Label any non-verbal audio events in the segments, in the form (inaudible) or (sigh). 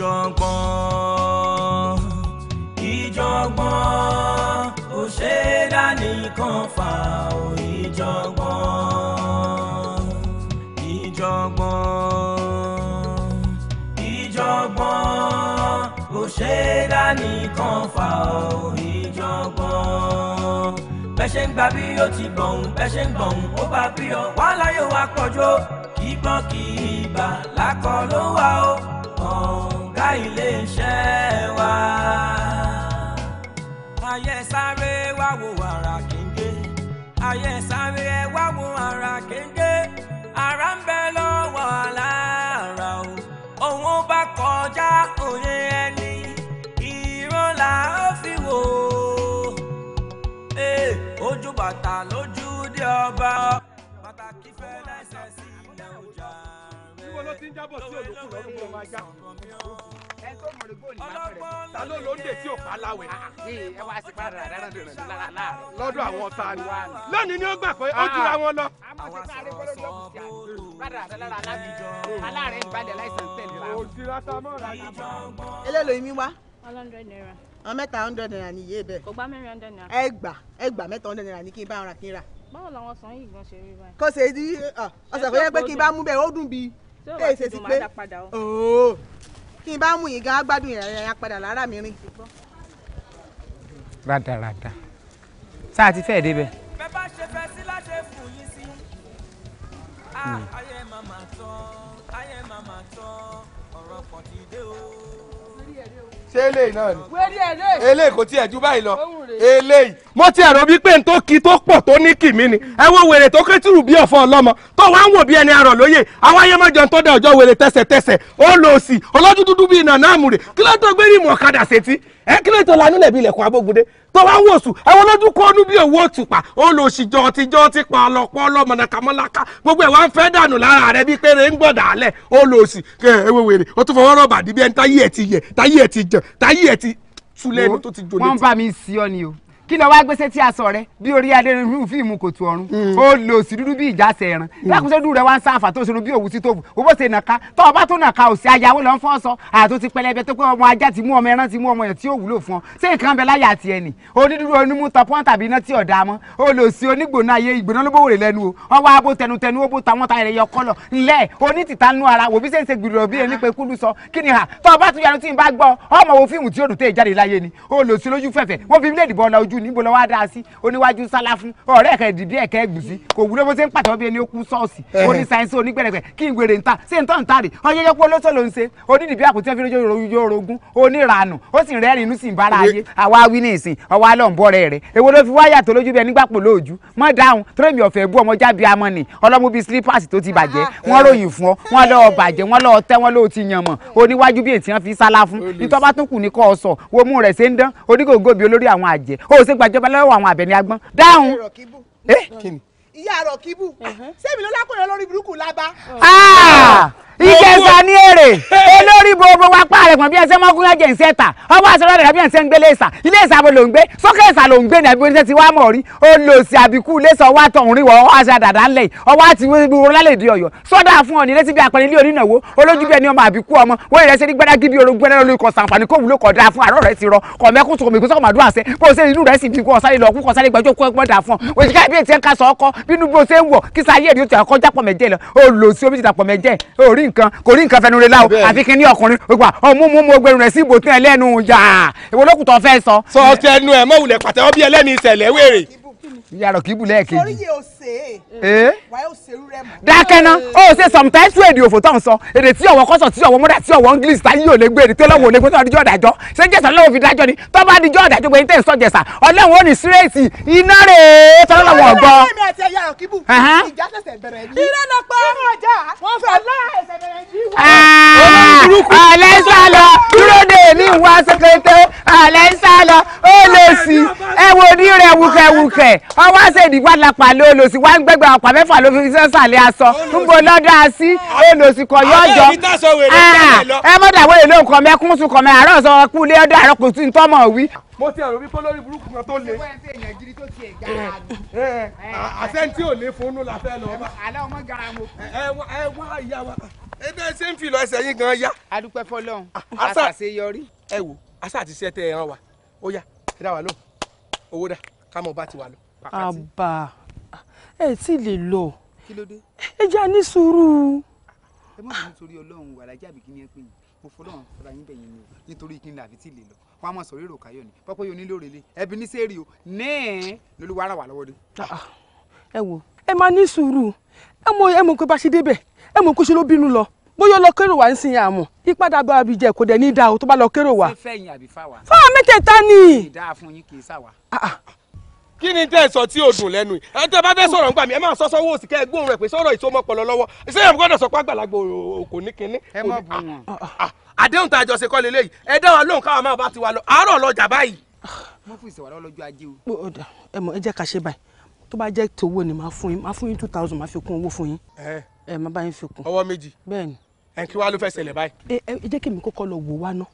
ìjọ̀gbọ́n ìjọ̀gbọ́n ò ṣe é dá nìkan fà ó ìjọ̀gbọ́n ìjọ̀gbọ́n ìjọ̀gbọ́n ò ṣe é dá fà ó ìjọ̀gbọ́n bẹ́ẹ̀ ń gbà bí ó ti gbọ̀hún bẹ́ẹ̀ ṣe ń gbọ̀hún ó bá bí ọ wàhálà yóò wá pọ̀jọ́ kí gbọ́n kì í lákọ̀ ló wà ó ọ̀gá ilé-iṣẹ́ wa. ayé sáré wá wo wàrà kéńké ayé sáré ẹ ń jábọ̀ sí olùkú lọ́rùn kó máa já. ta ló ló ń dè tí láwẹ̀. Ah, ẹ wá sí padà rárá rárá láàárọ̀. lọ́dọ̀ àwọn ta ni lónìí ni ó gbà pé ó jura wọn lọ. eléèlò yìí mi wá. one hundred naira. àwọn mẹ́ta hundred naira ni iye bẹ́ẹ̀. kò gbá mẹ́rin hundred naira. ẹ gbà ẹ gbà mẹ́ta hundred naira ni kí n bá ara kí n rà. báwo làwọn sàn yìí gan ṣe rí báyìí. kó ṣe di ah, ọ̀sẹ̀ kó yẹ pé kí n bá mú bẹ́ẹ̀ ó dùn bíi tó wà tó dùn máa dá padà o. kí n bá mú yín gan agbádùn ìrìn padà lára mi rìn. rádaràda sáà ti fẹ́ẹ̀ débẹ̀. bẹ́ẹ̀ bá ṣe fẹ́ sí láṣẹ fún yín sí. Hmm. ayé màmá tán. ṣé eléyìí náà ni. wẹ́rí eléyìí. eléyìí kò tiẹ̀ ju báyìí lọ. eléyìí. mo ti ẹ̀rọ bíi pé n tó ki tó pọ̀ tó ní kì mí ni ẹ wo wèrè tó ké tìrù bí ọ̀fọ̀ ọlọ́mọ tó wá ń wò bí ẹni arọ̀ lóye àwọn ayé mọ́jọ tó dá ọjọ́ wèrè tẹsẹ̀tẹsẹ̀ ó lọ sí ọlọ́dún dúdú bíi nàná àmúre kí ló tó gbé rímù ọ̀kadà sétí ẹ kí ló tó lanú lẹ̀bi ilẹ̀kùn abógundé tó wá ń wòsù àwọn kó onú bí owó tùpà ó lò sí jọtijọ́ ti pa ọlọ́pọ̀ ọlọ́mọdàkàmọ́láká gbogbo ẹ̀ wá ń fẹ́ dànù lára rẹ bí péré ń gbọ̀dà alẹ̀ ó lò sí ewé wèrè ó tún fọwọ́ rọ̀bà dìbí ẹni táyé ẹ̀ ti yẹ táyé ẹ̀ ti jẹ táyé ẹ̀ ti túlẹ̀ ẹni tó ti jòlè tí. wọ́n bá mi sí ọ ni o kí lọ wá gbèsè tí a sọ rẹ bí orí adé nínú fíìmù kò tu ọrùn hmm. ó lò sí dúdú bí ìjà sẹran hmm. lákùúsẹ dúró rẹ wá ń sáfà tó sọnù bí òwú sí tóbu owó ṣe nàka tó ọba tó nàka òsì ayáwó lọ ń fọ́ sọ àtò ti pẹlẹbẹ tó pé ọmọ ajá ti mú ọmọ ẹran ti mú ọmọ yẹn tí ó wúlò fún ọ ṣé nǹkan bẹ láyà tiẹ nì onídùúró onímú tọpọ́n tàbí iná tí ọ̀dà mọ́ ó lò sí onígbóná ayé ìgbóná ló bòwòrè lẹ́nu o wọ́n wá abo tẹnutẹnu ó bó tàwọn ta ẹ̀rẹ̀ yọ kọ́lọ̀ ńlẹ̀ onítìta nú ara wò bí ṣe ń ṣe iwájú níbo lọ́wọ́ dáa sí oníwájú sáláfù ọ̀rẹ́ ẹ̀kẹ́ dìbí ẹ̀kẹ́ ẹ̀gùsí kò wúlò bó ṣe ń pàtó bí ẹni ó kú sọ́ọ̀sì oní sáyẹ́nsì onígbẹ̀rẹ̀gbẹ̀ kí n wèrè ńta ṣé ńtọ́ ńta rè ọyẹ́yẹ́ pé olóṣò ló ń ṣe onídìbí àkùtì ẹ̀fí lójó orogún oníranù ó sì rẹ́rìn inú sì ń bára ayé àwa wí ní ìsìn ọwọ́ alọ́ ń bọ́ rẹ̀ rẹ̀ èwo ló fi wáyà tó lójú bí ẹni gbàpò lóòjú mọ́ dáhùn tó lèmi ọ̀fẹ́ bú ọmọ jábí amọ́ ni ọlọ́mú bíi slippers tó ti bàjẹ́ ah, wọ́n eh. ròyìn fún ọ wọ́n lọ́ọ́ bàjẹ́ wọ́n lọ́ọ́ tẹ́ wọ́n lóò ti yàn mọ̀ oníwájú bíi ètí wọn fi sálá fún ìtọ́ bá tún kù ní kọ́ ọ sọ wo mú rẹ̀ ṣe ń dán onígògó bíi olórí àwọn àjẹ́ ó ṣ ṣe gbàjọba lọ́wọ́ àwọn àbẹ̀ní agbọ́n dáhùn. ìyá rọ̀ sẹ́mi lọ́lá kò lórí burúkú lába. Ah! ìjẹsà ní èrè olórí gbogbo wa pa àrẹ̀pọ̀ bí ẹsẹ̀ mọ́kún ẹ̀jẹ̀ ń sẹ́ta ọmọ àṣọra rẹ̀ bí ẹsẹ̀ ń gbé lẹ́sà ilé ìsà bo ló ń gbé sókè ìsà ló ń gbé ní àbíkú ti wá mọ̀ rí olòsì àbíkú lẹ́sà ọwọ́ àtọ̀hún rí wọ ọwọ́ àṣà dàdá ńlẹ̀ ọwọ́ àti wúrọ̀ lálẹ́ ìdí ọ̀yọ́ sọ́dà fún ọ nílé síbi àpẹẹrẹ ilé onínáwó olójú bí ẹni ọmọ àbíkú ọmọ wọ́n rẹ̀ ṣe ní gbẹ́dá gidi orogún ẹ̀rọ lórí kọ̀ọ̀sán àǹfààní kò wúlò kọ̀ọ̀dá fún àárọ̀ rẹ̀ ti rọ kọ̀ọ̀mẹ́kùn sọ̀kọ̀ mẹ́kùn sọ̀kọ̀ màdúrà sẹ́ bó ṣe inú rẹ̀ sì bí kò ọ̀sán ilẹ̀ ọ̀kú kọ̀ọ̀sán ìgbàjọ́ kó ẹgbọ́n dà fún ọ ti àkọ́jà pọ̀ mẹ́jẹ lọ orí nǹkan kò rí nǹkan fẹnu rẹ láwo àfi kí ní ọkùnrin wípé ọmú mú mú gbẹrù rẹ sí ìbò tún ẹlẹ́nu yà èwo lókùn tó sọ. sọ ọtí ẹnu ẹ mọ̀wùlẹ̀ pàtẹ́wọ́ bí ẹlẹ́ni ìṣẹ̀lẹ̀ wèrè. ìyàrá kìí bù lẹ́ẹ̀kejì. Say say eh? eh? Why you dákẹ́ ná Oh say sometimes tó èdè òfò tó ń sọ èdè tí ọ̀wọ́ kọ́sọ̀ tí ọ̀wọ́ múdà tí ọ̀wọ́ english you We say for tá yíyó lè gbé èdè tẹ́lẹ̀ wò lè gbé tó adijọ́ ọ̀dàjọ́ ṣé jẹ̀sà lọ́wọ́ fi dájọ́ ni tó bá adijọ́ ọ̀dàjọ́ gbẹ̀yìn tẹ̀ ń sọ jẹ̀sà ọlọ́run ó ní sírẹ́ẹ̀tì iná rèé tọ́lọ́wọ́ ọ̀gbọ́n. ìjà ṣẹ̀ṣẹ̀ bẹ̀rẹ̀ Ah. ìrẹ́lọ́pọ̀ ọjà wọ́n fẹ́ láìsẹ̀ bẹ̀rẹ̀ ní àlẹ́sà ah, lọ dúró dè ní ìwà ṣẹkẹtẹ àlẹ́sà lọ ó lè sí ẹ̀wọ̀n onírẹ̀wùkẹ̀wùkẹ̀ ọwọ́ àṣẹ ìdìgbà lápá ló lọ olòsì wá ń gbẹgbẹ ọ̀pá mẹ́fà ló fi sẹ́sàlẹ̀ aṣọ níbo lọ́dọ̀ á sí olòsì kan yóò jọ ẹ mọ́dà wọlé ló ń mẹ́kún sùn kọ mẹ́ àárọ̀ sọ kú lé ọ̀dọ̀ àárọ̀ kò sí ní tọ́mọ̀ wí. mo ti ẹ̀rọ wípé lórí burúkú kan tó le. Eh, eh, àṣẹ́ntì ò ní fún la fẹ́ lọ. àlọ́ ọmọ gara mo kú. ẹ wá ìyá wa ebe eh, ṣe ń fi lọ ẹsẹ̀ yín gan ya. a dúpẹ́ fọlọ́run ah, àṣàṣeyọrí. ẹ wo tẹ ẹ hàn ó yá ẹ tí lè lọ kí ẹ já ní sùúrù. ẹ má bínú torí ọlọ́run wàrà jábì kí ni ẹ pè yín mo fọlọ́run fara yín bẹ̀yìn ni o nítorí kí ni àfi tí lè lọ wọn a máa sọ̀rọ̀ èrò káyọ̀ ni pọ́pọ́ yóò nílò rèlé ẹbí ní sẹ́ẹ̀rì o nẹ́ẹ̀ lolúwa ara wà lọ́wọ́ dé. Ah, ah. ẹ wo ẹ máa ní sùúrù ẹ mọ ẹ mọ pé bá ṣe débẹ̀ ẹ mọ kó ṣe ló bínú lọ bóyá lọ kérò wá ń sin àmọ́ ìpadà bá abi jẹ kò dẹ̀ ní dáa o tó bá lọ kérò wá. ṣé fẹ́yìn àbí fáwa. fáwa mẹ́tẹ̀ẹ̀ta ni. ìdáa fún yín kì í sáwa kí ni tẹ́ ẹ sọ tí o dùn lẹ́nu yìí ẹ tẹ́ bá fẹ́ sọ̀rọ̀ nípa mi ẹ máa sọ sọ́wọ́ òsì kẹ́ ẹ gbóhùn rẹ̀ pé sọ̀rọ̀ ìsọmọpọlọ lọ́wọ́ ṣé ẹ gbọ́dọ̀ sọ pé àgbàlagbà kò ní kinní. ẹ má bù wọn. Ah, ah, ah. àdéhùn tá a jọ ṣe kọ́ lélẹ́yìí ẹ dá wa lóhùn káwa máa bá tiwa lọ àárọ̀ lọ́jà báyìí. mo fún ìṣèwà lọ́jọ́ ajé o. ẹ mọ ẹ jẹ́ ká ṣe báyìí tó bá jẹ́ tòwó ni máa fún yín máa fún yín two thousand máa fi kún owó fún yín. ẹ má bá yín fi kún. ọwọ́ méjì. bẹ́ẹ̀ni. ẹ kí wàá ló fẹ́ ṣẹlẹ̀ báyìí. ẹ ẹ jẹ́ kí mi kọ́kọ́ lọ wò wá náà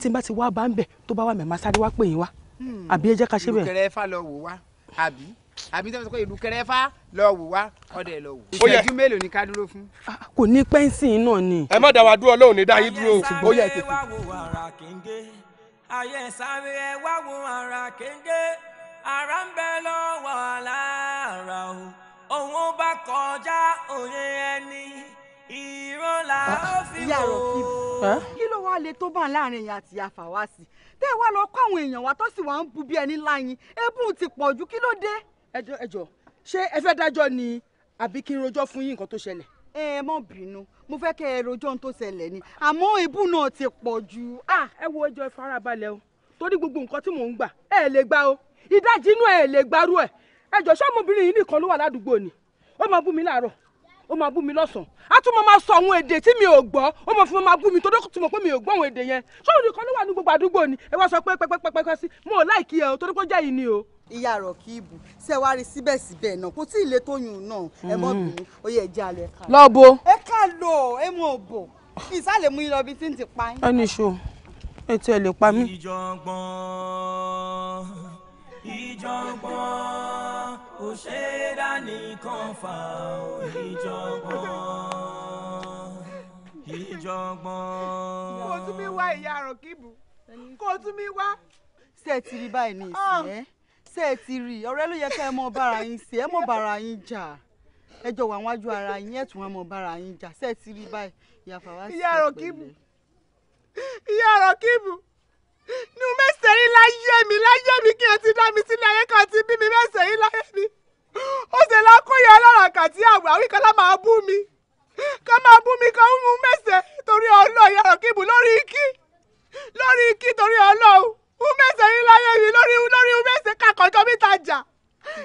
tí n bá ti wá bá ń bẹ̀ tó bá wà mẹ́ẹ̀ máa sáré wá pè yín wá hmm. àbí ẹ jẹ́ ká ṣe bẹ́ẹ̀ àbí àbí tẹ́lẹ̀ sọ pé ìlú kẹrẹ́fà lọ wò wá ọdẹ lọ wò. ìṣẹ́jú mélòó ni ká dúró fún. kò ní pẹ́ńsì náà ni. ẹ má dá wa dúró Ọlọ́run ní dá yín dúró ó yẹ tètè. ayé sáré ẹ wá wo ara kéńgé ara ń bẹ lọ́wọ́ alára o òun bá kọjá òye ẹni ìrọ̀lá ó fi ah, wò. ìyá kí ló wá le tó bá láàrin ìyá àti àfàwásì tẹ́ ẹ wá lọ kó àwọn èèyàn wá tó sì wá ń bu bí ẹni láyìn ebú ti pọ̀ ju kí ló dé. ẹjọ ẹjọ ṣé ẹ fẹ́ dájọ́ ni àbí kí n rojọ́ fún yín nǹkan tó ṣẹlẹ̀. ẹ ẹ má bínú mo fẹ́ kẹ́ ẹ rojọ́ ohun tó ṣẹlẹ̀ ni àmọ́ ebú náà ti pọ̀ ju. ẹ wo ẹjọ ìfarabalẹ̀ o torí gbogbo nǹkan tí mò ń gbà ẹ lè gbà o ìdajì inú ẹ lè gbárù ẹ ẹjọ ṣọmọbìnrin yìí nìkan ló wà ládùúgbò ni ó máa bú mi láàárọ̀ ó máa bú mi lọ́sàn-án á tún máa sọ àwọn èdè tí mi ò gbọ́ ó máa fi máa bú mi tó dókòtò mọ̀ pé mi ò gbọ́ àwọn èdè yẹn ṣọ́ọ̀rù kan ló wà ní gbogbo àdúgbò ni ẹ wá sọ pé pẹ́pẹ́pẹ́pẹ́ sí mo ò láìkí ẹ o torí pé ó yìí ni o. ìyá rọ̀ kí ibù ṣe wá rí síbẹ̀síbẹ̀ náà kò tí ì lè tóyún náà ẹ mọ́ mm-hmm. bìnrin ó yẹ ẹja lẹ ká. lọ́bo. ẹ ká lò ẹ mọ̀ bò ìsàlẹ̀ mú yín lọ ìjọ̀gbọ́n ò ṣe é dánìkan fà ó ìjọ̀gbọ́n ìjọ̀gbọ́n. kó o tún mi wá ìyá rọ̀kìbù kó o tún mi wá. ṣé ẹ ti rí báyìí ní ìsìn ah. ṣé ẹ ti rí ọ̀rẹ́ ló yẹ ká ẹ mọ bára yín sí ẹ mọ bára yín jà ẹ jọ wà wájú ara yín ẹ tún mọ bára yín jà ṣé ẹ ti rí báyìí ìyá ìyá ni mo mẹ́sẹ̀ rí láyé mi láyé mi kí n ti dá mi sílé ayé kan ti bí mi mẹ́sẹ̀ rí láyé mi ó ṣe lọ kó yẹ ọlọ́rọ̀ kàtí àwáwí kan lá máa bú mi ká máa bú mi kan mú mẹ́sẹ̀ torí ọlọ́ọ̀ yàrá kíbu lórí ikí lórí ikí torí ọlọ́ọ̀ mú mẹ́sẹ̀ rí láyé mi lórí lórí mẹ́sẹ̀ kakọ̀jọ́ mi ta jà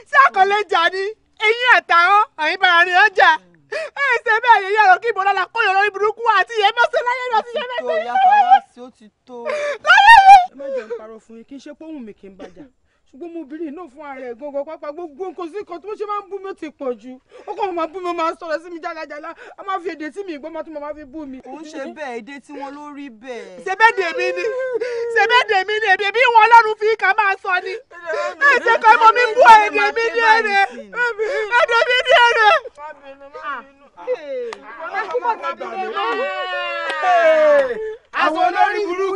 sí àkọlé jà ni eyín àtàwọn àyíbára ni wọ́n ẹsẹ bẹ́ẹ̀ yẹ yọrọ kí ìbọn lọla kó yọrọ ìburúkú àti ìyẹn mọsán láyé lọ sí yẹn mẹsẹ. ó ti tó yàtọ̀ wá sí ó ti tó. láyé mi. ẹ má jẹun parọ́ fún yín kí n ṣe pé òun mi kì í bàjá ṣùgbọ́n ọmọbìnrin náà fún ara ẹ̀ gangan pápá gbogbo nǹkan sí kan tó ṣe máa ń bú mi ó ti pọ̀ jù ó kàn máa bú mi ó máa sọ̀rọ̀ sí mi jálajàla a máa fi èdè tí mi ìgbọ́n máa tún máa fi bú mi. òun ṣe bẹ́ẹ̀ èdè tí wọ́n ló rí bẹ́ẹ̀. ṣèbédè mi ni ṣèbédè mi ni èdè bí wọn ọlọ́run fi kà máa sọ ni. èdè kan mọ mi bú èdè mi ní èrè èdè mi ní èrè. àwọn olórí burúkú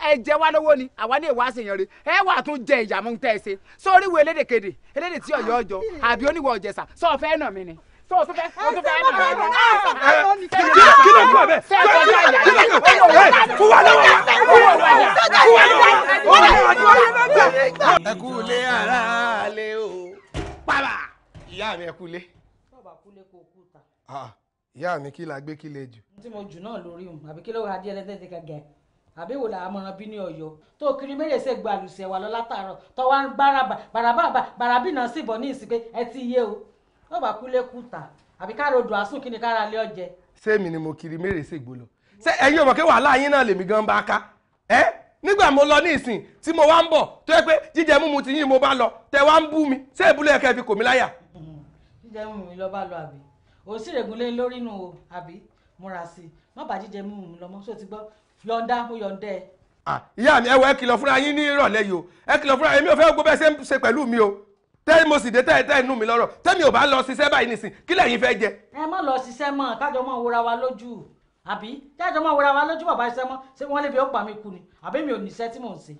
ẹ jẹ wá lówó ni àwa lè wá sèyàn rè ẹ wà tún jẹ ìyàmú tẹ ẹ ṣe sórí wo elédèkéde elédè tí ọyọ ọjọ àbí oníwọ ọjẹsà sọ fẹ nà mí ni sọ tún fẹ o tún fẹ nà mí ni. kí ló ń kọ bẹ kí ló ń kọ bẹ fún wa lọ́wọ́ fún wa lọ́wọ́ fún wa lọ́wọ́ fún wa lọ́wọ́. ẹ kú lé ara lé o pàbà ìyá mi ẹ kú lé. bàbá kú lé kó kú ta. Ah, ìyá mi kí la gbé kí lè jù. tí mo jù náà lórí òun àbí kí ló wà á di ẹlẹ́tẹ̀ẹ́tẹ̀ kẹ̀kẹ́ àbẹ̀wò làá mọ̀ràn bí ní ọ̀yọ́ tó kiri mérèsé gba àlùsẹ̀ wà lọ látàárọ̀ tó wá ń bárabà bàràbì náà sì bọ̀ ní ìsìnkú ẹ ti yé o ó bá kúlé kùtà àbí káàró odò àsùn kí ni kára lé ọjẹ. sẹ́mi ni mo kiri mérèsé gbó lọ ṣé ẹ̀yin ọmọ kí wàhálà yín náà lèmi gan bá ká ẹ́ nígbà mo lọ ní ìsìn tí mo wá ń bọ̀ tó yẹ pé jíjẹ múmu ti yín mo bá lọ tẹ wá ń bú mi ṣé ìbúlẹ̀ ẹ̀kẹ́ fi kò mí láyà. jíjẹ múmu mi lọ bá lọ àbí òsì règùn lé lórí nù o àbí múra sí i má bàa jíjẹ múmu mi lọ mọ́ sóò ti gbọ́ yọ̀ǹda mo yọ̀ǹda ẹ. ìyá mi ẹ wọ ẹ kìlọ̀ fúnra yín ní ìrọ̀lẹ́ yìí o ẹ kìlọ̀ fúnra èmi ò fẹ́ gbọ́ bẹ́ẹ̀ ṣe ń ṣe pẹ̀lú mi o tẹ́ mo sì dé tẹ́ tẹ́ inú mi lọ́rọ̀ tẹ́mi ò bá lọ ṣiṣẹ́ báyìí nìsín kí lẹ́yìn fẹ́ jẹ. ẹ má lọ ṣiṣẹ́ mọ́ kájọ mọ́ wúra wa lójú àbí jájọ mọ́ wúra wa lójú bàbá ṣiṣẹ́ mọ́ ṣé wọ́n lè fi ó pa mi kú ni àbí mi ò níṣẹ́ tí mò ń ṣe.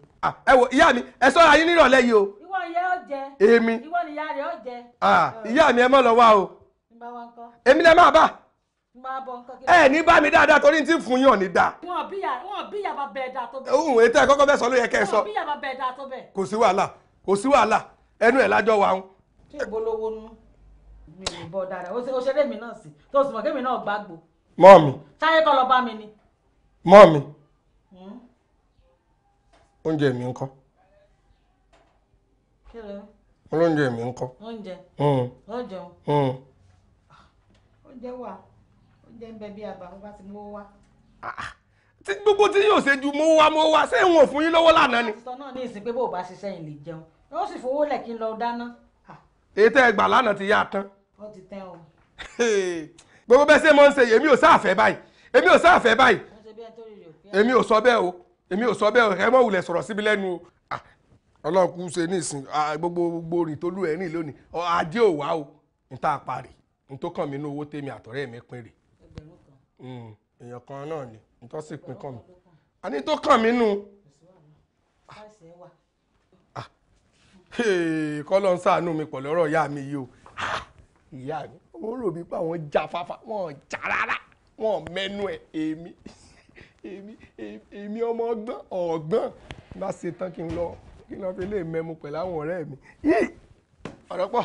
ẹ wo ìyá mi ẹ sọ́ra yín nírọ̀lẹ́ yìí o. ìwọ ìyá ó jẹ. èmi ìwọ ìyá rẹ ó jẹ. ìyá mi ẹ má lọ wá o. èmi lẹ máa bá ẹ ní bá mi dáadáa torí tí ń fún yàn ní dáa. wọn bíyà wọn bíyà bá bẹẹ dáa tó bẹ. ohun ètò ẹ kọ́kọ́ bẹ sọ ló yẹ kẹ́ ẹ sọ. wọn bíyà bá bẹẹ dáa tó bẹ. kò sí wàhálà kò sí wàhálà ẹnu ẹ lájọ wa ń. ìbolówó nú mi ò bọ dáadáa o ṣeré mi náà sí tó sì mọ kémi náà gbàgbó. mọ mi. táyé kọ́ lọ bá mi ni. mọ mi. Hmm? oúnjẹ mi ń kọ́. kí ló ń. olóúnjẹ mi ń oúnjẹ. Hmm. Hmm. Ah, oúnjẹ. oúnjẹ dẹ́nbẹ̀ bí àbá bó bá ti mówó wá. Ah, ah. tí gbogbo tí yóò ṣe ju mówó wá mówó wá ṣé ìwọ̀n ò fún yín lọ́wọ́ lánàá ni. ìtọ́ náà ní ìsìn pé bó o bá ṣiṣẹ́ yìí lè jẹun ó sì fowó lẹ̀ kí n lọ dáná. Ah. ètò ẹgbà lánàá ti yá tán. ó ti tẹ́ o. gbogbo bẹ́ẹ̀ ṣe máa ń ṣe èmi ò sáàfẹ́ báyìí èmi ò sáàfẹ́ báyìí èmi ò sọ bẹ́ẹ̀ o èmi ò sọ bẹ́ẹ̀ o ẹ mọ̀ wulẹ̀ sọ̀rọ̀ síbi lẹ́nu o ọlọ́run kú ṣe ní ìsìn gbogbo gbogbo rìn Mm. èèyàn kan náà ni nítorí sì pín kàn mí àní tó kàn mí nù. Ah, kọ́ ló ń ṣàánú mi pọ̀ lọ́rọ̀ ìyá mi yìí o ah, ìyá mi mo rò bí pé àwọn já fáfá wọn ò já rárá wọn ò mẹ́nu ẹ̀ èmi èmi èmi ọmọ ọgbọ́n ọgbọ́n bá ṣe tán kí n lọ kí n lọ fi lè mẹ́mu pẹ̀lú àwọn ọ̀rẹ́ mi yìí ọ̀rọ̀ pọ̀.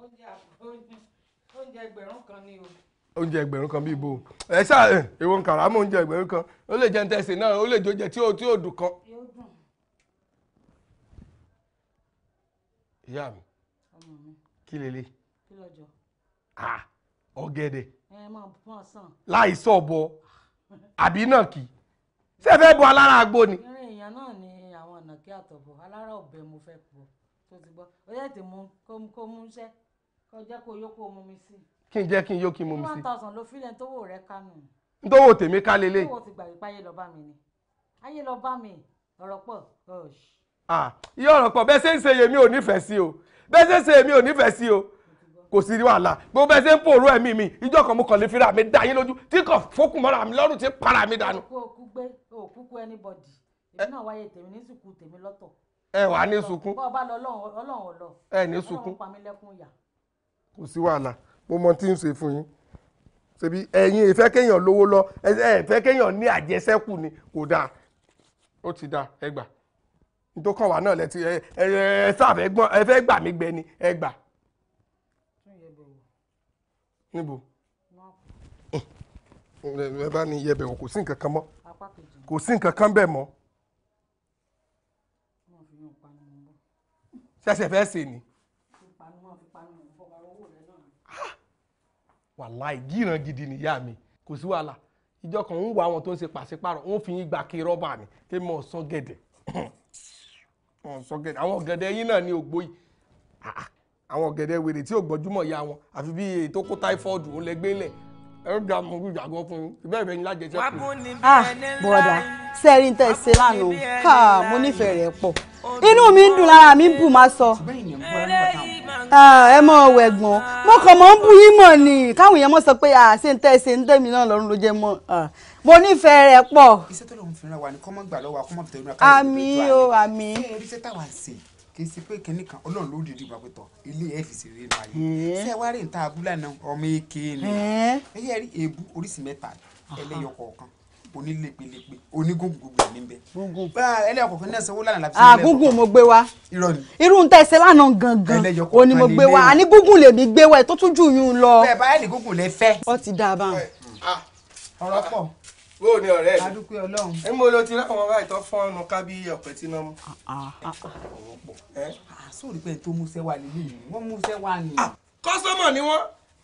oúnjẹ àpò oúnjẹ ẹgbẹ̀rún kan ni o oúnjẹ ẹgbẹ̀rún kan bíi bo ẹ ṣáà èwo ń kàrà mọ́ oúnjẹ ẹgbẹ̀rún kan ó lè jẹ́ ntẹ́sẹ̀ náà ó lè jójẹ tí ó tí ó dùn kan. ìyá mi kí lélẹ̀ ọ̀gẹ̀dẹ̀ láì sọ bọ àbí náà kì ṣé fẹ́ bọ alára àgbo ni. èèyàn náà ni àwọn ọ̀nà kí àtọ̀bọ̀ alára ọ̀bẹ mo fẹ́ pọ̀ tó ti gbọ́ ó yẹ ti mú kó mú iṣẹ́ kó jẹ́ kó yó kó sí i kí n jẹ́ kí n yó kí n mú mi sí. one thousand ló fílẹ̀ ntọ́wọ́ rẹ kánú. ntọ́wọ́ tèmi ká lélẹ̀. ntọ́wọ́ ti gbàgbé páyé lọ́ọ́ bá mi ni ayé lọ́ọ́ bá mi ọ̀rọ̀ pọ̀ iye ọ̀rọ̀ pọ̀ bẹ́ẹ̀ ṣe ń ṣe yèmí ò nífẹ̀ẹ́ sí o bẹ́ẹ̀ ṣe ń ṣe yèmí ò nífẹ̀ẹ́ sí o kò sí wàhálà gbogbo bẹ́ẹ̀ ṣe ń pòrò ẹ̀mí mi ìjọ kan mo kàn lè fi ra mi dá yín lójú tí kò fókùn mọ́ra mi lọ́rùn tí ń para mi dànù. òkú gbé òkú kú anybody èmi náà wáyé tèmi ní sùkú tèmi lọ́tọ̀. ẹ wà ní sunkún. bọ́ọ̀ bá lọ ọlọ́run ọlọ́run ọlọ́. ẹ ní sunkún. ọlọ́run pa mí lẹ́kún yà. kò sí wàhálà mo mọ tí ń ṣe fún yín ṣebí ẹ̀yin ẹ fẹ́ kéèyàn lówó lọ ẹ fẹ́ kéèyàn ní àjẹsẹ́kù ni kò dáa ó ti dáa ẹ gbà nítorí kàn wá náà lẹ́tí ẹ ẹ ẹ sáfẹ́ gbọ́n ẹ fẹ́ gbà mí gbẹ ni ẹ gbà. níbo ẹ bá ní iyẹ̀bẹ̀ wọ̀ kò sí nǹkan kan mọ́ kò sí nǹkan kan bẹ́ẹ̀ mọ́ ṣẹ̀ṣẹ̀ fẹ́ sè ni. wàláì gíran gidi nìyá mi kò sí wàhálà ìjọ kan ń wá àwọn tó ń ṣe pàṣípàrọ̀ wọ́n fi yín gba kí rọ́bà ni kí mọ̀ ọ̀sán gẹ̀dẹ̀ ọ̀sán (coughs) gẹ̀dẹ̀ àwọn gẹ̀dẹ̀ yín náà ní ògbó yìí àwọn gẹ̀dẹ̀ wèrè tí ò gbọ́júmọ̀ ya wọn àfi bí èyí kó táífọ́ọ̀dù ó lẹ́gbẹ́ lẹ̀ ẹ̀rọ dà mú ìjà gan fún un ìbẹ́ẹ̀ bẹ́ẹ̀ ni lájẹsẹ́ kù. ah bọ́dà sẹ́rin tẹ́ ṣe lánàá mo nífẹ̀ẹ́ rẹ̀ pọ̀ inú mi ń dùn lára mi ń bù má sọ. ṣùgbọ́n ìyẹn ń bọ́ Ah, ẹ mọ ọwọ ẹ̀gbọ́n mo kàn mọ ń bú yín mọ ni káwọn èèyàn mọ sọ pé ah, ṣé ń tẹ ṣe ń tẹmí náà lọ́rùn ló jẹ mọ ah, mo nífẹ̀ẹ́ rẹ pọ̀. iṣẹ́ tó lóun fìràn wa ni kọ́mọ́ gbà lọ́wọ́ akọ́mọ́ bìtẹ́ ìrora káyọ̀ àmì o àmì. ṣé ẹ rí sẹ́tà wá sí i kì í ṣe pé kínní kan ọlọ́run ló dìde ìgbàgbé tọ̀ ilé ẹ̀ fi ṣeré nù ayé ṣé ẹ wá rí nta abúlé náà ọmọ èké ni ẹ yẹ rí èébú oríṣi mẹ́ta ẹlẹ́yọ onílépelépe onígògògbò níbẹ̀. ẹlẹ́yọkọ̀kan náà sanwó lánàá láti sílẹ̀ kọ́. gúgùn mo gbé wa Irun. ń tẹ́ ẹsẹ̀ lánàá gangan o ni mo gbé wa àní gúgùn lèmi gbé wa ẹ̀ tó tún jù yún un lọ. bẹ́ẹ̀ báyìí ní gúgùn lè fẹ́. ó ti dáa bá wọn. Ah. ọ̀rọ̀ pọ̀. bó o ní ọ̀rẹ́ rẹ adúpẹ́ ọlọ́run. ẹ mú lo ti láwọn ọba ìtọ́ fún ọ̀nà kábí ọ̀pẹ tí ah, ah, ni. mú. sóòrì pé tó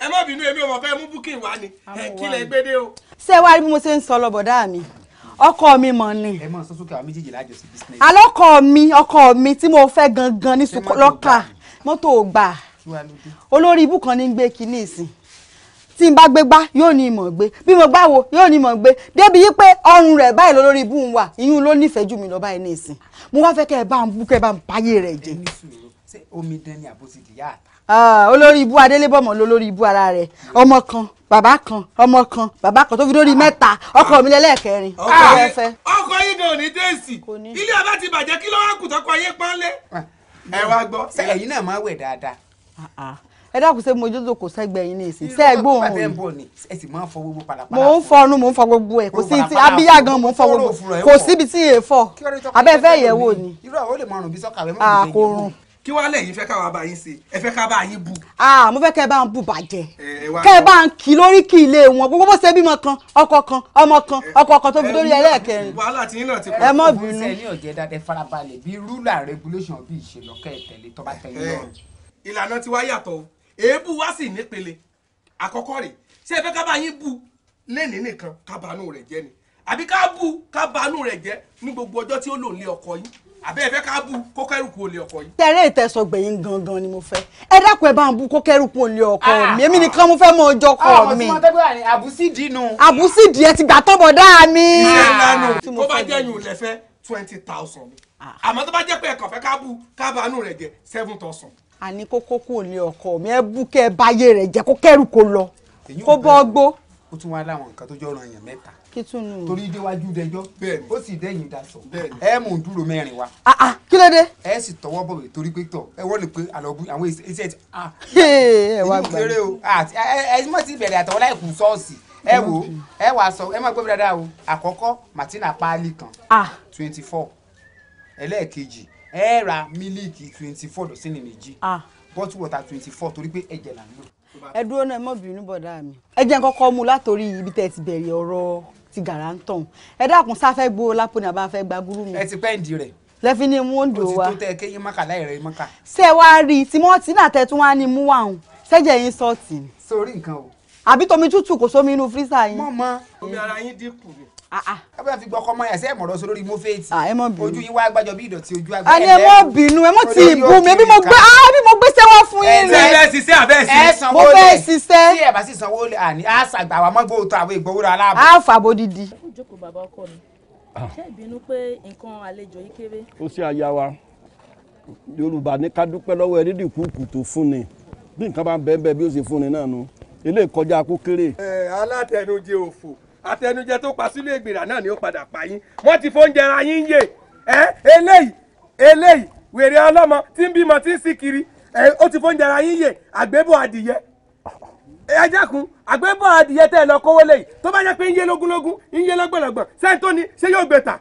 ẹ má bínú èmi ò mọ̀ fẹ́ mú booking wá ni ẹ kí lẹ gbé dé o. ṣé wàá rí bí mo ṣe ń sọ lọ bọ̀dá mi ọkọ mi mọ̀ ni. ẹ mọ sọsọkè àwọn mi ọkọ mi tí mo fẹ́ gangan ní sukọlọkà mọ́tò gbà olórí ibù kan ní gbé kinní ìsìn tí n bá gbé gbá yóò ní ìmọ̀ gbé bí mo gbá wo yóò ní ìmọ̀ gbé débi yí pé ọrùn rẹ̀ báyìí lórí ibú ń wà ìyún ló nífẹ̀ẹ́ jù mí lọ báyìí ní ìsìn mo wá fẹ́ kẹ́ ẹ bá ń bú kẹ́ ẹ bá ń páyé rẹ̀ jẹ. omi dán ni àbòsí ìyá àtà Ah, olórí ibú adélébọ̀mọ̀ lolórí ibú ara rẹ̀ ọmọ kan bàbá kan ọmọ kan bàbá kan tó fi lórí mẹ́ta ọkọ mi lẹ́lẹ́kẹrin ah, ọkọ yẹn fẹ́. ọkọ yìí gan ní déèsì ilé ọba ti bàjẹ́ kí ló wá kù tọkọ ayé pánlé. Ah. ẹ wá gbọ́ ṣé ẹ̀yin náà máa wẹ̀ dáadáa. ẹ dákun ṣe mo jójó kò sẹ́gbẹ̀ yín ní ìsìn sẹ́ẹ̀ gbóhùn mi. ẹ sì máa ń fọ gbogbo pàlàpàlà. mò ń fọnu mò ń fọ gbogbo ẹ kò sí ti abíyá gan mò ń fọ gbogbo kò síbi tí yè fọ abẹ́fẹ́ yẹ̀ wò ni. irú àwọn olè mọ kí wàá lẹ́yìn fẹ́ káwa bá yín ṣe ẹ fẹ́ ká bá yín bù. ah mo fẹ́ kẹ́ ẹ bá ń bù bàjẹ́ kẹ́ ẹ bá ń kí lórí kí ilé wọn gbogbo bó ṣe bímọ kan ọkọ kan ọmọ kan ọkọ kan tó fi dórí ẹlẹ́ẹ̀kẹrin. ẹ mọ̀ bínú. ṣe ní ọ̀jẹ̀ dáadẹ́ farabalẹ̀ bí rúlà regulation bí ìṣèlọ kẹ́ ẹ tẹ̀lé tọ́ba tẹ̀lé náà. ìlànà tiwa yàtọ̀ èébù wá sì nípele àkọ́kọ́ rẹ̀ ṣé ẹ fẹ́ ká bá yín bù lẹ́nìí nìkan ká banú àbí ká bù ká banú rẹ̀ jẹ́ ní gbogbo ọjọ́ tí ó lò ń ọkọ yín àbẹ́ ẹ̀fẹ́ ká bú kó kẹ́rù kú olè ọkọ yìí. tẹ̀rẹ́ ìtẹ̀sọ̀ gbẹ̀yìn gangan ni mo fẹ́ ẹ dákun ẹ bá ń bú kó kẹ́rù kú olè ọkọ ah, mi èmi ah. nìkan mo fẹ́ mọ ọjọ́ kọ ah, mi. àbùsídìí nu. àbùsídìí ẹ ti gbà tọ́bọ̀ dáa mi. tó bá jẹ́ yùn lẹ́fẹ́ twenty thousand àmọ́ tó bá jẹ́ pé ẹ̀kọ́ fẹ́ ká bú ká rẹ̀ jẹ seven thousand. àní kókó kú olè ọkọ mi ẹ bú kẹ́ ẹ báyé rẹ̀ jẹ kó kẹ́rù kó lọ kó bọ́ gbó. ó tún wá láwọn nǹkan tó jọ ọ̀ràn èèyàn mẹ́ta kí tún nù. torí déwájú dẹjọ́ o sì dẹ́yìn dasọ ẹ mò ń dúró mẹ́rin wa. Ah, ah, kí ló dé. ẹ sì tọwọ́ bọ̀wé torí pé tọ̀ ẹ wọ́n lè pe àlọ́bù àwọn iṣẹ́ ah. ti. ẹ wá gbà mí. ẹ mọ̀ sí bẹ̀rẹ̀ àtọwọ́ láì kú sọ́ọ̀sì ẹ wò ẹ wàá sọ ẹ má gbọ́ mi dáadáa o àkọ́kọ́ martina paali kan twenty four ẹlẹ́ẹ̀kejì ẹ ra mílíìkì twenty four dọ̀sínì méjì bọ́tù wọ̀tà twenty four torí pé ẹ̀jẹ̀ là ń lò. ẹ dúró náà ẹ má bínú bọ̀dá mi ẹ jẹ́ n kọ́kọ́ mú látòrí ibi tẹ́ ẹ ti bẹ̀rẹ̀ ọ̀rọ̀ ti gàrà ń tàn ẹ dákun sáfẹ́ gbowó lápò ní abáfẹ́ gba gúrú mi. ẹ ti pẹ́ǹdì rẹ̀ lẹ́fí ní mú òǹdò wa. o ti tó tẹ kéyìn mọ́kà láì rẹ̀ mọ́kà. ṣé wá rí i tìmọ́tì náà tẹ tún wá ní mú wa hùn sẹ́jẹ̀ yín sọ́ọ̀tì. sórí nǹkan o. àbí tomi tútù kò sómi inú fírísà yín. mọ̀ mọ́ omi ara yín dínkù rẹ̀. Ah, ah. kábíyà fi gbọ́kọ́ mọ́ yàtí ẹ̀ mọ̀rọ̀ sọ lórí ah, mọ́fẹ́ẹ̀tì ojú yín wá gbàjọ bí ìdọ̀tí ojú agbẹ́ ẹ̀dẹ́. àní ẹ mọ bínú ẹ mọ ti ìbú mi ẹbí mo gbé ah bí mo gbé sẹ́wọ́n fún yín ni. ẹ bẹ́ẹ̀ ṣiṣẹ́ àbẹ́ ṣiṣẹ́. mo fẹ́ ṣiṣẹ́. tí ẹ bá sì sanwó lè àní á ṣàgbà àwọn mọ́gbó tó àwọn ìgbowó rẹ aláàbò. á fà bó didi. jókòó bàbá ọkọ mi ṣé ìbínú pé nǹkan àlejò yìí kéré. ó ṣe aya wa Yorùbá ní ká dúpẹ́ lọ́wọ́ ẹni dìkúùkù tó fún ni bí nǹkan bá ń bẹ́ẹ̀ bẹ́ẹ̀ bí ó ṣe fún ni náà nu eléyìí kọjá kó kéré. ẹ alátẹnujẹ òfò àtẹnujẹ tó pa sílé ìgbéra náà ni ó padà pa yín wọ́n ti fóúnjẹ ra yín yè ẹ eléyìí eléyìí wèrè ọlọ́mọ tí ń bímọ tí ń sì kiri ẹ ó ti fóúnjẹ ra yín yè àgbébọ̀ adìyẹ ẹ dákun àgbébọ̀ adìyẹ tẹ́ ẹ lọ kówó léyìí tó bá yẹ pé ń yé lógúnlógún ń yé lọ́gbọ̀lọ́gbọ̀n sẹ́ni tó ni ṣé yóò gbé ta.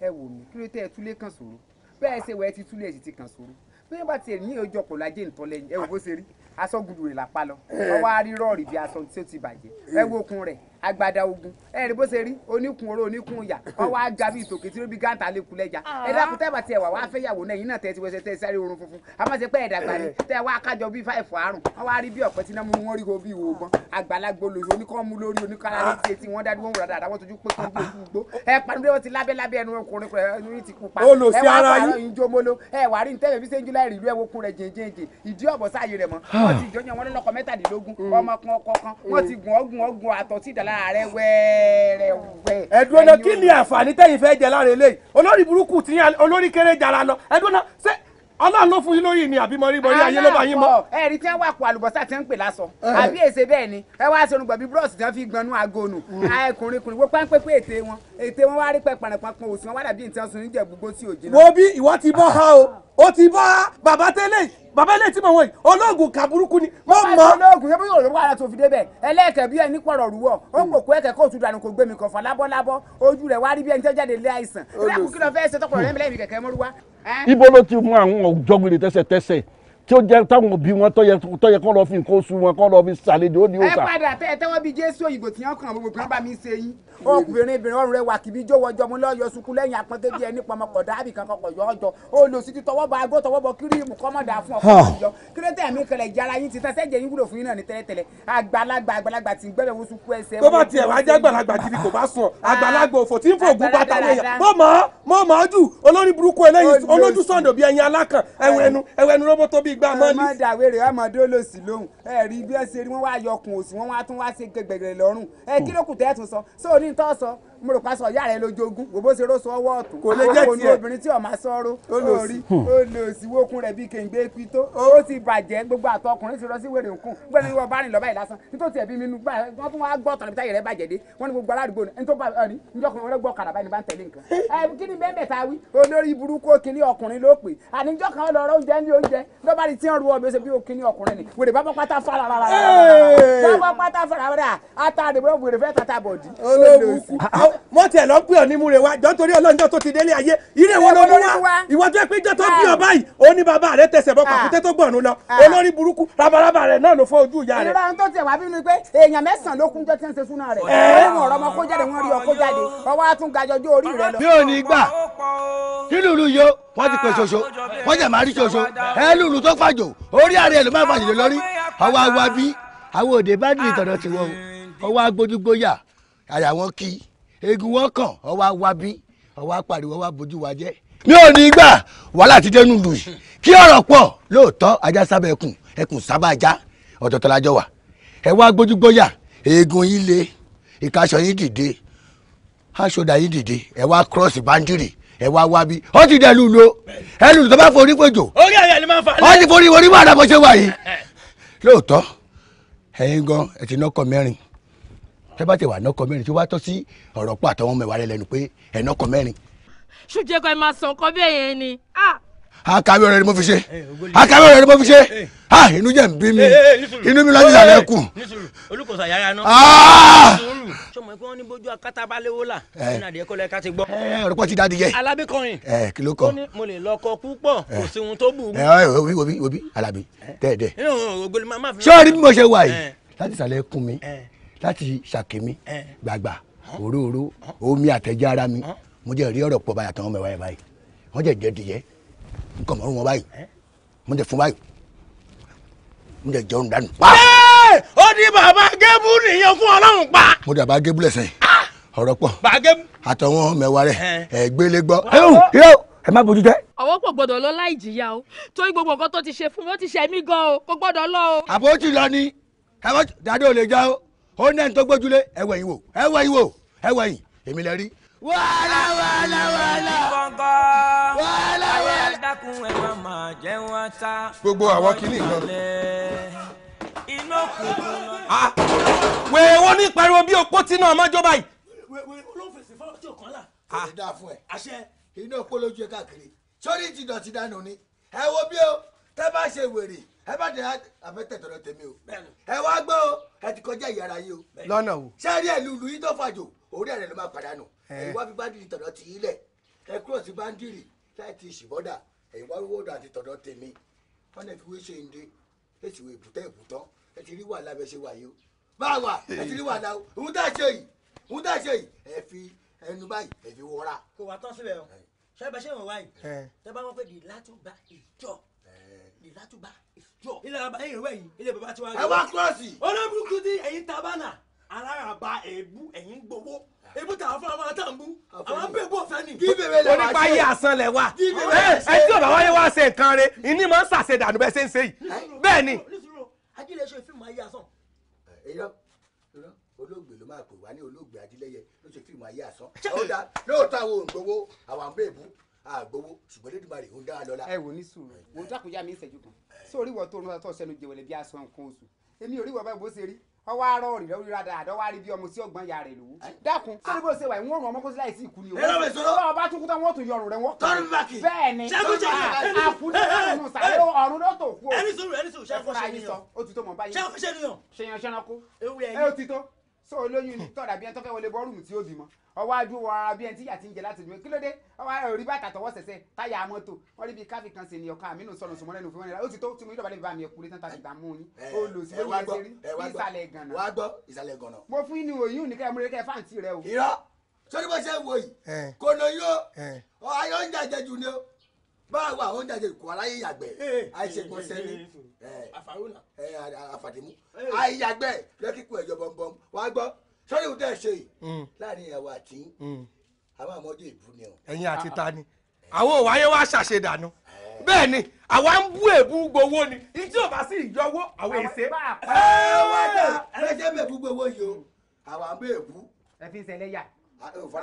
ẹ wò mí kí ló tẹ ẹ túlé kan sòrò bẹ́ẹ̀ ṣe wẹ́ẹ́ ti túlé ẹ̀ sì ti kan sòrò bẹ́ẹ̀ bá tiẹ̀ ní ojú ọ̀pọ̀ lajẹ́ ntọ́ lẹ́yìn ẹ wò bó ṣe rí aṣọ́gudù rẹ̀ làpá lọ ọwọ́ arírọ́ọ̀rì bíi aṣọ tí ó ti bàjẹ́ ẹ wo okun rẹ̀ agbada ogun ẹ rí bó ṣe rí oníkun oró oníkun ìyà ọwọ́ aga bíi tòkè tí ó bí gáǹtà lè kulẹ̀ jà ah. ẹ dákun tẹ́ tiẹ̀ wà wá fẹ́yàwó náà yìí náà tẹ́ ti tẹ́ sáré orun funfun àmọ́ ṣe pé ẹ̀ dàgbà kájọ bíi fáìfù àrùn wọ́n wá rí bí ọ̀pẹ mú wọn rí ko bíi ìwògbọ́n àgbàlagbò lòyún oníkọ́mú lórí oníkàlà ti ti ah. wọ́n ti jọyàn wọn mm. wọ́n ti gùn ọ́gùn ọ̀gùn àtọ̀ ọ̀la rẹ wẹ́ẹ́rẹ́wẹ́. ẹ̀dùn ọ̀nà kí ni àǹfààní tẹ̀yìn fẹ́ jẹ lára eléyìí olórí burúkú ti yàn olórí kéré jara lọ ẹ̀dùn ọ̀nà ṣé ọlọ́run ló fún yín lóyìn ni àbí mọ̀rímọ̀rí ayé ló bá yín mọ́. ẹ̀rí tí wọ́n wà kó àlùbọ́sà tí wọ́n ń pè lásán àbí èsè bẹ́ẹ̀ ni ẹ wá aṣọ onugbọ̀n bí búrọ́ọ̀sì tí wọ́n fi gbanú agonu ẹkùnrin kùnrin wo páńpẹ́ pé ète wọn ète wọn wá rí pẹ́ pàràpàpọ̀ òsì wọn wá dàbí nǹkan sùn níjẹ̀ gbogbo sí òjì náà. wo bí ìwọ ti bọ́ ha o o ti bá bàbá tẹ́lẹ̀ bàbá ilé tí mo wọ̀ yìí olóògùn kà burúkú ni mo mọ̀. bàbá olóògùn yẹn bí yóò lọ́wọ́ ara tó fi débẹ̀ ẹlẹ́ẹ̀kẹ́ bí ẹni pọ̀rọ̀ rúwọ̀ ó ń kòkó ẹ̀kẹ́ kóòtù dànù kò gbé mi kàn fà lábọ́lábọ́ ojú rẹ̀ wá rí bí ẹni tó jáde lé àìsàn. ìlẹ́kùn kí ló fẹ́ ṣe tọkùnrin lẹ́mìlẹ́mì kẹ̀kẹ́ mọ́rúwá. ibo ló ti mú àwọn ọ̀jọ́gbìn tẹ́sẹ̀tẹ́sẹ̀ tí ó jẹ́ táwọn òbí wọn tó yẹ kán lọ fi nǹkan oṣù wọn kán lọ fi ṣàlejò ó di òòṣà. ẹ padà tẹ tẹwọ bíi jésù òyìnbó tí yàn kàn gbogbo kan bá mi ṣe yín. obìnrin obìnrin ọrùn rẹ wà kíbi jó wọjọ mú lọ yọ sunkún lẹ́yìn apọtẹ bíi ẹni pọmọ kọdà àbí kankan kọ yọ ọjọ ó lò sí ti tọwọ́ bọ agbó tọwọ́ bọ kírímù kọmọdà fún ọkọ yọ kílódé gbà mọ́ ní. ọmọ dàwé ọmọ dólòsì lóhùn ẹ rí bí ẹ ṣe rí wọ́n wá yọkùn òsì wọ́n wá tún wá ṣe gbẹgbẹ̀rẹ̀ lọ́rùn ẹ kí ló kù tẹ́ ẹ tún sọ sóòní tó sọ mo rò pásọ ìyá rẹ lójoogún wò bó ṣe ró sọ ọwọ́ kò lè jẹ́ tiẹ̀ òun obìnrin tí ọ̀ma sọ́rọ́ ó rí ó lò sí wókun rẹ̀ bí kéńgbé pí tó ó ti bàjẹ́ gbogbo àtọkùnrin ti rọ sí wèrè nkùn gbẹ́ni wọ́n bá rìn lọ́ba yìí lásán nítorí tiẹ̀ bí mi nu wọ́n fún wa gbọ́ tọ̀nà bíta yẹrẹ bàjẹ́ dé wọ́n ní gbogbo aládùúgbò ní tó bá rí níjọ́ (laughs) kan wọ́n gbọ́ kàrà mọ tẹ lọ pé ọní múre wa jọ torí ọlọ́njọ́ tó ti délé ayé ire wo ló ló wá ìwọ tó yẹ pé jọ tó bí ah. ọ báyìí ó ní bàbá rẹ tẹsẹ̀ bọ́ ah. pàkúté tó gbọ̀nù lọ ah. olórí burúkú rabaraba rẹ náà ló fọ́ ojú ìyá rẹ. ìrora to tẹ wá bínú pé èèyàn mẹ́sàn-án ló kún jọ tí ń ṣe súná rẹ̀ wọ́n mọ̀ ọ̀rọ̀ ọmọ kó jáde wọ́n rí ọkọ jáde ọwọ́ á tún gajọ jó orí rẹ lọ. mi ò yo wọ́n ti pè ṣoṣo wọ́n jẹ̀ máa rí ṣoṣo ẹ lùlù tó pàjò orí ààrẹ ẹ̀ ló má bàjẹ́ lórí àwọn àwa bí àwọn òde bá dìrì tọ̀dọ̀ o ọwọ́ agbójúgbóyà àyà wọn kí egun wọn kàn ọwọ́ awábí ọwọ́ apariwo ọwọ́ abojú wa jẹ́ mi ò ní gbà wàhálà ti dẹnu lù yìí kí ọ̀rọ̀ pọ̀ lóòótọ́ ajá sábà ẹkùn ẹkùn sábà ajá ọ̀dọ̀tọ̀ lájọ wà ẹ wá gbójúgbóyà eegun yín le ìkaṣọ yín dìde aṣọdà yín dìde ẹ wá cross boundary ẹ wá wá bí ó ti dẹnu lo ẹnu tó bá forí péjò ó ti forí orí wàdà bó ṣe wà yìí lóòótọ́ ẹ̀yin gan ẹ ti nọ́kọ̀ mẹ́rin tẹ́bàtẹ̀ wà nọ́kọ mẹ́rin tí wàá tọ́ sí ọ̀rọ̀ pọ̀ àtọwọ́n mẹ́wàá rẹ lẹ́nu pé ẹ̀ nọ́kọ mẹ́rin. ṣùjẹ́ kan ẹ máa sàn kọ́ bẹ́ẹ̀ yẹn ni. akawe ọ̀rẹ́ ni mo fi ṣe akawe ọ̀rẹ́ ni mo fi ṣe ha inú jẹ́ ń bí mi inú mi láti sàlẹ̀ kù. olùkọ́sà yàrá náà. sọmọ ikú wọn ní bójú akátábáléwó là nínú adìyẹ kọlẹ ká ti gbọ́. ẹ ọ̀rọ̀ pọ̀ ti dá adìyẹ. alábíkọrin ẹ kí ló kọ. ó ní mo lè lọkọ púpọ̀ kò sí ohun tó bù. ẹ ẹ òbí òbí òbí alábí tẹ́ẹ̀dẹ̀. sọ́ọ́rí bí mo ṣe wà yìí láti sàlẹ̀ kù mi láti ṣàkíní gbàgbà òróró omi àtẹ̀jẹ́ ara mi mo jẹ́ rí ọ̀rọ̀ pọ̀ báyà tán mẹ́wàá yẹn báyìí wọ́n jẹ́ jẹ́ dìyẹ nǹkan mọ́rún wọn báyìí mo jẹ́ fún báyìí mo jẹ́ jẹun dànù. ó ní bàbá gébù nìyẹn fún ọlọ́run pa. mo dàbá gébù lẹ́sẹ̀ ah! ọ̀rọ̀ pọ̀ àtọ̀wọ́n mẹ́wàá rẹ̀ ẹ̀ gbélé gbọ́ ẹ má bójú jẹ. ọwọ́ kò gbọ́dọ̀ lọ láì jìyà o torí gbogbo nǹkan tó ti ṣe fún mi ó ti ṣe mí gan o kò gbọ́dọ̀ lọ o. àbójú lọ ni dàdé ò lè já o ó ní ẹni tó gbójúlé ẹwẹ yìí wò ẹwẹ yìí wò ẹwẹ yìí èmi lè rí. wàhálà wàhálà wàhálà wàhálà wàhálà. gbogbo àwọn kìíní kan. iná kùkùn lọ. Ah. wèé wọ́n ní pariwo bí opó tí náà mọ́jọ́ báyìí. wèé olófèsì fọlọ́ tí ò kàn lá. àdá ah. fún ẹ àṣẹ iná polójú ẹ káàkiri sórí ti dọ̀tí dànù ni ẹ wo bí o tẹ́ bá ṣe wèrè ẹ bá dẹ̀ abẹ́tẹ̀ tọ̀rọ̀ tèmi o ẹ wá gbọ́ o ẹ ti kọjá ìyára yìí o. lọ́nà o. sẹ́rí ẹ̀ lulu yìí tó fàjò orí ẹ̀rẹ̀ ló máa pàdánù ẹ̀yin wá fi báńdìrì tọ̀dọ̀ ti ilẹ̀ ẹ kúrò sí báńdìrì láì ti ṣìbọ́dà ẹ̀yin wá wọ́dà ti tọ̀dọ̀ tèmi wọ́n lè fi wé ṣe ǹde ẹ sì wé èbúté èbútọ́ ẹ ti rí wà lábẹ́ ṣe wà yìí o báà wà ẹ ti rí wà láwọ òun dá ṣe yìí òun dá ṣe yìí ẹ fi ẹnu báyìí ẹ fi wọra. kò wá tán síbẹ̀ o ṣé ẹ bá ṣe wọ̀n wáyìí tẹ bá wọ́n pé di látúbà ìjọ di látúbà ilé baba ẹ̀yìn ìwé yìí ilé baba tí wàá gbé. ẹ wá kílọ̀sì. olóbùkú tí ẹ̀yin tabana aláraba èébú ẹ̀yin gbowó èébú tàwọn fún àwọn àtàǹbù àwọn abẹ́gbó ọ̀fẹ́ ni. kí bèbè lè wá ṣe onípa yé àsan lẹ̀ wá. kí bèbè lè ṣe. ẹ tí ò bá wáyé wá ṣe nǹkan rẹ ìní máa ń ṣàṣedànù bẹ́ẹ̀ ṣe ń ṣe yìí. bẹ́ẹ̀ ni. ajílẹ̀ ṣe fíìmù ayé àsan. ẹ̀yọ́ olóògbé ló máa pè wá ní olóògbé ajílẹ̀yẹ ló ṣe fíìmù ayé àsan. ó lóòótọ́ àwọn òǹgbowó àwọn àbẹ́ẹ̀bù àgbowó ṣùgbọ́n lẹ́dùnmarè ń dá a lọ́la. ẹ wò ní sùúrù wò ó dàkúnyà mi ìṣẹ́jú kan sórí wọ́n tó ń tọ́ sẹ́nu jẹ̀wẹ̀lẹ̀ bí aṣọ nǹkan oṣù èmi ò rí wọ́n báyìí bó ṣe rí ọwọ́ arọ́ rìn lórí rádà àdọ́wọ́ arí bí ọmọ sí ọgbọ́n ìyá rẹ̀ lòwú. dákun sórí bó ṣe wà ìwọ̀n ọmọ kó sí láì sí ìkú ni o. èrò mi a bá tún so olóyún ni tọ́ra bí ẹni tó fẹ́ wọlé bọ́ọ̀rùmù tí ó bímọ ọwọ́ adú ọ̀rá bí ẹni tí ìyá ti ń jẹ láti dùn kí ló dé ọwọ́ ayọ̀ rí bàtà tọwọ́ sẹ̀sẹ̀ táyà mọ́tò wọ́n rí bí káfí kan sì ní ọkọ àmínú sọ̀rọ̀ sùnmọ́ fún wọn ó ti tó tí mo yíjọba lẹ́bi bá mi ẹkùnrin tán tàbí gbàmú yín eh, ó lò sí lórí ẹsẹ̀ rí ìsàlẹ̀ gànà. wàá gbọ́ ìsàlẹ̀ gànà. mo fún báwo àwọn oúnjẹ àjẹkù aláyé yàgbẹ́ àìṣègùn sẹ́ni àfàdémù àìyàgbẹ́ lẹ́kìkù ẹ̀jọ̀ bọ̀m̀bọ̀m wàá gbọ́ sọ́ni ìwúdẹ́ ẹ̀ ṣe yìí mm. láàrin ìyàwó àti mm. àwọn àmọ́jọ ìbú ni o. ẹ̀yin àti ah, ah. ta ni àwọn ò wáyé wá ṣàṣedànù eh. bẹ́ẹ̀ ni àwa ń bú èbú gbowó ni ìtí ò bá sí ìyọwó àwọn èsè. ẹ eh, wá dà eh. ẹ jẹ́ mẹ́bú gbowó yìí o àwa ń bú èbú. ẹ fi ń ṣẹlẹ̀ yà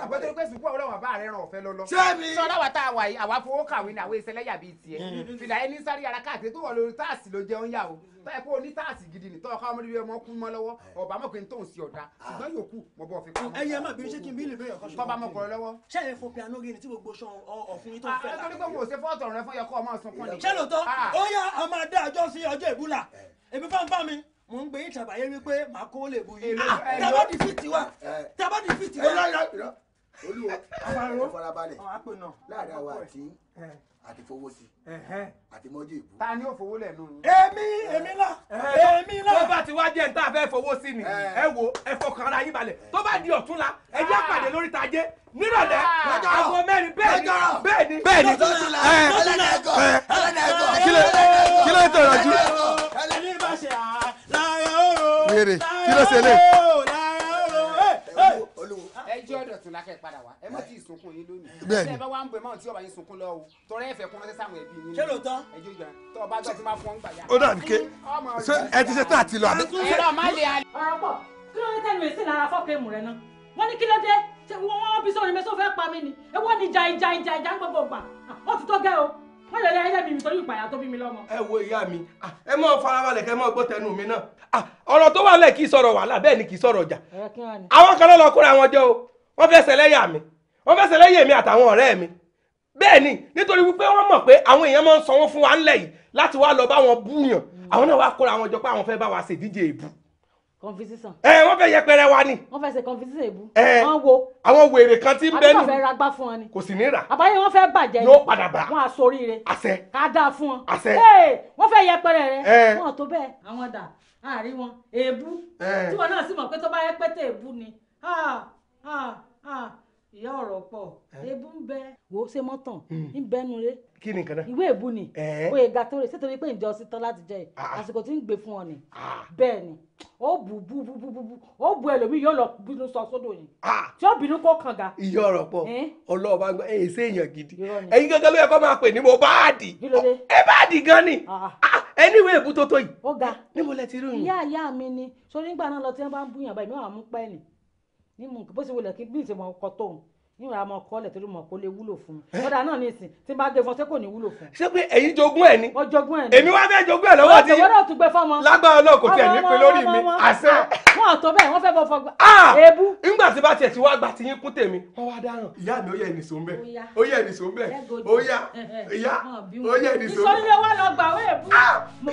àbẹ̀tẹ̀ pé sùkú ọ̀rọ̀ wọn bá rẹ̀ ràn ọ̀fẹ́ lọ́lọ́. ṣé mi. sọ láwa tá a wà yìí àwa fowó kàwé ní àwọn ìṣẹ̀lẹ̀yà bíi tiẹ̀. Mm. Mm. fìlà ẹni sáré ara káàkiri tó wọ̀ lórí táàsì ló jẹ́ ń yà o. táyà o oní táàsì gidi nìtọ́ ọ̀ká ọmọdé bíi ọmọ kú mọ́ lọ́wọ́ eh. ọ̀bà mọ̀kẹ́ tó ń sí ọ̀dà ṣùgbọ́n yòókù mọ̀ bọ́ fi kọ́. ẹyẹ má mo ń gbé yín ṣàbàyé wípé màá kó lè bu yín. tàbá di fìtì wa tàbá di fìtì wa. olúwo àfarò ọ̀farabalẹ̀ láàrin àwa àti àti fowó sí àti mọ́jú ìbú. ta ni ó fowó lẹ̀ nù. èmi èmi là èmi là. tó bá ti wá jẹ́ níta fẹ́ fowó sí ni ẹ wo ẹ fọkàn ara yín balẹ̀ tó bá di ọ̀túnla ẹ jẹ́ ah. pàdé lórí ta jẹ́ nírọ̀lẹ́ aago mẹ́rin bẹ́ẹ̀ ni bẹ́ẹ̀ ni. bẹ́ẹ̀ ni ẹ ẹ kí ló tọrọ jù. ẹ ní bá ṣe àá wèrè kí ló ṣe lè. ẹjọ́ ọ̀dọ̀tún la padà wá ẹ má ti sunkún yín lónìí. bẹ́ẹ̀ni ẹ bá wà ń bẹ̀ mọ́ tí ọba yín sunkún lọ o tọrọ kún lọ́sẹ̀ sáwọn ẹbí yín. kélò tán ẹjọ́ ìgbà tó ọba gbọ́ tí máa fún ọ gbà yá. ó dàbí ké ṣé ẹ ti ṣe tá àti lọ ẹ̀rọ pọ̀ kí ló ń ah, tẹ́lu wọ́n lè lẹ́yìn lẹ́bi mi torí ìpàyà tó bí mi lọ́mọ. ẹ wo ìyá mi ẹ mọ farabalẹ̀ kẹ mọ gbọ́ tẹnu mi náà ọ̀rọ̀ tó wà lẹ̀ kì í sọ̀rọ̀ wàhálà bẹ́ẹ̀ ni kì í sọ̀rọ̀ ọjà àwọn kan lọ́ọ́ kóra wọn jọ o wọ́n fẹ́ ṣẹlẹ́yà mi wọ́n fẹ́ ṣẹlẹ́yà mi àtàwọn ọ̀rẹ́ mi bẹ́ẹ̀ ni nítorí wípé wọ́n mọ̀ pé àwọn èèyàn máa ń sanwó fún wa ńlẹ̀ yìí láti wá lọ bá wọn búyàn confusion. ẹ wọ́n fẹ́ yẹpẹrẹ wa ni. wọ́n fẹ́ ṣe confusion èbú. ẹ wọ́n wo. àwọn wèrè kan ti ń bẹ nù. àbúkọ̀ fẹ́ ra gbá fún wọn ni. kò sì ní rà. àbáyé wọ́n fẹ́ bàjẹ́ ni. yóò padà bá. wọn àsoríire. àṣẹ. ká dáa fún wọn. àṣẹ. ee wọ́n fẹ́ yẹpẹrẹ rẹ. ẹ wọn tó bẹ́ẹ̀ àwọn dà àárín wọn eh tí wọn náà sì mọ̀ pé tó bá yẹ pẹ́tẹ́ èbú ni. ìyá ọ̀rọ̀ pọ̀ èbú ń bẹ. wo ṣe mọ́tàn hmm. ń bẹ́nu rẹ̀ kí ni nǹkan náà. ìwé ìbú ni oyè ga tó rè sétorí pé ǹjọ́ sí tán láti jẹ yìí ah, ah. àsìkò tí ń gbé fún ọ ni ah. bẹ́ẹ̀ ni ó bù bù bù bù bù ó bù ẹlòmíì yóò lọ bínú sọ sódò yìí tí ó bínú kó kànga. iye ọ̀rọ̀ pọ̀ ọlọ́ọ̀bá gbọ́ ẹ̀yìn sí èèyàn gidi ẹ̀yin gángan ló yẹ kó máa pè ní mo báàdì ẹ báàdì gan ni ẹni ìwé ìbú tó tó yìí. ó ga níbo lẹ ti rí òyìn. ìyá ìyá mi ni sórí ńgbà náà lọ tí wọn bá ń bú yàn báyìí mi ò níwàá mọ kọ́lẹ̀ torí mọ̀ kó lè wúlò fún mi ọ̀dà eh? náà ní ìsìn tí n bá gbé fún ọ ṣé kò ní wúlò fún. ṣé pé ẹ̀yin jogún ẹ̀ ni. mo jogún ẹ̀ ni. èmi wá fẹ́ jogún ẹ̀ lọ́wọ́ tí. ọ̀sẹ̀ wọ́n náà tún gbé fọ́mọ. lágbára náà kò tiẹ̀ ní pé lórí mi àṣẹ. Ah, wọn ò tó bẹ́ẹ̀ wọ́n fẹ́ bọ́ fọgbà. Ah! èébú. ńgbà tí bá tiẹ̀ ti wá gba tiyín kún tèmi wọ́n wá dáràn. ìyá mi ó yẹ ẹnì sóńbẹ́ ó yẹ ẹnì sóńbẹ́ ó yá (laughs) ìyá ó yẹ ẹnì sóńbẹ́. ìsọ̀rí lè wá lọ gbà wé èbú.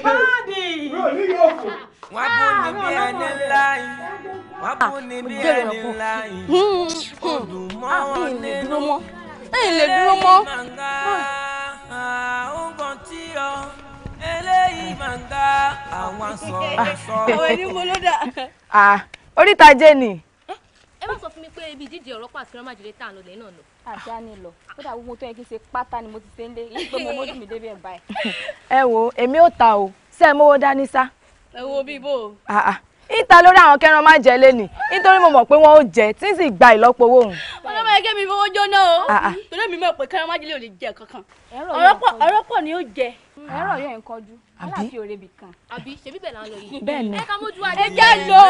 báàdì. wọ́n á bọ̀ níbi ẹni ńlá yìí wọ́n á bọ̀ níbi ẹni ńlá yìí hmm ẹ̀yin lè dúró mọ́ ẹ̀yin lè dúró mọ́. Ah. oríta jẹ́ ni. ẹ má sọ fún mi pé ibi ìdíje ọ̀rọ̀ pàṣẹ ọmọ àjèlé tá à ń lọ lẹ́yìn náà lọ. ajá ni lọ kódà gbogbo tó yẹ kí n ṣe pátá ni mo ti ṣe ń lé yìí pé mo mójú mi débi ẹ̀ báyìí. ẹ wo èmi ò ta o ṣé ẹ mówó dání sá. ẹ wo bíbó ìta lórí àwọn kẹran máa jẹ lẹ́nì nítorí mo mọ̀ pé wọ́n ó jẹ tí sì gba ìlọ́po owó òun. ọlọ́mọ ẹgẹ́ mi fowó jóná o ah, ah. torí mi mọ̀ pé kẹran máa ò lè jẹ kankan ọ̀rọ̀ pọ̀ ni ó jẹ. ẹ̀rọ yẹn ń kọjú aláàfin òre bì kan. àbí ṣebí bẹ́ẹ̀ là ń lọ yìí. bẹ́ẹ̀ ni ẹ jẹ́ lọ.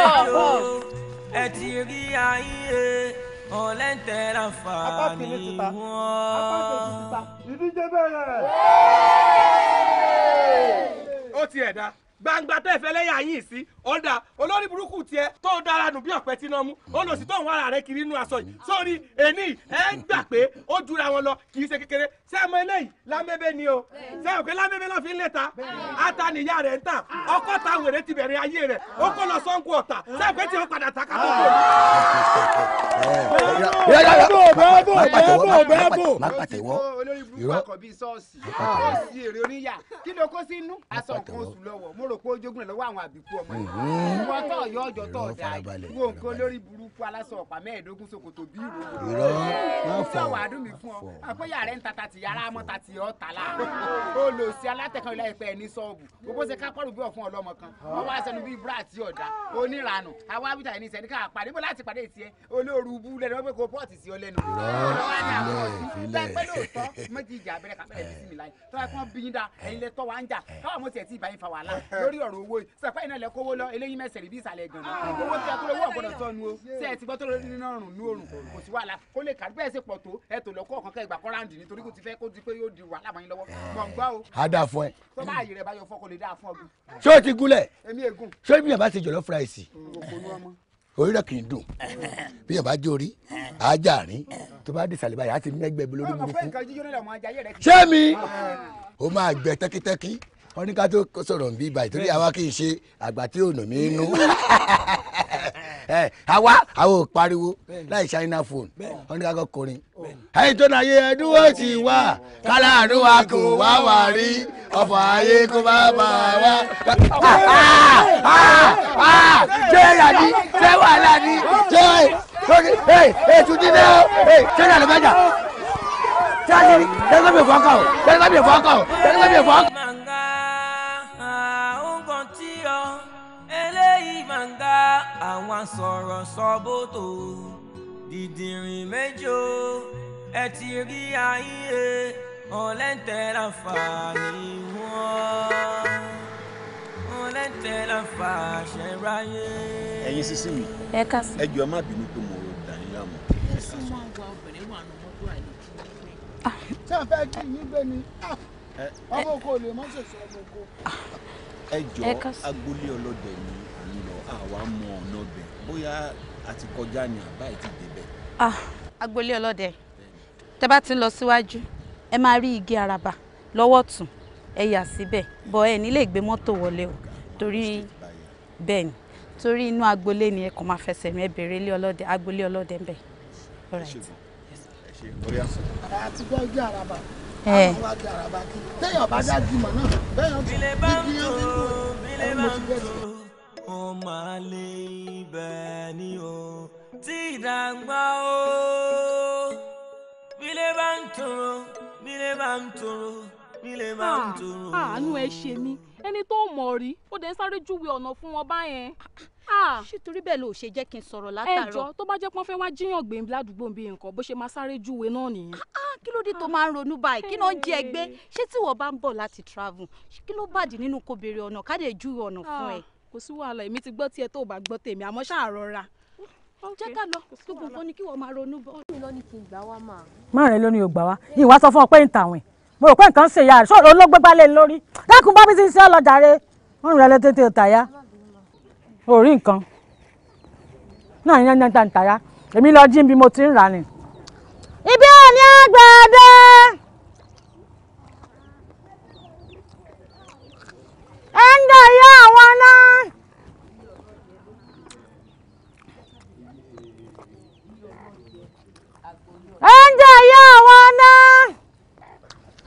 ẹ ti rí ayé ọ̀lẹ́ntẹ̀ láǹfààní wọn. ìdíje bẹ̀rẹ̀. ó ti ẹ̀ gbangba tẹ́ fẹ́ lẹ́yà yín sí ọ̀dà olórí burúkú tiẹ̀ tó dára nù bí ọ̀pẹ tí náà mú olùsí tó ń wá ara rẹ kiri inú aṣọ yìí sórí èní ẹ gbà pé ó jura wọn lọ kì í ṣe kékeré ṣé ọmọ eléyìí lámẹ́bẹ́ ni o ṣé òkè lámẹ́bẹ́ ló fi ń lẹ́ta ata nìyá rẹ̀ ń tà ah. ọkọ́ ta wèrè ti bẹ̀rẹ̀ ayé rẹ̀ ó kọ́ lọ sọ́nkù ọ̀tà ṣé òkè tí ó padà ta ká tó kò. bẹ́ẹ̀bù bẹ́ẹ̀bù bẹ́ẹ̀bù má pàtẹ́wọ́ olórí burúkú akọ bíi ṣọ́ọ̀ṣì ṣọ́ọ̀ṣì èrè oníyà kí ló kó sí aṣọ nǹkan oṣù lọ́wọ́ mo rò pé ó jogún rẹ̀ àwọn àbíkú ọmọ yìí mhm. wọ́n tọ̀ yọ ọjọ́ tọ̀ dá yìí wo nǹkan olórí burúkú aláṣọ ọ̀pá mẹ́ẹ̀ẹ́dógún ṣòkòtò bí ìrò. ìrọ̀ máa fọ̀ àpéyà rẹ̀ ń tata ti yàrá mọ́ta tí ọ́ tà láàrin ó ah. lò sí alátẹ̀kàn ilé ìpẹ́ ní sọ́ọ̀bù gbogbo ṣe ká pọ̀lù bí ọ̀fun ọlọ́mọ kan ah. wọ́n wá sẹnu bíi bra àti ọ̀dà ah. oníranù àwa wíta ẹni sẹni ká pàdé bó láti pàdé tiẹ̀ olóoru bú lẹ́nu wọ́n pé kó pọ́ọ̀tì sí ọ lẹ́nu ọlọ́wọ́ ni àwọn eh. ọ̀sìn kó lè kà bẹ́ẹ̀ ṣe pọ̀ tó ẹ tò lọ́kọ̀ọ̀kan kẹ́ ìgbà kọ́ráǹdì nítorí kò ti fẹ́ jẹ́ kó di pé yóò di wàhálà mọ́ yín lọ́wọ́ gbọ̀ngbọ́n o. a dà fún ẹ. tó bá yẹrẹ bá yọ fọkọ lè dà fún ọgbìn. ṣé o ti gúnlẹ̀. èmi ègún. ṣé bí yàrá ṣe jọ̀lọ́ fúráìsì. orí rẹ̀ kì í dùn bí yàrá jó rí ajá rí tó bá di sàlẹ̀ báyìí á ti mẹ́gbẹ́ bí lórí burúkú. ṣé mi o ah. máa gbẹ tẹ́kítẹ́kí wọ́n ní ká tó sọ̀rọ̀ ń bí ibà ìtòrí àwa kì í ṣe àgbà tí ò nù mí nú. (laughs) ẹ àwa àwọn ò pariwo láì ṣáínà fóònù wọn ní kakọ kọrin. ẹyin tó náà yẹ ẹdúró tì wá kálá àdúrà kò wá wà rí ọ̀fọ̀ ayé kó bá bà wá. ṣé ẹ̀yà ni ṣé wàhálà ni ṣé ẹ̀ ẹ̀ tún dín náà ṣé ẹ̀yà ló bá jà ṣé ẹ̀yà ni ṣé ẹ̀yà ló bẹ̀ fọ́ ọkọ̀ ṣé ẹ̀yà ló bẹ̀ fọ́ ọkọ̀ ṣé ẹ̀yà ló bẹ̀ fọ́ ọkọ̀. àwọn sọ̀rọ̀ sọ́bòtò dìdìrín mẹ́jọ ẹ ti rí ayé ọ̀lẹ́ntẹ̀ láǹfààní wọn ọ̀lẹ́ntẹ̀ láǹfààṣẹ ráyé. ẹ̀yin sísí mi ẹ jọ̀ọ́ má bínú pé mo dà yín láàmú. ẹ sọ máa ń wa obìnrin wà kí yín gbé ni ah, ọmọ oko lè má ọmọ oko. ẹ jọ̀ọ́ agboolé ọlọ́dẹ ni àwa mọ ọ̀nà ọbẹ̀ bóyá a kọjá ni àbá ẹ̀ ti débẹ̀. agboolé ọlọ́dẹ tẹ bá ti ń lọ síwájú ẹ máa rí igi araba lọ́wọ́ tún ẹ yà síbẹ̀ bọ́ ẹ nílé ìgbé mọ́tò wọlé o torí bẹ́ẹ̀ ni torí inú agboolé ni ẹ kàn máa fẹsẹ̀ rìn ẹ bèrè ilé ọlọ́dẹ agboolé ọlọ́dẹ ń bẹ. àtijọ́ igi araba àwọn wa di araba kí téèyàn bá dá jùmọ̀ náà bẹ́ẹ̀ yàn ti igi yẹn ti ń lò ó ó ó máa lé ibẹ̀ ni o tí ìdàgbà o bílẹ̀ bá ń tòrò bílẹ̀ bá ń tòrò bílẹ̀ bá ń ah, tòrò. àánú ẹ ṣe mí ẹni tó mọ̀ rí ó dẹ̀ sáré júwe ọ̀nà fún wọn báyẹn ah. ṣé torí bẹ́ẹ̀ ló ṣe jẹ́ kí n sọ̀rọ̀ látàárọ̀. ẹjọ́ tó bá jẹ́ pọ́n fẹ́ wá jíyàn gbé ládùúgbò bíi nǹkan bó ṣe máa sáré júwe náà nìyẹn. Ah, kí ló dé tó máa ń ronú báyìí kí náà ń jẹ ẹgbẹ́ ṣé tí wọ́n bá ń bọ̀ láti travel kí ló bàdí nínú kò béèrè ọ̀nà ká lè júwe ọ̀nà fún ẹ kò sí wàhálà èmi ti gbọ́ tiẹ̀ tó o bá gbọ́ tèmi àmọ́ ṣáà rọra jẹ́ ká lọ gbogbo nǹkan ni kí wọ́n máa ronú bọ́. ọdún lọ ni kì í gbà wá mà. márùn-ún ló ní o gbà wá yìí wá sọ fún ọ pé ń tà wìn mo rò pé nǹkan ń ṣe ìyá rẹ̀ sọ̀rọ̀ olóògbé gbálẹ̀ e lórí dákun bá mi ti ń ṣe ọlọ́jà rẹ̀ wọ́n rìn lọ tètè tàyà orí nǹkan náà yẹn ń tàyà èmi lọ jí bí mo ti ń rà ni. ibi ò ní àgbà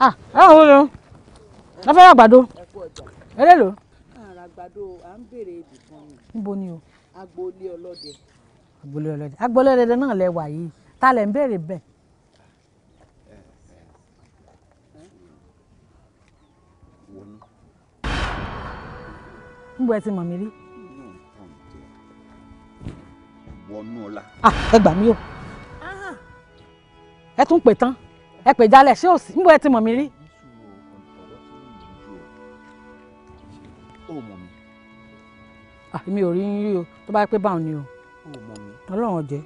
ah ọ̀hún wo ló wọ́n fẹ́ ra àgbàdo ẹ̀rẹ́ lò. àrà àgbàdo à ń béèrè ibì kan ni. níbo ni o. agboolé ọlọ́dẹ. agboolé ọlọ́dẹ agboolé ọlọ́dẹ náà lẹ wà yìí ta lẹ̀ ń béèrè bẹ́ẹ̀. níbo ẹ ti mọ̀ mí rí. wọnú ọ̀la. Ah, ẹ gbà mí o ẹ tún pè tán ẹ pè jálẹ̀ ṣé òsì níbo ẹ ti mọ̀ mí rí. Ah, mi ò rí yín rí o tó bá yẹ pé báwọn ni o ọlọ́run jẹ́.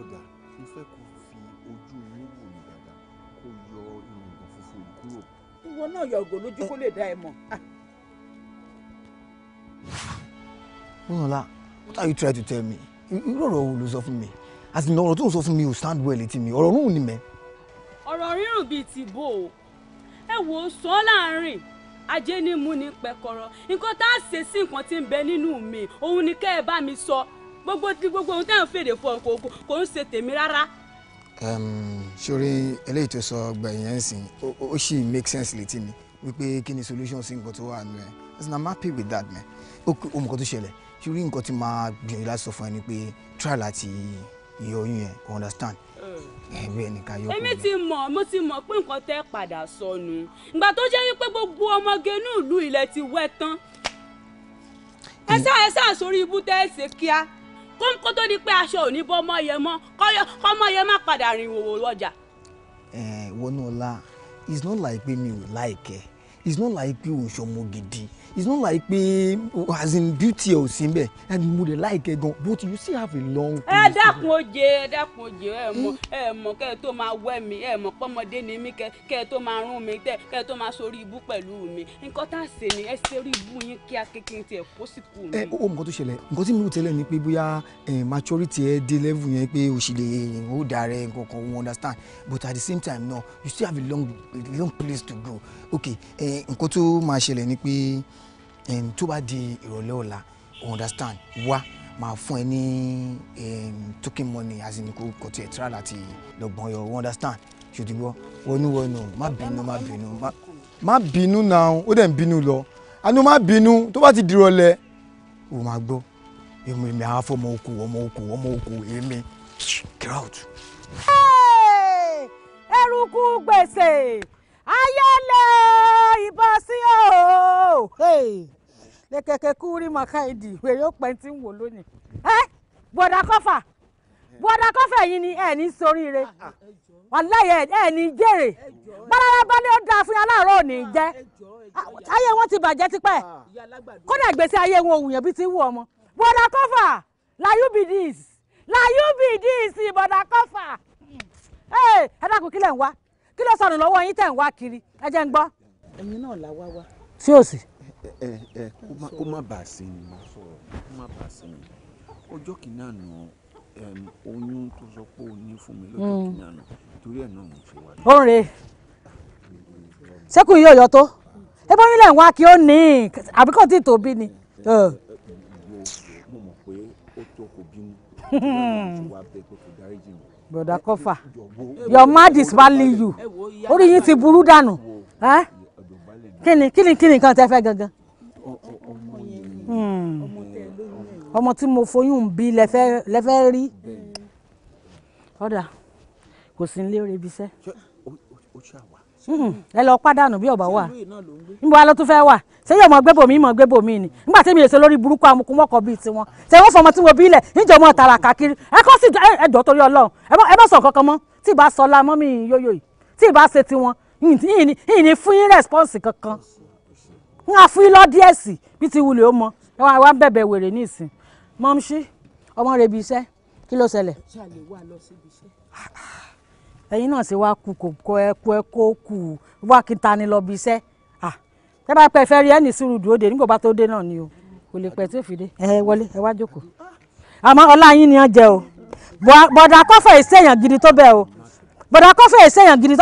ọ̀dà ìfẹ́ kò fi ojú mi wò mí dáadáa kó yọ ìwọ náà yọ lójú kó lè dá ẹ mọ̀. Ah. Bùnúọlá what are you trying to tell me irú ọ̀rọ̀ wo ló sọ fún mi àti ọ̀rọ̀ tó ń sọ fún mi ò stand well létí mi ọ̀rọ̀ ọ̀run ò ní ọ̀rọ̀ rírùn bíi ti bò ó ẹ wò ó sọ ọ́ láàrin ajé ní mú ní pẹkọrọ nǹkan tá a ṣe sí nǹkan tí ń bẹ nínú mi òun ni kẹ́ ẹ bá mi sọ gbogbo tí gbogbo ohun tẹ́ fèrè fún ọ kò ń ṣe tèmi rárá. sórí eléyìí tó sọ gbẹ̀yìn ẹ̀ ó sì make sense létí mi wípé kí ni solution sí nǹkan tó wà nù ẹ̀ as in i'm happy with that man ó mú nǹkan tó ṣẹlẹ̀ sórí nǹkan tí máa gbìyànjú láti sọ fún ẹ ni pé try láti yọ oyún yẹn understand. Uh ẹbí èmi ti mọ̀ mo ti mọ̀ pé nǹkan tẹ́ padà sọnù ìgbà tó jẹ́ wípé gbogbo ọmọge inú ìlú ilẹ̀ ti wẹ́ tán ẹ sá ẹ sá sórí ibú tẹ́ ẹ ṣe kíá kó tó di pé aṣọ ò ní bọ́ ọmọ yẹn mọ́ kọ́mọ yẹn má padà rìn wòwò lọ́jà. ẹ wọnú ọlá it's not like pé mi ò like it's not like pé òun ṣọmọ gidi it's not like pé oh, as in beauty ò sí bẹ́ẹ̀ and mo dey like ẹ gan but you still have a long. ẹ dákun oje ẹ dákun oje ẹ mọ ẹ mọ kẹ ẹ tó máa wẹ mi ẹ mọ pọmọdé ni mí kẹ kẹ ẹ tó máa rún mi tẹ kẹ ẹ tó máa sórí ibú pẹ̀lú mi nǹkan tá a ṣe ni ẹ ṣe orí ibú yín kí akékin tiẹ̀ kó sì kú mi. ẹ o mọ tó ṣẹlẹ̀ nǹkan tí mi ò tẹ́lẹ̀ ni pé bóyá maturity ẹ dé level yẹn pé o sì lè o dà rẹ nǹkan kan we understand but at the same time no you still have a long long place to go okay nǹkan tó máa ṣẹlẹ̀ ni pé tó bá di ìrọ̀lẹ́ ọ̀la understand wá máa fún ẹ ní token money as in kò kò tiẹ̀ tíra láti lọ́gbọ̀n yọ understand ṣùdúgbọ́ wọnúwọnú má bínú má bínú má bínú náà ó dẹ̀ ń bínú lọ àánú má bínú tó bá ti dìrọ̀lẹ́ o máa gbọ́ èmi èmi àwọn afọmọ oko ọmọ oko ọmọ oko èmi get out. eruku gbèsè ayé lè ìbọn sí o lẹ́kẹ̀kẹ́ kúrí mọ̀káìdì wèrè ó pẹ́ tí ń wò lónìí. ẹ bọ̀dà kọ́fà bọ̀dà kọ́fà yìí ni ẹ̀ ní soríire wàláyé ẹ̀ ní jèrè bálára balẹ̀ ó dáa fún yín aláàárọ̀ ò ní jẹ́ ayé wọn ti bàjẹ́ tipẹ́ kódà gbèsè ayé wọn òwùyàn bí ti wù ọmọ bọ̀dà kọ́fà la you be this la you be this bọ̀dà kọ́fà ẹ dákun kílẹ̀ ń wá kí ló sọnù lọ́wọ́ yín tẹ̀ ń wá kiri ẹ jẹ́ ń gbọ́. ẹ̀yin náà la wá wá. tí o sì ẹ ẹ kó má bàa sí mi mo sọ̀rọ̀ kó má bàa sí mi ọjọ́ kìíní àná oyún tó sọ pé o ní fún mi lọ́jọ́ hmm. kìíní àná torí ẹ̀ náà mo fi wá. ó ń re sẹ́kùn yóò yọ tó ẹ bá yín ń wá kí ó ní àbí kò tí ì tóbi ni. mo mọ̀ pé ó tó kò bínú (laughs) bọ̀dà kọfà your mad is value you orí yín ti burú dànù kí ni kí ni kí ni nǹkan tẹ fẹ́ gangan. Hmm. ọmọ tí mo foyún bí lẹ́fẹ́ rí ọ̀dà kò sí nílé orí ibi iṣẹ́ hmm. ẹ lọ pàdánù bí ọba wà níbo wa ló tún fẹ́ wà sẹ́yìn ọmọ gbẹ́bò mi mọ̀ gbẹ́bò mi ni nígbà tí mi èso lórí burúkú amukúmọ́kọ bíi tiwọn sẹ́yìn fọmọ tí mo bí ilẹ̀ níjọ mọ́ tààrà káàkiri ẹ kọ́ sí ẹjọ́ torí ọlọ́run ẹ bá sọ kankan mọ́ tí ì bá sọ la mọ́ mi yóyó yìí tí ì bá ṣe tiwọn yìí ní fún yín rẹ́spọ́ǹsì kankan n á fún yín lọ́dí ẹ̀sì bí ti wulẹ̀ ó mọ ẹ wá wá bẹ̀bẹ̀ wèrè ní ìsìn mọ́mṣí ọmọ rẹ̀ ibi iṣẹ́ kí ló ṣẹlẹ̀. ẹ̀yin náà ṣe wá kú kò kọ ẹ kú ẹ kó kú wá kí ta ni lọ bí iṣẹ́ ẹ bá pẹ́ fẹ́ rí ẹnì sírù dúró dé nígbà bá tó dé náà ni o kò lè pẹ́ tí fi dé ẹ wọlé ẹ wá jókòó àmọ́ ọlá yín ni wọ́n jẹ o bọ̀dà kọ́fọ̀ ìṣèyàn o. bọ̀dà kọ́fẹ́ ìṣẹ̀yàn gidi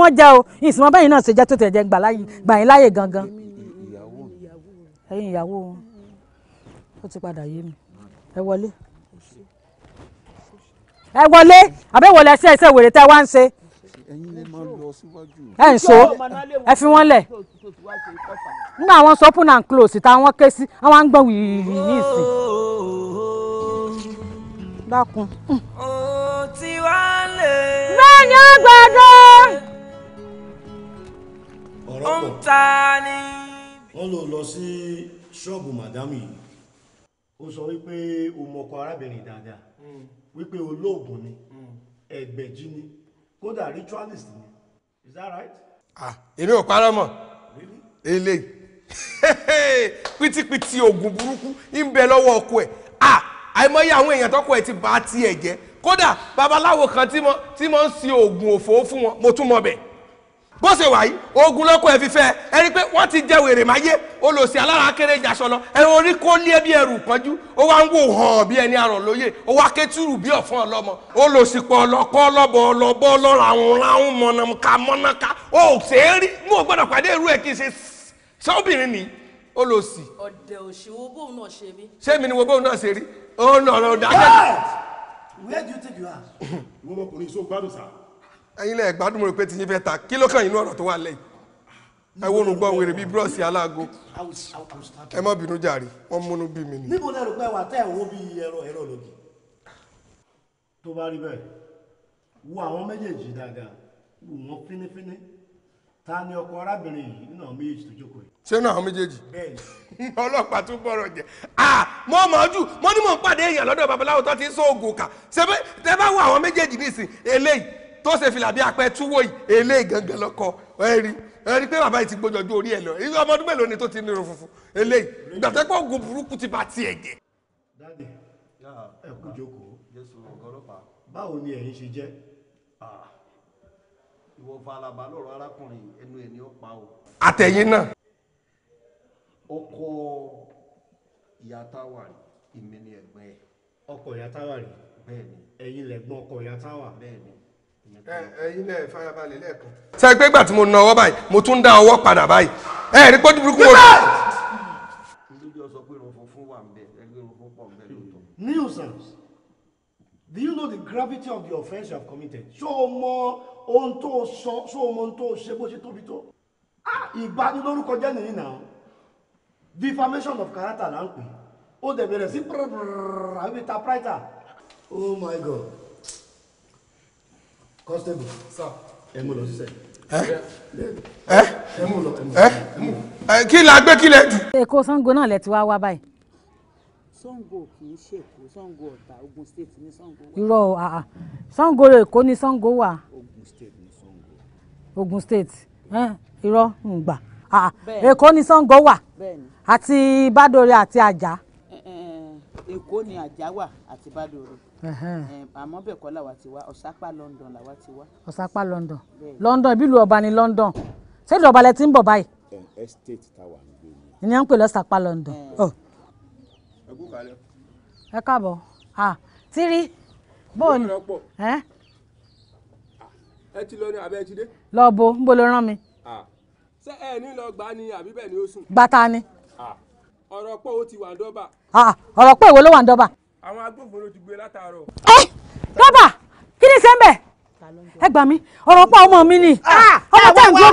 wọn jẹ́ o ìsìnmọ́ bẹ́yìn náà ṣe jẹ́ tó tẹ̀jẹ̀ gbà yín gangan ẹ̀yin ìyàwó wọn ó ti padà yé mi ẹ wọlé ẹ wọlé wèrè wá ń ṣe ẹ ń so ẹ fi wọ́n lẹ̀ nígbà wọn ta wọn ké sí àwọn lẹ́yìn àgbàdo. ọ̀rọ̀ pọ̀ wọ́n lò lọ sí ṣọ́ọ̀bù màdámù yìí ó sọ wípé o ọkọ arábìnrin dáadáa hmm. wípé olóògùn ni hmm. ẹgbẹ̀jì ni kódà ritualist ni is that right. ah èmi ò parọ́ (laughs) oògùn burúkú ń bẹ lọ́wọ́ ọkọ ẹ̀ ah ti tiẹ̀ jẹ́ kódà babaláwo kan tí mo tí mo ń sin oògùn òfò fún wọn mo tún mọ bẹ bó ṣe wà yìí oògùn lọkọ ẹ fi fẹ ẹni pé wọn ti jẹ wèrè máyé olòṣì alára kéré jàṣọ lọ ẹni orí kó lé bí ẹrù pọnjú ó wá ń wò hàn bí ẹni àrùn lóye ó wá kétúrù bí ọ̀fọ́n ọlọ́mọ olòṣì pọ̀ ọlọ́kọ́ ọlọ́bọ ọlọ́bọ ọlọ́ràhùn ráhùn mọ̀nàmùká mọ̀nàká ó ṣe é rí mú o gbọ́dọ̀ pàdé irú ẹ̀ kì í ṣe sọ́bìnrin nìyí olòṣì. ọ̀dẹ̀ òṣìwò bóun náà ṣe rí. ṣé mi ni wo bóun náà ṣe rí? ó ń lọ where do you think you are. (coughs) wọ́n mọkùnrin iṣó gbádùn sá. ẹ̀yin lẹ gbádùn mo rò pé tiyín fẹ́ ta kí ló kàn yín ní ọ̀rọ̀ tó wà lẹ́yìn ẹ wo olùgbọ́ wèrè bíi búrọ́ọ̀sì aláago ẹ má bínú jàre wọ́n múnú bí mi ni. níbo lẹ rò pé wà tẹ́ ẹ̀ wo bíi ẹ̀rọ ẹ̀rọ lòdì. tó bá rí bẹ́ẹ̀ wo àwọn méjèèjì dáadáa wò wọ́n fínífíní ta ni ọkọ arábìnrin yìí nínú àwọn méjèèjì tó jókòó yìí. ṣé náà àwọn méjèèjì. bẹ́ẹ̀ni. (laughs) ọlọ́pàá tún bọrọ jẹ ah mo mọ ojú mo ní mò ń pàdé èèyàn lọ́dọ̀ babaláwo tó ti ń sóògùn kà ṣebí tẹ bá wọ àwọn méjèèjì nísìn eléyìí tó ṣe fìlà bí apẹ túwò yìí eléyìí gangan lọkọ ẹrí ẹrí pé bàbá yìí ti gbójú ọjọ́ orí ẹ lọ ìlú ọmọdún mélòó ni tó ti nírun funfun eléyìí gbàtẹ́pọ̀ ogun burúkú ti bá tiẹ̀ jẹ. báwo ni ẹ̀yin ṣe jẹ́ ìwọ falaba lọ́rọ̀ arákùnrin ẹnu ẹ̀ ní ó pa o. àtẹ̀yìn náà. ọkọ ìyá táwa ìmí ni ẹ̀gbọ́n ẹ̀. ọkọ ìyá táwa rè bẹ́ẹ̀ni ẹ̀yin lẹ̀gbọ́n ọkọ ìyá táwa. bẹ́ẹ̀ni. ẹ̀yin lẹ farabalẹ̀ lẹ́ẹ̀kan. sẹ́yìn pé ìgbà tí mo na ọwọ́ báyìí mo tún dá ọwọ́ padà báyìí ẹ̀ rí pọ́jú burúkú mo. níbi ní òsàn do you know the gravity of the offence you have committed ṣé o mọ ohun tó o sọ ṣé o ohun tó ṣe bó ṣe tóbi tó ah ìbanilórúkọ jẹ́ nìyí náà defamation of character là ń pè ó dẹ̀ bẹ̀rẹ̀ sí pẹ̀rẹ̀rẹ̀rẹ̀ àbí typewriter oh my god constable sir ẹ mú lọ sísẹ. ẹ ẹ ẹ mú lọ ẹ mú. kí la gbé kí lẹ sango náà lẹ ti wá wá báyìí. Ṣàngó kì í ṣèkó Ṣàngó Ọ̀tà Ogun state ní Ṣàngó wà. irọ́ àà Ṣàngó Èkó ní Ṣàngó wà. Ogun state ní Ṣàngó. Ogun state irọ́ ń gbà Èkó ní Ṣàngó wà àti Bádòrè àti Àjà. Èkó ni Àjà wà àti Bádòrè àmọ́ bẹ́ẹ̀ kọ́ làwa ti wá Ọ̀sápá London làwa ti wá. Ọ̀sápá London London ìbílù ọba ni London ṣé ìlú ti ń bọ̀ báyìí. estate tower ń gbé ni. ìyẹn ń pè lọ́sàpá London ẹ káàbọ̀ tírí bóò ni ẹ ti lọ ní abẹ́ ti dé. lọ bo ń bo ló rán mi. ṣé ẹ ní lọ gbà ni àbí bẹ́ẹ̀ ni ó sùn. gbàtà ni. ọ̀rọ̀ pọ̀ ó ti wà ń dọ́bà. ọ̀rọ̀ pọ̀ èwo ló wà ń dọ́bà. àwọn agbófinró ti gbé látàárọ̀. ẹ dọ́bà kí ni sẹ́ńbẹ̀ ẹ gbà mí ọ̀rọ̀ pọ̀ ọmọ mi ni ọmọ tẹ̀ ń gbọ́.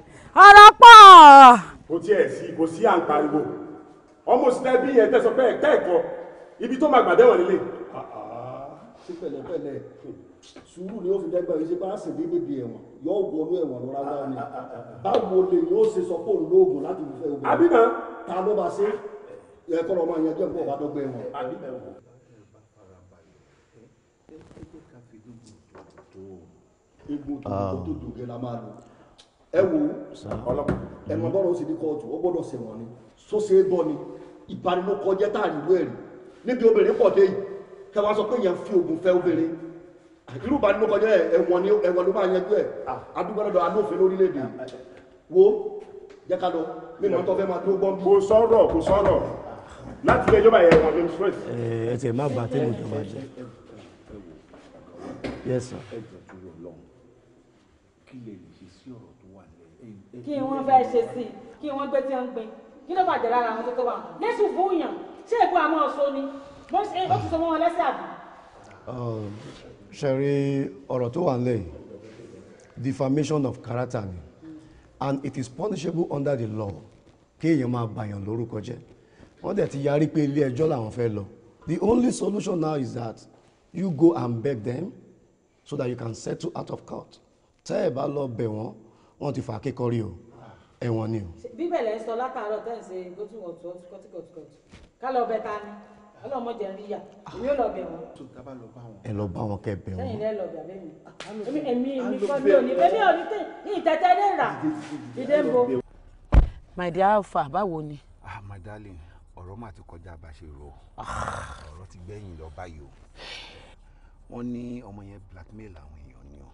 ọ̀rọ̀ pọ̀. kò tiẹ̀ sí kò sí à ń pariwo ọmọ òsì tẹ́ bí yẹn tẹ́ sọ pé ẹ̀ka ẹ̀kọ́ ibi tó máa gbàdẹ́wọ̀n nílé. ṣé pẹ̀lẹ́pẹ̀lẹ́ sùúrù ni ó fi dẹ́gbà yìí ṣe bá sì ní bèbè ẹ̀wọ̀n yóò wọnú ẹ̀wọ̀n lọ́ra wá ni báwo lè ní ó ṣe sọ pé òun lóògùn láti fẹ́ obìnrin. àbí ta ló bá ṣe ẹ̀kọ́ lọ́mọ yẹn jẹ́ nǹkan ọ̀bádọ́gbẹ́ wọn. àbí náà wò. egun tó tó dùn gẹ́gẹ́ la máa lò ẹ wo ọlọ́pàá ẹ mọ bọ́rọ̀ ó sì ní kóòtù ó gbọ́dọ̀ ṣẹ̀wọ̀n ni sóṣe é gbọ́ ni ìbanilókọjẹ́ tá à ń lu ẹ̀rí níbi obìnrin pọ̀ dé yìí kẹwàá sọ pé èèyàn fi oògùn fẹ́ obìnrin irú ìbanilókọjẹ́ ẹ̀wọ̀n ni ẹ̀wọ̀n ló bá yanjú ẹ̀ adúgbọ́dọ̀ adófin lórílẹ̀‐èdè wo jẹ́ ká lọ nínú ọ̀tọ̀ fẹ́ máa tó gbọ́n bí. kò sọ̀rọ̀ kò sọ̀rọ̀ láti ilé ìjọba yẹn wọn fi ń ẹ tẹ má ba tẹ́lẹ̀ ìjọba jẹ yes sir. ẹ jẹ́ dúró lọ́hùn kí lè kí wọ́n fẹ́ ṣe sí kí wọ́n gbé tí wọ́n gbin kí ló bàjẹ́ lára àwọn tó tó wà lẹ́sùn fún yàn ṣé ègbó àmọ́ ọ̀ṣọ́ ni ó ti sọ mọ́ wọn lẹ́sẹ̀ àbí. Um, ṣẹ̀rí ọ̀rọ̀ tó wà nílẹ̀ yìí defamation of character ni and it is punishable under the law kí èèyàn máa bàyàn lórúkọ jẹ́ wọ́n dẹ̀ ti yarí pé ilé ẹjọ́ làwọn fẹ́ lọ the only solution now is that you go and beg them so that you can settle out of court tẹ́ ẹ̀ bá lọ bẹ̀ wọ́n wọ́n ti fà kékọ́rí o ẹ̀wọ̀n ni o. bíbẹ̀ sọ látàárọ̀ tẹ́ ẹ̀ ṣe gótùgọ̀tù bẹ ta ni ọlọ́mọdé rí yà èmi ò lọ bẹ̀ wọ́n. ẹ lọ bá wọn kẹ bẹ̀ wọ́n. sẹ́yìn lẹ́ lọ bẹ̀ mi èmi èmi kọ́ mi ò ní bẹ́ẹ̀ ò ní ní ìtẹ́tẹ́ ní ìrà ìdè ń bo. my dear alpha báwo ni. ah my darling ọ̀rọ̀ mà ti kọjá bá ṣe rò ọ̀rọ̀ ti gbẹ̀yìn lọ báyìí o wọ́n ní ọmọ yẹn blackmail àwọn èèyàn ni o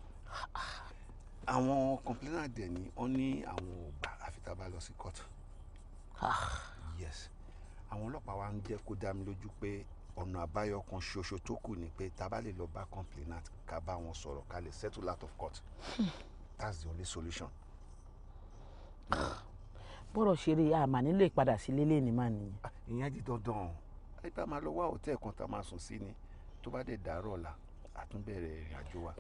àwọn complainant dẹ̀ ni wọ́n ní àwọn ò gbà a bá lọ sí court. Ah. yes àwọn ọlọ́pàá wa ń jẹ́ kó dá mi lójú pé ọ̀nà àbáyọ kan ṣoṣo tó kù ni pé tá a bá lè lọ bá complainant ká bá wọn sọ̀rọ̀ ká lè settle out of court hmm. that's the only solution. bọ́rọ̀ ṣeré àmà nílò ìpadà sí lélẹ̀ ní màá nìyẹn. ìyẹn di dandan ẹ bá máa lọ wá òtẹ́ẹ̀kan tá a máa sùn sí ni tó bá dé dàárọ̀ ọ̀la àtúnbẹ̀rẹ̀ ìrìn àjò wa.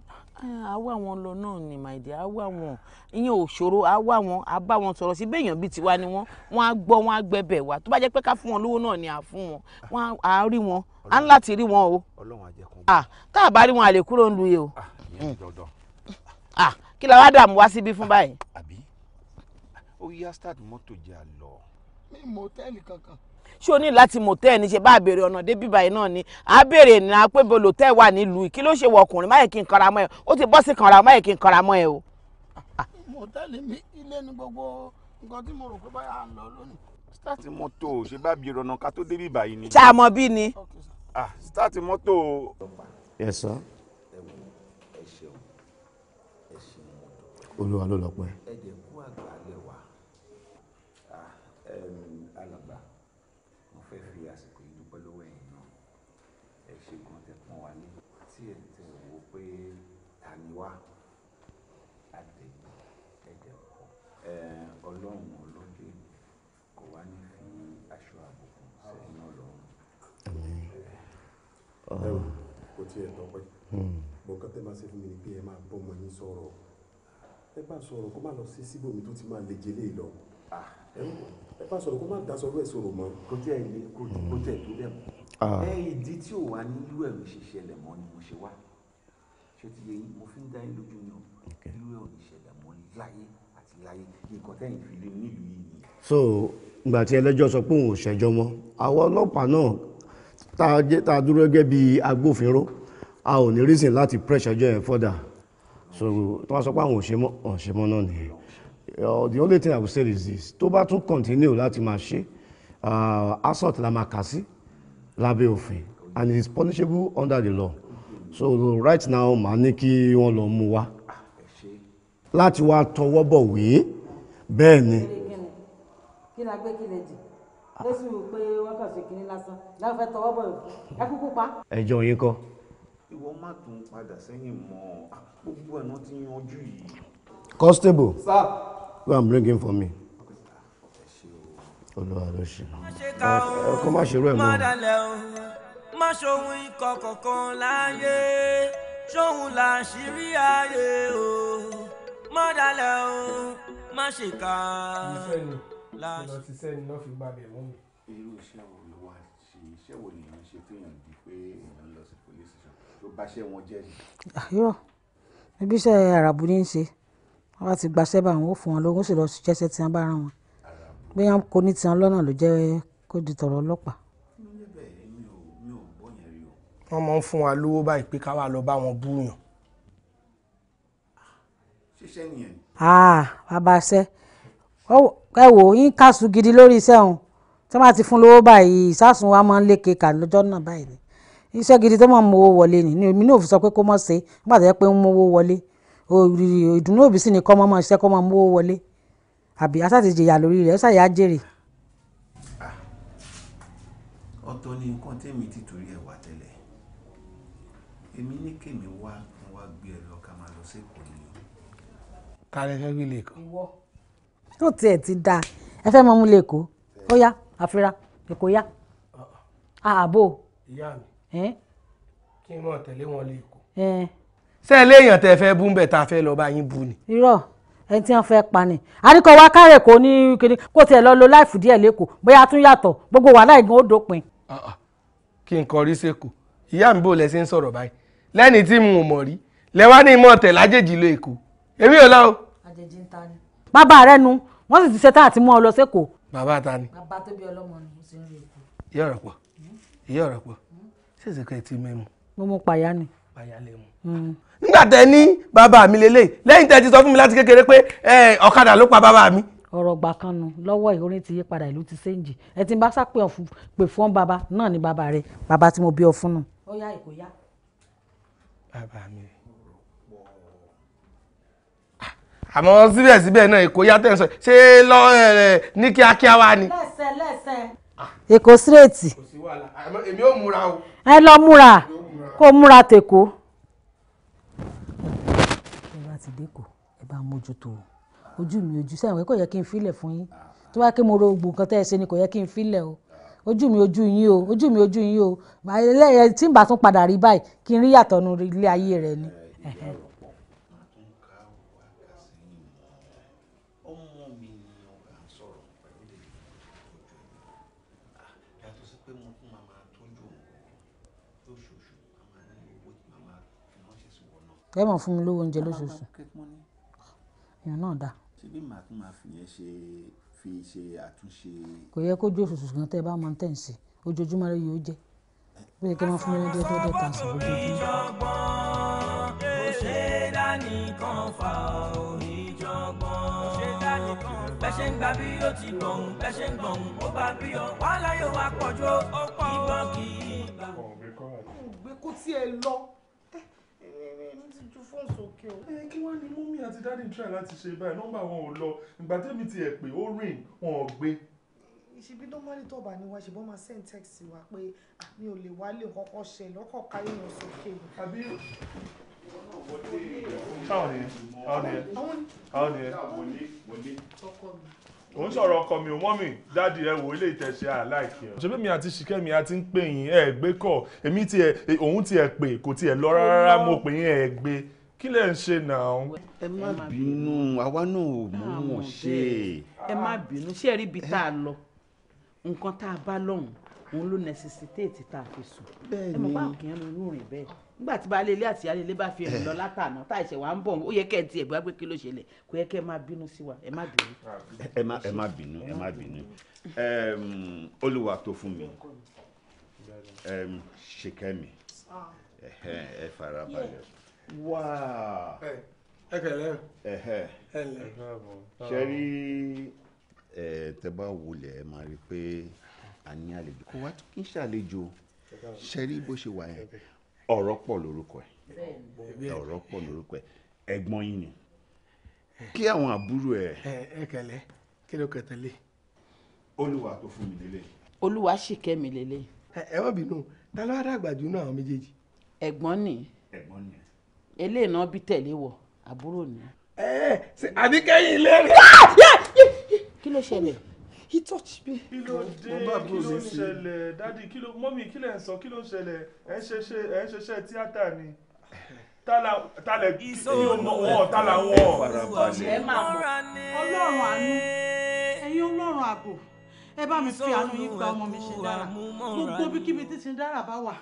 a wá wọn lọ náà ni my a wá wọn ìyẹn ò ṣòro a wá wọn a bá wọn sọ̀rọ̀ sí béèyàn bíi tiwa ni wọ́n wọ́n á gbọ́ wọ́n á gbẹ̀bẹ̀ wa tó bá jẹ́ pé ká fún wọn lówó náà ni à fún wọn wọ́n á rí wọn á ń láti rí wọn o. ọlọ́run àjẹkùn. tá a bá rí wọn a kúrò ń lu yìí o. kí la wá dààmú wá síbí fún báyìí. àbí ó yá start mọ́tò jẹ́ àlọ́. mi mọ ṣé o ní láti mọ̀tẹ́ ní ṣe bá béèrè ọ̀nà dé bíbá yìí náà ni à á béèrè ní a pé bolo tẹ́ wà nílùú kí ló ṣe wọ ọkùnrin máyè kí n kanra mọ́ ẹ ó ti bọ́ sí kanra máyè kí n kanra mọ́ ẹ o. mọ̀tẹ́lì mi ilé ni gbogbo nǹkan tí mo rò pé báyà ń lọ lónìí. start mọ́tò ṣe bá béèrè ọ̀nà ká tó dé bíbá ni. ṣá mọ bí ni. ah start mọ́tò. ẹ sọ. olúwa ló lọ pẹ́. ṣe ẹ̀ tọ́pẹ́ bọ̀kọ́ tẹ́ máa ṣe fún mi ni pé ẹ máa bọ́ ọmọ yín sọ̀rọ̀ ẹ bá sọ̀rọ̀ kó má lọ sí síbòmí tó ti máa lè jẹ́ léè lọ ah, ẹ bá sọ̀rọ̀ kó má da sọ̀rọ̀ ẹ̀ sọ̀rọ̀ mọ́. kò tí ẹ lè kò tí ẹ tó dẹ̀ mọ́ ah. ẹ ìdí tí ò wá ní irú ẹ̀rù ṣe ṣẹlẹ̀ mọ́ ni mo ṣe wá ṣé ti yẹ yín mo fi ń dá yín lójú ni o irú ẹ̀rù ṣẹlẹ̀ mọ́ láyé àti láyé nǹkan tẹ́yìn fi lé nílùú yìí ni. so ìgbà tí ẹlẹ́jọ́ sọ pé òun ò ṣẹjọ́ mọ́ àwọn ọlọ́pàá náà tá a dúró gẹ́gẹ́ bíi agbófinró a ò ní reason láti pressure ọjọ́ yẹn further so tí wọ́n sọ pé àwọn òṣèmọ́ náà nìyẹn uh, the only thing I will say is this tó bá tún continue láti máa ṣe uh, assault la máa kà sí lábẹ́ òfin and it is punishable under the law so right now màá ní kí wọ́n lọ mú wa láti wá tọwọ́ bọ̀ wé bẹ́ẹ̀ ni. ẹjọ́ yín kọ́ ìwọ má tún padà sẹ́yìn mọ́ ah, gbogbo ẹ̀nà ti yanjú yìí. constable sir go and bring for me. olúwa ló ṣe ọkọ má ṣerú ẹ mọ. má ṣòwò ikọ̀ kọ̀ọ̀kan láàyè ṣòwò làṣírí ayé o má dalẹ̀ o má ṣèkà. ìfẹ́ ni ìlọsíṣẹ́ ni wọ́n fi gbàgbé mú mi. irú iṣẹ́ wo ló wá ṣe iṣẹ́ wo ni báṣẹ́ wọn jẹ́ ni. àyọ ah, ibi iṣẹ́ àràbù ní í ṣe wọ́n bá ti gbaṣẹ́ bá wọn ó fún wọn lówó ó sì lọ ṣiṣẹ́ tí wọ́n bá rán wọn bí wọ́n kò ní tiwọn lọ́nà ló jẹ́ kó di tọ̀rọ̀ ọlọ́pàá. wọ́n máa ń fún wa lówó báyìí pé ká wá lọ bá wọn búyàn. ṣíṣẹ́ nìyẹn. Ah, bàbá ṣẹ́ ẹ wò yín kásù gidi lórí iṣẹ́ òun tí wọ́n bá ti fún lówó báyìí ìsásùn wa máa ń lékè kà lọ́jọ́ náà báyìí iṣẹ́ gidi tó máa ń mowó wọlé ni èmi náà ò fi sọ pé kó má ṣe nígbà tó yẹ pé ń mowó wọlé ìdùnnú òbí sì ni kọ́ máa ṣiṣẹ́ kọ́ máa mowó wọlé àbí asáti jìyà lórí rẹ̀ ó ṣàyà jèrè. Ah, ọ̀tọ̀ ni nǹkan tẹ́mi ti torí ẹ̀ wá tẹ́lẹ̀ èmi ní kèmí wá wá gbé ẹ lọ ká máa lọ sí èkó ni. ká fẹ́ gbé lẹ́kọ̀ọ́. ó tiẹ̀ ti dáa ẹ fẹ́ mọ́ mú lẹ́kọ̀ọ́ ó yá àfira èkó yá ah, ah. ààbò. ìyá mi kí n mọ̀ tẹ̀lé wọn lè kó. ṣé ẹ léèyàn tẹ fẹ́ bú ń bẹ̀ tá a fẹ́ lọ bá yín bú ni. irọ́ ẹni tí wọ́n fẹ́ pa ni àníkọ wa kárẹ̀ kò ní kiri kó tiẹ̀ lọ lo láìfù díẹ̀ lẹ́kọ̀ọ́ bóyá tún yàtọ̀ gbogbo wàhálà ìgbọ̀n ó dópin. kí n kọrí sẹ́kù ìyá mi bò lẹ ṣe ń sọ̀rọ̀ báyìí lẹ́ni tí mo mọ̀ rí lẹ́wà ní ìmọ̀ tẹ̀ lájèjì lọ èkó èmi ò lọ. àjèjì ń ta ni. bàbá rẹ nu wọn sì ti ṣe tá àti mú lọ sẹ́kọ̀ọ́. bàbá ta ni. bàbá tó ọlọ́mọ ni mo ti ń rí èkó. ìyá ọ̀rọ̀ pọ̀ hmm? ìyá ọ̀rọ̀ pọ̀ ṣèṣe kẹ́ ti mẹ́mu. mo mú payá ni. payá lè mu. Hmm. nígbà tẹ ní bàbá mi lélẹ̀ lẹ́yìn tẹ́ ti sọ fún mi láti kékeré pé ọ̀kadà ló pa bàbá mi. ọ̀rọ̀ gbà kan nu lọ́wọ́ ìhórin ti yí padà ìlú ti séǹjì ẹ ti bá sápẹ́ ọ̀fun pè fún bàbá náà ni bàbá rẹ bàbá tí mo bí ọ fún nù. ó yá ìkó yá. bàbá mi àmọ́ síbẹ̀síbẹ̀ náà èkó yá tẹ̀ ń sọ ṣé lọ́ọ́ ní kíákíá wá ni. lẹ́sẹ̀ lẹ́sẹ̀ èkó sírètì. èmi ò múra o. ẹ lọ múra kó múra tèkó. ẹ bá ti dẹ́kọ̀ ẹ bá mójútó ojú mi ojú sẹ́wọ̀n kò yẹ kí n filẹ̀ fún yín tó bá kí mo ro gbogbo nǹkan tẹ́ ẹ ṣe ni kò yẹ kí n filẹ̀ o ojú mi ojú yín o ojú mi ojú yín o ẹlẹ́yẹ tí n bá tún padà rí báyìí kí n rí yàtọ̀ nu ilé ayé rẹ ni. kẹ́ mọ̀ fún mi lówó oúnjẹ lóṣooṣù ìyẹn náà dà. ṣebí màá tún máa fìyẹn ṣe fi ṣe àtúnṣe. kò yẹ kó jó oṣooṣù kan tẹ́ ẹ bá máa ń tẹ̀ ń sè ojoojúmọ́ rẹ yóò jẹ́ bóyá kẹ́ máa fún mi lọ́dọ̀ ọdọ̀ tà sí ojoojúmọ́. ó ṣe dánìkan fà oníjọ́gbọ́n bẹ́sẹ̀ ń gba bí ó ti gbọ̀hún bẹ́sẹ̀ ń gbọ̀hún ó bá bí ọ wàhálà yóò wá pọ̀jù ó pọ̀ ìbọn kì í gbà. gbé kó tiẹ̀ lọ mi ti ju fóònù sókè o. ẹ kí wàá ní mọ́mí àti dáàdì ń try láti ṣe báyìí nọ́mbà wọn ò lọ ìgbà tẹ́mi ti ẹ̀ pé ó rìn wọn ò gbé. ìṣibí normally tó bá ní wa ṣùgbọ́n máa send text wa pé mi ò lè wálé kọ́kọ́ ṣe lọ́kọ̀ káyé yẹn sókè. àbí táwọn ni ẹ àwọn ni ẹ àwọn ni ẹ. ọkọ mi òun sọ̀rọ̀ ọkọ mi ò mọ́ mi dáàdi ẹ wò ilé ìtẹ̀sí àláìkí ẹ. ṣebí mi àti ṣìkẹ́mi àti ń pè yín ẹ gbé kọ̀ èmi ti ẹ òun ti ẹ pè kò ti ẹ lọ rárá mo pè yín ẹ gbé kí lẹ ń ṣe náà. ẹ má bínú àwa náà ò mú wọn ṣe. ẹ má bínú ṣé ẹ rí ibi tá a lọ nǹkan tá a bá lọ́hùn-ún òun ló necessitate tá a fi sùn. ẹ mọ̀ bá òkè yẹn lórí òrìn bẹ́ẹ̀ nígbà tí baálé ilé àti ìyáálé bá fi ẹ̀rù eh. lọ látàná tá ìṣẹ̀ wa ń bọ̀ ó yẹ kẹ́ ẹ ti ẹ̀gbọ́n pé kí ló ṣẹlẹ̀ kó yẹ kẹ́ ẹ má bínú sí wa ẹ má bínú. ẹ má bínú ẹ má bínú olúwa tó fún mi ṣèkẹ́mi ẹ fara balẹ̀ wáá ẹ kẹlẹ ẹ lẹ ṣe rí ẹ tẹ bá wulẹ̀ ẹ máa rí i pé a ní àlejò kó wá kí n ṣàlejò ṣe rí bó ṣe wà yẹn ọ̀rọ̀ pọ̀ lórúkọ ẹ̀ ọ̀rọ̀ pọ̀ lórúkọ ẹ̀ ẹ̀gbọ́n yín ni kí àwọn àbúrò ẹ̀. ẹ kẹlẹ kí ló kẹ tẹlẹ. olúwa tó fún mi lélẹ̀. olúwa sì kẹ́ mi ẹ wọ́n bínú ta ló ni ni. eléyìí náà bí wọ àbúrò ni. ẹ ẹ àbíkẹ́yìn ah! kí he touched me. kí ló dé kí ló ń ṣẹlẹ̀ dádì kí ló mọ́mí kí lẹ̀ sọ kí ló ń ṣẹlẹ̀ ẹ̀ ń ṣeṣe ẹ̀ ń ṣeṣe tíátà ni tálẹ̀ kí ọmọ wọn tálà wọn. ọlọ́run àánú ẹ̀yin ọlọ́run ààbò ẹ bá mi fi àánú yín gba ọmọ mi ṣe dára gbogbo bíkíbi tí ti dára bá wà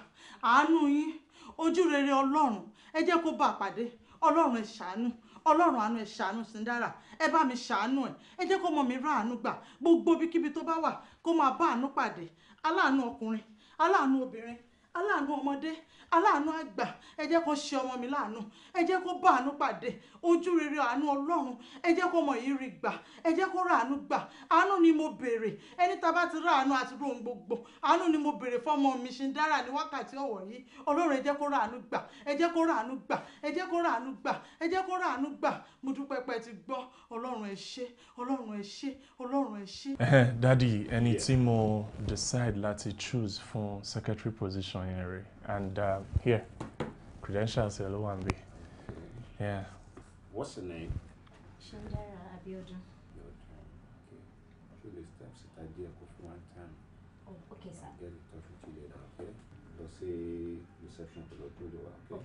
àánú yín ojú rere ọlọ́run ẹ jẹ́ kó bá a pàdé ọlọ́run ẹ ṣàánú ọlọ́run àánú ẹ ṣàánú Síndárà ẹ bá mi ṣàánú ẹ ẹ jẹ́ kó mọ mi rá àánú gbà gbogbo ibikíbi tó bá wà kó máa bá àánú pàdé aláàánú ọkùnrin aláàánú obìnrin aláàánú ọmọdé aláàánú àgbà ẹ jẹ́ kó ṣe ọmọ mi láàánú ẹ jẹ́ kó bá àánú pàdé ojú rere àánú ọlọ́run ẹ jẹ́ kó mọ ìrírí gbà ẹ jẹ́ kó ráàánú gbà àánú ni mo béèrè ẹni tá a bá ti ráàánú àti rohun gbogbo àánú ni mo béèrè fọmọ mi ṣe ń dára ní wákàtí ọ̀wọ̀ yìí ọlọ́run ẹ jẹ́ kó ráàánú gbà ẹ jẹ́ kó ráàánú gbà ẹ jẹ́ kó ráàánú gbà ẹ jẹ́ kó ráàánú gbà mo dúpẹ́ pẹ́ ti gbọ́ ọlọ́run ẹ ṣé ọlọ́run ẹ ṣé ọlọ́run ẹ ṣé. dadi ẹni tí mo decide láti choose fún secretary position àwọn and uh, here credentials Hello, ló wà Yeah. What's the name? Shandara Abiodun. okay. So oh,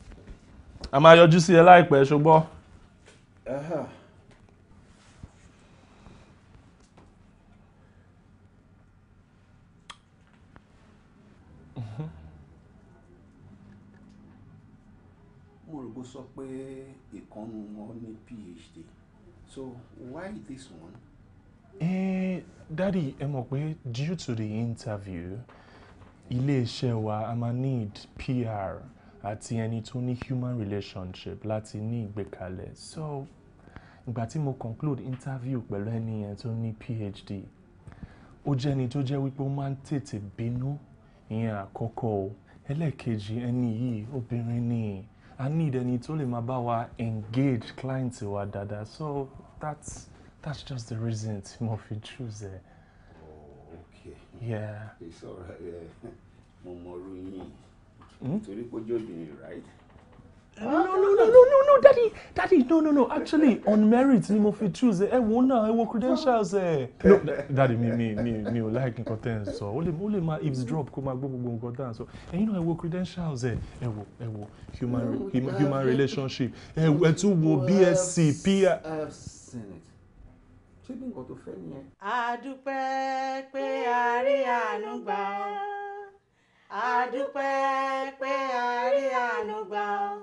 the I your juicy like time. Uh huh. pé ìkànnù wọn ní phd so why this one. Eh, daddy ẹ mọ̀ pé due to the interview iléeṣẹ́ wa a máa need PR àti ẹni tó ní human relationship láti ní ìgbékalẹ̀ so ìgbà tí mo conclude interview pẹ̀lú ẹni yẹn tó ní PhD ó jẹ́ ẹni tó jẹ́ wípé ó máa ń tètè bínú ìyẹn àkọ́kọ́ ẹlẹ́ẹ̀kejì ẹni yìí obìnrin ni I need ẹni tó lè máa bá wa engage client wa dada. so that's that's just the reason tí mo fi choose ẹ. Oh, okay. yeah. it's alright (laughs) mo mọ orí yín hmm? torí pé ojú right no no no no no no daddy daddy no no no actually on merit ni mo fi choose ẹ wo náà ẹ wo credentials ẹ. no (laughs) daddy mi mi mi mi ò like nǹkan tẹ́ ẹ sọ ó lè ó lè máa eavesdrop kó máa gbọ́ gbogbo nǹkan tẹ́ ẹ sọ ẹ̀yin náà ẹ wo credentials ẹ ẹ wo ẹ wo human human relationship ẹ ẹ tún wo bsc pr. ṣé bí nǹkan tó fẹ́ nìyẹn. a dúpẹ́ pé a rí àánú gbà ọ́ a dúpẹ́ pé a rí àánú gbà ọ́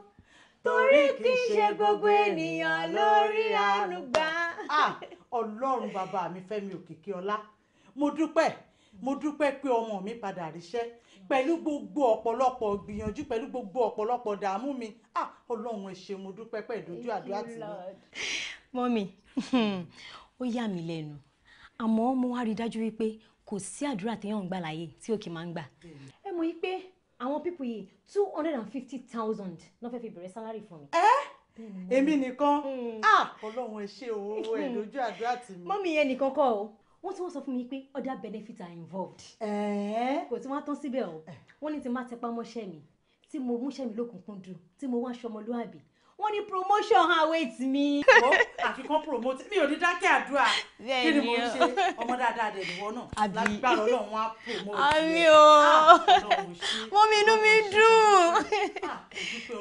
torí kì í ṣe gbogbo ènìyàn lórí àánú ọlọ́run bàbá mi fẹ́mi òkìkí ọlá mo dúpẹ́ mo dúpẹ́ pé ọmọ mi padà ríṣẹ́ pẹ̀lú gbogbo ọ̀pọ̀lọpọ̀ gbìyànjú pẹ̀lú gbogbo ọ̀pọ̀lọpọ̀ dààmú mi ọlọ́run ẹ ṣé mo dúpẹ́ pẹ̀lú ojú àdúrà tì mí. mọ́mì (laughs) ó yà mí lẹ́nu àmọ́ mo wá rí i dájú wípé kò sí àdúrà téèyàn ń gbà láyé tí òkè máa ń gbà. ẹ mọ̀ yí pé àwọn pípù yìí two hundred and fifty thousand náà fẹ́ fi bẹ̀rẹ̀ sálárì fún mi. Eh? ẹ èmi nìkan hmm. ah! ọlọ́run ẹ ṣe owó ẹ lójú hmm. àdúrà tì mí. mọ́mí yẹn nìkan kọ́ o wọ́n ti wọ́n sọ fún mi pé other benefits are involved. Eh? kò tí wọ́n á tán síbẹ̀ o eh. wọ́n ní ti má tẹpá mọ́ṣẹ́ mi tí mo múṣẹ́ mi lókùnkúndùn tí mo wá aṣọ ọmọlúwàbí wọ́n ní promotion hàn wait mi. àfikún promote mi ò ní dákẹ́ àdúrà kí ni mo ń ṣe ọmọ dáadáa dẹ̀ níwọ náà lágbára ọlọ́run wá promote. àmì ah, o mọ mi inú mi dùn. ìdúpẹ́ ah,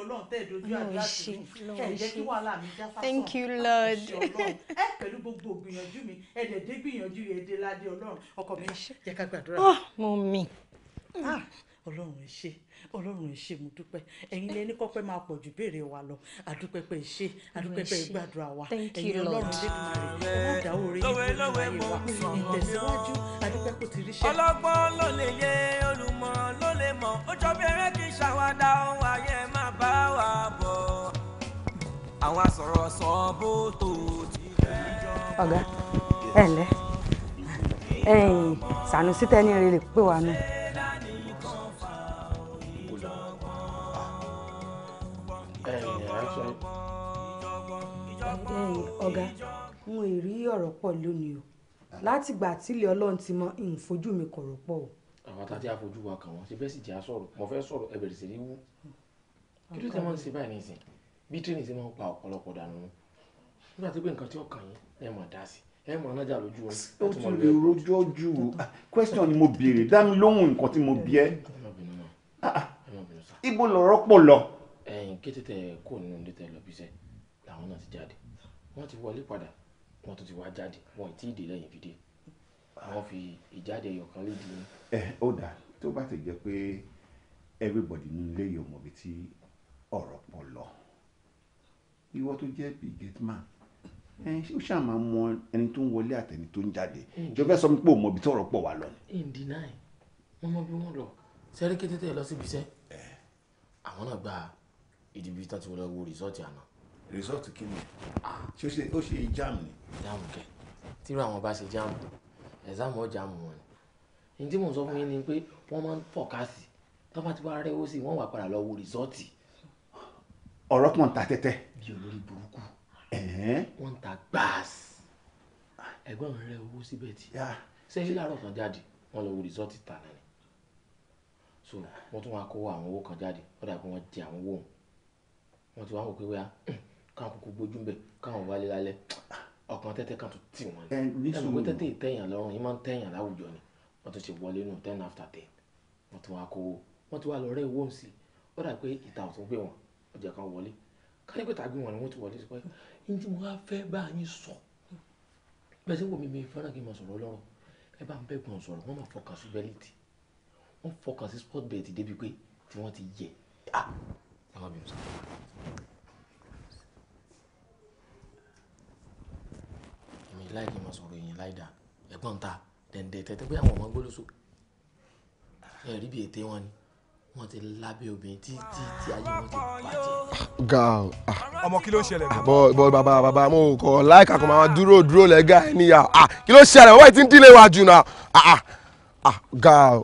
ọlọ́run tẹ̀ àdúrà sí mi kẹ̀ jẹ́ kí wàhálà mi já sásán. thank you ah, lord. ẹ pẹ̀lú gbogbo gbìyànjú mi ẹ dẹ̀ dé gbìyànjú yẹn dé ládé ọlọ́run ọkọ mi jẹ́ ká gbàdúrà. mọ mi. ọlọ́run ẹ ṣé ọlọ́run ẹ ṣé mo dúpẹ́ ẹ̀yin lẹni kọ́pẹ́ máa pọ̀ ju béèrè wa lọ àdúpẹ́ ṣe àdúpẹ́ gbàdúrà wa ẹ̀yin ọlọ́run lẹ́dùnmáre ọmọ ìdáwó rẹ ìgbàlódé àwọn asọ̀rọ̀ sọ bó tó ti fẹ́ ọ̀gá ẹ̀ ǹlẹ́ ẹ̀yìn Sànúsí tẹ́ni rere pé wàá náà. ọ̀gá wọn ò rí ọ̀rọ̀ pọ̀ lónìí o látìgbà tílé ọlọ́run ti mọ ìfojú mi kọ̀rọ̀ pọ̀ o. àwọn àtàtì àfojú wa kàn wọ́n ṣe bẹ́ẹ̀ sì jẹ́ àsọ̀rọ̀ mo fẹ́ sọ̀rọ̀ ẹ bẹ̀rẹ̀ sí ní wú kí ló tẹ́ máa ń ṣe báyìí nísìn bí tírénì ṣe máa ń pa ọ̀pọ̀lọpọ̀ dànù nígbà tó pé nǹkan tí ọkàn yín ẹ máa dá sí ẹ máa nájà lójú wọn. ó ti lè rojọ́ ju question ni mo béèrè dá mi lóhùn nǹkan tí mo bí ah, ah. ibo lọ̀rọ̀ pọ̀ lọ. ẹyin kété tẹ kó nínú ilé tẹ lọ bí iṣẹ́ làwọn náà ti jáde wọ́n ti wọlé padà wọ́n tún ti wá jáde wọ́n ti dè lẹ́yìn fìdí àwọn fi ìjáde ẹyọ kan lédi ẹ ó dà tó bá ti jẹ́ pé everybody nínú ilé yóò mọ̀ bí tí ọ̀rọ̀ pọ̀ lọ ìwọ tó jẹ́ bíi gate man ó ṣáà máa mọ ẹni tó ń wọlé àtẹni tó ń jáde ìjọba sọ pé òun mọ̀ bí tí ọ̀rọ̀ wà lọ ni. ìdí náà wọ́n mọ̀ bí wọ́n lọ sẹ́rí kété tẹ̀ lọ síbi iṣẹ́ àwọn náà gba ìdìbò ìtàn tí wọ́n lọ wo rìsọ́ọ̀tì àná result kí ni ṣé ó ṣe jam ni. jam kẹ tíru àwọn bá ṣe jam exam jam wọn ni ní tí mò ń sọ fún yín ni pé wọ́n máa ń fọ̀kásì tó bá ti wá rẹ́wó sí wọ́n wà padà lọ wo result. ọ̀rọ̀ kan ta tẹ́tẹ́. bí olórí burúkú wọ́n ń ta gbáàsì ẹ̀gbọ́n rẹ̀ owó síbẹ̀ tí sẹ́yìn láàárọ̀ kan jáde wọ́n lọ wo result ta náà ni so wọ́n tún wá kó àwọn owó kan jáde wọ́n dàbí wọ́n jẹ àwọn owó wọn wọ́n wá wò pé wíwá káwọn kúkú gbójú bẹ káwọn wálé lálẹ́ ọkàn tẹ́tẹ́ kan tó tì wọ́n ni ẹ mọ̀ pé tẹ́tẹ́ ìtẹ̀yàn lọ́rùn yín máa ń tẹ̀yàn láwùjọ ni wọ́n tún ti wọlé nù ten after ten wọ́n tún wá kówó wọ́n tún wá lọ rẹ́ wọ́n sí ó dà pé ìta ò tún gbé wọn ọjà kan wọlé kánípé tàbí wọn ni wọ́n ti wọlé sí pé ní tí mo wá fẹ́ bá yín sọ bẹ́ẹ̀ sí mi mi fẹ́ràn kí n máa sọ̀rọ̀ lọ́rọ̀ ẹ bá ń bẹ́ gbọ̀n sọ̀rọ̀ wọ́n máa fọkàn sí bẹ́líìtì wọ́n fọkàn sí sport bet débi pé tí wọ́n ti yẹ ah mi láì kí mọ sọ̀rọ̀ èèyàn láì dá ẹ̀gbọ́n ta dẹ̀ǹdẹ̀ tẹ́tẹ́ pé àwọn ọmọ gbólóso ẹ̀rí bíi ète wọn ni wọ́n ti lábẹ́ obìnrin tí tí tí ayé wọn ti bàjẹ́. ga ah. o ọmọ kí ló ṣẹlẹ̀. bọ bọ bàbá bàbá mo kọ láìka kan máa dúró dúró lẹ́gà ẹ̀ níyà ah, kí ló ṣẹlẹ̀ bàbá ti ń dílé wa jù náà ah, ga o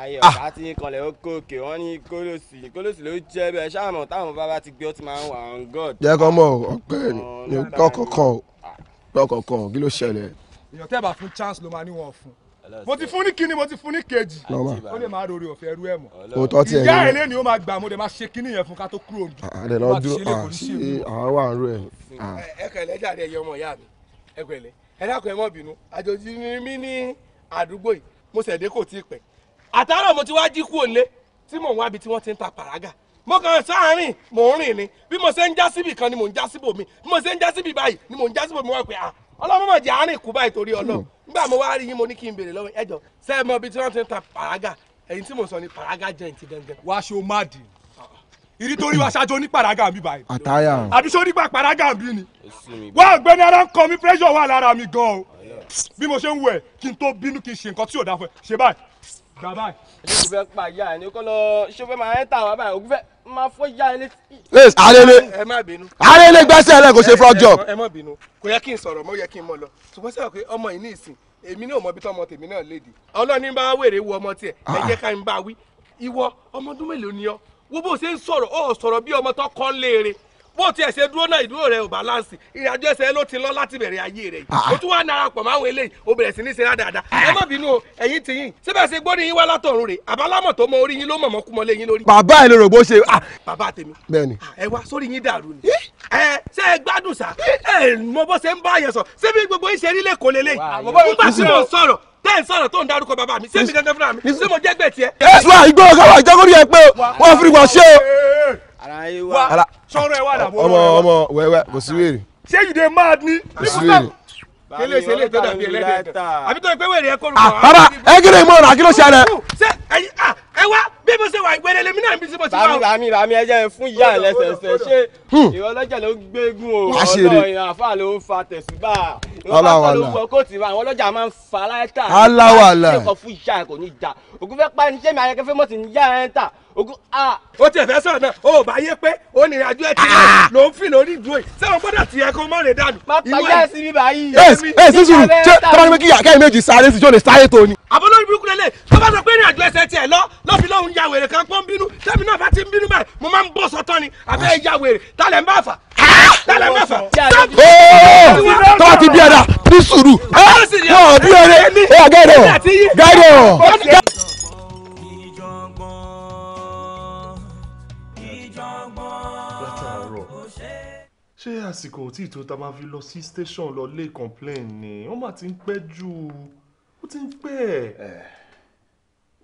ayọ̀ láti ìkọlẹ̀ oko òkè wọn ní kólòsì kólòsì ló jẹ́ bẹ́ẹ̀ ṣáà mọ̀ táwọn bàbá ti gbé ọtí máa ń wà on god. jẹ́ kọ́ mọ̀ ọ̀gbẹ́ni ní kọ́kọ́ kan o lọ́kọ̀ọ̀kan kí ló ṣẹlẹ̀. èèyàn tẹ́ bá fún chance ló máa ní wọn fún mo ti fún ní kíní mo ti fún ní kejì ó lè máa rori ọ̀fẹ́ ẹrú ẹ̀ mọ́ ìyá ẹ̀ lẹ́ni ó máa gbà mo lè máa ṣe kíní yẹn fún ká tó kúrò dùn. àdè lọ dúró àṣì àwa ń rú ẹ. ẹ kẹlẹ jáde ẹyẹ ọmọ ìyá mi ẹ kẹlẹ ẹ ẹ mọ bínú àjòjì ni mí ní àdúgbò yìí mo ṣẹ̀dẹ̀ kò tí ì pẹ́ àtàrà mo ti wá jí kú òǹlé tí mò ń wá tí wọ́n ti ń ta pàrágà mo kàn sáàárín mò ń rìn ni bí mo ṣe ń já síbì kan ni mò ń já síbò mi bí mo ṣe ń já síbì báyìí ni mò ń já síbò mi wá pé à ah, ọlọ́mọ̀mọ̀ jẹ́ àárín kú báyìí torí ọlọ́run nígbà mo wá rí yín mo ní kí n béèrè lọ́wọ́ ẹjọ́ ṣé ẹ mọ ibi tí wọ́n ti ń ta pàrágà ẹ̀yin tí mo sọ ni pàrágà jẹ́ ìtì gangan. wá aṣọ máàdì ìrí torí wa ṣáájú ní pàrágà mi báyìí. àtàyà. àbí sọ nípa pàrágà mi ni. wá ọ̀gbẹ́ni ara ń kọ mi pressure wà lára mi gan o bí mo ṣe ń wẹ̀ kí n tó bínú kí n ṣe nǹkan tí ò dáa fún ẹ ṣe báyìí gba báyìí. ẹni kò fẹ́ pa ìyá ẹni kọ́ alele alele gbẹ́sẹ̀ rẹ kò ṣe frog job. ẹ má bínú kò yẹ kí n sọ̀rọ̀ mọ́ yẹ kí n mọ̀ lọ ṣùgbọ́n sẹ́wọ̀n pé ọmọ yìí ní ìsìn èmi náà mọ ibi tí tèmi náà lédi ọlọ́ni bá wèrè wo ọmọ tiẹ̀ ẹ jẹ́ ká ń bá wí ìwọ ọmọ ọdún mélòó ni ọ wo bó ṣe ń sọ̀rọ̀ ọ sọ̀rọ̀ bí ọmọ tó kọ́ léèrè bó tiẹ̀ ṣe dúró náà ìdúró rẹ ò balance ìrìnàjò ẹsẹ̀ ló ti lọ láti bẹ̀rẹ̀ ayé rẹ̀ yìí ah. o tún wá nara pọ̀ máwọn eléyìí o bẹ̀rẹ̀ sí ní sinra dáadáa ẹ má bínú o ẹ̀yin ti yín síbẹ̀ ṣe gbórí yín wá látọ̀run rè àbálámọ̀ tó mọ orí yín ló mọ̀mọ́ kúmọ́ lé yín lórí. bàbá ẹ lórí bó ṣe. Ah. bàbá tèmi ah, ẹ wá sórí yín dàrú ni ẹ ṣe é gbádùn sá ẹ mọ bó ṣe ń bá yẹn sọ síbi gbogbo ìṣerí lè kó lélẹ̀ nígbà tí mo sọ̀rọ̀ tẹ́ ẹ̀ sọ̀rọ̀ tó ń darúkọ bàbá mi ṣé mi gangan fúnra mi ṣé mo jẹ́ gbẹ̀tì ẹ. ẹ sùn àìgbọ́ ọ̀gá wa ìjọ́kọ́rí ẹ pé wọ́n fi wọ́n wa sọ̀rọ̀ ẹ wà dàbọ̀ ọmọ ọmọ wẹ́wẹ́ kò sí wèrè. ṣé yìí dé máa ní. kò sí wèrè. kele ṣe lè tó dàbí ẹlẹ́dẹ̀ àbí tó yẹ pé wèrè ẹ kọ́ lù wá. bàbá ẹ gírí ìmọ̀ ọ̀nà àkìlọ̀ ṣẹlẹ̀. ṣé ah, ẹ wá bí mo ṣe wà ìgbẹ́rẹ́ lèmi náà bí mo ṣe wà. rami rami ẹ jẹ́ fún ìyá lẹ́sẹ̀ẹsẹ̀ ṣé hmm. ìrọ̀lọ́jà ló gbégún o ọ̀dọ́ a àfà ló fa tẹ̀sùbà aláwàlà aláwàlà ogun fẹ́ pa ni sẹ́mi ayẹkẹ́ fẹ́ mọ̀ sí ní yára ẹ̀ ń tà ogun a. ó tiẹ̀ fẹ́ sọ̀rọ̀ náà ó bá yé pé ó ní ìrìnàjò ẹ̀ tí ah! ló ń fi lórí ìdúró yìí sẹ́wọ̀n gbọ́dọ̀ ti yẹ kó mọ̀ rẹ̀ dànù. má pàjá sí mi báyìí. ẹ ẹ sísun ṣé tọ́ba ní kí kẹ́hìn méjì sáré sí jọ́lẹ̀ sáré tó ni. àbọ̀lọ́ ìbúkú lélẹ̀ tó bá sọ pé ìrìnàjò ẹsẹ̀ tiẹ̀ lọ lọ́fi lóhun ya wèrè kan pọ́n bínú sẹ́mi náà tẹ́lẹ̀ mẹ́fà. ooo tọ́ ti bí ẹ̀dá ní sùúrù ọ̀ bí ẹ̀rẹ́ ẹ̀ gẹ́rẹ́ ọ̀ ṣé àsìkò tí ìtò ta máa fi lọ sí station lọ lé complain ni wọ́n máa ti ń pẹ́ jù ó ti ń pẹ́.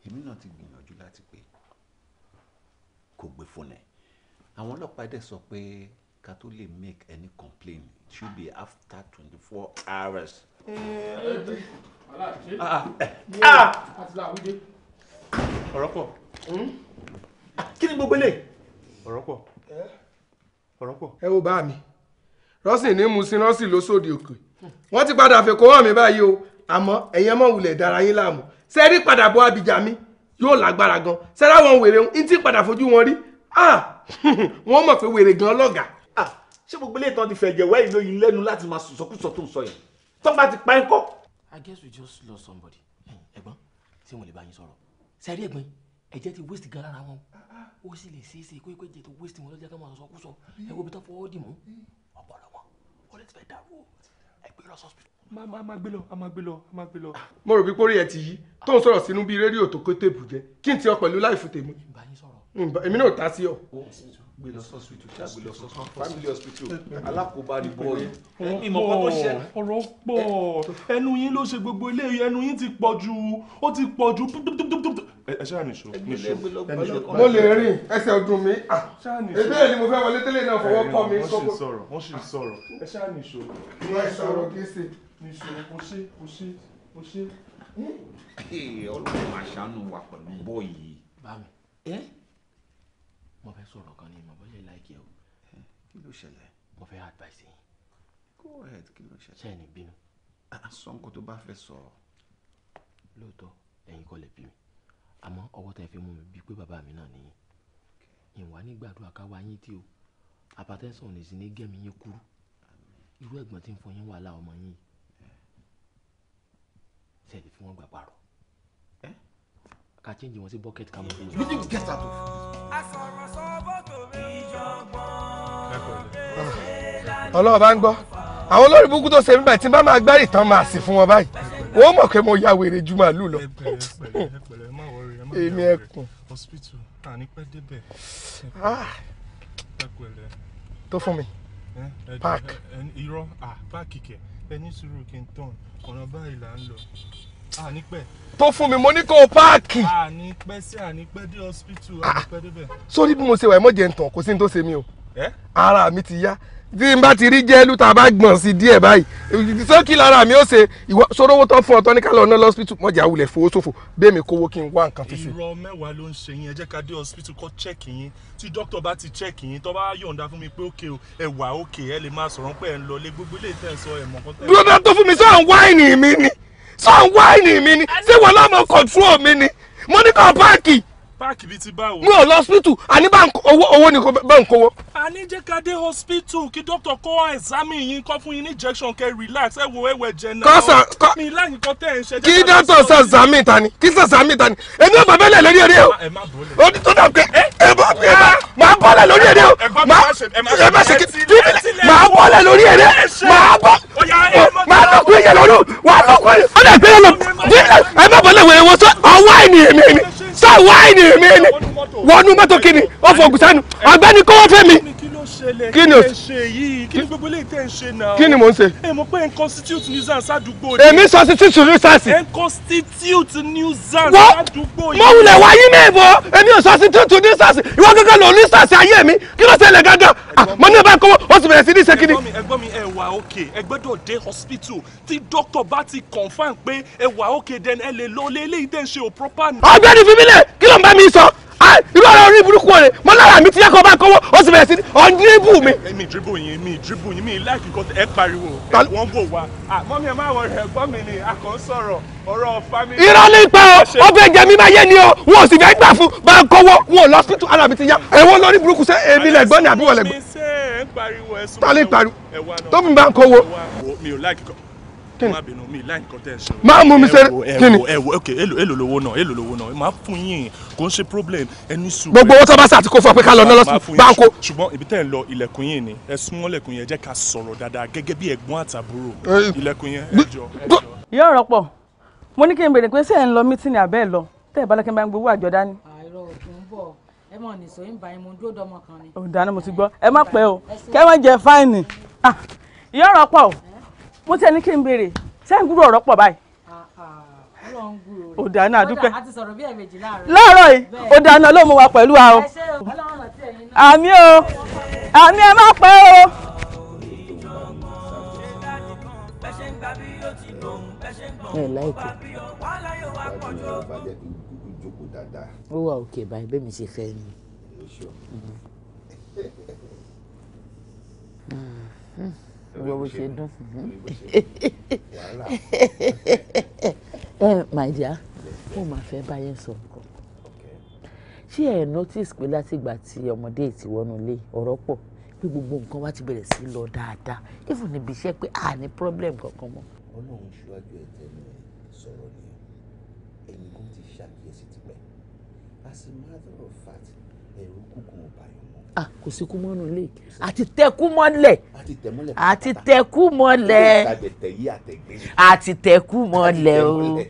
èmi náà ti gbìyànjú láti pè kò gbé fóònù ẹ̀ àwọn ọlọ́pàá dẹ̀ sọ pé ká tó lè make any complaint it should be after twenty four hours. Ah, ah. ọ̀rọ̀ pọ̀ hmm? kí ni gbogbo eléyìí ọ̀rọ̀ pọ̀ eh? ọ̀rọ̀ pọ̀. ẹ wo bá mi rọ́sìn ní musin rọ́sìn lóṣòdì òkè wọ́n ti padà fèkó hàn mí báyìí o àmọ́ ẹ̀yẹ́ mọ̀ wulẹ̀ dára yín láàmú sẹ́rí padà bọ́ abìjà mi yóò lágbára gan sẹ́rá wọn wèrè ń tí padà fojú wọn rí ah! (laughs) wọ́n mọ̀ pé wèrè gan lọ́gàá ṣé gbogbo ilé ìtàn ti fẹ̀jẹ̀ wẹ́ ìlú yìí lẹ́nu láti máa sọkúsọ tó ń sọ yẹn tó bá ti pa ẹ́ kọ́. I guess we just lost somebody. ẹ̀gbọ́n ṣé wọ́n lè bá yín sọ̀rọ̀ sẹ́rí ẹ̀gbọ́n ẹ̀jẹ̀ ti waste gan lára wọn ó sì lè ṣe é ṣe kókó ẹ̀jẹ̀ tó waste wọn lọ́jà ká máa sọkúsọ ẹ̀ wo bí tán fọwọ́ dì mú ọpọlọ wọn ó lè ti fẹ́ dàrú ẹgbẹ́ lọ sọ́sibítù máa máa gbé lọ a máa gbé lọ a máa gbé lọ. mo rò bí pórí ẹ ti yí tó ń sọ̀rọ̀ sínú bíi rédíò tó kó téèbù kí n ti ọ pẹ̀lú láìfù tèmi. èmi náà ta sí ọ gbé lọ sọ hospital gbé lọ sọ family hospital mm-hmm. alákòóbá ni ọ̀rọ̀ pọ̀ ẹnu yín ló ṣe gbogbo eléyìí ẹnu yín ti pọ̀ jù ó ti pọ̀ jù ẹ ṣáà nìṣó nìṣó mo lè rìn ẹsẹ̀ ọdún mi ebéèrè ah, ni mo fẹ́ wọlé tẹ́lẹ̀ náà fọwọ́ kọ́ mi. wọ́n sì sọ̀rọ̀ wọ́n sì sọ̀rọ̀ ẹ ṣáà nìṣó. wọ́n sọ̀rọ̀ kí nìṣó kò ṣe kò ṣe kò ṣe. Eh, ọlọ́run àṣàánú wa pẹ̀lú bọ́ọ̀yì. bá mi eh? mo fẹ́ sọ̀rọ̀ k ló ṣẹlẹ̀. mo fẹ́ advice yín. go ahead kí ló ṣẹlẹ̀. ṣẹ́ni bínú. sọ nǹkan tó bá fẹ́ sọ. lóòótọ́ ẹ̀yin kọ́ lẹ bí mi àmọ́ ọwọ́ tẹ fi mú mi bíi pé bàbá mi náà nìyí. ìwà ní gbàdúrà ká wá yín tí o àpàtẹ́sán ò ní sí ní gẹ̀mí yín kúrú irú ẹ̀gbọ́n tí ń fọyín wà láwọn ọmọ yín ṣẹ̀lẹ̀ fún wọn gbà parọ́ ká change wọn sí bucket ká mú un. you need to get out of. ọlọ́run bá ń gbọ́ àwọn olórí burúkú tó ṣe mí báyìí tí bá máa gbárí tán máa sì fún wọn báyìí wọ́n mọ̀ pé mo ya wèrè ju màálù lọ. èmi ẹkùn. Ah. tó fún mi park. ẹni ah, sùúrù kí n tán ọ̀nà báyìí là ń lọ tó fún mi mo ní kó o páàkì. àní pẹ́ sí àní pẹ́ dé hospital àní pẹ́ débẹ̀. Ah, sórí bí mo ṣe wà ẹ̀mọ́ jẹ́ ń tàn kò sí ní tó ṣe mí o ara mi ti yá tí n bá ti rí jẹ́lú tá a bá gbọ̀n sí díẹ̀ báyìí sókè lára mi ó ṣe ìwọ sorówó tó fún ọ tán ní kálọ̀ ọ̀nà lọ́sítítù mọ̀jà wulẹ̀ fowó ṣòfò bẹ́ẹ̀ mi kówó kí n wá nǹkan fi irọ́ mẹ́wàá ló ń ṣe yín ẹ ká dé hospital kó check yín tí dókítà bá ti check yín tó bá yọ̀ǹda fún mi pé òkè o ẹ wà òkè ẹ lè máa sọ̀rọ̀ pé ẹ ń lọ lé gbogbo ilé ìtẹ̀sọ ẹ̀ sọ wáìnì mi ni ṣé wọn lọ́mọ kọ̀ọ̀tún mi ni mo ní kọ́ páàkì páàkì bíi ti báwo. mi ò lọ hospital àní bá owó owó ni bá ń kówó. àní jẹ́ ká dé hospital kí dókítà kó wá ẹ̀sámì yín kọ́ fún yín ní injection kẹ́ relax ẹ̀ wo ẹ̀wẹ̀ jẹ náà. kọ́sà kọ́ mi láyìn kan tẹ̀ ń ṣe. kí dókítà sọ sàmì ta ni kí sọ sàmì ta ni èmi ò bàbá lẹ̀ lórí ẹ̀rẹ́ o. o ní tó dàgbé ẹ bọ́ mi ẹ bá ah! máa bọ́ lórí ẹ̀rẹ́ o. ẹ bá ṣe kí máa bọ́ lẹ̀ lórí ẹ̀rẹ́ máa bọ́ máa lọ kú ìyẹn lọ́dún wà á lọ kú ìyẹn. ó dà gbé yẹn lọ ẹ bá bọ́ lẹ̀ wẹ̀rẹ̀ wọ́n sọ ọwọ́ ẹ̀ ni èmi ni ṣé wáìnì mi ni wọnú mọ́tò kìíní ọ̀fọ̀ ògùsánù ọ̀gbẹ́ni kọ́wọ́ fẹ́ mi ṣẹlẹ̀ kí ni o ṣe yìí kí ni gbogbo eléyìí tẹ̀ ń ṣe náà. kí ni mò ń ṣe. ẹ mọ̀ pé n constitute nuisance àdúgbò yìí. èmi substitute nuisance. n constitute nuisance àdúgbò yìí. mo wulẹ̀ wá yí mẹ́ẹ̀bọ̀ èmi ò substitute nuisance ìwọ gángan lò nuisance ayé mi kí ló ṣẹlẹ̀ gángan. Ah, mo ní bá kọ́wọ́ ó sì bẹ̀rẹ̀ sí ní ṣe kíni. ẹ̀gbọ́n mi ẹ wà okay ẹ gbọ́dọ̀ dé hospital tí dókítà bá ti confirm pé ẹ wà okay then ẹ lè lọ lé eléyìí tẹ̀ ń ṣe ò proper. ọgbẹ́ni fi mí lẹ̀ kí ló ń bá mi sọ mọ̀rẹ́ mo lára mi ti yẹ kó bá kọ́wọ́ ó sì bẹ̀rẹ̀ sí ọ̀n dírìbù mi. èmi dírìbù yín mi dírìbù yín mi láìkí kọ́ ẹ pariwo ẹ bò wá. àmọ́ ẹ máa wọ rẹ̀ mi ni a kàn ń sọ̀rọ̀ ọ̀rọ̀ family. irọ́ ní pa o ó fẹ́ mi máa yé ni o wọn ò sì fẹ́ gbà fún bá a kọ́wọ́ wọn ò lọ sí tu ara mi ti yá ẹ̀wọ́n lórí burúkú sẹ́ èmi lẹ́gbọ́n ni àbí wọ́n lẹ́gbọ́n. ta pariwo tó mi máa kọ́wọ́ kíni. má bínú mi láì nǹkan tẹ́ ẹ sọ. má mú mi sẹ́rẹ̀ kíni. ẹ wo ok èlò èlò lówó náà èlò lówó náà má fún yín kò ń ṣe problem ẹni sùn. gbogbo owó sábà sàtìkó fún ọ pé ká lọ náà báńkò. ṣùgbọ́n ibi tẹ́ ń lọ ilẹ̀kùn yín ni ẹ sún mọ́lẹ̀kùn yẹn jẹ́ ká sọ̀rọ̀ dáadáa gẹ́gẹ́ bí ẹ̀gbọ́n àtàbúrò ilẹ̀kùn yẹn ẹ jọ. ìyá ọ̀rọ̀ mo ní kí n bèrè pé ṣé ẹ̀ ń lọ mítìnì àbẹ́ ẹ̀ lọ tẹ́ ẹ̀ bá lọ́kẹ́ bá ń gbowó àjọ dání. àìrọ̀ òkun bọ̀ ẹ mọ̀ nìṣó ń ba ẹmu dúró dọmọ ni. ò dáná mo ti gbọ́ ẹ má pẹ́ o kẹ́ jẹ fáìnì. Ah, ìyá pọ̀ mo tẹ́ ní kí n béèrè ṣé ń gbúrò ọ̀rọ̀ pọ̀ báyìí. Ah, ah, ó dáná àdúpẹ́ láàárọ̀ yìí ó dáná ló mú wa pẹ̀lú a o àmì o àmì ẹ má pẹ́ o. ẹ láìpẹ́ ó wà òkè báyìí bẹ́ẹ̀ mi ṣe fẹ́ ni. Mm-hmm. mm-hmm wo bó ṣe dùn sí. my dear mo máa fẹ́ báyẹn sọ nǹkan ṣé ẹ notice pé látìgbà tí ọmọdé ti wọnú ilé ọ̀rọ̀ pọ̀ pé gbogbo nǹkan wá ti bẹ̀rẹ̀ sí lọ dáadáa even níbi iṣẹ́ pé a ní problem kankan mọ́. ọlọ́run ṣíwájú ẹ̀ tẹ́lẹ̀ sọ̀rọ̀ ni ẹ̀yin ti ṣàkíyèsí tipẹ́ as a matter of fact ẹ̀rù kúkú ah kò sí kú mọ́nù lé àti tẹkú mọ́lẹ̀ àti tẹkú mọ́lẹ̀ àti tẹkú mọ́lẹ̀ o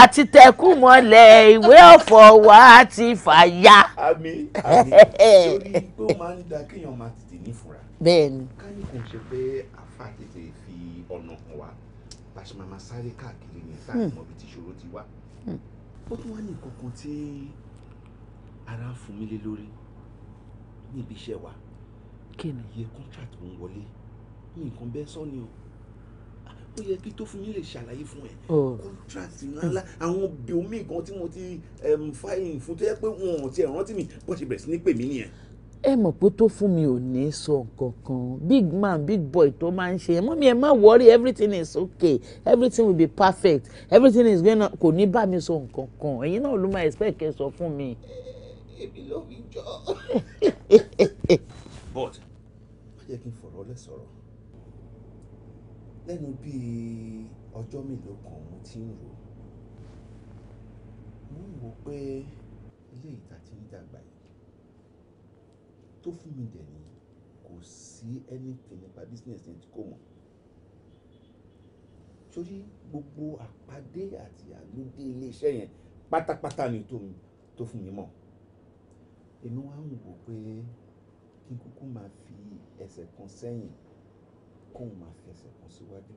àti tẹkú mọ́lẹ̀ ìwé ọ̀fọ̀ wa ti fàya. àmín àmín torí pé ó máa ń da kéèyàn máa tètè nífura. bẹ́ẹ̀ni. ká ní kò ṣe pé àfa tètè fi ọ̀nà hàn wá bá ṣe máa sáré káàkiri ní ìta ìmọ̀ tí ìṣòro ti wá. Hmm. ó tún wá ní nǹkan kan tí ara ń fún mi lé lórí níbi iṣẹ́ wa kí ni iye contract ń wọlé ní nǹkan bẹ́ẹ̀ sọ ni o ó yẹ kí tó fún mi lè ṣàlàyé fún ẹ oh. contract ńlá àwọn biomi kan tí mo ti fáyìn fún tó yẹ pé wọn ò tiẹ̀ rántí mi bó ṣe bẹ̀rẹ̀ sí ní pè mí nìyẹn ẹ mọ̀ pé tó fún mi ò ní sọ nǹkan kan big man big boy tó máa ń ṣe ẹ mọ́ mi ẹ má worry everything is okay everything will be perfect everything is going on kò ní bá mi sọ nǹkan kan ẹ̀yin náà ló máa expect kẹ́ sọ fún mi èmi ló fi jọ. (laughs) but ó yẹ kí n fọ̀rọ̀ lẹ̀ sọ̀rọ̀ lẹ́nu bíi ọjọ́ mélòó kan mo ti ń rò mo ń wò pé ilé ìta ti ń dàgbà yìí tó fún mi dẹ̀ ni kò sí anything nípa business ní tí kò mọ̀ torí gbogbo àpàdé àti àlódé iléeṣẹ́ yẹn pátápátá ni tó fún mi mọ̀ èmi wá ń wò pé kí n kúkú máa fi ẹsẹ̀ kan sẹ́yìn kó n máa fi ẹsẹ̀ kan síwájú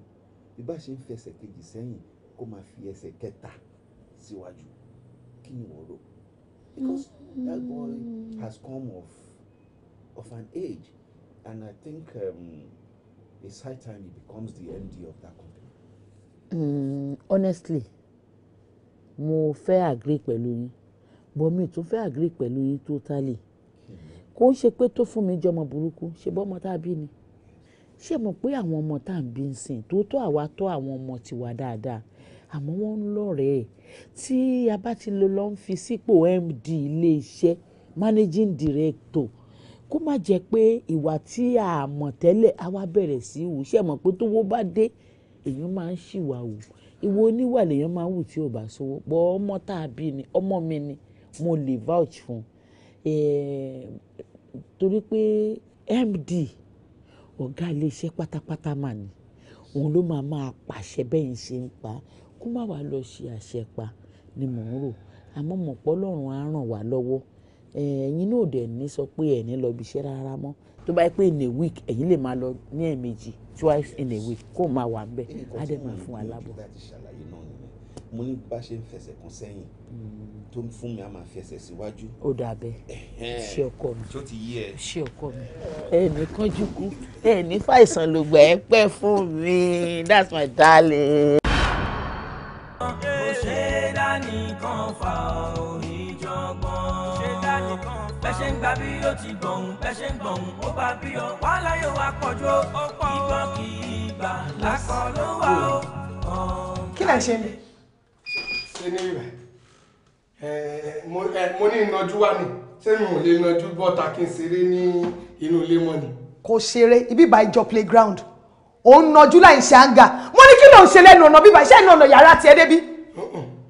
bí bá ṣe ń fi ẹsẹ̀ kejì sẹ́yìn kó máa fi ẹsẹ̀ kẹta síwájú kí ni wọ́n rò because that boy has come of of an age and I think um, it's high time he becomes the MD of that company. Mm, honestly mo fẹ́ agree pẹ̀lú yín bọ̀mí tó fẹ́ àgírí pẹ̀lú yín totally kò ń ṣe pé tó fún mi jọmọ burúkú ṣe bọ́mọ tá a bí ni ṣé mo pé àwọn ọmọ tá à ń bí ń sìn tó tó àwa tó àwọn ọmọ tiwa dáadáa àmọ́ wọ́n ń lọ́rẹ̀ẹ́ tí a bá ti lọ lọ́n fi sípò MD iléeṣẹ́ managing director kó má jẹ́ pé ìwà tí a mọ̀ tẹ́lẹ̀ a wá bẹ̀rẹ̀ sí wù ṣé mọ̀ pé tówó bá dé èèyàn máa ń ṣìwà wù ìwọ oníwà lèèyàn máa wù tí ò bá sówó pọ̀ ọmọ tá a bí ni ọmọ mi ni mo lè vouch fún eh, torí pé MD ọ̀gá iléeṣẹ́ pátápátá mà ni òun ló máa máa pàṣẹ bẹ́yìn ṣe ń pa kó má wàá lọ ṣe àṣẹpa ni mò ń rò àmọ́ mọ̀ pé Ọlọ́run á ràn wá lọ́wọ́ eh, ẹ̀yin náà dẹ̀ ní sọ pé ẹ̀ ní lọ bí iṣẹ́ rárá mọ́ tó bá yẹ pé in a week ẹ̀yin lè máa lọ ní ẹ̀ẹ̀mejì twice in a week kó máa wà bẹ́ẹ̀ á dẹ̀ máa fún wa mo ní bá ṣe ń fẹsẹ̀ kan sẹ́yìn hmm. tó fún mi a máa fi síwájú. ó dà bẹ́ẹ̀ ọkọ mi tó ti yé ẹ ṣé ọkọ mi ẹnì kánjú kú ẹnì fàìsàn lògbà ẹ pẹ́ fún mi that's my darling. ó ṣe dání kan fa oníjọgbọ́n bẹ́ẹ̀ ṣe ń gba bí yóò ti gbọ̀hún bẹ́ẹ̀ ń gbọ̀hún ó bá bí ọ wàhálà yóò wá pọ̀jù ó ìbọn kì í gbà lákọ̀ ló wà ó. kí ló ń ṣe ń bẹ ṣe ní ibẹ̀ mo ní ìnajú wà ní ṣé ò lè najú bọ́ta kí n ṣeré ní inú ilé mọ́ ni. kò ṣeré ibi ìbá ìjọ playground ò ń najú láì ṣe àǹgà mo ní kí ló ń ṣe lẹ́nu ọ̀nà bíbá iṣẹ́ ìnà ọ̀nà yàrá tiẹ̀ débi.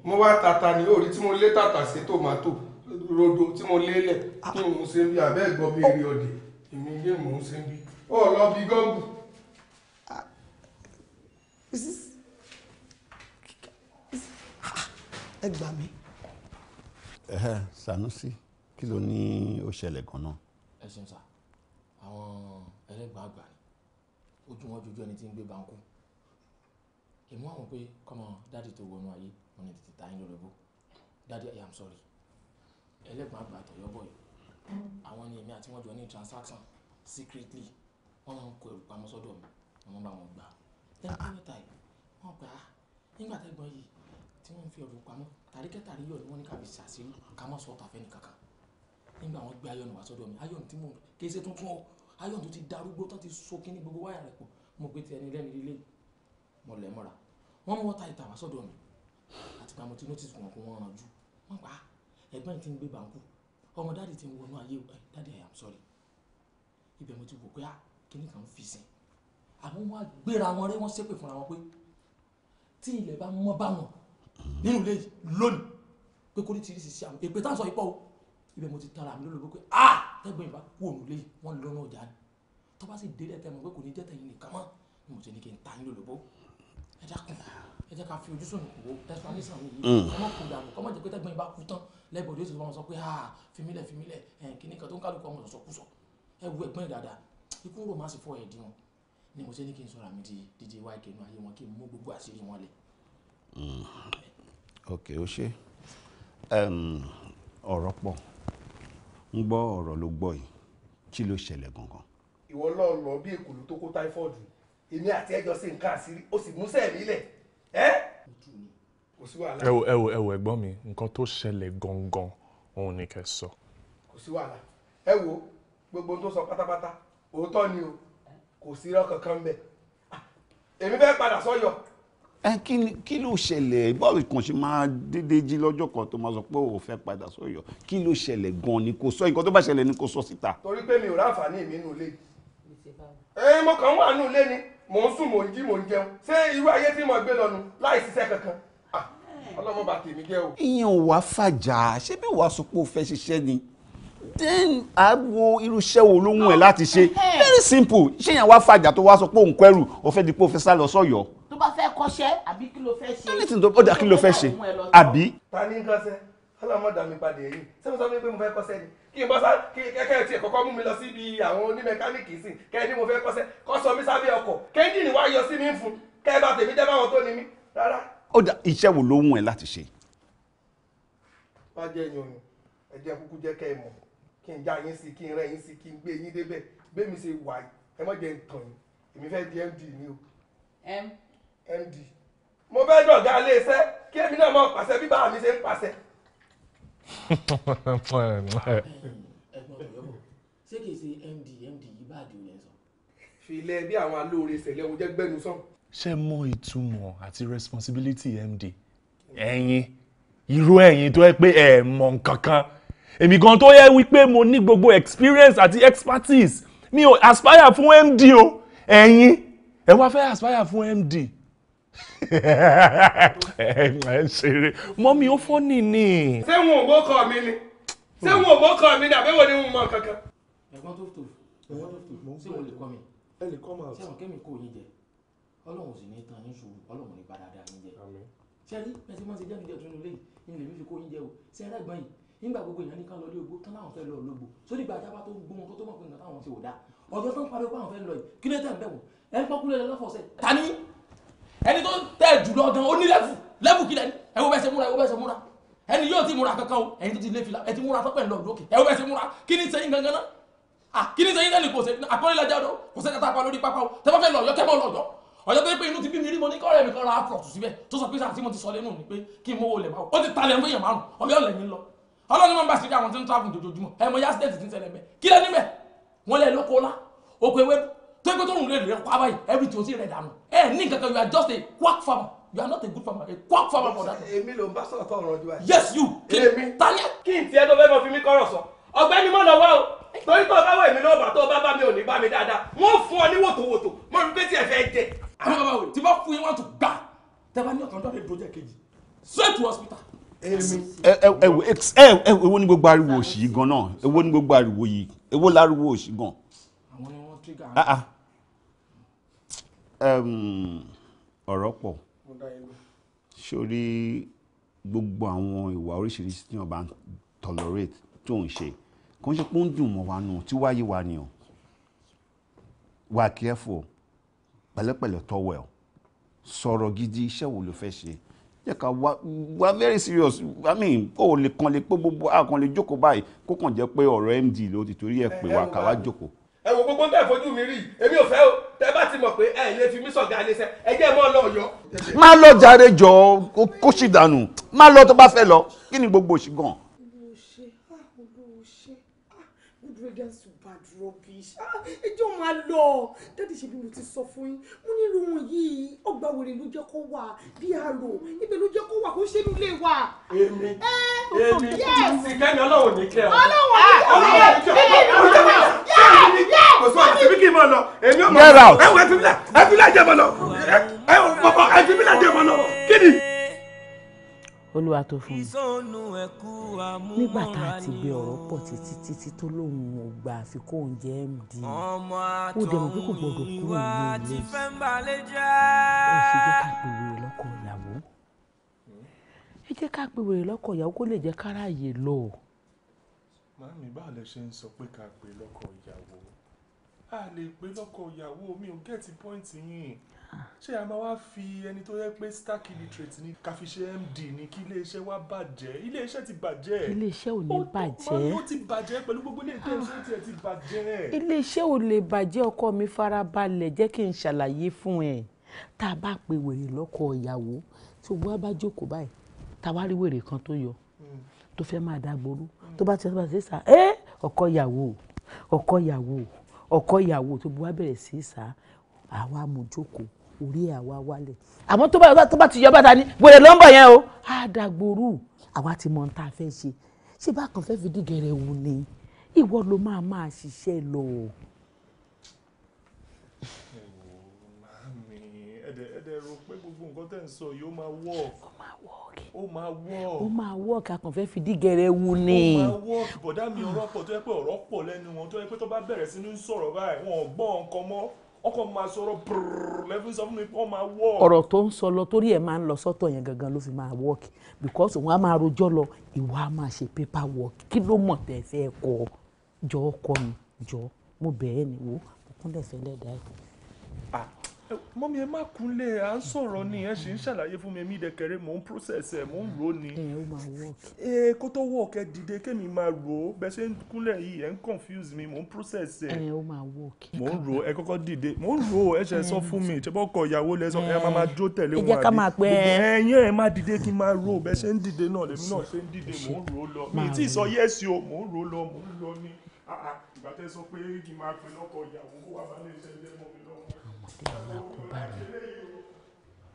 mo wá tata ní orí tí mo lé tata sí tòmátò rodo tí mo lélẹ̀ kí n mú ṣe bí abẹ́ ìgbọ́ bí eré ọ̀dẹ̀ èmi yé mò ń ṣe bí ó lọ bí gọ́ọ̀gù. Ah. ẹ gbà mí. ẹhẹ Sanusi kí ló ní ó ṣẹlẹ̀ gan-an. ẹ ṣeun sá àwọn ẹlẹgbàá àgbà ni ojú wọn jojú ẹni tí ń gbé bankú èmi wà wọn pé kọmọ dáàdì tó wọnú ayé wọn ni tètè ta yín lólobó dáàdì i am sorry ẹlẹgbàá àgbà àtọyọ bọ yìí àwọn ni èmi àti wọn jọ ní transaction secretly wọn máa ń kó ẹrù pamọ́ sọ́dọ̀ mi wọn bá wọn gbà tẹnifẹ mẹ́ta yìí wọn gbà á nígbà tẹgbọn yìí wọ́n fi ọ̀rọ̀ pamọ́ tàríkẹ́ tàríyọ̀ ni wọ́n ní kábi ṣàṣírí ká má sọ ọ́ tàfẹ́ nìkankan nígbà wọn gbé ayọ̀nù wá sọ́dọ̀ mi ayọ̀nù tí mo kì í ṣe tuntun ọ ayọ̀nù tó ti darúgbó tó ti so kíní gbogbo wáyà rẹ̀ pọ̀ mo gbé ti ẹni lẹ́ni lílé mo lẹ̀ mọ́ra wọ́n mú wọ́ta ìtàwá sọ́dọ̀ mi àti pàmò tí notice wọn kó wọn ràn jù wọn pa ẹ̀gbọ́n ti ń gbé bàǹkù ọmọ dáàdì ti ń wọnú ayé eh, dáàdì I am sorry ibẹ̀ mo ti wò pé ah kíní kan fi sìn àmọ́ wọn gbéra wọn rẹ́ wọ́n ṣépè fúnra wọn pé tí ilẹ̀ bá mọ́ bá wọn nínú ilé yìí lónìí pé kó ní ti rí sí àwọn èpè tá à ń sọ ipò o ibẹ̀ mo ti tara mi lólobó pé a ah! tẹ́gbọ̀n ìbá kú òun lé wọ́n lọ́nà ọjà ni tó bá sì délé tẹ́ mọ̀ pé kò ní jẹ́ tẹ̀yìn nìkan mọ́ ni mo ti ní kí n ta yín lólobó ẹ dákun ẹ jẹ́ ká fi ojú sùn wò explanation mi yìí ọmọ kò dànù kọ́mọ jẹ́ pé tẹ́gbọ̀n ìbá kú tán lẹ́bọ̀ọ́ yóò ti fọwọ́ sọ pé a ah, fimilẹ̀ fimilẹ̀ kìnnì kan tó ń kálukú ọmọ sọ̀sọ̀ kú sọ ẹ wo ẹ̀gbọ́n ìdàdà ikú rò má sì fọ ẹ̀dín wọn ni mo ṣe ní kí n sọ̀rọ̀ àmì di DJ YK inú ayé wọn kí n mú gbogbo àṣírí wọn lẹ̀ Mm. ok o ṣe ọ̀rọ̀ pọ̀ ń gbọ́ ọ̀rọ̀ ló gbọ́ yìí kí ló ṣẹlẹ̀ gangan. ìwọ náà lọ bí èkúlú tó kó táífọ́ọ̀dù èmi àti ẹjọ́ sí nǹkan àṣírí ó sì múṣẹ́ mi lẹ̀ ẹ́. kò sí wàhálà. ẹ wò ẹ wò ẹ wò ẹ̀gbọ́n mi nǹkan tó ṣẹlẹ̀ gangan òun ni kẹ́ sọ. kò sí wàhálà ẹ wo gbogbo tó sọ pátápátá òótọ́ ni o kò sí irọ́ kankan bẹ́ẹ̀ ah, èmi fẹ́ padà sọ́yọ̀. So ẹ kí ló ṣẹlẹ̀ báwo kan ṣe máa dédé jí lọ́jọ́ kan tó máa sọ pé o fẹ́ padà sọ́yọ́ kí ló ṣẹlẹ̀ gan ni kò sọ nǹkan tó bá ṣẹlẹ̀ ni kò sọ síta. torí pé mi ò ráǹfààní mi nù lé ẹ mo kàn wà nù lé ni mò ń sùn mò ń jí mò ń jẹun ṣé irú ayé tí mo gbé lọ́nu láì ṣiṣẹ́ kankan ọlọ́mọ bá tèmi jẹ́ o. ìyẹn ò wá fàjà ṣé bí wàá sọ pé o fẹ́ ṣiṣẹ́ ni then a wo wo ló ń láti ṣe very simple ṣé yẹn wá fàjà tó wá sọ pé òun kẹrù o fẹ́ di pé o fẹ́ So kọ́ṣẹ́ àbí kí ló fẹ́ ṣe. anything tó ó dà kí ló fẹ́ ṣe àbí. ta ni n kọsẹ̀ ọlọmọ dà mí padà èyí ṣé mo sọ fún mi pé mo fẹ́ kọ́ṣẹ́ ni kí n bọ́ sá kí kẹ́kẹ́ tiẹ̀ kọ́kọ́ mú mi lọ síbi àwọn onímẹkáníìkì sìn kẹ́ẹ̀ ni mo fẹ́ kọ́ṣẹ́ kọ́sọ mi sábẹ́ ọkọ̀ kẹ́ńjìnì wá yọ sí mi fún kẹ́ẹ̀ bá tèmi jẹ́ báwọn tó ni mí rárá. ó dà iṣẹ́ wo ló wù ẹ́ láti ṣe. wá jẹ́ ẹyin òyìn já yín sí kí n rẹ́ yín sí kí n gbé yín débẹ̀ bẹ́ẹ̀ mi ṣe wà ẹ mọ̀ md mo fẹ́ dọ̀gá iléeṣẹ́ kí èmi náà mọ̀ pàṣẹ bí báwa mi ṣe ń pàṣẹ. (laughs) ṣé kìí ṣe md md yìí bá àdìo yẹn sọ. fi ilé bí àwọn alóore ṣẹlẹ̀ oúnjẹ gbẹnu sàn. ṣé mọ ìtumọ̀ àti responsibility md ẹ̀yin irú ẹ̀yin tó yẹ pé ẹ mọ̀ nǹkan kan èmi gan tó yẹ wípé mo ní gbogbo experience àti expertise mi ò aspire fún md o ẹ̀yin ẹ wá fẹ́ aspire fún md ẹ (laughs) ṣeré mọ́mí ó fọ́ nìní. ṣé wọn ò gbọ́kọ̀ mi ni ṣé wọn ò gbọ́kọ̀ mi ni àbẹ́wò ni wọn mọ kankan. ẹ̀gbọ́n tó tò ẹ̀gbọ́n tó tò ṣé wọn lè kọ́ mi ẹ lè kọ́ máa. ṣé wọn kẹ́mi kò yín jẹ ọlọ́run sì ní tán yín ṣòro ọlọ́run ní padà dáa yín jẹ. ṣé rí ẹsẹ̀ máa ń ṣe jáde jẹ́ tuntun léyìí ni lèmi fi kó yín o ṣé ẹ̀rẹ́ gbọ́n yìí nígbà gbogbo èèyàn ní ká lọ lé ogbó tán láwọn fẹ́ lọ lógbó sórí ìgbà àjábá tó gbóhun tó tó mọ̀ pé nǹkan táwọn ti wò dá ọjọ́ tó ń pariwo pé àwọn fẹ́ lọ yìí kí ló tẹ̀ ń ẹ̀ ń pọ́kúlẹ̀ lọ́fọ̀ọ́sẹ̀ ta ẹni tó tẹ̀ jùlọ gan o ní lẹ́fù lẹ́fù kílẹ̀ ni ẹ wo bẹ́ẹ̀ ṣe múra ẹ wo bẹ́ẹ̀ ṣe múra ẹni yóò ti múra kankan o ẹni tó ti lé fìlà ẹ ti múra tọ́pẹ̀ lọ lókè ẹ wo bẹ́ẹ̀ ṣe múra kí ni sẹ́yìn gangan náà ah kí ni sẹ́yìn náà ni kò sẹ́yìn àpọ́nlé lajá ọdọ kò sẹ́yìn kata apá pápá o tẹ́ bá fẹ́ lọ ọ̀yọ́ kẹ́ bọ́ lọ ọ̀yọ́ ọ̀yọ́ tó pé inú ti bí mi rí mo ní kọ́rẹ́ mi kan ra afro síbẹ̀ tó sọ pé sáà tí mo ti sọ lẹ́nu ni pé kí n mówó lẹ̀ máa o ti talẹ̀ fún èèyàn márùn ọ̀yọ́ lẹ́yìn lọ ọlọ́run máa ń bá sí àwọn tí ń travel jojoojúmọ́ ẹ mọ yá state ti ń ṣẹlẹ̀ mẹ́ kí lẹ́ni mẹ́ wọ́n lẹ́ lóko ọlá oko ewédú tẹ́gbẹ́ tó ń lè rẹ̀ pa báyìí everything ó sì rẹ̀ dànù ẹ ní nǹkan you are just a quack farmer you are not a good farmer a quack farmer for that. èmi ló ń bá sọ̀rọ̀ tó ọ̀rọ̀ jù báyìí. yes you kí ni tani. kí n tiẹ́ tó fẹ́ mọ fi mí kọ́rọ̀ sọ ọ̀gbẹ́ni mọ̀ lọ́wọ́ o torí tó bá wà èmi lọ́ọ̀bà tó bá bá mi ò ní bá mi dáadáa wọ́n fún ọ ní wòtòwòtò mo rí pé tí ẹ fẹ́ jẹ. àwọn bàbá wò tí bá fún yín wọn tún gbà tẹ bá ní ọ̀tọ̀ ọjọ́ lè dojẹ́ kejì straight to hospital èwo ni gbogbo ariwo òsì yìí gan náà èwo ni gbogbo ariwo yìí èwo láriwo òsì gan Ah, ah. ọ̀rọ̀ pọ̀ sórí gbogbo àwọn ìwà oríṣiríṣi tí wọ́n bá ń tolerate tó ń ṣe kò ń ṣe pé ó ń dùn mọ́ wa nù tí wáyé wa nìyàn wà careful pẹ̀lẹ́pẹ̀lẹ́ tọ́wẹ̀l sọ̀rọ̀ gidi iṣẹ́ wo ló fẹ́ ṣe yẹ ká wá wá very serious i mean kó o lè kan lè pé gbogbo àkànlè jókòó báyìí kó kàn jẹ́ pé ọ̀rọ̀ md ló ti torí ẹ̀ pé wá ká wá jókòó ẹ wo gbogbo nǹkan ìfojú mi rí èmi ò fẹ́ o tẹ bá ti mọ̀ pé ẹ lè fi mí sọ̀gá ilé iṣẹ́ ẹ jẹ́ mọ́ lọ yọ. má lọ jàre jọ kó sì dànù má lọ tó bá fẹ́ lọ kí ni gbogbo òṣì gan-an. rubbish ah, ẹjọ́ máa lọ dáàdì ṣe bí mo ti sọ fún yín mo ní irun yìí ọgbà wèrè ló jẹ́ kó wà bí arò ibẹ̀ ló jẹ́ kó wà kó ṣe é nílé wa. èmi èmi sìkẹ́mi ọlọ́wọ́ ní kẹ́ ọ. ọlọ́wọ́ ah, ní kẹ́ ọ. ọlọ́wọ́ ní kẹ́ ọ. ọlọ́wọ́ ní kẹ́ ọ. kò sọ àti bí kì í mọ lọ èmi ò mọ ẹ wọ ẹ fi mi lẹ ẹ fi mi lẹ jẹ mọ lọ ẹ ẹ fi olúwa tó fún mi nígbà tá a ti gbé ọ̀rọ̀ pọ̀ títí títí tó lóun ò gbà àfi kó òun md ó dẹ̀ mọ̀ pé kò gbọ́dọ̀ kúrò ní ilé ó ṣe jẹ́ ká pè wèrè ìyàwó ẹ jẹ́ ká pè wèrè ìyàwó kó lè jẹ́ káráyè lọ. màámi báà lè ṣe ń sọ pé ká pè lọ́kọ ìyàwó a lè pé lọ́kọ ìyàwó mi ò gẹ́ẹ̀tì pọ́ìntì yìí ah. ṣé a máa wá fi ẹni tó yẹ pé stark illiterate ni ká fi ṣe md ni kí iléeṣẹ́ wa bàjẹ́ iléeṣẹ́ ti bàjẹ́. iléeṣẹ́ ò ní bàjẹ́. ó ti bàjẹ́ pẹ̀lú gbogbo ilé ìtẹ́sí tiẹ̀ ti bàjẹ́. iléeṣẹ́ ò lè bàjẹ́ ọkọ mi farabalẹ̀ jẹ́ kí n ṣàlàyé fún ẹ tá a bá pe wèrè lọ́kọ ìyàwó tí o bá bá jókòó báyìí tá a wá rí wèrè kan tó yọ hmm. tó fẹ́ máa dá gboru hmm. tó bá ti sọ ọkọ ìyàwó tó bu wá bẹ̀rẹ̀ sí í sá àwa mojoko orí àwa wálẹ̀ àmọ́ tó bá tó bá ti yọ bàtà ni wèrè nọ́mbà yẹn o á dàgbòrú àwa ti mọ ohun tá a fẹ́ ṣe ṣé bákan fẹ́ fi dí wù ni ìwọ ló máa máa ṣiṣẹ́ lọ. ẹ̀dẹ̀ ẹ̀dẹ̀ rò pé gbogbo nǹkan tẹ̀ ń sọ yìí ó máa work. ó máa work. ó máa work. ó máa work a kàn fẹ́ wu ni. ó máa work bọ̀dá mi ọ̀rọ̀ pọ̀ tó yẹ pé ọ̀rọ̀ pọ̀ lẹ́nu wọn tó yẹ pé tó bá bẹ̀rẹ̀ sí ní sọ̀rọ̀ báyìí wọn ò gbọ́ nǹkan mọ́ ọkọ̀ máa sọ̀rọ̀ lẹ́fún sọ fún mi ó máa work. ọ̀rọ̀ tó ń sọ lọ torí ẹ̀ máa ń lọ sọ́tọ̀ yẹn gangan ló fi máa work because òun á máa rojọ́ lọ ìwà á máa ṣe paper work kí ló mọ̀ tẹ̀ fẹ́ kọ́ jọ́ kọ́ mi jọ́ mo bẹ̀ẹ́ ni wo mo kúnlẹ̀ fẹ́lẹ́ dá ẹ̀. Ah, mọ́mí ẹ má kúnlẹ̀ à ń sọ̀rọ̀ ni ẹ ṣì ń ṣàlàyé fún mi mí dẹ̀kẹ̀rẹ̀ mò ń process mò ń rò ni. ẹ kó tó work ẹ dìde kémi máa rò ó bẹ́ẹ̀ ṣe ń kúnlẹ̀ yìí ẹ ń confuse mi mò ń process mò ń rò ó ẹ kọ́kọ́ dìde mò ń rò ó ẹ ṣe sọ fún mi ìṣẹ́bọ̀ kọ ìyàwó lẹ ẹ máa máa jó tẹ̀lé wọn àbí. ẹ jẹ́ ẹ. má dìde kí n máa rò ó bẹ́ẹ̀ ṣe ń dìde náà lèmi náà ṣe ń dìde mò ń rò ó lọ mi ì ọmọdé ọlá kó bá mi.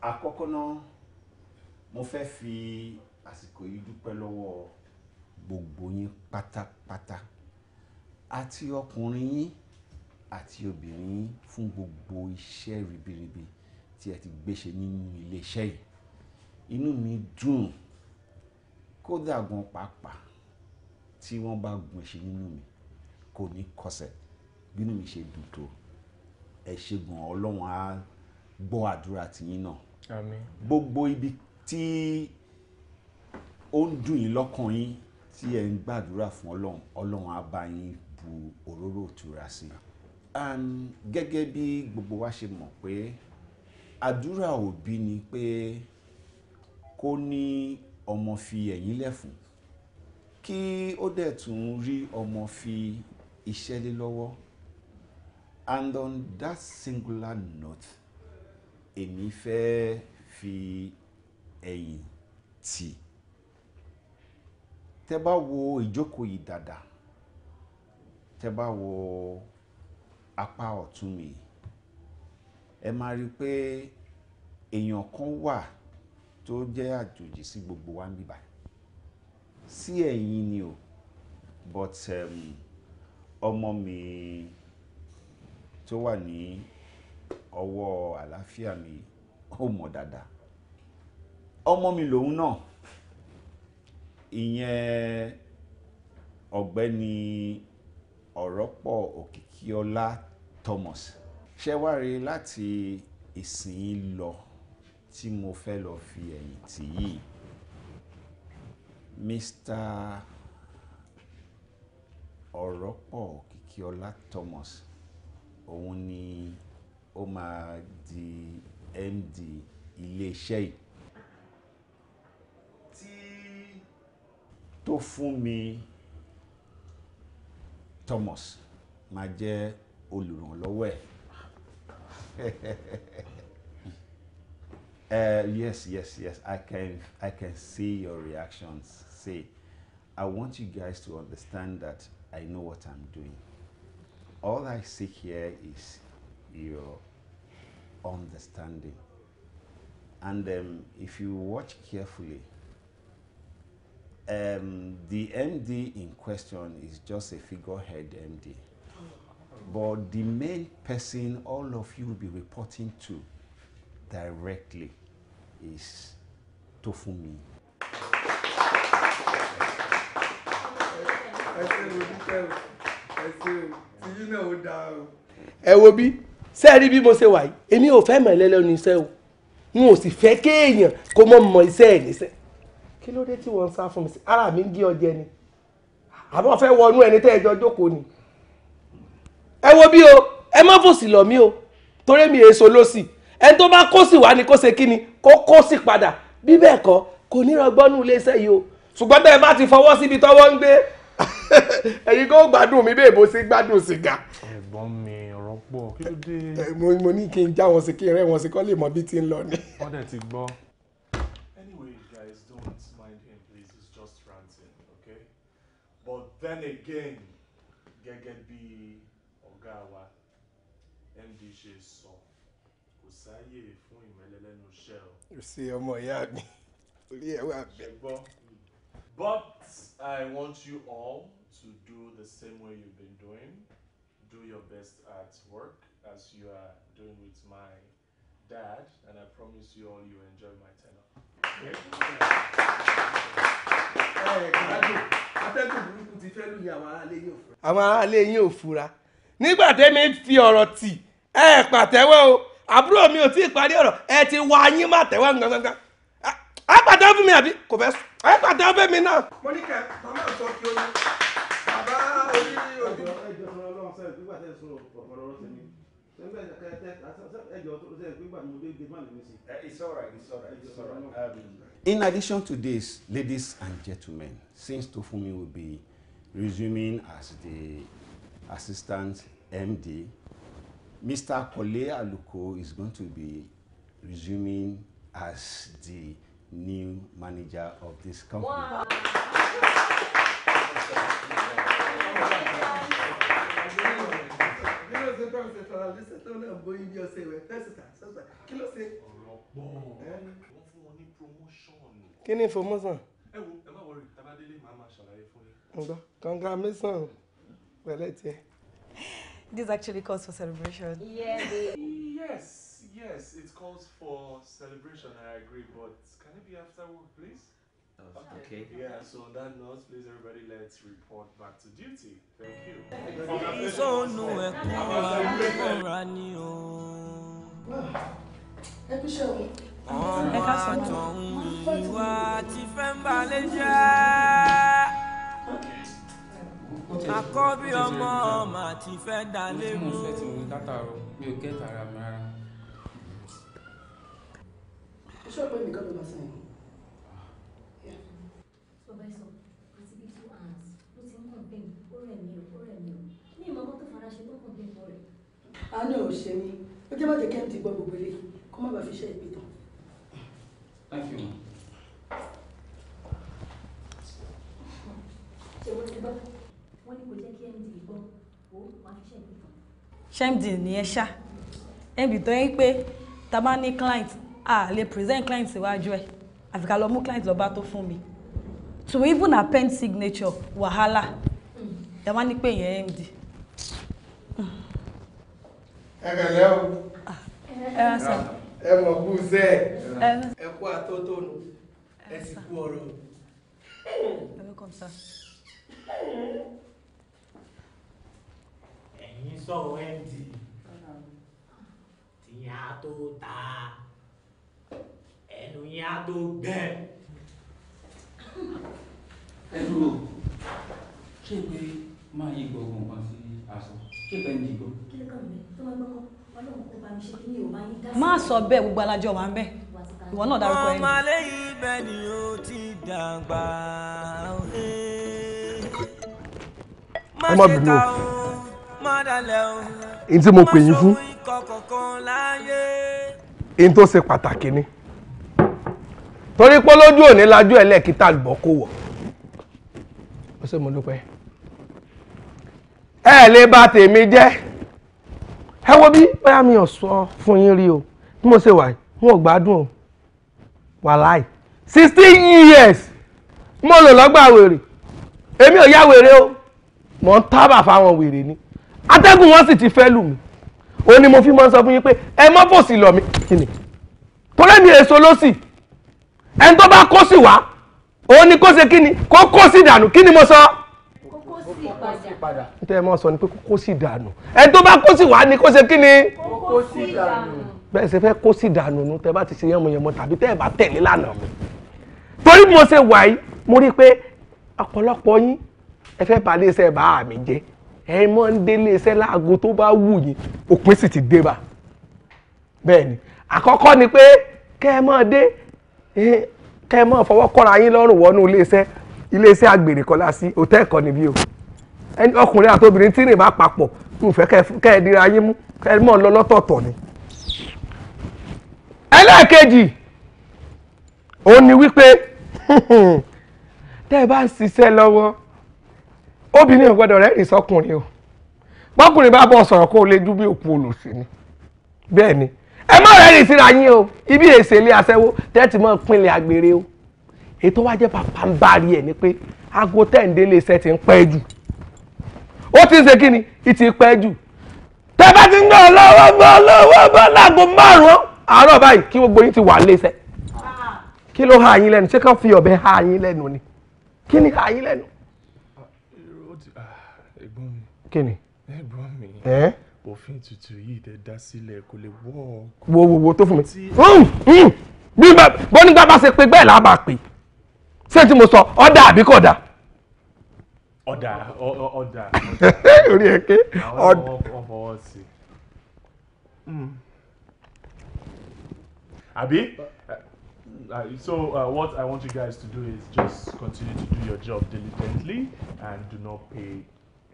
àkọ́kọ́ náà mo fẹ́ fi àsìkò yìí dúpẹ́ lọ́wọ́ gbogbo yín pátápátá àti ọkùnrin yín àti obìnrin yín fún gbogbo iṣẹ́ ribiribi tí ẹ ti gbéṣe nínú iléeṣẹ́ yìí inú mi dùn kódà gan pàápàá tí wọ́n bá gun ẹ̀ṣẹ̀ nínú mi kò ní kọsẹ̀ bí mi ṣe dùn tó ẹ ṣe gan ọlọ́run á gbọ́ àdúrà tiyín náà àmín gbogbo ibi tí ó ń dùn yín lọ́kàn yín tí ẹ ń gbàdúrà fún ọlọ́run ọlọ́run á bá yín bu òróró ìtura sí i gẹ́gẹ́ bí gbogbo wa ṣe mọ̀ pé àdúrà òbí ni pé kó ní ọmọ fi ẹ̀yìn lẹ̀ kí ó dẹ̀ tún rí ọmọ fi iṣẹ́ lé lọ́wọ́ and on that singular note èmi fẹ́ fi ẹ̀yìn tì tẹ́ bá wo ìjókòó yìí dada. tẹ́ bá wo apá ọ̀tún mi ẹ máa rí i pé èèyàn kan wà tó jẹ́ àjòjì sí gbogbo wa ń sí ẹ̀yìn ni o but um, ọmọ um, mi. Um, tó wà ní ọwọ́ àlàáfíà mi ó mọ̀ dáadáa ọmọ mi lòun náà ìyẹn ọ̀gbẹ́ni ọ̀rọ̀pọ̀ òkìkíọlá Thomas ṣe wá rí láti ìsìn lọ tí mo fẹ́ lọ fi ẹ̀yìn tì yìí Mr ọ̀rọ̀pọ̀ òkìkíọlá Thomas òun ni ó máa di MD iléeṣẹ́ yìí tí tó fún mi Thomas máa jẹ́ olùrànlọ́wọ́ ẹ̀ uh, (laughs) yes yes yes I can I can see your reactions see I want you guys to understand that I know what I'm doing. all I seek here is your understanding. And um, if you watch carefully, um, the MD in question is just a figurehead MD. But the main person all of you will be reporting to directly is Tofumi. you. ẹ wo bí sẹ́ẹ̀rí bí mo ṣe wà yìí èmi ò fẹ́ mọ̀ ẹlẹ́lẹ́nu iṣẹ́ o n ò sì fẹ́ kéèyàn kó mọ̀ mọ̀ iṣẹ́ ẹ̀ níṣẹ́ kí ló dé tí wọ́n ń sá fún mi sí ara mi ń gé ọjẹ ni àbọ̀ fẹ́ wọnú ẹni tẹ́ ẹ jọ jókòó ni ẹ wo bí o ẹ má fòsì lọ mí o torí mi èso ló sì ẹni tó bá kó sì wá ni kó ṣe kí ni kó kó sì padà bí bẹ́ẹ̀ kọ́ kò ní rọgbọ́nú iléeṣẹ́ yìí o ṣùgbọ́n tẹ́ ẹ bá ti fọwọ́ síbi tọ́wọ́ ń gbé ẹ̀yin kò gbádùn mi bẹ́ẹ̀ bó ṣe gbádùn sìgá. ẹ̀gbọ́n mi ọ̀rọ̀ pọ̀ kí ló dé. mo ní kí n já wọn sí kí n rẹ́ wọn sí kọ́ lè mọ bí ti ń lọ ni. wọ́n dẹ̀ ti gbọ́. anyway guys don't mind him please he's just ranting okay but then again gẹ́gẹ́ bí ọ̀gá wa md ṣe sọ kò sáyè fún ìmẹ́lẹ́lẹ́nu iṣẹ́ o. kò sí ọmọ ìyá mi orí ẹ̀ wà bẹ́ẹ̀. ṣùgbọ́n But I want you all to do the same way you've been doing. Do your best at work as you are doing with my dad, and I promise you all you enjoy my tenor. àwọn aráalé yín ò fura nígbà tẹ́mi fi ọ̀rọ̀ tì ẹ pàtẹ́wọ́ o àbúrò mi ò tí ì parí ọ̀rọ̀ ẹ ti wá yín má tẹ́wọ́ gangan á pàtẹ́wọ́ fún mi àbí kò fẹ́ sùn ẹ pàtẹ́ ọbẹ̀ mi náà. mo ní kẹ màmá sọ kí o ní bàbá orí ojú. ẹjọ fún Ọlọ́run sẹ gbígbà tẹ sọ ọ̀rọ̀ ọ̀rọ̀ sí mi sẹgbẹ kẹtẹ ẹjọ tó sẹ gbígbà ni dé má lè mi sí. Eh, it's alright it's alright in addition to this ladies and gentlemen since Tofunmi will be resuming as the assistant MD Mr. Kole Aluko is going to be resuming as the new manager of this company. Wow. kí ni promotion. ẹ wo ẹ má wọrí tabadélé màá máa ṣàlàyé fún yín. ǹgbọ́ congratulations pẹ̀lẹ́ tiẹ̀. This actually calls for celebration. Yeah, yes. yes, it calls for celebration, I agree, but can it be after work, please? Okay. okay. Yeah, so on that note, please everybody let's report back to duty. Thank you. ṣé o pé mi gọ́dọ̀ lọ sẹ́yìn. Professor, àti bíi two hours ló ti ń kọ̀ǹpé ó rẹ̀ mí o, ó rẹ̀ mí o. Ní ìmọ̀ mọ́tò fara ṣe tó kọ̀ǹpé bọ̀ rẹ̀. Àánú ò ṣe mí, ó jẹ́ bàjẹ́ kẹ́mi ti gbọ́ gbogbo eléyìí, kó má bàa fi ṣe ìpìtàn. Thank you, ma. Ṣèwọ́ ti bá wọ́n ní kò jẹ́ kí MD gbọ́, ó wàá fi ṣe ìpìtàn. MD nìyẹn ṣá, MD tó client a le present client síwájú ẹ̀ àfi ká lọ mú client lọ́ba tó fún mi to even append signature wahala, ẹ wá ní pé yẹn md. ẹ kẹlẹ o ẹ mọ̀ kú sẹ́ ẹ kú àtótónu ẹ sì kú ọ̀rọ̀. ẹ̀yin sọ̀rọ̀ md tìyà tó ta ẹnu yín á tó gbẹ. ẹ dúró ṣé pé máa yí gbogbo nǹkan sí aṣọ ṣé pé ń dìgbò. kí ló kàn mí tó máa gbọ́kọ́ ọlọ́run kò bá mi ṣe kí ni ò bá yín dá sí. má sọ bẹ́ẹ̀ gbogbo alájọ wa ń bẹ ìwọ náà dárúkọ ẹni. ọmọ lẹ́yìn ibẹ̀ ni ó ti dàgbà má ṣe o má dalẹ̀ o má sọ ìkọ̀kọ̀ tó ṣe pàtàkì ni torí pé lójú òní lajú ẹlẹ́ẹ̀kìtà àlùbọ́ kò wọ̀ ó ṣe mo dúpẹ́ ẹ lè bà tèmi jẹ́ ẹ wo bí bóyá mi ò sọ fún yín rí o bí mo ṣe wà wọn ò gbádùn o wàláì sixteen years mo lò lọ́gbà wèrè èmi ò yá wèrè o mò ń tábà fáwọn wèrè ni atẹ́gùn wọn sì ti fẹ́ lù mí òun ni mo fi máa ń sọ fún yín pé ẹ mọ́ fòsì lọ mí kí torí mi èso ló sì ẹni tó bá kó sí wá òun ni kó ṣe kí ni kó kó sí dànù kí ni mo sọ. kó kó sí padà. níta ẹ máa sọ ni pé kó kó sí dànù ẹni tó bá kó sí wá ni kó ṣe kí ni. kó kó sí dànù. bẹ́ẹ̀ ṣe fẹ́ kó sí dànù nu tẹ bá ti ṣe yánmọ̀yánmọ̀ tàbí tẹ́ ẹ bá tẹ̀lé lánàá torí mo ṣe wà yìí mo rí i pé ọ̀pọ̀lọpọ̀ yín ẹ fẹ́ ba iléeṣẹ́ bá mi jẹ́ ẹ mọ́ ń dé iléeṣẹ́ láago tó bá wù yín òpin sì ti dé bá bẹ́ẹ̀ ni àkọ́kọ́ ni pé kẹ́ ẹ mọ́ dé kẹ́ ẹ mọ̀ fọwọ́ kọ́ra yín lọ́rùn wọnú iléeṣẹ́ iléeṣẹ́ àgbèrè kọ́lá sí òtẹ́ ẹ̀kọ́ níbí o ọkùnrin àti obìnrin tí rìn bá papọ̀ mo fẹ́ kẹ́ ẹ dira yín mú kẹ́ ẹ mọ̀ lọ lọ́tọ̀ọ̀tọ̀ ni. ẹlẹ́ẹ̀kejì òun ni wípé (laughs) tẹ́ ẹ bá ń ṣiṣẹ́ lọ́wọ́ obìnrin ò gbọ́dọ̀ rẹ́rìn sọkùnrin o bọ́kùnrin bá bọ̀ sọ̀rọ̀ kó o lè dúbí òkú olùsìn ni bẹ́ẹ̀ ni ẹ má rẹ́rìn síra yín o ibi èsèlé aṣẹ́wó tẹ́tì mọ́ pinlẹ̀ àgbèrè o ètò wa jẹ́ bàbá ń bá rí ẹ̀ ni pé aago tẹ̀ǹdélé iṣẹ́ ti ń pẹ́ jù ó ti ń ṣe kí ni ìtì pẹ́ jù tẹ́ bá ti ń gbọ́ lọ́wọ́ bọ́ lọ́wọ́ bọ́ láago márùn-ún àárọ̀ báyìí kí gbogbo yín ti wà léṣẹ́ kí ló ha yín lẹ́nu ṣé kàn fi ọ̀bẹ ha yín lẹ́nu ni kí ni ha yín lẹ́nu. Ah, kí ni. ẹ̀gbọ́n mi. ẹ̀ẹ́ òfin tuntun yìí tẹ dá sílẹ̀ kò lè wọ́ wo wo wo tó fún mi. Mm, mm. bí bọ́nígbà bá ṣe pé bẹ́ẹ̀ là bá pè ṣé tí mo sọ ọ̀dà àbí kò dà. ọ̀dà ọ̀dà. (laughs) orí ẹ̀ ké ọ̀dà. àwọn ọ̀fọwọ́ sí mm. àbí. Uh, uh, so uh, what I want you guys to do is just continue to do your job diligently and do not pay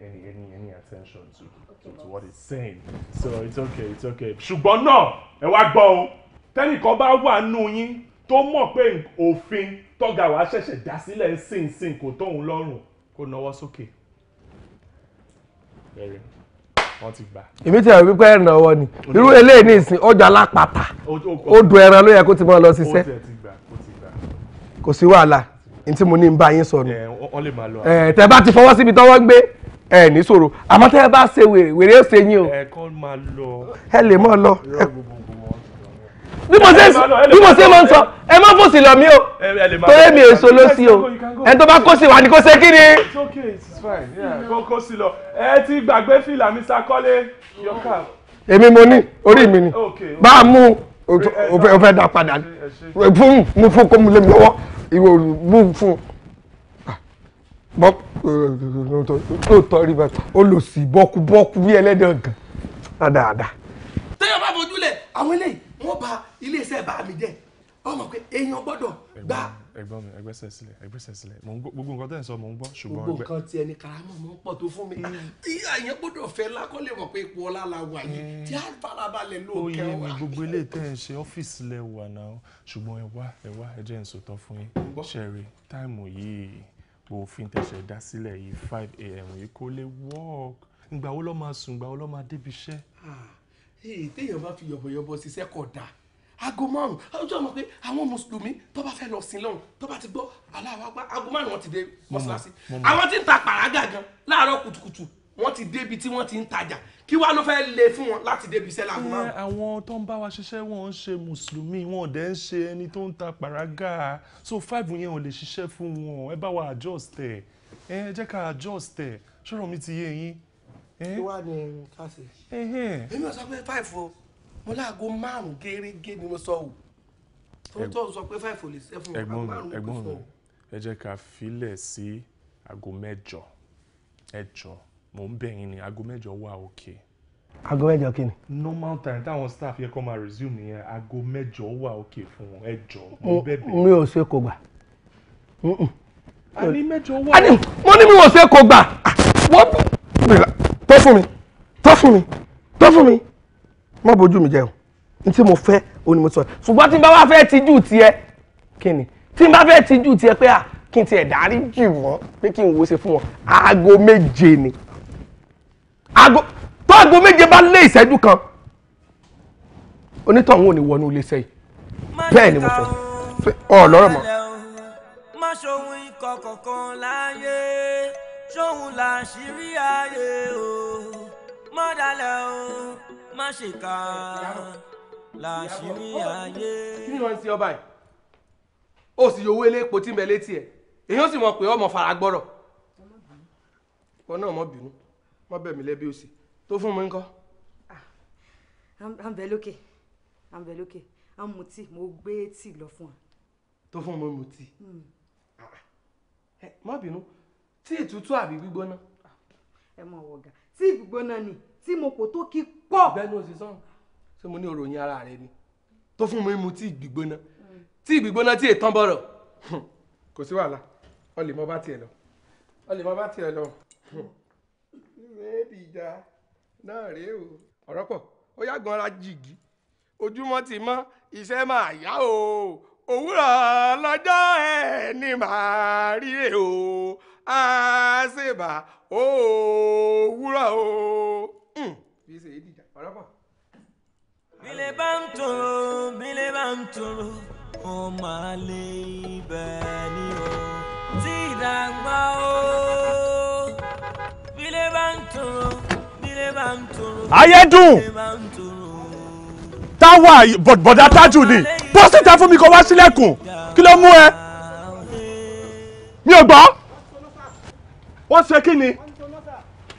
any any any attention to to what he's saying so it's okay it's okay. ṣùgbọ́n náà ẹ wá gbọ́ o tẹ́nìkan bá wà nù yín tó mọ̀ pé òfin tọ́gà wá ṣẹ̀ṣẹ̀ dá sílẹ̀ ń sìn sìn kò tóun lọ́rùn kó nawọ́ sókè. bẹ́ẹ̀rẹ̀ wọ́n ti gbà. èmi ti rẹ̀ wípé ẹ̀rìn ọwọ́ ni irú eléyìí ní ìsìn ọjà alápàtà odò ẹran ló yẹ kó ti mọ́ lọ ṣiṣẹ́ kò sí wàhálà ní tí mo ní bá yín sọnù ẹ̀ tẹ́ bá ti fọwọ́ síbi tọ́wọ́ gbé ẹ ní sọ̀rọ̀ àmọ́ tẹ́ ẹ bá ṣe wèrè wèrè ṣe yín o. ẹ kọ́ máa lọ. ẹ lè máa lọ. bí mo ṣe bí mo ṣe máa ń sọ ẹ má fòsì lọ mí o torí mi èso ló sí o ẹni tó bá kó sí wa ni kó ṣe kí ni. it's okay it's fine yeah kó kó sí lọ ẹ ti gbàgbé fìlà mi sakọ́lé yọkà. èmi mo ní orí mi ni bá a mú o fẹ́ dá padà fún mu fún kó mu lé mi lọ́wọ́ ìwọ mú fún ah, lóòótọ́ rí bàtà ó lò sí bọ́kúbọ́kú bí ẹlẹ́dẹ̀ gan dáadáa. tẹ́yọ̀ bá bojúlẹ̀ àwọn eléyìí wọ́n bà iléeṣẹ́ bá mi jẹ́ ọmọ pé èèyàn gbọ́dọ̀ gbà. ẹ̀gbọ́n mi ẹgbẹsẹ sílẹ̀ ẹgbẹsẹ sílẹ̀ mò ń gbọ́ gbogbo nǹkan tẹ́ ẹ sọ mò ń gbọ́ ṣùgbọ́n ẹgbẹ. gbogbo nǹkan tí ẹni karamọ mọ pọ̀ tó fún mi àyàn mm. gbọ́dọ̀ fẹ́ lákọlẹ mọ pé ipò ọlá la wà yìí mm. tí a farabalẹ̀ ló wa. oyè mi gbogbo eléyìí tẹ́ ẹ ṣe ọ́fíìsì lẹ wà náà ṣùgbọ́n ẹ wá ẹ wá ẹ jẹ́ n sòótọ́ fún yín ṣẹ̀rí táìmù yìí òfin tẹ̀sẹ̀ dá sílẹ̀ yìí five a.m. yìí kò lè work ìgbà wo ló máa sùn ìgbà wo ló máa débi iṣẹ́. Ah, ee eh, téèyàn bá fi yọ̀bọ̀yọ̀bọ̀ ṣiṣẹ́ kọ̀ dà aago márùn ọjọ́ mọ̀ pé àwọn mùsùlùmí tó bá fẹ́ lọ sin lọ́run tó bá ti gbọ́ aláwa gbá aago márùn wọn ti dé mm, mọ́ṣáláṣí àwọn tí ń ta pàrágà gan láàárọ̀ kùtùkùtù wọ́n ti débi tí wọ́n ti ń tajà kí wàá ló fẹ́ le fún wọn láti débi iṣẹ́ lágbo eh, márùn. àwọn tó ń bá wa ṣiṣẹ́ wọn ń ṣe mùsùlùmí wọn ò dẹ̀ ń ṣe ẹni tó ń ta pàrágà so five yẹn ò lè ṣiṣẹ́ fún wọn ẹ bá wa adjust ẹ eh, ẹ jẹ́ ká adjust ẹ ṣọ́rọ̀ mi ti yé yín. Eh? kí wàá ní ká ṣe. èmi ò sọ pé five o mo láago márùn-ún gẹ́gẹ́ ni mo sọ o tó tó sọ pé five ò lè ṣiṣẹ́ fún wọn márùn-ún kò fún wọn. ẹ jẹ́ ká filẹ̀ sí aago mẹ́jọ ẹ jọ̀ọ́ mo ń bẹ̀ yín ni aago mẹ́jọ wà òkè. aago mẹ́jọ kí ni. normal time táwọn staff yẹ kó máa resume nìyẹn aago mẹ́jọ wà òkè fún wọn ẹ jọ mo bẹ̀bẹ̀. mi ò ṣe kò gbà. a ní mẹ́jọ wà. mo ní mi ò ṣe kò gbà. tọ́ fún mi tọ́ fún mi tọ́ fún mi má bójú mi jẹ o n tí mo fẹ́ o ni mo sọ ṣùgbọ́n tí n bá wá fẹ́ tijú tiẹ̀ kí ni tí n bá fẹ́ tijú tiẹ̀ pé à kí n tiẹ̀ dárí jì wọ́n pé kí n wo ṣe fún wọn aago méje ni aago tó aago méje bá lé ìṣẹ́jú kan onítọ̀hún ò ní wọnú ilé sẹ́yìn bẹ́ẹ̀ ni mo sọ ọ lọ́rọ̀ mọ́. má ṣohun ikọ̀ kọ̀ọ̀kan láàyè ṣóhun làṣírí ayé o má dalẹ̀ o má ṣèkà làṣírí ayé. kí ni wọ́n ń ṣe ọba yìí ó sì yòówó elépo tí ń bẹ létí èyí ó sì mọ̀ pé ọmọ fara gbọ́rọ̀ wọn náà mọ̀ bínú má bẹ̀ mí lẹ́bi òsì tó fún mi ńkọ́. Ah, à ń bẹ lókè à ń bẹ lókè à ń mutí mo gbé tíì lọ fún wa. tó fún mi mutí. Hmm. Ah, ah. má bínú tíì tútù àbí gbígbóná. ẹ mọ ọwọgà tíì gbígbóná ni tí mo kò tó kí pọ̀. bẹ́ẹ̀ni o sì sọ̀rọ̀ ṣé mo ní òròyìn ara rẹ ni tó fún mi mutí gbígbóná hmm. tíì gbígbóná tí ètò ń bọ̀rọ̀ kò sí wàhálà ọ lè mọ bá tiẹ̀ lọ ọ lè mọ bá tiẹ̀ lọ ẹ̀ẹ́dìjà náà rèé o ọ̀rọ̀ pọ̀ ó yá gan ara jìgì ojúmọ́ ti mọ́ iṣẹ́ máa yá o òwúrọ̀ lọ́jọ́ ẹ̀ ni màá rí rè o á ṣèbà òwúrọ̀ o hmm, bí ṣe ẹ̀ẹ́dìjà ọ̀rọ̀ pọ̀. bílẹ̀ bá ń tòrò bílẹ̀ bá ń tòrò ó máa lé ibẹ̀ ni o tí ìdàgbà o ayé dùn táwa bọ̀dá tájù ni pọ́sítà fún mi kó wá sílẹ̀kùn kí ló mú ẹ mi ò gbọ́ wọ́n ṣe kí ni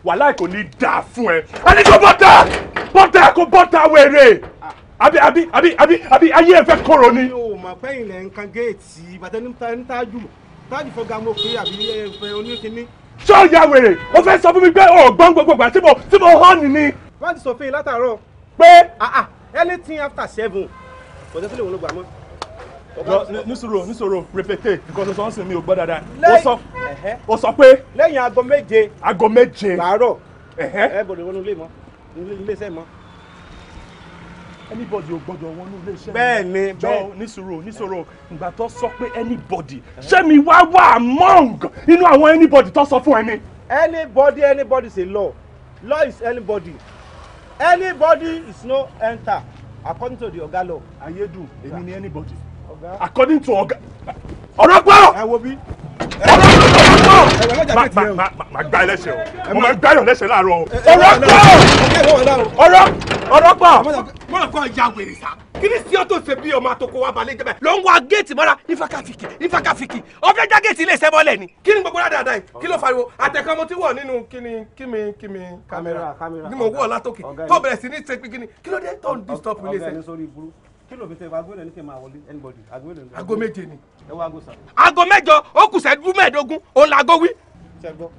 wàhálà kò ní dà fún ẹ ẹni tó bọ́tà bọ́tà kò bọ́tà wèrè àbí àbí àbí àbí àbí ayé ẹ fẹ́ kọ̀rọ̀ ni. mi ò mọ̀ pẹ́yìn lẹ́ ń kan géètì bàtẹ́ ní tájù tájù fọ́gàmọ́ pé àbí ẹ fẹ́ oníkíní ṣọ́ ìyá wèrè ó fẹ́ sọ fún mi pé ọ̀gbọ́n gbogbo ìgbà tí mo tí mo hàn ní. wọ́n ti sòfin látàárọ̀. pé ah, ah, anything after seven kò tẹ́ tó lè wọ́n ló gbà mọ́. nísòro nísòro rẹpẹtẹ because ọsàn sì mi ò gbọ́ dáadáa ó sọ ó sọ pé. lẹ́yìn aago méje. aago méje. làárọ̀ ẹ bọ̀dọ̀ wọnú ilé mọ́ ilé iṣẹ́ mọ́ anybody ò gbọ́dọ̀ wọnú ilé iṣẹ́ bẹ́ẹ̀ni bẹ́ẹ̀ nísòro nísòro ìgbà tó sọ pé anybody ṣé mi wá wà among inú àwọn anybody tó sọ fún ẹni. anybody anybody is a law law is anybody anybody is no enter according to the oga law. ayédùn èmi ni anybody according to oga ọ̀rọ̀ gbọ́. ẹ wo bí màá gbá ẹ lẹ́sẹ̀ o mo máa gbá ẹ lẹ́sẹ̀ láàárọ̀ o. ọ̀rọ̀ pọ̀ ọ̀rọ̀ ọ̀rọ̀ pọ̀. mo rò pé ọjà wèrè sá kírísítì ọ̀tọ̀ ṣe bí ọmọ àtọkọ wa balẹ̀ jẹ́bẹ̀ ló ń wa géètì mọ́ra ifakafiki ifakafiki ọ̀fẹ́ já géètì ilé iṣẹ́ mọ́lẹ̀ ni kí ni gbogbo rẹ̀ dáadáa yìí kí ló fariwo àtẹ̀kọ́ mo ti wọ̀ nínú kíni kíni kíni kámẹ́rà ni mo wọ̀ látòkè tó bẹ̀rẹ̀ sí ní ṣe pé kíni kí ló dé tó ń disturb ilé kí ló fi tẹ aago lẹni kí n máa wọlé anybody aago lẹni. aago méje ni. ẹ wá aago sàn. aago mẹ́jọ ó kù sẹ́dú mẹ́ẹ̀ẹ́dógún òun làago wí. sẹ́gbọ́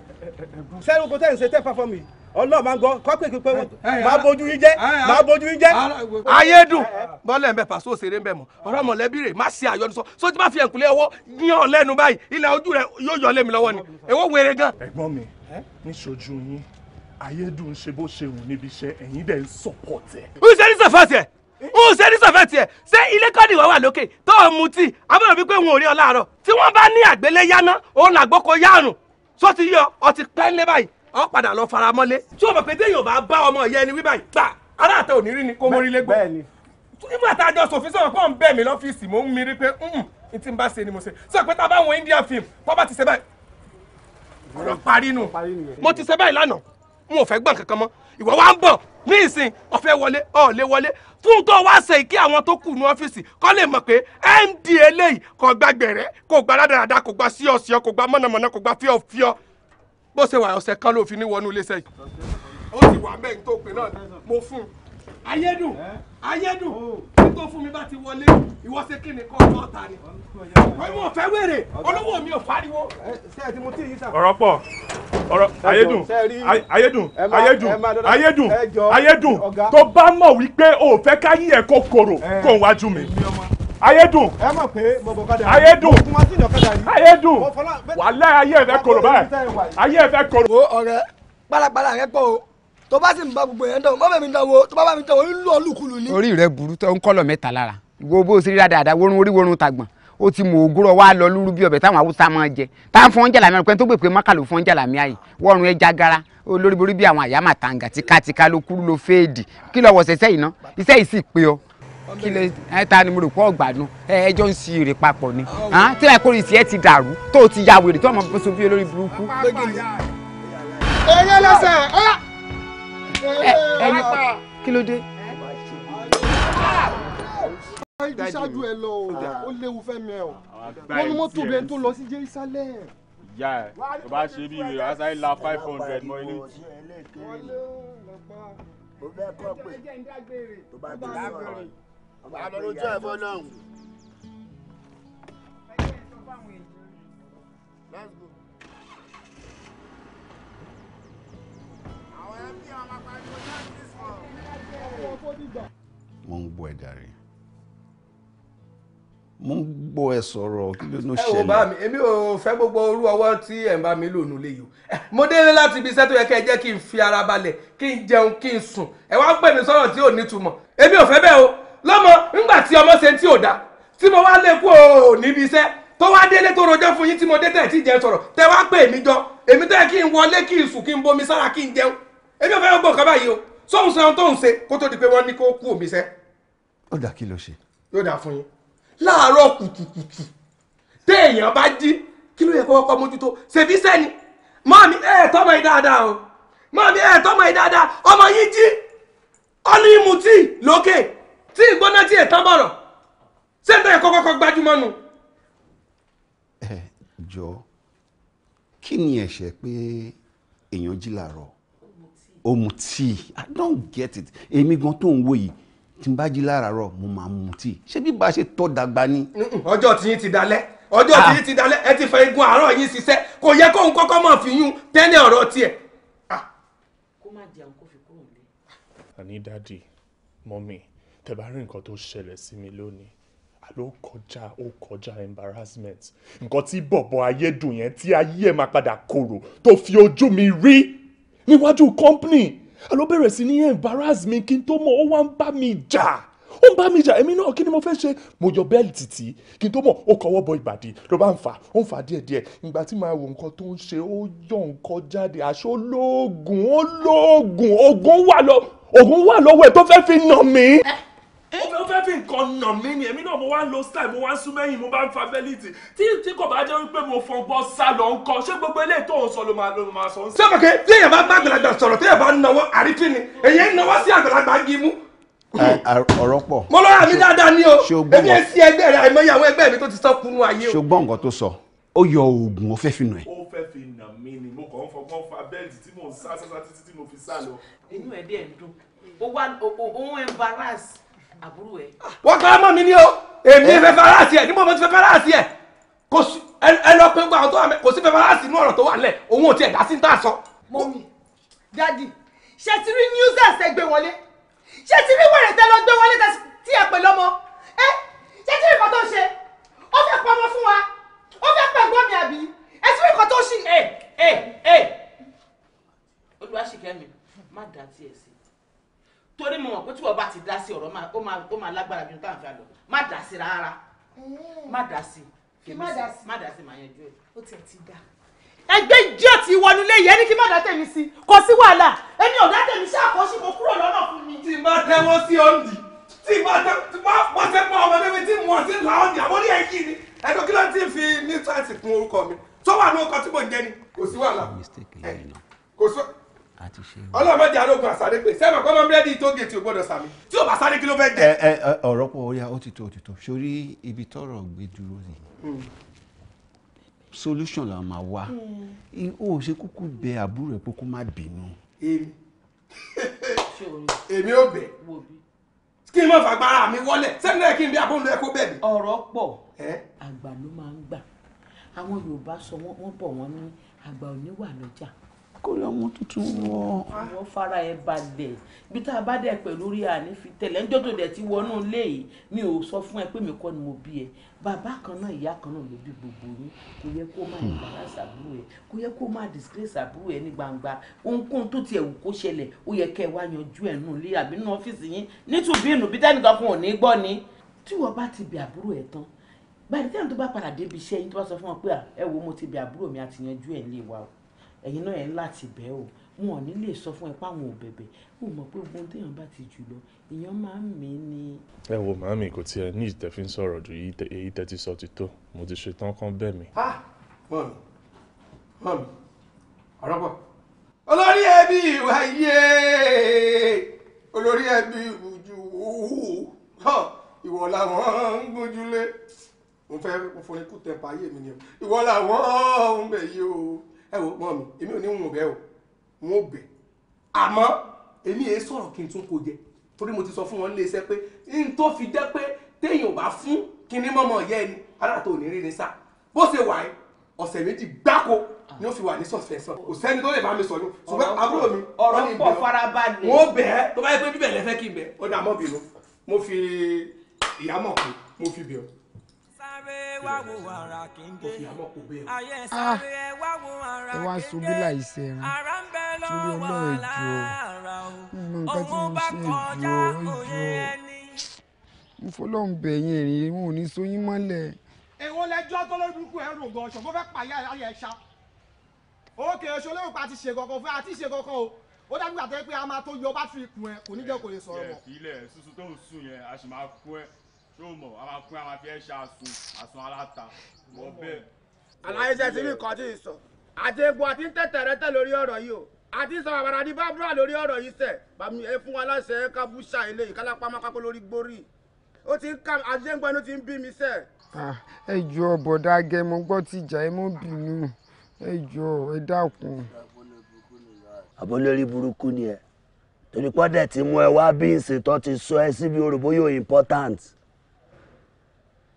sẹ́nu kò tẹ́ ń ṣe tẹ́ fáfọ́ mi ọlọ́ọ̀ máa ń gbọ́ kọ́pẹ́ kí pé máa bójú yín jẹ́ máa bójú yín jẹ́. ayédùn bọ́lẹ̀ ń bẹ pàṣẹ òṣèré ń bẹ mọ́ ọ̀rọ̀ mọ̀lẹ́bí rẹ̀ má ṣe àyọ̀nù sọ so tí bá fi ẹ̀kúnlẹ̀ ọwọ́ yàn lẹ́nu báyìí ilẹ̀ ojú rẹ̀ yóò yọ lẹ́mi lọ́wọ́ ni èwo wèrè gan. ẹ̀gbọ́n mi ní ṣojú yín ayédùn ṣe bó ṣe wù níbi iṣẹ́ ẹ̀yin dẹ̀ ń sọ̀pọ̀ tẹ̀. ó ṣe ní sọ̀fọ̀ tẹ̀ n ṣe ní sọfẹ̀tì ẹ̀ ṣé ilé kọ́ni ìwọ wà lókè tó o mu tí abẹ́rẹ́ wípé wọn ò rí ọ láàárọ̀ tí wọ́n bá ní àgbélé yáná òun làgbóko yáàrùn tó ti yọ ọtí pẹ́ńlẹ́ báyìí ọ padà lọ faramọ́lé tí o mọ̀ pé téèyàn bá bá ọmọ ìyá ẹni wí báyìí gbà aláàtọ̀ ò ní rí ni kó mórí lẹ́gbẹ̀ẹ́ bẹ́ẹ̀ ni nígbà tá a jọ sòfin sọ̀rọ̀ pọ̀ ń bẹ̀ mí lọ́fíìsì mò ń mirí pé n tí n tá a bá wọn film tó bá ti ṣe báyìí ọ̀rọ̀ parí nù n ò fẹ́ gbọ́n kankan mọ́ ìwọ wa ń bọ̀ ní ìsìn ọ̀fẹ́ wọlé ọ̀ọ́lé wọlé fún tó wá ṣe kí àwọn tó kù ní ọ́fíìsì kọ́ lè mọ̀ pé md eléyìí kò gba gbẹ̀rẹ́ kò gba rádaràda kò gba síọ̀síọ̀ kò gba mọ̀nàmọ̀nà kò gba fíọ̀fíọ̀ bó ṣe wà ọ̀sẹ̀ kan ló fi ní wọnú iléeṣẹ́ yìí ó sì wà bẹ́ẹ̀ tó pé náà mo fún un ayédùn ayédùn tí oh. tó fún mi bá ti wọlé ìwọ ṣe kí ni kọ́ ọjọ́ ta ni ọmọ ọ̀fẹ́ wèrè olówó mi ò fariwo. ọ̀rọ̀ pọ̀ ọ̀rọ̀ ayédùn ayédùn ayédùn ayédùn ayédùn tó bá mọ̀ wípé o fẹ́ ká yí ẹ̀ kó korò kó n wájú mi ayédùn ayédùn ayédùn wàhálà ayé ẹ̀ fẹ́ korò báyìí ayé ẹ̀ fẹ́ korò. wo ọ̀rẹ́ pálapàla rẹ pọ̀ o tó bá sì ń bá gbogbo yẹn dánwò má bẹ̀ mi dánwò tó bá bá mi dánwò ń lọ lùkulù ni. orí rẹ burú tó ń kọ́lọ̀ mẹ́ta lára wo bó o sì rí dáadáa worun orí worun tàgbọ̀n ó ti mọ ògúrọ̀ wá lọ lúrú bí ọbẹ̀ táwọn haúsá máa jẹ táwọn fọ́n jàlámì ọ̀pẹ́ tó gbè pé mákàlò fọ́n jàlámì àyè wọ́ọ̀rùn ẹja gara olórí borí bí àwọn àyàmà tàǹgà tìkatìka ló kúrú ló fèèdì kí lọ wọ̀sẹ̀ sẹ́yìn náà iṣẹ́ yìí sì pé ọ kí lè ẹ ta ni mo rò pọ̀ ọ̀gbàánu ẹjọ́ ń si èrè papọ̀ ni tí wàá kórìí tiẹ̀ ti dàrú tó ti ya wèrè tó ọmọ bọ́sọ bí olórí burúkú. eré lọ́sẹ̀ ọ̀yà ah! ẹni kí ló dé. ibi ẹ lọ o ah. ó léwu fẹmi ẹ o wọn ní mọ́tò bẹ́ẹ̀ tó lọ sí Jerusalem. ìyá ẹ tó bá ṣe bí ìrìn àṣà ìlà five hundred mọ ilé. o bẹ kọ pé tó bá gbé sọ̀rọ̀ àmọ́ lójú ẹ fọlọ́hún. Let's go. mo ń gbọ́ ẹ jàre mo ń gbọ́ ẹ sọ̀rọ̀ kí ló ń ṣẹlẹ̀. ẹ wò bá mi èmi ò fẹ́ gbogbo orú ọwọ́ tí ẹ̀ ń bá mi lò nílé yìí eh, mo délé láti ibi iṣẹ́ tó yẹ kí ẹ jẹ́ kí n fi ara balẹ̀ kí n jẹun kí n sùn ẹ wá pè mí sọ̀rọ̀ tí ò nítumọ̀ èmi ò fẹ́ bẹ́ẹ̀ o lọ́mọ ńgbà tí ọmọ ṣe tí ò dáa tí mo wá lé kú ò níbi iṣẹ́ tó wá délé tó rojọ́ fún yín tí mo dé tẹ̀ tí jẹun sọ̀rọ̀ tẹ wá pè mí jọ èmi ò fẹ́ gbọ́ nǹkan báyìí o sóhun sọ ohun tó ń ṣe kó tó di pé wọ́n ní kó kú òmíṣẹ́. ó dà kí ló ṣe. yóò dà fún yín láàárọ̀ kùtùkùtù téèyàn bá jí kí ló yẹ kó kọ́kọ́ mójútó ṣèbí sẹ́ni máa mi ẹ̀ tọ́mọ yìí dáadáa o máa mi ẹ̀ tọ́mọ yìí dáadáa ọmọ yìí jí ọ́nà ìmú tíì lókè tíì gbóná tíì ẹ̀tàn bọ̀rọ̀ sẹ́ńtẹ̀ yẹn kọ́kọ́ gbájúmọ́ nu. ẹ jọ kí ni ẹ̀ṣẹ̀ pé èèyàn jí làárọ̀ ó mu tíì i don't get it èmi gan tó ń wò yìí tí n bá jí láràárọ̀ mo máa mu tíì ṣé bí bá ṣe tọ́ dàgbà ni. ọjọ́ tí yín ti dalẹ̀ ọjọ́ tí ah. yín ti dalẹ̀ ẹ ti fẹ́ igun àárọ̀ yín ṣiṣẹ́ kò yẹ kóun kọ́kọ́ mọ̀ fi yún tẹ́lẹ̀ ọ̀rọ̀ tiẹ̀. Ah. kó má di kó fi kúrò lé. àní dáàdì mọ́mì tẹ bá rí nǹkan tó ṣẹlẹ̀ sí mi lónìí ló kọjá ó kọjá embarrassment nǹkan tí bọ̀bọ̀ ayédùn yẹn tí ayé ẹ̀ máa padà korò tó fi ojú mi rí níwájú company àló bẹ̀rẹ̀ sí ní embarrass mi kí n tó mọ̀ ó wá ń bá mi jà ó ń bá mi jà èmi náà kí ni mo fẹ́ ṣe mo yọ bẹ́ẹ̀lì títí kí n tó mọ̀ ó kọwọ́ bọ ìbàdí ló bá ń fà ó ń fà díẹ̀díẹ̀ ìgbà tí màá wo nǹkan tó ń ṣe ó yọ nǹkan jáde aṣọ olóògùn olóògùn ògùn wà lọ́wọ́ ẹ̀ tó fẹ́ fi nà mí ó fẹ́ fi nǹkan nà mí ni èmi náà mo wá ń lo style mo wá ń sún mẹ́yìn mo bá ń fa fẹ́lìtì tí tí kò bá jẹ́ wípé mo fọ́n bọ́ sá lọ ń kọ́ ṣé gbogbo eléyìí tó ń sọ ló máa ló máa sọ ń sọ. sọ́kè tí èèyàn bá bá àgbàlagbà sọ̀rọ̀ tí èèyàn bá ń nawọ́ àrífín ni èèyàn ń nawọ́ sí àgbàlagbà ń gimú. ọ̀rọ̀ pọ̀ mo lọ́ra mi dáadáa ní o èmi ẹ̀ sí ẹgbẹ́ rẹ̀ àìmọye àwọn ẹgbẹ́ mi tó ti sọ́kùnrin ayé o. ṣùgbọ́n nǹkan tó sọ ó yọ oògùn ó fẹ́ fi nà ẹ́. ó fẹ́ fi nà mí ni mo kàn ń embarrass àbúrò ẹ. wọ́n kọ́ ọmọ mi ní o èmi eh? fẹ́ faransé ẹ̀ ní mọ̀mọ́ ti fẹ́ faransé ẹ̀ kò sí ẹ lọ pé gbọ́ àwọn tó wà mẹ́ kò sí fẹ́ faransé inú ọ̀rọ̀ tó wà nílẹ̀ òun ò tiẹ̀ dá sí ní tà sọ. mọ́mí dádì ṣe ti rí newsers ẹ gbé wọlé ṣe ti rí wẹ̀rẹ̀ tẹ lọ gbé wọlé tí ẹ pè lọ́mọ ẹ ṣe ti rí nǹkan tó ṣe ó fẹ́ pọmọ fún wa ó fẹ́ pẹ̀gbọ́n mi àbí ẹ ti rí nǹkan tó ṣe. ẹ eh, ẹ eh, olùwàṣìkẹ́ mi má dá tiẹ̀ sí torí mo mọ̀ pé tí wọ́n bá ti dá sí ọ̀rọ̀ ó máa lágbára ju táwọn fẹ́ lọ má dá sí rárá eh. má dá sí má dá sí màá yanjú ẹ̀. ó tiẹ̀ ti dá. ẹgbẹ́ ìjọ ti wọnú léyìí ẹni kí má dá tèmi sí kò sí wàhálà ẹni ọ̀dá tèmi ṣáà kọ́ sí mo kúrò lọ́nà fún mi. tí má tẹ́wọ́ sí ọ́ndì tí má pàṣẹ pa ọmọ débi tí mo ti là ọ́ndì àwọn orí ẹ̀yìn ni ẹnu kí ló ti fi ní tíwáìtì kún orúkọ mi tó wà ní ọkọ tí mo jẹ ni kò sí wàhálà eh, ọlọ́run mọ̀jà arógun àsáré pé sẹ́mi ọ̀pọ̀ máa ń rẹ́dí tó gèètì ògbọ́dọ̀ sàmì tí ò bá sáré kí ló fẹ́ jẹ. ẹ ẹ ọ̀rọ̀ pọ̀ orí ó ti tó ó ti tó sórí ibi tọ́rọ̀ gbé dúró ni hmm. solution la máa wá hmm. ó ṣe kúkú bẹ àbúrò ẹ pé kó má bínú. èmi èmi ò bẹ̀ kí n má fàgbára mi wọlé sẹ́mi náà kí n bí abóńdó ẹ kó bẹ̀ mí. ọ̀rọ̀ pọ̀ àgbà ló máa ń gbà àwọn Yorùbá sọ wọ́n bọ̀ wọ́n ní àgbà ò wà lọ́jà kó lọ́mọ tuntun wọ. wọ́n fara ẹ balẹ̀ bí tá a bá dẹ̀ pẹ̀lú rí àní fi tẹ̀lé ń jọ́dọ̀ dẹ̀ ti wọnú ilé yìí mi ò sọ fún ẹ pé mi kọ́ ni mo bí ẹ bàbá kan náà ìyá kan náà ló bí gbogbo yín kò yẹ kó má embarrass àbúrò ẹ kò yẹ kó má disgrace àbúrò ẹ ní gbangba ohunkóhun tó tiẹ̀ wù kó ṣẹlẹ̀ ó yẹ kẹ́ ẹ wá yanjú ẹ̀ nù ilé àbí nínú ọ́fíìsì yín nítubí ìnù bí tẹ́nìkan kan ò ní gbọ́ ni tí wọ́n bá ti bẹ àbúrò ẹ̀ tán báyìí tẹ́nì tó bá padà débi iṣẹ́ yín tó bá sọ fún wọn pé ẹ wo mo ti bẹ àbúrò mi àtìyanjú ẹ̀ ń wa o ẹ̀yin náà ẹ̀ ń láti bẹ́ẹ̀ o wọn ò ní lè sọ fún ẹ páwọn ò bẹ̀bẹ̀ ó mọ̀ pé ogun téèyàn bá ti jù lọ èèyàn máa ń mí ni. ẹ wo màámi kò tiẹ̀ ní ìtẹ̀fí ń sọ̀rọ̀ ju èyí tẹ́tí sọ ti tó mo ti ṣetán kán bẹ́ẹ̀ mi. ha mọ̀mí mọ̀mí ọ̀rọ̀ pọ̀ olórí ẹbí ìwáyé olórí ẹbí ìwújú ìwọ làwọn ń gbójúlé mo fẹ́ fún ikú tẹ̀ páyé mi ni ìwọ làwọn ń bẹ̀ yí o ẹ wo mọ mi èmi ò ní wọn bẹ o wọn ò bẹ àmọ́ èmi èé sọ̀rọ̀ kí n tún kó jẹ torí mo ti sọ fún wọn nílé iṣẹ́ pé n tó fi jẹ́ pé téèyàn bá fún kinní mọ́mọ́ ìyá ẹni aláàtọ̀ ò ní rí ni sá bó ṣe wà ẹ́ ọ̀sẹ̀ méjì gbáko ni ó fi wà ní sọ̀sẹ̀sán kò sẹ́ni tó lè bá mi sọ ní ṣùgbọ́n àbúrò mi ọ̀rọ̀ ń bọ̀ farabalẹ̀ wọ́n bẹ̀ ẹ́ tó bá yẹ pé bíbẹ̀ lẹ́fẹ́ kí n bẹ̀ ọ́ dà mọ́ mo fi ìyá mọ̀ pé mo fi bẹ̀ Ah! ẹ wá ṣubú láìsẹ ẹran torí ọlọ́run ìjọ nǹkan tí mo ṣe ìjọ ìjọ mo fọlọ́run bẹ̀yìn èrìn wọn ò ní sọyún mọ́lẹ̀. èwo lẹjọ́ tó lórí burúkú ẹ̀ rògbò ọ̀ṣọ́ mo fẹ́ pààyà ayẹ ẹ̀ṣá òkè oṣù olóhùn pa ti ṣe kankan fún àti ṣe kankan o ó dájú àtẹ́ pé a máa tó yọ bá tún ikùn ẹ kò ní jẹ́ kó lè sọ̀rọ̀ mọ́. ilẹ̀ sísun tó ń sùn yẹn a sì máa kú ẹ ṣó mọ̀ a máa fún ẹ a máa fi ẹ ṣe àsun àsun aláta mọ́ bẹ́ẹ̀. aláyẹsẹ ti rí nǹkan tí ì sọ àti egbò àti tẹ̀tẹ̀rẹ́tẹ̀ lórí ọ̀rọ̀ yìí o àti sọ àbàrà ní bábúrà lórí ọ̀rọ̀ yìí sẹ̀ bàmí ẹ fún wa láṣẹ ká búṣà ilé ìkálápá mákápó lórí gbórí ó ti ń ká àjẹgbọn ló ti ń bí mi sẹ̀. ẹ jọ bọ̀dá gẹmọ gbọ́ tìjà ẹ mọ́ bínú ẹ jọ ẹ dákun. àbọ̀ burúkú ni ẹ torí pọ́dẹ̀ tí mú ẹ wá bí tó ti sọ ẹ síbi orò bóyá important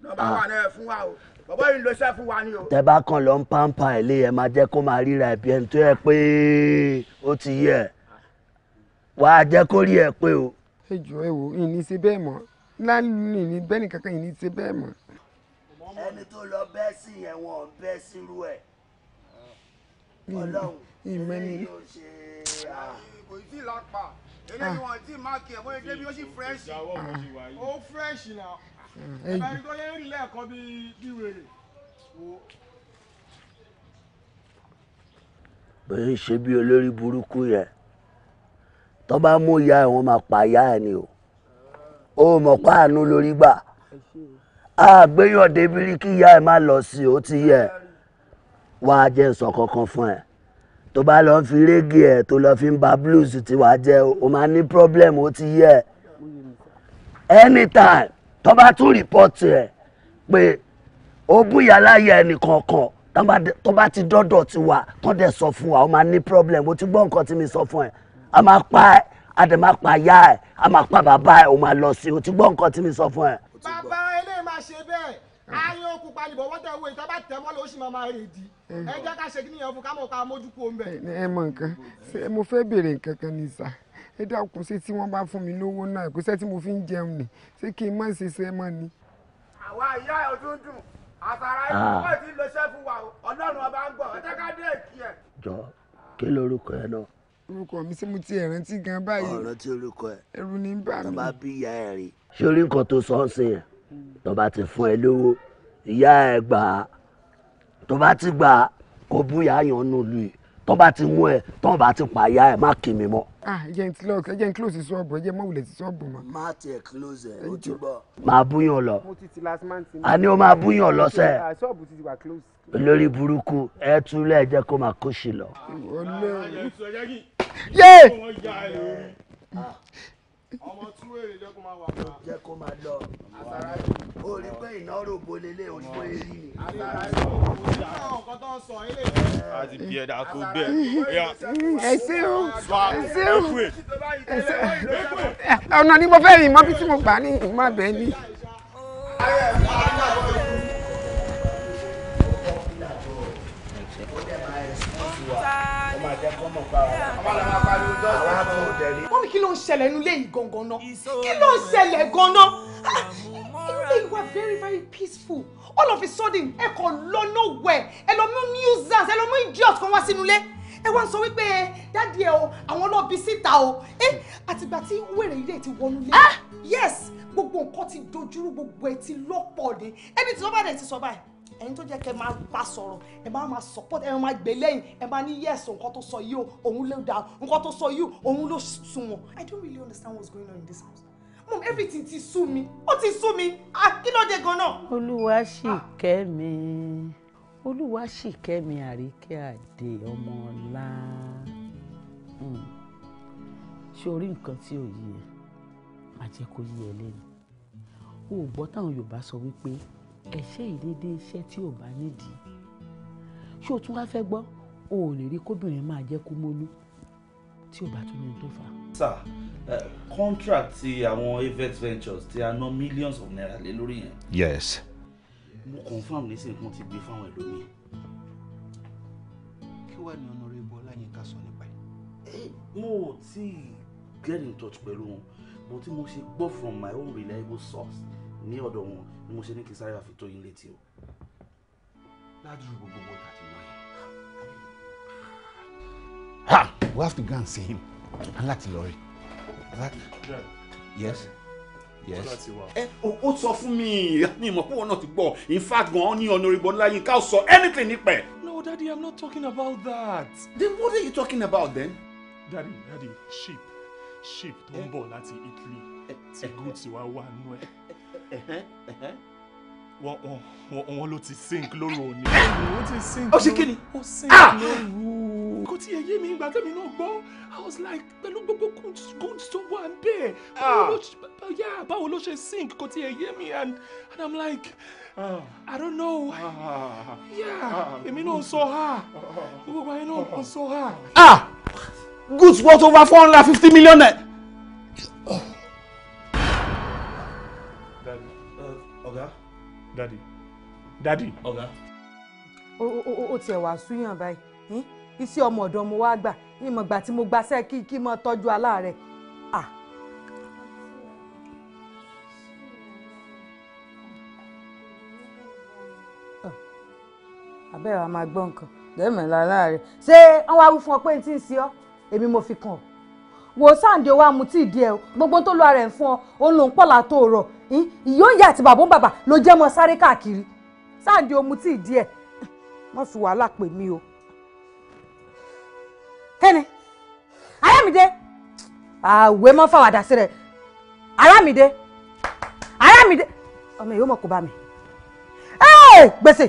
nọ́mbà bàbá yìí ló ṣe fún wa ni o. tẹ bá lọ ń pàǹpà ẹ lé ẹ máa jẹ kó máa ríra ẹbí ẹni tó yẹ pé ó ti yẹ wà á jẹ kó rí ẹ pé o. ẹ jọ ẹ wo ìní ṣe bẹ́ẹ̀ mọ́ láàlú ìní bẹ́ẹ̀ nìkankan ìní ṣe bẹ́ẹ̀ mọ́. ẹni tó lọ bẹ́ẹ̀ sí yẹn bẹ́ẹ̀ sírú ẹ̀ ọlọ́run eléyìí yóò ṣe kò tí lápá eléyìí ah. wọn tí máa kí ẹ̀ mọ́ ẹ ó sì fírẹ́ṣì ẹ̀bá yìí ṣe bí olórí burúkú yẹn tó bá mú ìyá ẹ̀ wọ́n máa pa ìyá ẹ̀ ni o ó mọ̀ pa àánú lórí gbà àgbéyàn débírí kí ìyá ẹ̀ má lọ sí ó ti yẹ wàá jẹ́ sọ kankan fún ẹ̀ tó bá lọ fi régé ẹ̀ tó lọ fi ń ba blues tiwa jẹ́ o máa ní problem ó ti yẹ anytime tó bá tún rìpọ́ọ̀tì ẹ̀ pé ó búyà láyé ẹnìkankan tó bá ti dọ́dọ̀ ti wà kán dẹ̀ sọ fún wa ó máa ní problem ó ti gbọ́ nǹkan tí mi sọ fún ẹ̀ a máa pa ẹ̀ a dẹ̀ máa pa ìyá ẹ̀ a máa pa bàbá ẹ̀ ó máa lọ sí i ó ti gbọ́ nǹkan tí mi sọ fún ẹ̀. bàbá eléyìí máa ṣe bẹ́ẹ̀ ayé okùn palibọ̀ wọ́n tẹ̀ wọ ìtọ́ bá tẹ̀ mọ́ lọ ó sì máa máa rè di ẹ jẹ́ ká ṣe kí nìyẹn fún ká mọ̀ ká mójú kó ń bẹ̀. ẹ mọ nǹkan mo fẹ́ béèrè nǹkan kan ní sáà ẹ dákun ṣé tí wọ́n bá fún mi lówó náà kò sẹ́ tí mo fi ń jẹun nì ṣé kí n má ṣe ṣe mọ́ ni. àwa ìyá ẹ̀ ọdún dùn àtàrà ìfowópamọ́ ah. ti lọ ṣẹ́fún wa ọlọ́run ọba ń bọ̀ ọjọ́ ká dé èkì ẹ̀. jọ kí lorúkọ ẹ náà. orúkọ mi ṣé mo ti ẹ̀ rántí gan báyìí. ọ̀rọ̀ tí orúkọ ẹ. ẹ̀rù ni ń bà mí. tọ́ba bí ìyá ẹ rí. ṣé orí nǹkan tó sọ ọ́ sí yẹn tọ́ba ti fún ẹ lówó ìyá ẹ gbà á ti gbà kó bú ìyá yẹn nù lù tó bá ti mú ẹ tó bá ti pààyà ẹ má kì mí mọ́. ẹ ah, jẹ́ n close ẹ jẹ́ close sí ṣọ́ọ̀bù ẹ jẹ́ mọ́ wulẹ̀ sí ṣọ́ọ̀bù mọ́. má tiẹ̀ close ẹ̀ ó ti bọ̀. máa búyàn lọ àní ó máa búyàn lọ sẹ́ẹ̀. Ah, ṣọ́ọ̀bù ti wà close. olórí burúkú ẹ túlẹ̀ ẹ jẹ́ kó máa kó sí lọ. yé ọmọ tú èrè jẹ́ kó máa wà ká. jẹ́ kó máa lọ. o rí pé ìnáwó bolele o rí pé eri ni. a ti bí ẹ̀dá kó gbẹ. ẹ ṣé ẹ ṣé ẹ ṣé ọ̀nà ni mo fẹ́ rìn mọ́ tí mo gbà ní ìmọ̀ abẹ́ máa jẹ́ kọ́mọ̀ pa ọ́. àwọn àlọ́ máa pariwo jọ́sí àwọn àtò òdẹ̀rí. kí ló ń ṣẹlẹ̀ inú ilé yìí gangan náà kí ló ń ṣẹlẹ̀ gan-an ilé ah, yìí wà very very peaceful all of a sudden ẹ kàn lọ nowhere ẹ lọ mú nuisance ẹ lọ mú idiot kan wá sínú ilé ẹ wá ń sọ wípé dáàdi ẹ o àwọn náà bí síta o ẹ eh, àtìgbà tí wèrè ilé ti wọnú lé ah! yes gbogbo nǹkan ti dojúrú gbogbo ẹ ti lọ́pọ̀ ni ẹni tí sọ́bàdàn ti sọ báyìí ẹni tó jẹ́ kẹ́ máa bá sọ̀rọ̀ ẹ máa máa support ẹ máa gbé lẹ́yìn ẹ máa ní yes nǹkan tó sọ yìí o òun ló dáa nǹkan tó sọ yìí o òun ló sunwọ̀n. I don't really understand what's going on in this house. Mom, everything ti sú mi ó ti sú mi kí ló dé gan-an. olúwa sì kẹ́ mi olúwa sì kẹ́ mi àríkẹ́ àdè ọmọ ọ̀la hmm. ṣorí nǹkan tí ò yí ẹ àjẹkò yí ẹ lẹ́nu o ò gbọ́ táwọn Yorùbá sọ wípé ẹ̀ṣẹ́ ìdédé iṣẹ́ tí ò bá nídìí ṣé o tún wá fẹ́ gbọ́ o ò lè rí kóbìnrin máa jẹ́ kó mólú tí ò bá tún ní tó fà. sir uh, contract ti àwọn Avex Ventures ti a ná millions of naira lé lórí yẹn. yes. mo confam nísìnyí kan ti gbé fáwọn ẹlòmíì. kí wàá ní honorable Ọláyínká sọ nípa ẹ. mo ò tí ì get in touch pẹ̀lú wọn bó tí mo ṣe gbọ́ from my own reliable source ní ọ̀dọ̀ wọn ni mo ṣe ní kí sáré àfi tó yín létí o ládùúgbò gbogbo wọn tàbí wọn yẹn. ha we have to go and see him aláti lọ rí. yes yes. ẹ o sọ fún mi ní ìmọ̀ pé náà ti gbọ́ in fact gan-an ní Honorable Ọláyínká ò sọ anything nípa ẹ̀. no daddy i'm not talking about that. then what are you talking about then. daddy daddy sheep sheep tó ń eh. bọ̀ láti Italy eh, eh, ti gùn wa wa nù ẹ̀ wọn ló ti sink lóru òní. ó ti sink lóru ó ṣe kí ni. ó sink ah! lóru. kò tí yé mi ìgbà tẹ́mi náà gbọ́ i was like pẹ̀lú gbogbo gold tó wà bẹ́ẹ̀ ah! báwo ló ṣe sink kò tí ẹ yé mi and and i'm like. Ah! I don't know. yeah, èmi náà sọ ha. Gbogbo ayé náà kò sọ ha. Ah! Goods worth over four hundred and fifty million naira. Oh. ọ̀gá. dadi dadi. ọ̀gá. o o o tiẹ̀ wá súyàn báyìí iṣẹ́ ọmọ ọ̀dọ́ mo wá gbà ìmọ̀ ìgbà tí mo gbaṣẹ́ kí kí mo tọ́jú aláàárẹ̀ à. abẹ́rẹ́ wa máa gbọ́ nǹkan lẹ́mọ̀ láàárẹ̀ ṣé wọ́n wá wí fún ọ pé n tí ń ṣe ọ́ èmi mo fi kàn ọ́ wò sáǹdì owó àmútí ìdí ẹ o gbogbo tó lọ ara ẹ̀ fún ọ òun lòún pọ̀ látòrọ̀ ìyóǹyà àti bàbá ń bàbà ló jẹ́ mọ sáré káàkiri sáàdì omu tí ìdí ẹ̀ wọ́n fi wàhálà pè mí o. kẹ́ni arámìdé àwẹ̀ mọ́ fàwàdà sí rẹ̀ arámìdé arámìdé ọmọ yìí ó mọ̀ kó bá mi gbèsè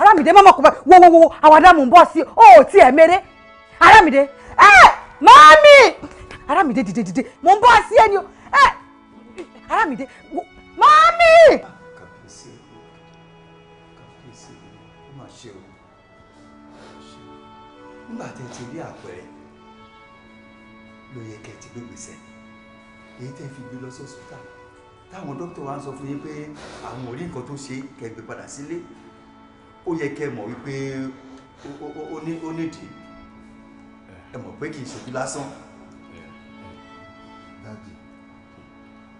arámìdé mọ́ mọ̀ kó bá mi wowowo àwàdà mò ń bọ̀ sí i ó tí ẹ̀ méré arámìdé ẹ mọ́mí arámìdé dìde dìde mò ń bọ̀ sí ẹni o ẹ. Aramide mami. kàbíyèsí kàbíyèsí ó mà ṣe o nígbà tí ẹ ti rí àpẹẹrẹ ló yẹ kẹ́ ti gbégbèsè èyí tẹ́ fi gbé lọ sí hospital táwọn dókítà wa ń sọ fún yín pé àwọn ò nǹkan tó ṣe kẹ́ gbé padà sílé ó yẹ kẹ́ mọ̀ wípé ó nídìí ẹ mọ̀ pé kì í ṣojú lásán.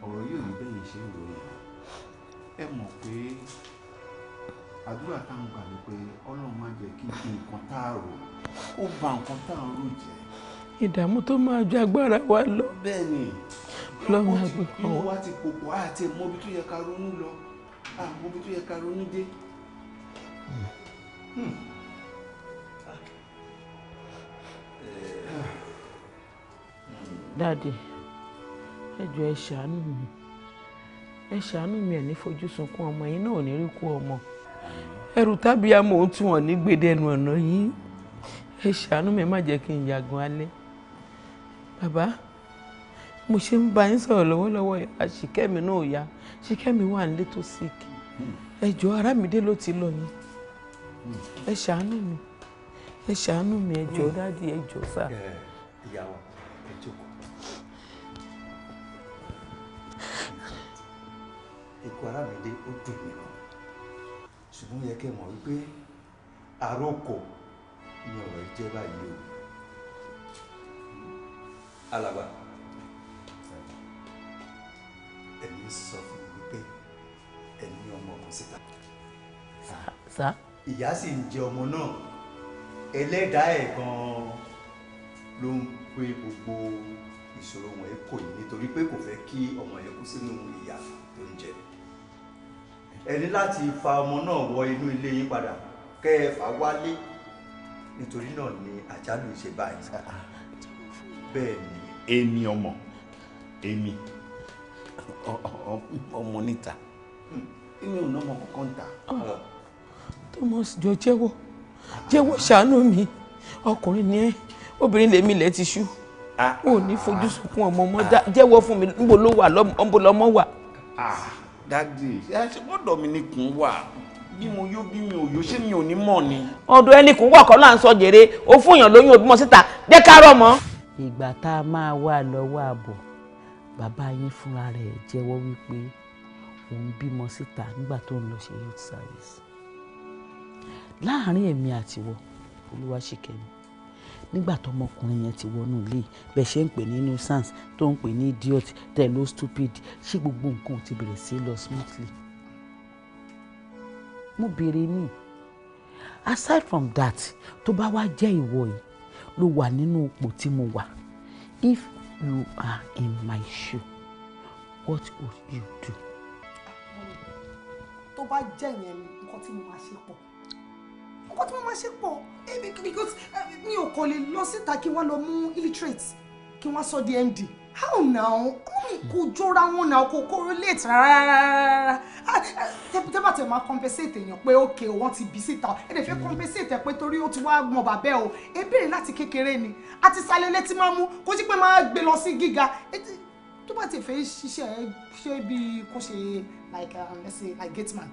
ọ̀rọ̀ yóò rí bẹ́yìn ṣe ń ròyìn ẹ mọ̀ pé àdúrà táwọn gbà ní pé ọlọ́run máa jẹ́ kí kí nǹkan tá a rò ó ba nǹkan tá a rò jẹ́. ìdààmú tó máa ju agbára wa lọ. bẹ́ẹ̀ ni ọlọ́run àgbẹ̀ kan wá. ìwọ ti pòpò àti ẹ̀mọ́bi tó yẹ ká ronú lọ àmọ́bi tó yẹ ká ronú dé. Hmm. Daddy ẹ jọ̀ọ́ ẹ ṣàánú mi ẹ ṣàánú mi ẹ ní fojú sunkún ọmọ yín náà ò ní rí kú ọmọ ẹrù tábí amò ń tún ọ ní gbèdénu ọ̀nà yìí ẹ ṣàánú mi má jẹ́ kí n yàgùn alẹ́ bàbá mo ṣe ń bá yín sọ̀rọ̀ lọ́wọ́lọ́wọ́ àṣìkẹ́mi náà yá ṣìkẹ́mi wà ń létò síkì ẹ jọ̀ọ́ Àràmídé ló ti lọ yín hmm. ẹ ṣàánú mi ẹ ṣàánú mi ẹ jọ̀ọ́ hmm. dáàdi ẹ sá. ikú arámídé ó dùn mí gan ṣùgbọ́n yẹ kẹ́ mọ̀ wípé àròkọ ni ọ̀rọ̀ yìí jẹ́ báyìí o alàgbà ẹ̀mí sọ fún mi wípé ẹ̀mí ọmọ kan síta. sá. ìyá sì ń jẹ ọmọ náà ẹlẹ́dàá ẹ̀ gan-an ló ń pè gbogbo ìṣòro wọn kò ní nítorí pé kò fẹ́ kí ọmọ yẹn kú sínú ìyá ẹ ní láti fa ọmọ náà wọ inú ilé yín padà kẹ́ ẹ fà wálé nítorí náà ni àjálù ṣe báyìí. bẹ́ẹ̀ ni. èmi ọmọ èmi ọmọ níta hmm, èmi ò ná ọmọ kankan ta. Ah, Thomas jọ jẹ́wọ́ jẹ́wọ́ ṣàánú mi ọkùnrin ni ẹ́ obìnrin lèmi lẹ́ ti ṣú ò ah, ní fojú ah. sunkún ọmọ ọmọ jẹ́wọ́ fún mi níbo ló wà níbo lọ́mọ wà dáàdì ṣe gbọ́dọ̀ mi nìkún wà bí mo yó bí mi ò yó ṣé mi ò ní mọ̀ ni. ọ̀dọ̀ ẹnìkún wọ̀ kọ́ là ń sọ jèrè ó fún èèyàn lóyún òbí mọ́ síta jẹ́ ká rọ̀ mọ́. ìgbà tá a máa wà lọ́wọ́ àbọ̀ bàbá yín fúnra rẹ̀ jẹ́wọ́ wípé òun bímọ síta nígbà tó ń lọ ṣe youth service láàárín èmi àtiwọ́ olúwa ṣìkẹ́mi nígbà tọmọkùnrin yẹn ti wọnú ilé bẹ ṣe ń pè ní nuisance tó ń pè ní idiot tẹ ló stupid ṣé gbogbo nǹkan ti bẹ̀rẹ̀ sí lọ smoothly. mo béèrè ní aside from that tó bá wá jẹ́ ìwọ yìí ló wà nínú ipò tí mo wà if you are in my shoe what would you do. tó bá jẹ́ ìyẹn nǹkan tí mo máa ṣe pọ̀ nǹkan tí wọ́n máa ṣe pọ̀ because eh, mi ò kàn lè lọ síta kí wọ́n lọ mú illiterate kí wọ́n sọ di MD how now kò jọra wọn náà kò correlate rárá ah, eh, tẹ́bà tẹ̀ máa compensate èèyàn pé ok wọ́n ti bí síta ẹ lè fẹ́ hmm. compensate ẹ pé torí ó ti wá mọ̀ bàbẹ́ o ẹ bèrè láti kékeré ni àti sálẹ̀ létí máa mú kó sí pé máa gbé lọ sí gíga tó bá ti fẹ́ ṣiṣẹ́ ṣe bí kó ṣe like um, let's say like gateman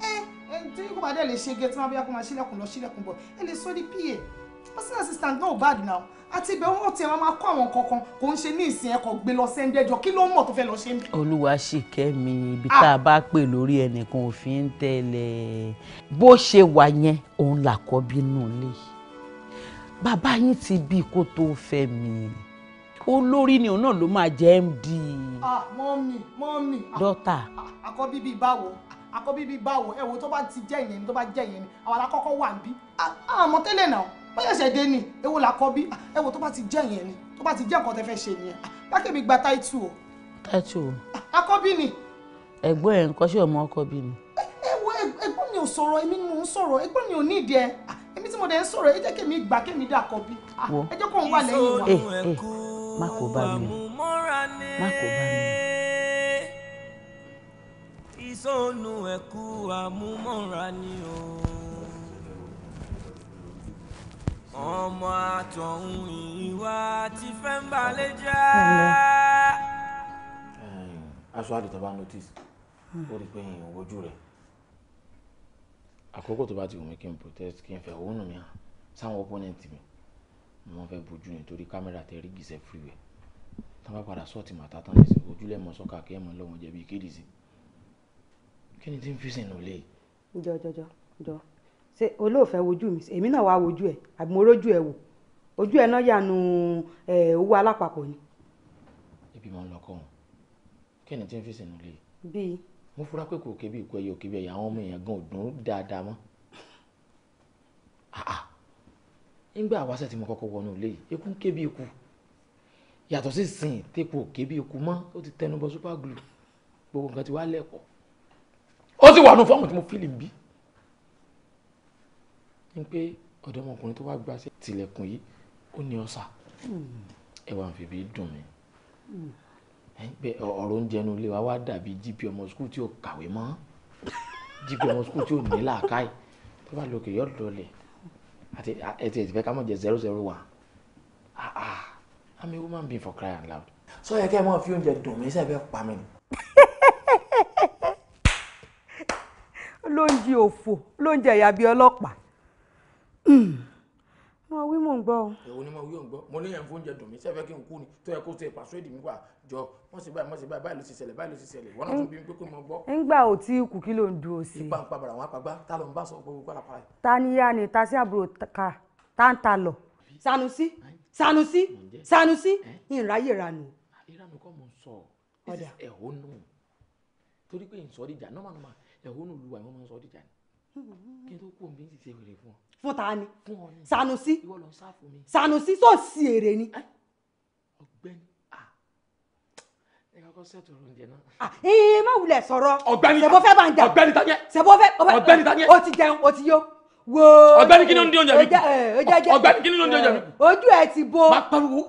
ẹ eh, eh, tí kò bá dẹ̀ lè ṣe gẹ́tì máa bí akọ́ máa ṣílẹ̀kùn lọ ṣílẹ̀kùn bọ̀ ẹ lè pa personal assistant náà bad now àti ibẹ̀ wọn tiẹ̀ máa kọ́ àwọn kankan kò ń ṣe ní ìsìn ẹ̀kọ́ gbé lọ sẹ́ńdẹ́jọ kí ló mọ̀ tó fẹ́ lọ ṣe mí. olúwa ṣìkẹ́ mi ibi ah. tá a bá pè lórí ẹnìkan òfin ń tẹ̀lẹ̀ bó ṣe wà yẹn òun làkọ́bí nù lé bàbá ti bí kó tó fẹ́ mi olórí ni òun náà ló máa jẹ́ md. ah mọ́mì mọ́mì. Ah, dọ́tà. Ah, àkọ́bí báwo àkọ́bí bíi báwo ẹ wo tó bá ti jẹ́ ìyẹn ni tó bá jẹ́ ìyẹn ni àwọn alákọ́kọ́ wà níbí àmọ́ ah, ah, tẹ́lẹ̀ náà wọ́n ṣẹ̀ṣẹ̀ dé ni ẹ wo làkọ́bí ah, ẹ wo tó bá ti jẹ́ ìyẹn ni tó bá ti jẹ́ nǹkan tẹ́ fẹ́ ṣe nìyẹn lákèbí gba táìtù o. táìtù o. àkọ́bí ni. ẹ̀gbọ́n ẹ̀ ń kọ́ sí ọmọ àkọ́bí ni. wo ẹ̀gbọ́n mi ò sọ̀rọ̀ èmi ni mò ń sọ̀rọ̀ ẹ̀gbọ́n mi ò mo dẹ̀ ń sọ̀rọ̀ ẹ jẹ́ kèmi gbà kèmi dà àkọ́bí ẹ jẹ́ kó ń wà lẹ́yìn wa. ẹ eh, ẹ eh, eh, má gidi sóònù ẹ̀kú àmúmọ́ra ni o. ọmọ àtọ̀hún ìwà tí fẹ́ ń balẹ̀ jẹ́. aṣọ àdìtọ́ bá notice ó rí i pé èèyàn wojú rẹ̀ àkókò tó bá ti wù mí kí n protest kí n fẹ́ òun mi hàn sáwọn opponent mi mo fẹ́ bojú nítorí kámẹ́rà tẹ rí gìsẹ́ freeway tán bá padà sọ́ọ̀tì màtá tán ní sẹ́ ojúlẹ̀ mọ́ sọ́kà kí ẹ̀ mọ́ lọ́wọ́ jẹ̀bi kéde sí i kí ni tí ń fi sìn ló lè. jọ jọ jọ jọ ṣé olóòfẹ́ wojú mi èmi náà wàá wojú ẹ àbí mo rójú ẹ wò ojú ẹ náà yànnú owó alápapọ̀ ni. ibi máa ń lọ kọ́ wọn kí ni tí ń fi sìn ló lè. bíi. mo fura pé kò kébì ikú ẹyẹ òkébì ẹyẹ àwọn ọmọ èèyàn gan ò dùn dáadáa mọ́ nígbà àwáṣẹ tí mo kọ́kọ́ wọnú ilé yìí eku ń ké bí eku sí sìn tepo ké bí eku ó ti tẹnubọ super glue gbogbo nǹkan ti wá lẹ́kọ̀ọ́ ó sì wà ní fọ́ọ̀mù tí mo fílì ń bí ní pé ọ̀dọ́mọkùnrin tó wá gba sí tilẹ̀kùn yìí ó ní ọ̀sà ẹwà ń fìbí dùn mí pé ọ̀rọ̀ oúnjẹ inú ilé wa wá dàbí gp ọmọ skul tí ò kàwé mọ́ gp ọmọ skul tí ò ní làákàyè tó bá lókè yọ lọlẹ̀ àti ẹtì ẹtì fẹ́ ká mọ̀ jẹ́ zero zero one ah ah i'm a woman being for crying loud. sọ yẹ kí ẹ máa fi oúnjẹ dùn mí sẹ́ẹ̀ fẹ́ pa mí ni. lóúnjẹ òfò lóúnjẹ ìyá bíi ọlọ́pàá wọn hmm. wí mò ń gbọ́ o. èwo ni mo wí ò ń gbọ́ mo níyẹn fún oúnjẹ dùn mí sẹ́fẹ́ kí n kú ni tó yẹ kó tẹ pàṣẹ mi wà jọ wọ́n sì báyìí wọ́n sì báyìí báyìí ló ti ṣẹlẹ̀ báyìí ló ti ṣẹlẹ̀ wọ́n náà tún bí mi pé kó mo gbọ́. ńgbà ò tí kù kí ló ń dúró sí i. bàrà wọn àpagbá tá ló ń bá sọ gbogbo pàlàpà ta ya ni ta sí àbúrò Sanusi Sanusi Sanusi ìráyè ranu. ìranu kọ́ mo sọ torí pé ìsọ̀rí ìjà normal normal ìyàwó náà olùwà wọn máa ń sọ ni kí n tó kú omi ń wèrè fún ọ. fún ta ni Sanusi Sanusi sọ sí èrè ni. ọ̀gbẹ́ni ee má wulẹ̀ sọ̀rọ̀ ọ̀gbẹ́ni fẹ́ bá ń jà ọ̀gbẹ́ni tanyẹ sẹ̀bọ́ fẹ́ ọ̀gbẹ́ni tanyẹ o ti jẹun o ti yó wo kí ni ó ń di oúnjẹ mi kù kí ni ó ń di oúnjẹ mi ojú ẹ ti bo. máa pariwo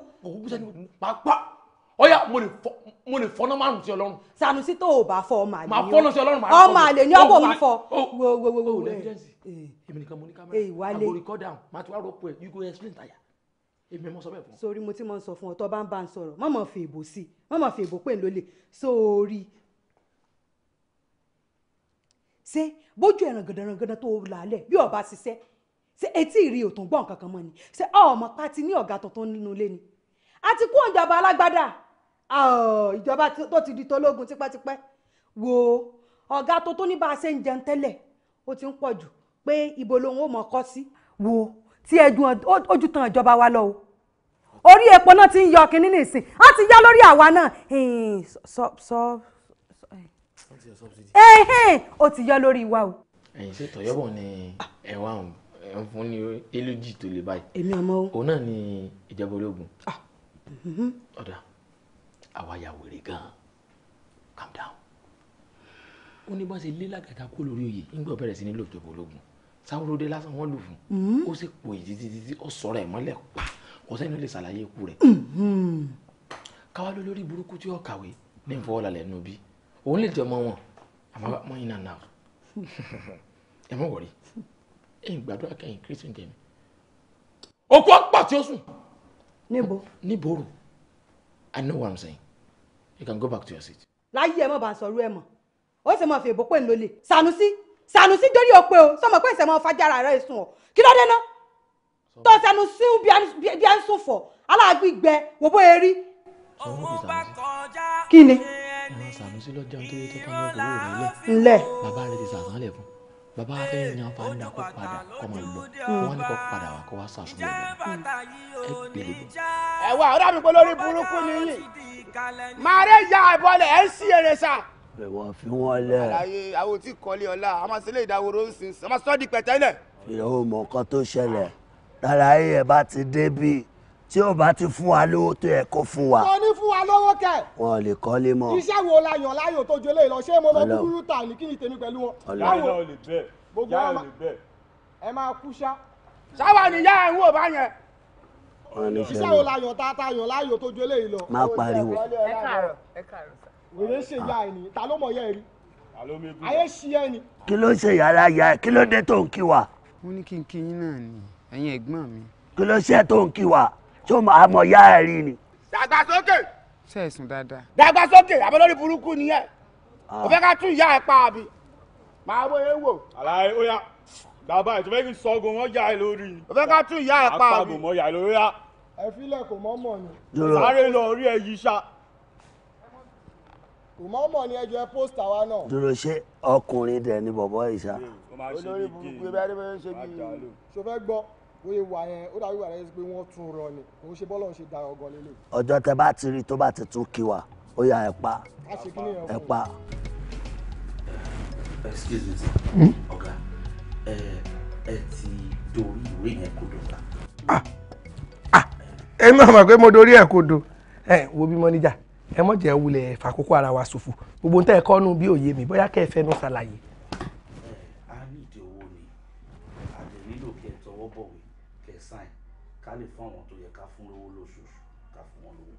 òwú mo lè fọ́nà márùn sí ọlọ́run. sànùsí tó o bá fọ ọmọ àlè ni o máa fọ́nà sí ọlọ́run máa fọ́ ọmọ àlè ni ọ̀bọ̀ máa fọ́ wo wo wo wo èmi nìkan mo ní kámẹ́rà ìwálé eh, àgbo record down máa ti wá rọ́pò ẹ̀ you go explain tàyà èmi mo sọ bẹ́ẹ̀ fún. sórí mo ti mọ sọ fún ọ tó bá ń bá ń sọ̀rọ̀ má máa fi èbò sí má máa fi èbò pè lólè sórí ṣé bójú ẹ̀ràn gàdàràngàdà tó làálẹ̀ bí ọba ṣiṣẹ́ ṣe etí ìrì òtún gbọ́ nǹkan kan mọ́ ni ṣé ọmọ pátí ní ọ̀gá tuntun nínú ilé ni àti kú òǹjọba alágbádá Ah, ìjọba tó ti di tológun tipẹ́tipẹ́ wo ọ̀gá tó tó ní bá a ṣe ń jẹun tẹ́lẹ̀ ó ti ń pọ̀ jù pé ibo lòun ó mọ̀ kọ́ sí wo tí ẹ̀dùn ojú tan ìjọba wa lọ o orí epo náà ti ń yọ kínní nìsín á ti yá lórí àwa náà sọ sọ ó ti yọ lórí wa o. ẹ̀yin ṣètò yọbọ ni ẹwà ń fún ní elújì tó lè báyìí èmi àmọ́ òun náà ni ìjọba ológun ah, mhm. ọ̀dà àwa ya wèrè gan calm down ó ní bá ṣe lé làgàtà kó lórí oyè ńgbà bẹ̀rẹ̀ sí ní lò jọba ológun sáwúrọ́dé lásán wọ́n lù fún mm-hmm. ó sì pò yìí títí títí ó sọ̀rọ̀ ẹ̀ mọ́lẹ̀ pa kò sẹ́ni lè ṣàlàyé ikú rẹ̀ mm-hmm. káwá ló lórí burúkú tí ó kàwé ní ìfọwọ́lálẹ̀ nù bí òun lè jọmọ wọn àmọ́ mọ́ iná náà ẹ mọ̀ wọ̀rí ẹ̀yìn gbàdúrà kẹ́yìn kírísítì tẹ̀mí òkú ọ̀pá tí ó sùn. níbo. níbo rò i know what i'm saying you can go back to your seat. láyé ẹ mọ̀ bá ń sọ̀rọ̀ ẹ mọ̀ ó sì mọ̀ fi èbó pè ń lólè Sànúsí Sànúsí dórí òpè o sọmọ pé ìṣẹ̀mọ̀ fàjára rẹ̀ sùn ọ̀ kí ló dé ná tó Sànúsí bí a ń sùn fọ̀ aláàgbígbẹ wò bó erí. kí ni. Sànúsí lọ jẹun tó yẹ tó tán ní owó rẹ̀ lẹ̀. ńlẹ̀. bàbá rẹ̀ ti sàtàn lẹ̀ fún bàbá wa fẹ́ yan ọba ní eh, akó eh, padà kọ́ máa lọ wọ́n ní kọ́ padà wá kó wá sàṣùlẹ̀ lọ ẹ gbèrè lọ. ẹ̀wà ọ̀rọ̀ mi pé lórí burúkú ni yìí màá rẹ̀ ya ìbọlẹ̀ ẹ̀ ń sí èrè sà. ẹ̀wọ̀n fi wọ́n lẹ̀. àlàyé àwọn tí kọ́lé ọ̀la a máa ṣẹlẹ̀ ìdáwòrò ń sìn a máa sọ́ di pẹ̀tẹ́lẹ̀. ìyàwó mọ̀ nǹkan tó ṣẹlẹ̀ lálàyé ẹ̀ bá ti dé tí ó bá ti fún wa lówó tó yẹ kó fún wa. wọ́n ní fún wa lówó kẹ̀. wọn lè kọ́ lé mọ́. iṣẹ́ wo la yàn láàyò tó jẹlé lọ ṣé mo lọ kúkúrú ta ní kí ni tèmi pẹ̀lú wọn. báwo gbogbo ọmọ ẹ máa kú ṣá. sábà níyà ẹ̀ ń wò bá yẹn. iṣẹ́ wo la yàn tata yàn láàyò tó jẹlé lọ. má pariwo. ẹ káàárọ̀ ẹ káàárọ̀ sà. wèrè ṣe ya ẹ nìyí ta ló mọ̀ yẹ ẹ ayé ṣi ẹ ni. kí ló ṣe yàrá ya kí ló dé tó ń kí wa. mo ní kí n kí yín náà ni ẹ̀yin ẹ̀gbọ́n mi. kí ló ṣe tó ń kí wa tó máa mọ yá ẹ rí ni. dàgbàsókè. sẹ́ẹ̀sùn dáadáa. dàgbàsókè àbọ̀lórí burúkú ni ẹ ah. kò fẹ́ ká tún ìyá ẹ pa àbí màá wọ ewo. àlàyé ó yá bàbá ẹ̀ tó fẹ́ kí n sọ́gun wọn yá ẹ lórí. kò fẹ́ ká tún ìyá ẹ pa àbí. àpagùn mọ yá ẹ lórí yá. ẹ filẹ̀ kò mọ́ mọ̀ ni. sáré lọ rí ẹ yí sá ìmọ̀ọ́mọ̀ ni ẹjọ́ ẹ pósítà wa náà. dúró ṣe ọkùnrin dẹ̀ ni bọ̀bọ̀ ìṣá. olórí burúkú bẹ́ẹ̀ ni bẹ́ẹ̀ ṣe bí ṣo gbọ́ bóyá wà yẹn ó dàbí wà yẹn pé wọ́n tún rọ ni òun ṣe bọ́lọ̀ ń ṣe dára ọgọ́ lélẹ̀. ọjọ́ tẹ bá ti rí tó bá ti tún kí wa ó yá ẹ pa ẹ pa. excuse me sir hmm? ọ̀gá ẹ ti dorí ìwé yẹn kodo ta. ẹ má mà pé mo dorí ẹ kodo ẹ wo bí mọ́níjà ẹ mọ̀ jẹ́ wulẹ̀ fàkókò ara wa ṣòfò gbogbo ń tẹ́ bí òye mi bóyá kẹ́ ẹ fẹ́ nù ṣàlàyé. ká lè fún àwọn tó yẹ ká fún lówó lóṣooṣù ká fún wọn lówó.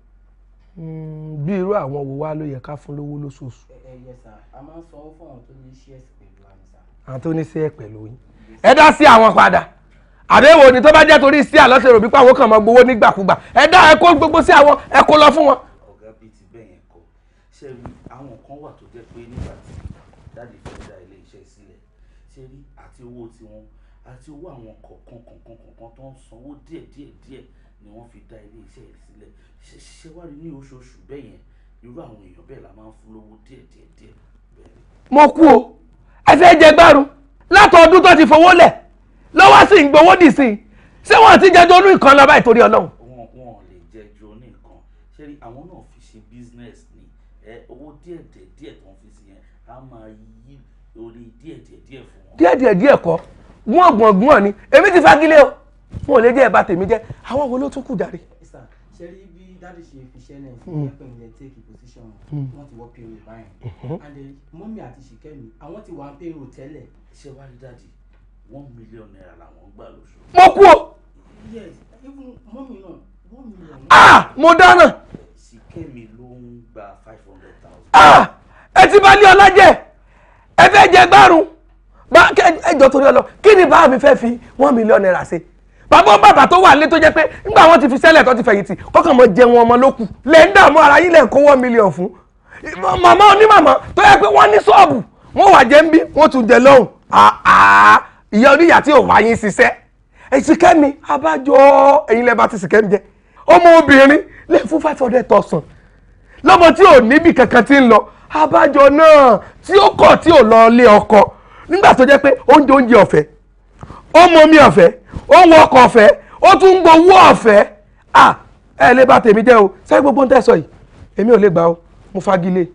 Hmm, bí irú àwọn wo wá ló yẹ ká fún lówó lóṣooṣù. ẹ ẹ yẹ sà a máa ń sanwó fún àwọn tó ní iṣẹ́ ẹ̀sìn pẹ̀lú àmì sà. àwọn tó ní iṣẹ́ pẹ̀lú yín ẹ dá sí àwọn padà àbẹ̀wò ni tó bá jẹ́ torí sí àlọ́sẹ̀ rò bí pàwọn kan máa gbowó nígbàkúgbà ẹ dá ẹ kó gbogbo sí àwọn ẹ kó lọ fún wọn. ọ̀gá bíi ti bẹ́ẹ̀ yẹn kọ ṣe rí àwọn kan wà tó jẹ́ pé nígbà tí dáàdì fẹ́ dá ilé iṣẹ́ sílẹ̀ ṣe rí àti owó tiwọn àti owó àwọn kọ̀ọ̀kan kọ̀ọ̀kan kọ̀ọ̀kan tó ń sanwó díẹ̀ díẹ̀ díẹ̀ ni wọ́n fi dá ilé iṣẹ́ yìí sílẹ̀ ṣe wá rí ní oṣooṣù bẹ́ẹ̀ yẹn irú àwọn èèyàn bẹ́ẹ̀ la máa ń fún lówó díẹ̀ díẹ̀ díẹ̀ bẹ́ẹ̀. mo kú o ẹ fẹ́ jẹ gbárùn látọdún tó ti fowó lẹ̀ lọ́wọ́ sí ń gbowó dì sí i ṣé wọ́n ti jẹ́jọ́ ní nǹkan lọ́ba ìtorí ọlọ́run. wọn wọn lè jẹ́jọ́ ní nǹkan ṣé àwọn náà fi ṣe business ni owó díẹ̀ díẹ̀ díẹ̀ tó ń fi sí yẹn á máa yí orí díẹ̀ díẹ̀ díẹ̀ fún wọn. díẹ̀ díẹ̀ díẹ̀ kọ́ gún ọ̀gbọ̀n gún ọ̀ ni èmi ti fagilé o wọn ò lè jẹ́ ẹ̀ bá tèmi jẹ́ àwọn wo ló tún kù jàre. ṣe rí bí dáàdì ṣe fi ṣẹ́ náà ní ẹ̀pẹ̀ ilẹ̀ take position hmm. wọ́n ti wọ́ payroll báyìí uh-huh. and then mọ́mí àti ṣìkẹ́mi àwọn ti wà payroll tẹ́lẹ̀ ṣé wàá rí dáàdì one mo kú o. yes ah mo dáná. ṣìkẹ́mi ah ẹ ti bá ní ọlá jẹ ẹ fẹ́ jẹ gbárùn bá ẹjọ́ torí ọlọ kí ni bàbá mi fẹ́ fi one million naira ṣe bàbá bàbá tó wà lé tó jẹ́ pé nígbà wọn ti fi sẹ́lẹ̀ tó ti fẹ̀yìntì kọ́kàn mọ jẹun ọmọ lókù lẹ́ ń dààmú ara yín lẹ́ ń kó one million fún màmá onímàmá tó yẹ pé wọ́n ní ṣọ́ọ̀bù wọ́n wà jẹ́ ń bí wọ́n tún jẹ lọ́hùn ìyá oníyà tí ò wá yín ṣiṣẹ́ èsìkẹ́mi abájọ ẹ̀yin lẹ́ẹ̀ bá ti sìkẹ́mi jẹ ọmọ obìnrin lè fún five hundred thousand lọ́mọ tí ò níbì kankan ti ń lọ abájọ náà tí ó kọ̀ tí ò lọ lé ọkọ̀ nígbà tó jẹ́ pé ó ń jẹ oúnjẹ ọ̀fẹ́ ó ń momi ọ̀fẹ́ ó ń wọ ọkọ̀ ọ̀fẹ́ ó tún ń gbowó ọ̀fẹ́ à ẹ lè bà tèmi jẹ́ o sẹ́yìn gbogbo ń tẹ̀sọ̀ yìí èmi ò lè gbà o mo fagilé.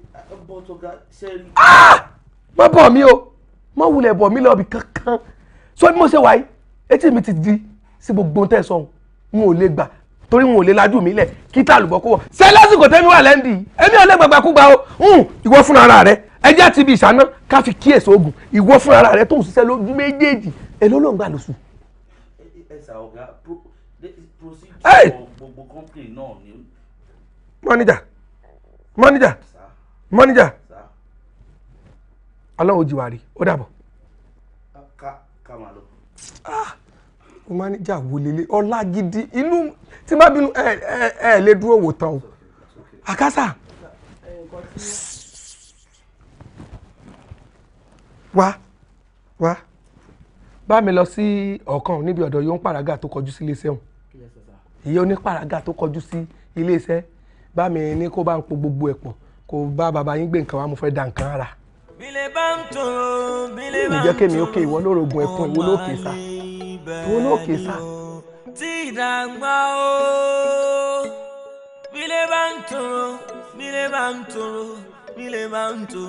má bọ̀ mí o má wulẹ̀ bọ̀ mí lọ́ọ̀bì kankan so bí mo ṣe wáyé etí mi ti di sí gbogbo ń tẹ̀sọ̀ n ò lè gbà torí n ò lè lajú mi lẹ̀ kí tá àlùbọ̀ kó wọ̀. ṣé lásìkò tẹ́mi wà lẹ́ndì èmi ò lè gbàgbà kú gbà o ìwọ fúnra rẹ̀ ẹjẹ́ ti bi ìṣáná ká fi kíyèsí ogun ìwọ fúnra rẹ tó ń ṣiṣẹ́ lójú méjèèjì èló ló ń gbà lóṣù. mọ́níjà mọ́níjà mọ́níjà aláwọ̀ jìwà rí ó dàbọ̀. Ah! mọ́níjà wò lélẹ̀ ọlá gidi inú tí má bínú ẹ ẹ lè dúró wò tán o àkàsà. wá wá bá mi lọ sí ọ̀kan níbi ọ̀dọ̀ yóò ń pàràgà tó kọjú sí iléeṣẹ́ òun ìyá onípàràgà tó kọjú sí iléeṣẹ́ bá mi ní kó bá ń po gbogbo ẹ̀ pọ̀ kó bá bàbá yín gbé nǹkan wá mo fẹ́ da nǹkan ara. bílẹ̀ bá ń tó bílẹ̀ bá ń tó ìjẹ́ kémi òkè ìwọ lórogún ẹ̀kún ìwọ lóòkè sá ìwọ lóòkè sá. tí ìdàgbà o bílẹ̀ bá ń tó bílẹ̀ bá ń tó bílẹ̀ bá ń tó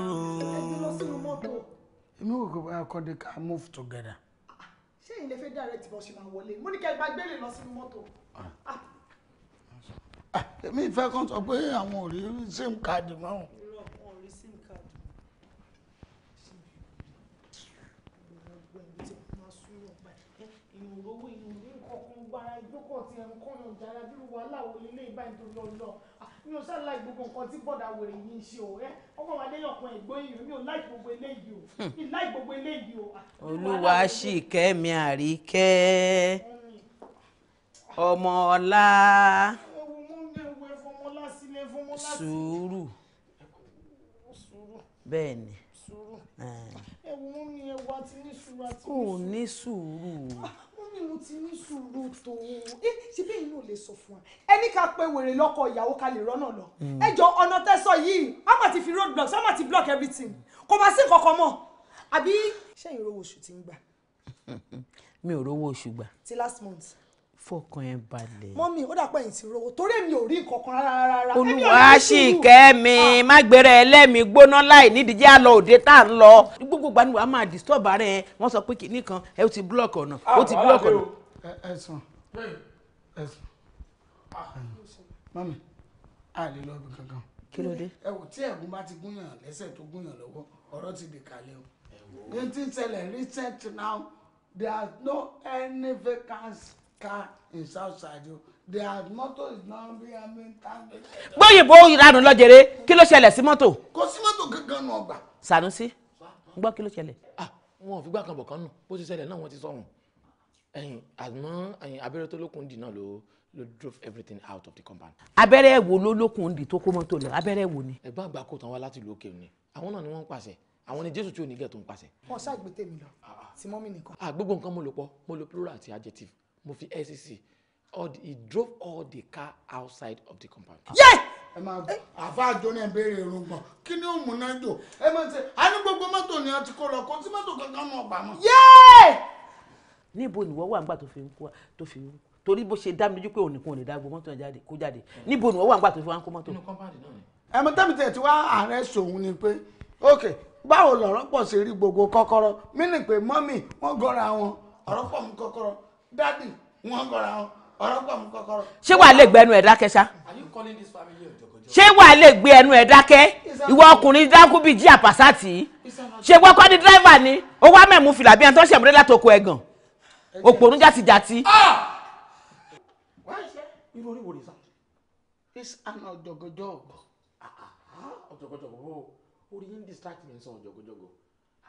èmi ò kò bá de ká move together. ṣé ìyìn lè fẹ́ direct bọ́ ṣe máa wọlé mo ní kẹ́ gba gbélé lọ sínú mọ́tò. Ah. Ah, èmi ìfẹ́ kan sọ pé àwọn ò rí sim card mọ́. irọ́ wọn ò rí sim card. ìrùn owó ìrùn nǹkan kan gbára ìjókòó ti ẹ̀ ń kọ́nà jára bí wàhálà wo lélẹ́yìn báyìí tó lọ lọ mi ò ṣáà láì gbogbo nǹkan tí bọ̀dà wèrè yìí ń ṣe o ẹ ọkọ wa lẹ́yìn ọkùnrin ẹ̀gbọ́n èèyàn mi ò láì gbogbo eléyìí o hmm. mi láì gbogbo eléyìí o. Ah, olúwa sì kẹ́mi àríkẹ́ hmm. ọmọ ọlá sùúrù bẹ́ẹ̀ ni ẹ mú mi ẹ àti ní sùúrù àti ní sùúrù mi mo ti ní sùúrù tó ẹ eh, ṣe bẹ́ẹ̀ inú ò lè sọ fún wa ẹni ká pe wèrè lọ́kọ ìyàwó ká lè rọ́nà lọ mm. ẹ ọ̀nà tẹ́sọ̀ yìí ọmọ ti fi road block ọmọ ti block everything kò bá sí kankan mọ́ àbí ṣé ìrówó oṣù ti ń gbà. (laughs) mi ò rówó oṣù gbà. ti last month fọkàn ẹ balẹ̀. mọ́mí ó dàpọ̀ ẹ̀yìn ti rówó torí èmi ò rí nǹkankan rárá rárá. olúwa sì kẹ́ mi ah. má gbèrè ẹlẹ́mi gbóná láì nídìí jẹ́ àlọ́ òde tá à ń lọ. gbogbo ìgbà ni wàá máa disturb ara ẹ wọ́n sọ pé kìíní kan ẹ ó ti block ọ̀nà ah, ó ti block ọ̀nà. ẹ̀sùn ẹ̀sùn ah, mọ́mí a lè lọ ibi kankan. kí ló dé. ẹ wò tí ẹ̀gún bá ti gúnyàn lẹ́sẹ̀ tó gúnyàn lọ́wọ́ ọ̀rọ̀ ti dì kalẹ̀ o. ẹ ti ń ṣẹlẹ̀ recent now there are no any vacancy car in south side o their motor is now being being tangled. gbóyìnbó ìranù lọ jèrè kí ló ṣẹlẹ̀ sí mọ́tò. kò sí mọ́tò gangan nù ọgbà. Sanusi gbọ́ kí ló ṣẹlẹ̀. Ah, wọn ò fi gbà kan bọ̀ kan nù bó ṣe ṣẹlẹ̀ náà wọ́n ti sọ̀rùn ẹ̀yìn àmọ́ ẹ̀yìn abẹ́rẹ́ tó lókun dì náà ló ló drove everything out of the compound. abẹ́rẹ́ wo ló lókun dì tó kó mọ́tò lọ abẹ́rẹ́ wo ni. ẹ̀gbọ́n àgbà kò tán wá láti ìlú òkè ni àwọn náà ni wọ́n ń pàṣẹ àwọn ni jésù tí ò ní gẹ̀ tó ń pàṣẹ. wọn ṣàgbé tèmi lọ ah, ah. tí mọ́mì nìkan. gbogbo nǹkan mo lò pọ̀ mo lò plural àti adjective mo fi e all the, he drove all the car outside of the compound. yẹ́ẹ̀ ẹ máa àfa àjọ náà béèrè irungbọn kí ni òun múná jò ẹ máa ṣe a ní gbogbo mọ́tò ni a ti kó lọ kó tí mọ́tò kankan mọ̀ gbà mọ́. yéè níbo nìwọ wà ńgbà tó fi ń kó tó fi ń torí bó ṣe dá lójú pé òun nìkan ò lè dá gbogbo mọ́tò jáde kó jáde níbo nìwọ wà ńgbà tó fi wá kó mọ́tò. ẹ̀mọ tẹ́mi tẹ̀ tí wá ààrẹ sòun ni pé ok báwo lọ̀rọ̀ pọ̀ sí rí gbogbo kọ́kọ́rọ́ mí nì pé mọ́mì wọ́n gọ́ra wọn ọ̀rọ̀ pọ̀ mú kọ́kọ́rọ́ dádì wọn kọra wọn ọ̀rọ̀ pọ̀ mú kọ́kọ́rọ́. ṣé wàá lè gbẹnu ẹ̀ dákẹ́ ṣá. ṣé wàá lè gbé ẹnu ẹ̀ dákẹ́ ìwọ ọkùnrin dákú bíi jí àpàṣà tì í ṣé wọ́kọ́ ni dírẹ́fà ni ó wá mẹ̀mú fìlà bí ẹni tó ṣẹ̀mú délà tó kọ ẹ̀gàn òpònú jàtìjàtì. Ah! It's an ọ̀jọ̀gọ̀jọ̀. ọ̀jọ̀gọ̀jọ̀ o orí yín distract mi sọ ọ̀jọ̀gọ̀jọ̀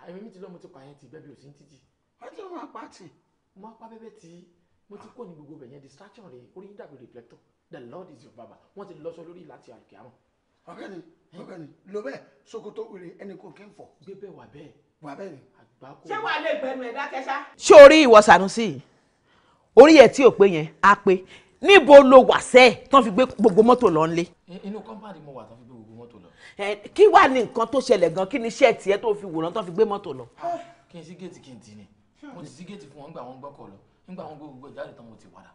àìmí mi ti lọ́mọ ti pààyàn ti bẹ́ẹ̀ bí o sì ń títì. wọ́n ti máa pa á tì mo máa pa bẹ́bẹ́ tí mo ti kó ni gbogbo bẹ̀ yẹn distraction rẹ̀ ori yín dàbí reflector the lord is your baba wọ́n ti lọ́sọ lórí láti àkíyàmọ̀. ọ̀gẹ́ni ọ̀gẹ́ni lo bẹ́ẹ̀ sokoto wèrè ẹni kò kí n fọ. gbé bẹ́ẹ̀ wà bẹ́ẹ̀. wà bẹ́ẹ̀ ni. ṣé wàá lè gbẹnu ẹ̀ dákẹ́ sá. ṣé orí ìwọ Sànúsì orí ẹ̀ tí ò pé yẹn á pé níbo lo wà sẹ́ẹ̀ tán fi gbé gbogbo mọ́tò lọ ńlé. inú kọ́ńpáàdì mo wà tán fi gbé gbogbo mọ́tò lọ. kí wàá ní nǹkan tó ṣẹlẹ̀ gan kí ni iṣẹ́ tiẹ̀ tó fi wòran tán fi gbé mọ́tò lọ. kí n sí géètì kí n tì ní mo ti sí géètì fún wọn nígbà wọn gbọ́kọ̀ lọ nígbà wọn gbogbo ìjáde tán mo ti padà.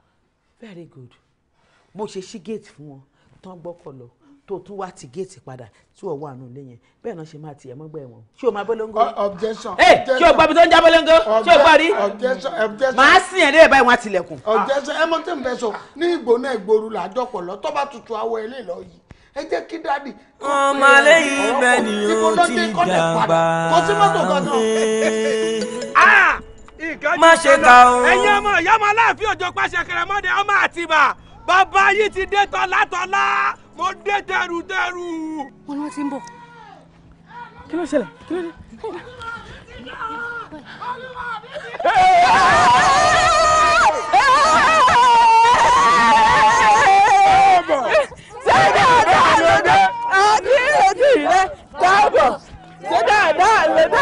very good bó ṣe ṣí géètì fún wọn tán gbọ́kọ̀ lọ tó tún wá ti géètì padà tí wọ́n wà nù be yẹn bẹ́ẹ̀ náà ṣe máa tiẹ̀ mọ́gbẹ́ wọn. ṣé o máa bọ́lọ́ngọ́. objection. ẹ ṣé o gbọ́ bí tó ń já bọ́lọ́ngọ́ ṣé o gbọ́ rí. objection objection. màá sìn ẹ̀ dẹ́rẹ́ báyìí wọ́n á tilẹ̀kùn. Ah. objection ẹ mọ tẹ́ mi fẹ́ sọ ní ìgbóná ìgboro làjọpọ̀ lọ tó bá tutù awọ ilé lọ yìí ẹ jẹ́ kí dáàdì. ọmọ alẹ́ yìí bẹ́ẹ̀ ni ó ti dàgbà. kò sí mọ́tò gan-an. (laughs) kìkan má ṣe ká o. ẹ̀yin ọmọ ìyá ọmọ aláàfin òjò pàṣẹ kẹrẹmọdé ọmọ àtìmá bàbá yìí ti dé tọ́látọ́lá mo dé tẹrùtẹrù. wọn ni wọn ti ń bọ̀ kí ló ṣẹlẹ̀ kí ló dé. olúwa mi ti dáadáa ló dé àti ìrètí rẹ káàbọ̀ ṣe dáadáa ló dé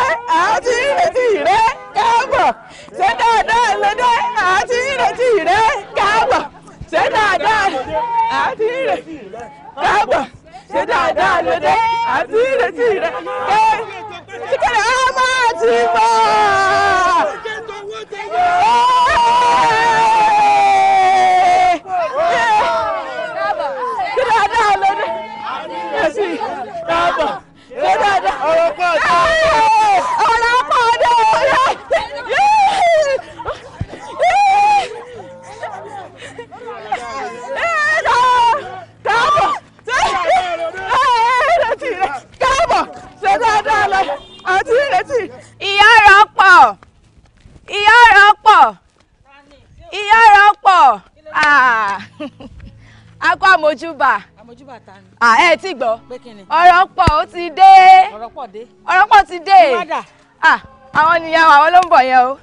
àti ìrètí rẹ ṣé dáadáa lóde àti ìrètí rẹ káàbọ̀ ṣé dáadáa àti ìrètí rẹ káàbọ̀ ṣé dáadáa lóde àti ìrètí rẹ kíkẹ́rẹ́ á máa ti bọ̀. ṣé dáadáa lóde àti ìrètí rẹ káàbọ̀ ṣé dáadáa. lọ àti ìrètí ìyá rọpọ̀ ìyá rọpọ̀ ìyá rọpọ̀ ah. (laughs) akọ àmójúbà àmójúbà ta ni. Ah, ẹ ti gbọ́ ọ̀rọ̀ pọ̀ ó ti dé ọ̀rọ̀ pọ̀ ti dé ah, àwọn nìyẹn àwọn ló ń bọ̀ yẹn o.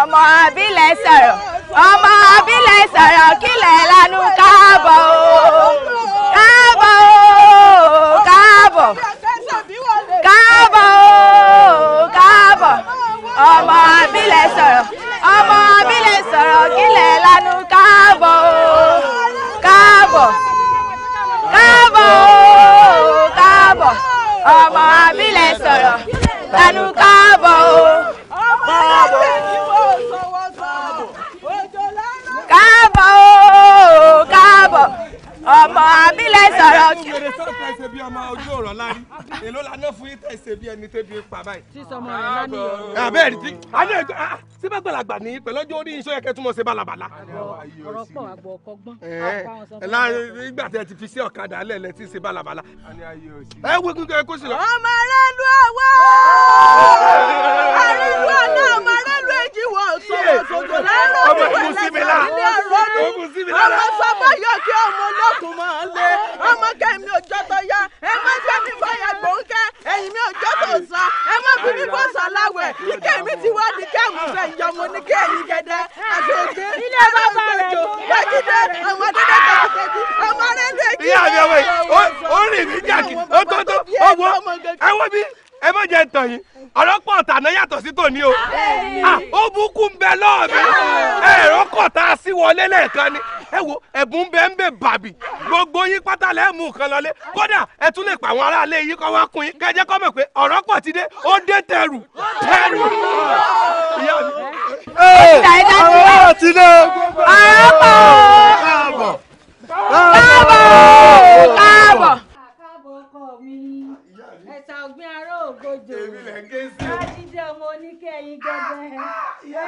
ọmọ abílẹ̀ sọ̀rọ̀ ọmọ abílẹ̀ sọ̀rọ̀ kílẹ̀ lanu káàbọ̀ o káàbọ̀ o káàbọ̀ káàbọ̀ o káàbọ̀ ọmọ abílẹ̀ sọ̀rọ̀ ọmọ abílẹ̀ sọ̀rọ̀ kílẹ̀ lanu káàbọ̀ o káàbọ̀ káàbọ̀ o káàbọ̀ ọmọ abílẹ̀ sọ̀rọ̀ lanu káàbọ̀ o káàbọ̀. ọmọ abílẹ̀ sọ̀rọ̀ kí. ẹ̀yin wèrè sọ́ọ̀tà ẹ̀sẹ̀ bíi ọmọ ojú ọ̀rọ̀ lárí èló la fún yín tẹ̀sẹ̀ bíi ẹni tẹ́bi pa báyìí. sísọmọ rẹ̀ lánìí. àbẹ́ẹ̀rì tí síbẹ̀ gbàlagbà ní pẹ̀lọ́jọ́ orí iṣẹ́ yẹn kẹ́tùmọ̀ ṣe bálabàla. ọ̀rọ̀ pọ̀ àgbọ̀ ọkọ̀ gbọ́n. nígbà tí ẹ ti fi sí ọ̀kadà alẹ́ lẹ ti ṣe bálabàla. ẹ wí kúkẹ́ kó sí lọ. ọmọ aráàlú ọwọ́ àìlú ọ̀nà ọmọ aráàlú èjì wọ̀ sọ̀rọ̀sọ̀rọ̀ lẹ́rọ̀ nígbà láti ilé ọ̀rọ̀ ọmọ sábà yọ kí ọmọ lọ́kùn lé ọmọ kẹ́mi òjọ́ tó yá ẹ má jẹ́ fọyà gbòǹkẹ́ ẹ̀yìn mi òjọ́ tó sá ẹ má fi mi bọ́ sàláwẹ̀ kí kẹ́mi ti wá yọ ọmọ ní kẹ́ẹ̀yìn gẹ́dẹ́ àṣẹ̀gbẹ́ ilé bàbá rẹ̀ tó májídé àwọn adédè kàkẹ́kì àwọn arẹ́dẹ́ kí ẹ lọ́wọ́. ó rìn mí jàkì ó tó tó ó wọ ẹ bí ẹ má jẹ tàn yín ọlọ́pàá ọ̀tà náà yàtọ̀ sí tòní o ah, ó bukú ń bẹ lọ́ọ̀bẹ ah. ẹ̀rọ a sí wọlé lẹ́ẹ̀kan ni ẹ wo ẹ̀bùn bẹ́ẹ̀ gbogbo yín pátá lẹ́ẹ̀ mú lọlé kódà ẹ tún lè pa àwọn aráalé yìí kọ́ wá kún yín kẹjẹ kọ́ mọ̀ pé ọ̀rọ̀ pọ̀ ti dé ó dé tẹrù tẹrù. ọ̀rọ̀ ti dé ọ̀rọ̀ ẹ̀yin gẹ́gẹ́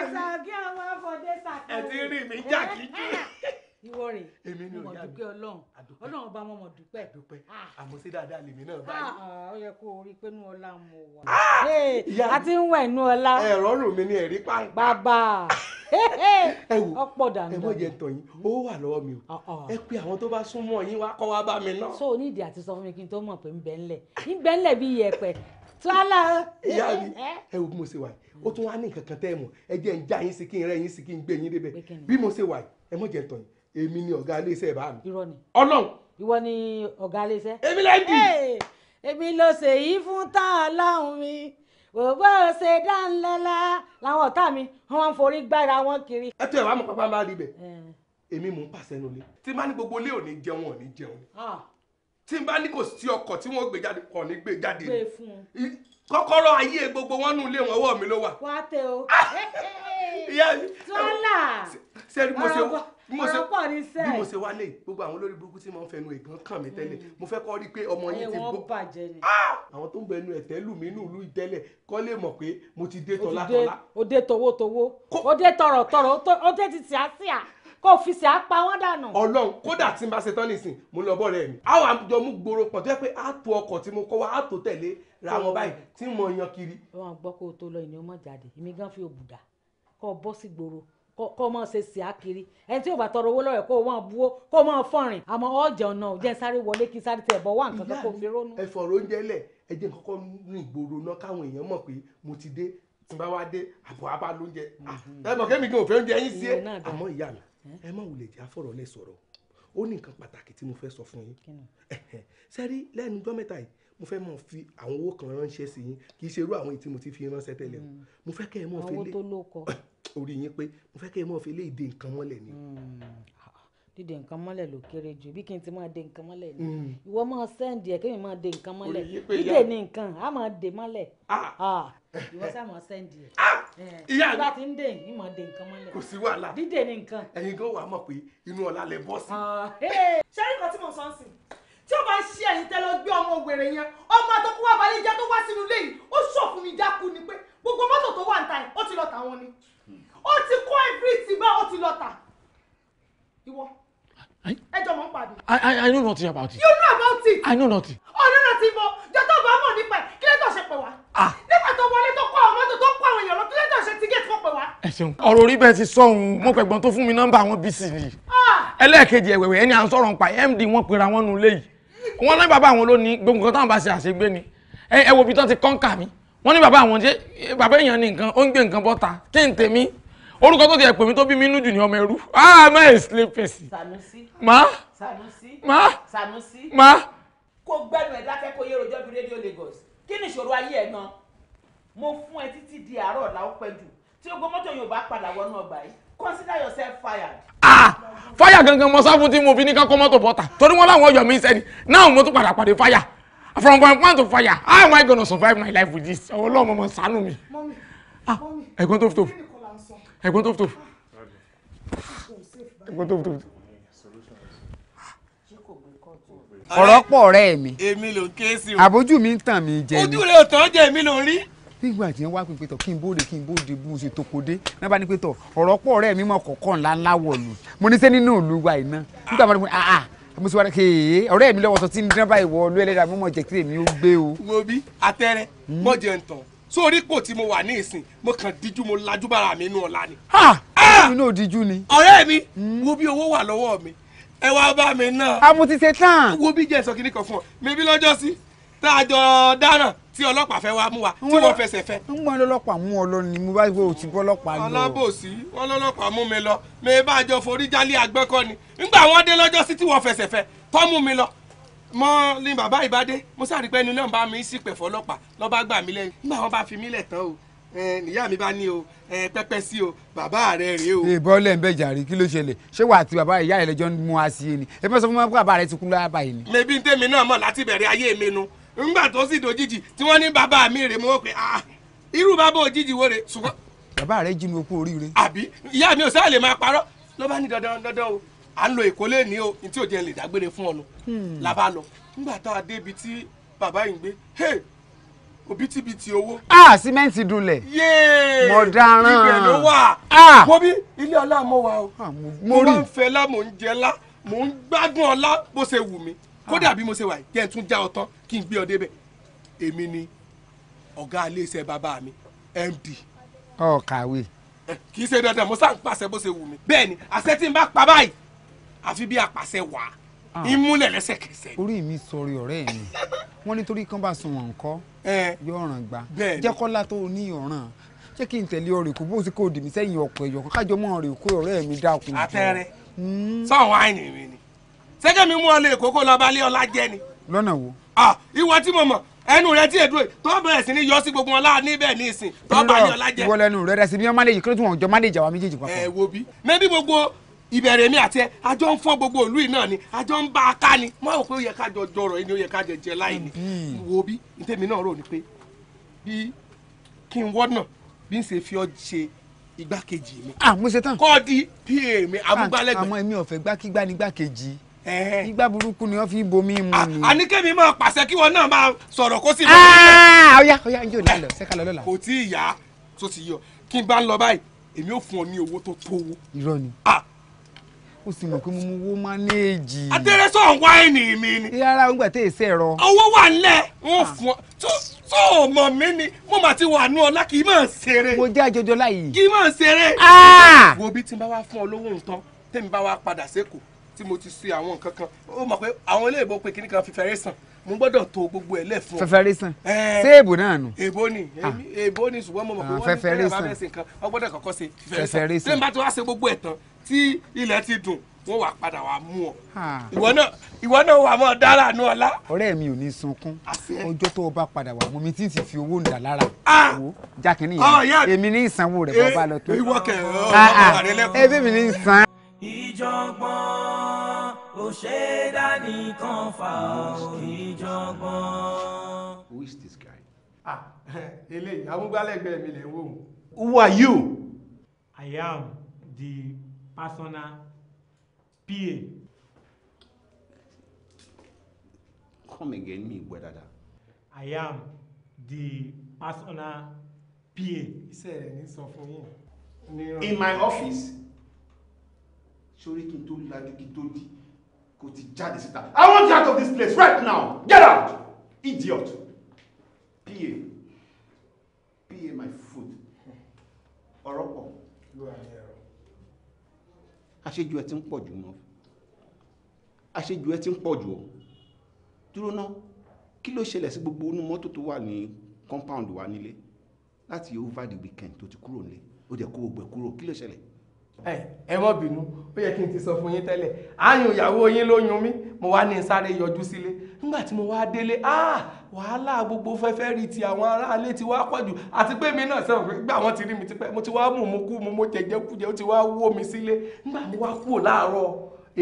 ẹ̀sà kí ọmọ fọdé sàkóso. ẹ ti rí mi jákèjì. Eh, eh. ìwọ rè èmi ni òyà dúpẹ́ ọlọ́run ọlọ́run ọba mọ̀mọ́ dúpẹ́. dúpẹ́ ah. àmọ́ sí dáadáa lèmi náà ah, báyìí. Ah, ó yẹ kó o rí i pé inú ọlá mo wà. Eh, a ti ń wẹ̀ inú ọlá. ẹ̀rọ rò mí ni ẹ̀rí pàǹpà. bàbá (laughs) ẹ wò ọ̀pọ̀ dànù ẹ mọ jẹ ntọ yín owó wà lọ́wọ́ mi o ẹ pé àwọn tó bá súnmọ́ yín wá kọ wá bá mi náà. so onídìí àti sọ fún mi kí n tó mọ̀ pé ń bẹ ńlẹ̀ ń bẹ ńlẹ̀ bí iyẹ̀pẹ̀ sálà ìyá mi ẹ wo bí mo ṣe wà yìí ó tún wá ní nǹkan kan tẹ́ ẹ mọ̀ ẹ jẹ́ ń já yín sí kí n rẹ́ yín sí kí n gbé yín débẹ̀ bí mo ṣe wà yìí ẹ mọ̀ jẹ́ ń tọ̀yìn èmi ni ọ̀gá iléeṣẹ́ ìbá mi ọlọ́run. ìwọ ni ọ̀gá iléeṣẹ́. èmi lẹ́ ń dì. èmi ló ṣe yìí fún tán ọlọ́run mi òbó ṣe dánlẹ́lá làwọn ọ̀tá mi wọ́n ń forí gbára wọn kiri. ẹ tó ẹ wá mọ pápá máa rí bẹ eh. èmi mò ń pàṣẹ nulẹ tí má ní gbogbo ilé ò jẹun ò jẹun. Ah tí n bá ní kò sí ọkọ̀ tí wọ́n gbé jáde kò ní gbé jáde kọ́kọ́rọ́ ayé gbogbo wọn nù lé wọn ọwọ́ mi ló wà. wá tẹ o ah! tọ́là ọ̀rọ̀ pọ̀ ní sẹ́ẹ̀. bí mo ṣe wálé gbogbo àwọn olórí burúkú tí mo ń fẹnu ìgbọ́n kàn mí tẹ́lẹ̀ hmm. mo fẹ́ kọ́ rí i pé ọmọ yín ti gbó ah! àwọn tó ń bẹnu ẹ̀tẹ́ lù mí nùlù ìtẹ́lẹ̀ kọ́ lè mọ̀ pé mo ti dé tọ́lá tọ́lá. o dé tọwọ́ tọwọ́ o dé tọrọ tọrọ o dé ti tíá kò fi ṣe apá wọn dànù. Ọlọ́run kódà tí n bá ṣe tán nìsín mo lọ bọ rẹ mi àwọn àjọ mú gbòòrò pọ̀ tó yẹ pé àtò ọkọ̀ tí mo kọ́ wa àtò tẹ̀lé ra wọn báyìí tí mo yan kiri. wọn gbọ́ kó o tó lọ ìnáwó mọ̀ jáde èmi gan fi òbùdà kọ́ ọ bọ́ sí gbòòrò kó mọ̀ ṣe sí akiri ẹni tí yóò bá tọrọ owó lọ́rẹ̀ kó mọ̀ buwó kó mọ̀ fọ̀rìn àmọ́ ọ̀jẹ̀ ọ̀nà ò jẹ́ sáré wọlé kí sáré tẹ̀ bọ̀ wá nǹkan kan kó fi rónú. ẹ fọ̀rọ̀ oúnjẹ lẹ̀ ẹ jẹ́ kọ́kọ́ rìn gbòòrò náà káwọn èèyàn mọ̀ pé mo ti dé tí n bá wá dé àbọ̀ abá lóúnjẹ mhm. ah, ẹ mọ̀ kémi gan ò fẹ́ oúnjẹ yín sí ẹ àmọ́ ìyá mi ẹ má wulẹ̀ jẹ́ àfọ̀rọ̀ lẹ̀ sọ̀rọ̀ ó ní nǹkan pàtàkì tí mo fẹ́ sọ fún yín sẹ́rí lẹ́nu ọjọ́ mẹ́ta yìí mo fẹ́ mọ̀ fi àwọn owó kan ránṣẹ́ sí yín kì í ṣerú àwọn èyí tí mo ti fi ránṣẹ́ tẹ́lẹ̀ o hmm. mo fẹ́ kẹ́ ẹ mọ̀ fi lé (coughs) orí yín pé mo fẹ́ kẹ́ ẹ mọ̀ fi lé ìdè nǹkan mọ́lẹ̀ ni. Hmm. Ah, ah. dídè nǹkan mọ́lẹ̀ ló kéré jù bí kí n ti máa dè nǹkan mọ́lẹ̀ ni hmm. ìwọ máa sẹ́ǹdì ẹ̀ kémi máa dè nǹkan mọ́lẹ̀ dídè ni nǹkan á máa dè mọ́lẹ̀. Ah ìwọ sàmọ sẹńdì ẹ ah! ìyá mi bá ti ń dè ní mọ dè nǹkan mọ́lẹ̀ kò sí wàhálà dídè ní nǹkan ẹ̀yin gan wà á mọ̀ pé inú ọlá lẹ bọ́ sí. Ah, ṣé nǹkan tí mo sọ ń sìn tí ó bá ń ṣe ẹ̀yin tẹ́lẹ̀ gbé ọmọ wèrè yẹn ọmọ àtọkù wà balẹ̀ jẹ́ tó wá sínú ilé yìí ó ṣọ̀fun mi dákú ni pé gbogbo mọ́tò tó wà ń ta ó ti lọ tà wọn ni ó ti kó everything You know Ah. nígbà tó wọlé tó kó àwọn mọ́tò tó kó àwọn èèyàn lọ kí lẹ́tọ̀ ṣe ti gé tó pè wá. ẹ ṣeun ọ̀rọ̀ orí bẹ́ẹ̀ ti sọ̀hún mo pẹ̀gbọ́n tó fún mi nọ́mbà àwọn bc ni ah. ẹlẹ́ẹ̀kejì ẹ̀wẹ̀wẹ̀ ẹni à ń sọ̀rọ̀ nípa md wọn pera wọn nù léyìí wọn ní bàbá àwọn ló ní gbogbo nǹkan táwọn bá ṣe àṣegbé ni ẹ wo ibi tán ti kọ́ńkà mi wọn ní bàbá àwọn jẹ bàbá èèyàn ní nǹkan ó ń gbé nǹkan bọ́ta kí n tèmi orúkọ tó ti ẹ̀pẹ̀ mi tó bí mi nú jù ní ọmọ ẹrú ah má ẹ̀ sílé pèsè. Sanusi. má. Sanusi. má. Sanusi. má. kó gbẹnu ẹ dákẹ́ kó yẹ rojọ́ bí rédíò Lagos kí ni ìṣòro ayé ẹ̀ gan mo fún ẹ títí di àárọ̀ ọ̀la ó pẹ́ jù tí gbogbo mọ́tò yóò bá padà wọnú ọgbà yìí consider yourself fired. ah fire gangan mo sáfún tí mo fi ní kankan mọ́tò bọ́ta torí wọn láwọn ọyọ mi sẹ́ni náà mo tún padà pàdé fire from point one to fire how am I gonna survive my life with this ọlọ́run ọmọ ṣàánú mi. ah ẹ̀gbọ́n tó fi tó ẹ̀gbọ́n tó fi tó ah, ẹ̀gbọ́n tó fi tó. ọ̀rọ̀ pọ̀ rẹ́ mi. èmi ló ké sí o. àbójú mi ń tàn mí jẹ ni. ojú rẹ̀ ò tán jẹ́ èmi ló rí. nígbà tí wọ́n wá pé pétọ̀ kí n bóde kí n bóde bí mo ṣe tokode náà bá ní pétọ̀ ọ̀rọ̀ pọ̀ rẹ́ mi mọ̀ kọ̀ọ̀kan ńláńlá wọ̀ lù mo ní sẹ́ nínú ìlú wa iná nígbà wọn ni mo sọ wá kéé ọ̀rẹ́ mi lọ́wọ́ sọ tí ń dín báyìí wọ olú ẹlẹ́dàá mímọ̀ jẹ́ kí èmi ó gbé o. wo bí atẹ́rẹ́ hmm? mọ̀jẹ̀ ń tàn sórí ipò tí mo wà ní ìsìn mo kàn díjú mo lajú bára mi inú ọ̀la ni. ha ah! ah! èmi náà díjú ni. ọ̀rẹ́ mi hmm? wo bí owó wà lọ́wọ́ mi ẹ wá bá mi náà. a ah, mo ti ṣe tán. wo bí jẹ́ ìsọkìnní kan fún ọ mẹbí lọ́jọ́ sí tá a jọ dáràn tí ọlọ́pàá fẹ́ wá mú wa tí wọ́n fẹsẹ̀ fẹ́. ń gbọ́n lọ́lọ́pàá mú ọ lọ ni mo bá gbọ́ òtí bọ́lọ́pàá lọ. alábòsí wọn lọ́lọ́pàá mú mi lọ mi bá jọ forí jálẹ̀ àgbẹ̀kọ́ ni ńgbà wọn dé lọ́jọ́ sí tí wọ́n fẹsẹ̀ fẹ́ tọ́ mú mi lọ mọ ní bàbá ìbádé mo sáré pé ẹni mi sí pẹ̀fọ́ ọlọ́pàá lọ́ba gbà mí lẹ́yìn nígbà wọn bá fi mí lẹ̀ tán o níyà mi bá ní o pẹ́pẹ́ sí o bàbá rẹ rèé o. ìbọn lẹ́ ń bẹ̀ jàre kí ló ṣẹlẹ̀ ṣé wàá ti bàbá ìyá rẹ lẹ́jọ́ ń mú wa sí i ni ẹ fẹ́ sọ fún mi pé bàbá rẹ ti kú lára báyìí ni. mẹbí tèmi náà mọ̀ láti bẹ̀rẹ̀ ayé mi nu ńgbà tó sì dòjijì tí wọ́n ní bàbá mi rè mọ́ pé ah irú bàbá òjijì wo rè ṣùgbọ́n. bàbá rẹ jí mi okú oríire. àbí ìyá mi ò sáà lè máa parọ́ ló bá ní dandan dandan o à ń lo ìkólé òbítíbitì owó. a símẹ́ǹtì dulẹ̀. yéé mo dáràn. ibẹ̀ ló wà. wo bí ilé ọlá mo wà o. Ah, mo bá ń fẹ́ lá mò ń jẹ lá mò ń gbádùn ọlá bó ṣe wù mí ah. kódà bí mo ṣe wà yìí jẹ́ ń tún já ọ kí n gbé ọ débẹ̀ èmi ni ọ̀gá iléeṣẹ́ bàbá mi md. ọ kàwé. Eh, kì í ṣe dandan mo sá bó ṣe wù mí bẹ́ẹ̀ àṣẹ tí n bá pa báyìí àfi bí apàṣẹ wà Ah. ìmúlẹ̀ lẹ́sẹ̀kẹsẹ̀. orí mi sọrí ọ̀rẹ́ mi wọ́n nítorí kán bá sun wọn kọ́ yọ̀ràn gbà jẹ́kọ́lá tó ní ọ̀ràn ṣé kí n tẹ̀lé ọ̀rẹ́ kó bó ti kó dèmí sẹ́yìn ọkọ̀ ẹ̀yọ̀ kájọ mọ́ ọ̀rẹ́ kó ọ̀rẹ́ mi dákun jọ. àtẹrẹ hmm. sọ̀rọ̀ wáìnì mi ni ṣẹ́kẹ́ mi mú ọ lè kókó lọ bá lé ọlá jẹ́ ni. lọ́nà wo. ìwọ tí mo mọ̀ ẹnu rẹ tí èdè tó bẹ̀rẹ̀ sí ní yọ sí gbogbo wọn níbẹ̀ ní ìsìn tó bá yọ lájẹ. ìwọ lẹnu rẹ rẹ sí bí wọn má lè yí kí ló tún wọn jọ má lè jà wá méjèèjì papọ̀. ẹ wo bí mẹbí gbogbo ìbẹ̀rẹ̀ mi àti ẹ àjọ ń fọ́n gbogbo ìlú yìí náà ni àjọ ń bá a ká ni mo rò pé ó yẹ ká jọ jọrọ yìí ó yẹ ká jẹ jẹ láì ní wo bí ntẹ́mi náà rò ní pé bí kí n wọ́nà bí n ṣe fi ọ́ ṣe igbákejì mi. à ah, mo ṣe tán. kọ́ di pa mi ah, amúgbálẹ́gbẹ̀ẹ́. àmọ́ èmi ò gbákígbá ní gbákejì. igbá burúkú ni wọ́n fi bomi mu àníkẹ́mi máa pàṣẹ kí wọn náà máa sọ̀rọ̀ kó sì. ọ̀ya ọ̀ya yóò ní yá ó sì mọ̀ pé mo mú owó mánéèjì. adẹ́rẹ́sọ̀ wáìnì mi ni. rárá ń gbà tẹ́ èsè rọ. owó wà nílẹ̀ wọ́n ah. fún ọ tó o mọ̀ mí ni mo mà ti wà nú ọlá kì í máa ṣeré. mo jẹ́ àjọjọ láyìí. kì í máa ṣeré. Ah! wo bí tí n bá wá fún ọ lówó nǹkan tẹ́mi bá wá padà sékòó tí mo ti ṣe àwọn nǹkan kan ó mọ̀ pé àwọn ilé ìbò pé kíní kan fi fẹ́rẹ́ sàn mo gbọ́dọ̀ to gbogbo ẹ̀ lẹ̀ fún ọ. fẹfẹrẹ sàn ṣé èbò náà nù. èbò ni ah. èbò ni ṣùgbọ́n mo mọ̀ pé ah, wọ́n ní tẹ́lẹ̀ bá fẹ́ ṣe nǹkan wọ́n gbọ́dọ̀ kọ́kọ́ ṣe fẹfẹrẹ sàn. tí n bá ti wá ṣe gbogbo ẹ̀ tán tí ilẹ̀ ti dùn wọ́n wà padà wà mú ọ. Ah. ìwọ náà ìwọ náà wà mọ́ dára nù ọ̀la. ọ̀rẹ́ mi ò ní sunkún ọjọ́ tó o bá padà wà mọ́ mi tí ti fi owó ńdà lára wo jákè nìyẹn èmi ní ìsanwó rẹ̀ bọ́ eh, bá lọ tó. ìwọ kẹ̀ ọ́ ọ̀rẹ́ lẹ́kọ̀ọ́. ẹ bẹ́ẹ̀ mi ní ìsan ìjọ̀gbọ́n ò ṣe é dánìkan fà ó ìjọ̀gbọ́n. who is this guy. ah (laughs) eléyìí amúgbálẹ́gbẹ̀ẹ́ mi lè wò. who are you. i am the personal PA. come again me gbẹ dada. i am the personal PA. iṣẹ́ rẹ̀ ní sọ fún yín. in my office sórí kí n tó lajú kí n tó di kò ti jáde síta i want you out of this place right now get out idiot pa pa my food ọ̀rọ̀ pọ̀ àṣejù ẹ ti ń pọ̀ jù mọ́ àṣejù ẹ ti ń pọ̀ jù ọ́ dúró ná kí ló ṣẹlẹ̀ sí gbogbo inú mọ́tò tó wà ní compound wa nílé láti over the weekend tó ti kúrò nílé ó dẹ̀ kó gbogbo ẹ̀ kúrò kí ló ṣẹlẹ̀ ẹ mọ́ bínú ó yẹ kí n ti sọ fún yín tẹ́lẹ̀ àyùn ìyàwó yín ló yún mí mo wá ní sáré yọjú sílé nígbà tí mo wá délé ah, wàhálà gbogbo fẹ́fẹ́ rí ti àwọn aráalé ti wá pọ̀jù àti pé mi náà sẹ́wọ̀n pé gbà wọ́n ti rí mi tipẹ́ mo ti wá mú mu kú mu mo jẹjẹ kújẹ ó ti wá wó mi sílé nígbà mo wá kúrò láàárọ̀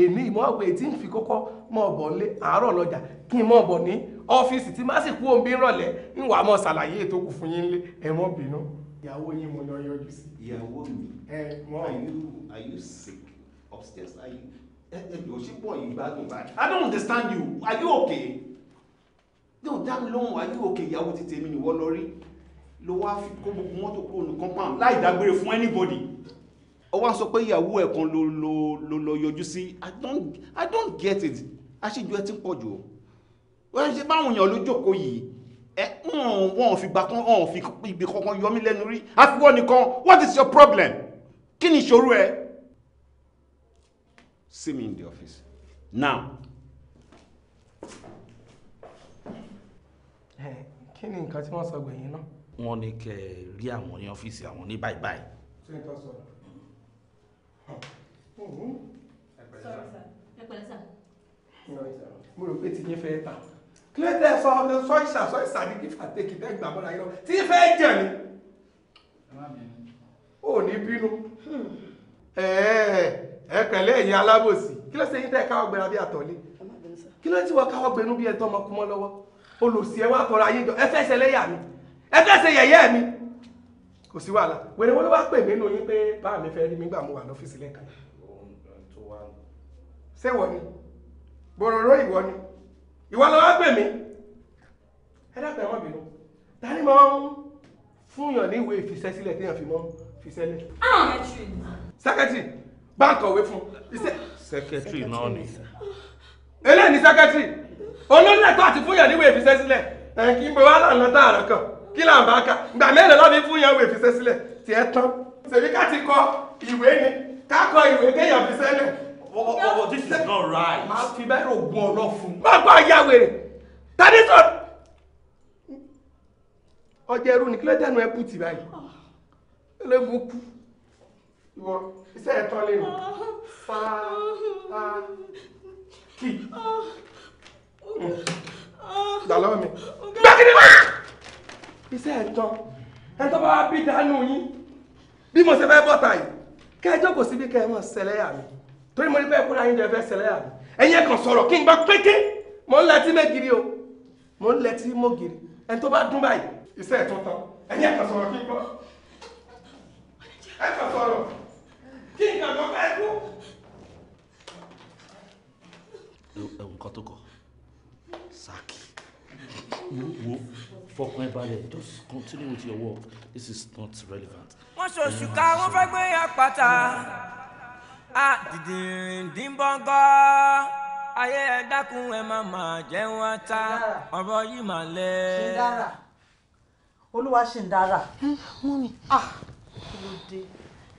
èmi ìmọ̀ ọ̀pẹ tí ń fi kọ́kọ́ mọ̀ bọ̀ lé àárọ̀ lọ́jà kí n mọ̀ bọ̀ ní ọ́fíìsì tí má sì kú òun bí rọ̀lẹ́ ń wà mọ̀ ṣàlàyé ètò kù fún yín lé ẹ mọ̀ bínú ìyàwó yín mo lọ yọjú sí. ìyàwó mi are you are you sick upstairs are you ẹjọ ṣé pọ̀ yìí gbádùn báyìí i don't understand you are you okay yóò dá mi lóhùn are you okay ìyàwó ti tèmi nìwọ lọ rí ló wá fi kó gbogbo mọ́tò kúrò ní compound láì dágbére fún anybody ó wá sọ pé ìyàwó ẹ̀ kan ló ló ló lọ yọjú sí i don't i don't get it aṣíjú ẹ ti ń pọ̀ jù ó wọ́n ṣe báwọn èèyàn ló jókòó yìí wọn fi gbà kan wọn fi ibi kankan yọ lẹ́nu rí àfiwọ́ nìkan what is your problem kí ni ìṣòro ẹ. see me in the office now. kí ni nǹkan tí wọ́n sọ gbẹ̀yìn náà. wọ́n ní kẹ́ ẹ rí àwọn ní ọ́fíìsì àwọn ní báyìí báyìí. ṣé n sọ. Hm, hm. ẹ pẹ̀lẹ́ sà. ẹ pẹ̀lẹ́ sà. mo rò pé tí yín fẹ́ tà kílódé sọ sọ ìṣà sọ ìṣà ní kífà tèkì tẹgbà bọ́lá yìí lọ tí fẹ́ jẹ̀ mí. ò ní bínú ẹ pẹ̀lẹ́ ẹ̀yin alábòsí kí ló ṣe yín tẹ́ káwọ́ gbẹra bí àtọ̀lé kí ló ti wọ́n káwọ́ gbẹnú bí ẹ̀tọ́ ọmọkùnmọ́ lọ́wọ́ olùsí ẹ wá tọrọ ayé jọ ẹ fẹ́ ṣe lẹ́yà mi ẹ fẹ́ ṣe yẹ̀yẹ́ mi kò sí wàhálà wẹ̀rẹ̀ wọn ló wá pè mí nù yín pé bá mi fẹ́ rí mi gbà mo wà lọ́fíìsì lẹ́ẹ̀kan ṣé wọ ni bòròró ìwọ ni ìwọ lọ wá pè mí ẹ dápẹ́ ẹ̀wọ̀n bínú ta ni máa ń fúnyàn ní ìwé ìfisẹ́ sílẹ̀ téèyàn fi mọ́ fisẹ́ lẹ̀. sẹ́kẹ́tì báńkì ọ̀wé fún sẹ́kẹ́tì náà ni. eléyìí ni sẹ́kẹ́tì olólùlẹ̀tọ́ àti fúnyàn ní ìwé ìfisẹ́ sílẹ̀ ẹ̀ kí n bọ̀ wá lànà tààrà kan kí là ń bá ka gbà mélòó lọ́ọ́ fúnyàn ìwé ìfisẹ́ sílẹ̀ tiẹ̀ tán. ṣèbí ti kọ ìwé ni ká kọ ìwé kéèyàn fisẹ́ this is not right. máa fi bẹ́ẹ̀rù gun ọ̀rọ̀ fún. má gbọ́ ayá wèrè tani sọ. ọjà ẹrú ni kílódé ẹnu ẹ bù tì báyìí ẹlẹ́gùn kú ìwọ iṣẹ́ ẹ̀ tọ́lé nù fáá kì gbà lọ́wọ́ mi gbàgede wá iṣẹ́ ẹ̀ tán ẹ̀ tọ́ bá wá bí dánú yín bí mo ṣe fẹ́ bọ́ta yìí kẹjọ́ kò síbi kẹ́ ẹ mọ̀ ṣẹlẹ́yà mi torí mo ní bẹ́ẹ̀ kó láyé ìjọba ẹsẹ̀ lẹ́yà mi ẹ̀yin kan sọ̀rọ̀ kí n gbọ́ pété mo ń lẹ́tí mẹ́gìrì o mo ń lẹ́tí mọ́gìrì ẹni tó bá dún báyìí iṣẹ́ ẹ̀ tó tán ẹ̀yin kan sọ̀rọ̀ kí n gbọ́ ẹ̀ kan kí n kàn gbọ́ bẹ́ẹ̀ kú. tó kọ Saki wo fọkàn ẹ balẹ̀ just continue with your work this is not relevant. wọ́n ṣe oṣù karùn fẹ́ gbé apáta a dìdìrìndínbọ́ngọ́ ayé ẹ dákun ẹ má máa jẹ́ wọn ta ọ̀rọ̀ yìí mà lẹ. ṣìndára olúwa ṣìndára. mú mi. kí ló dé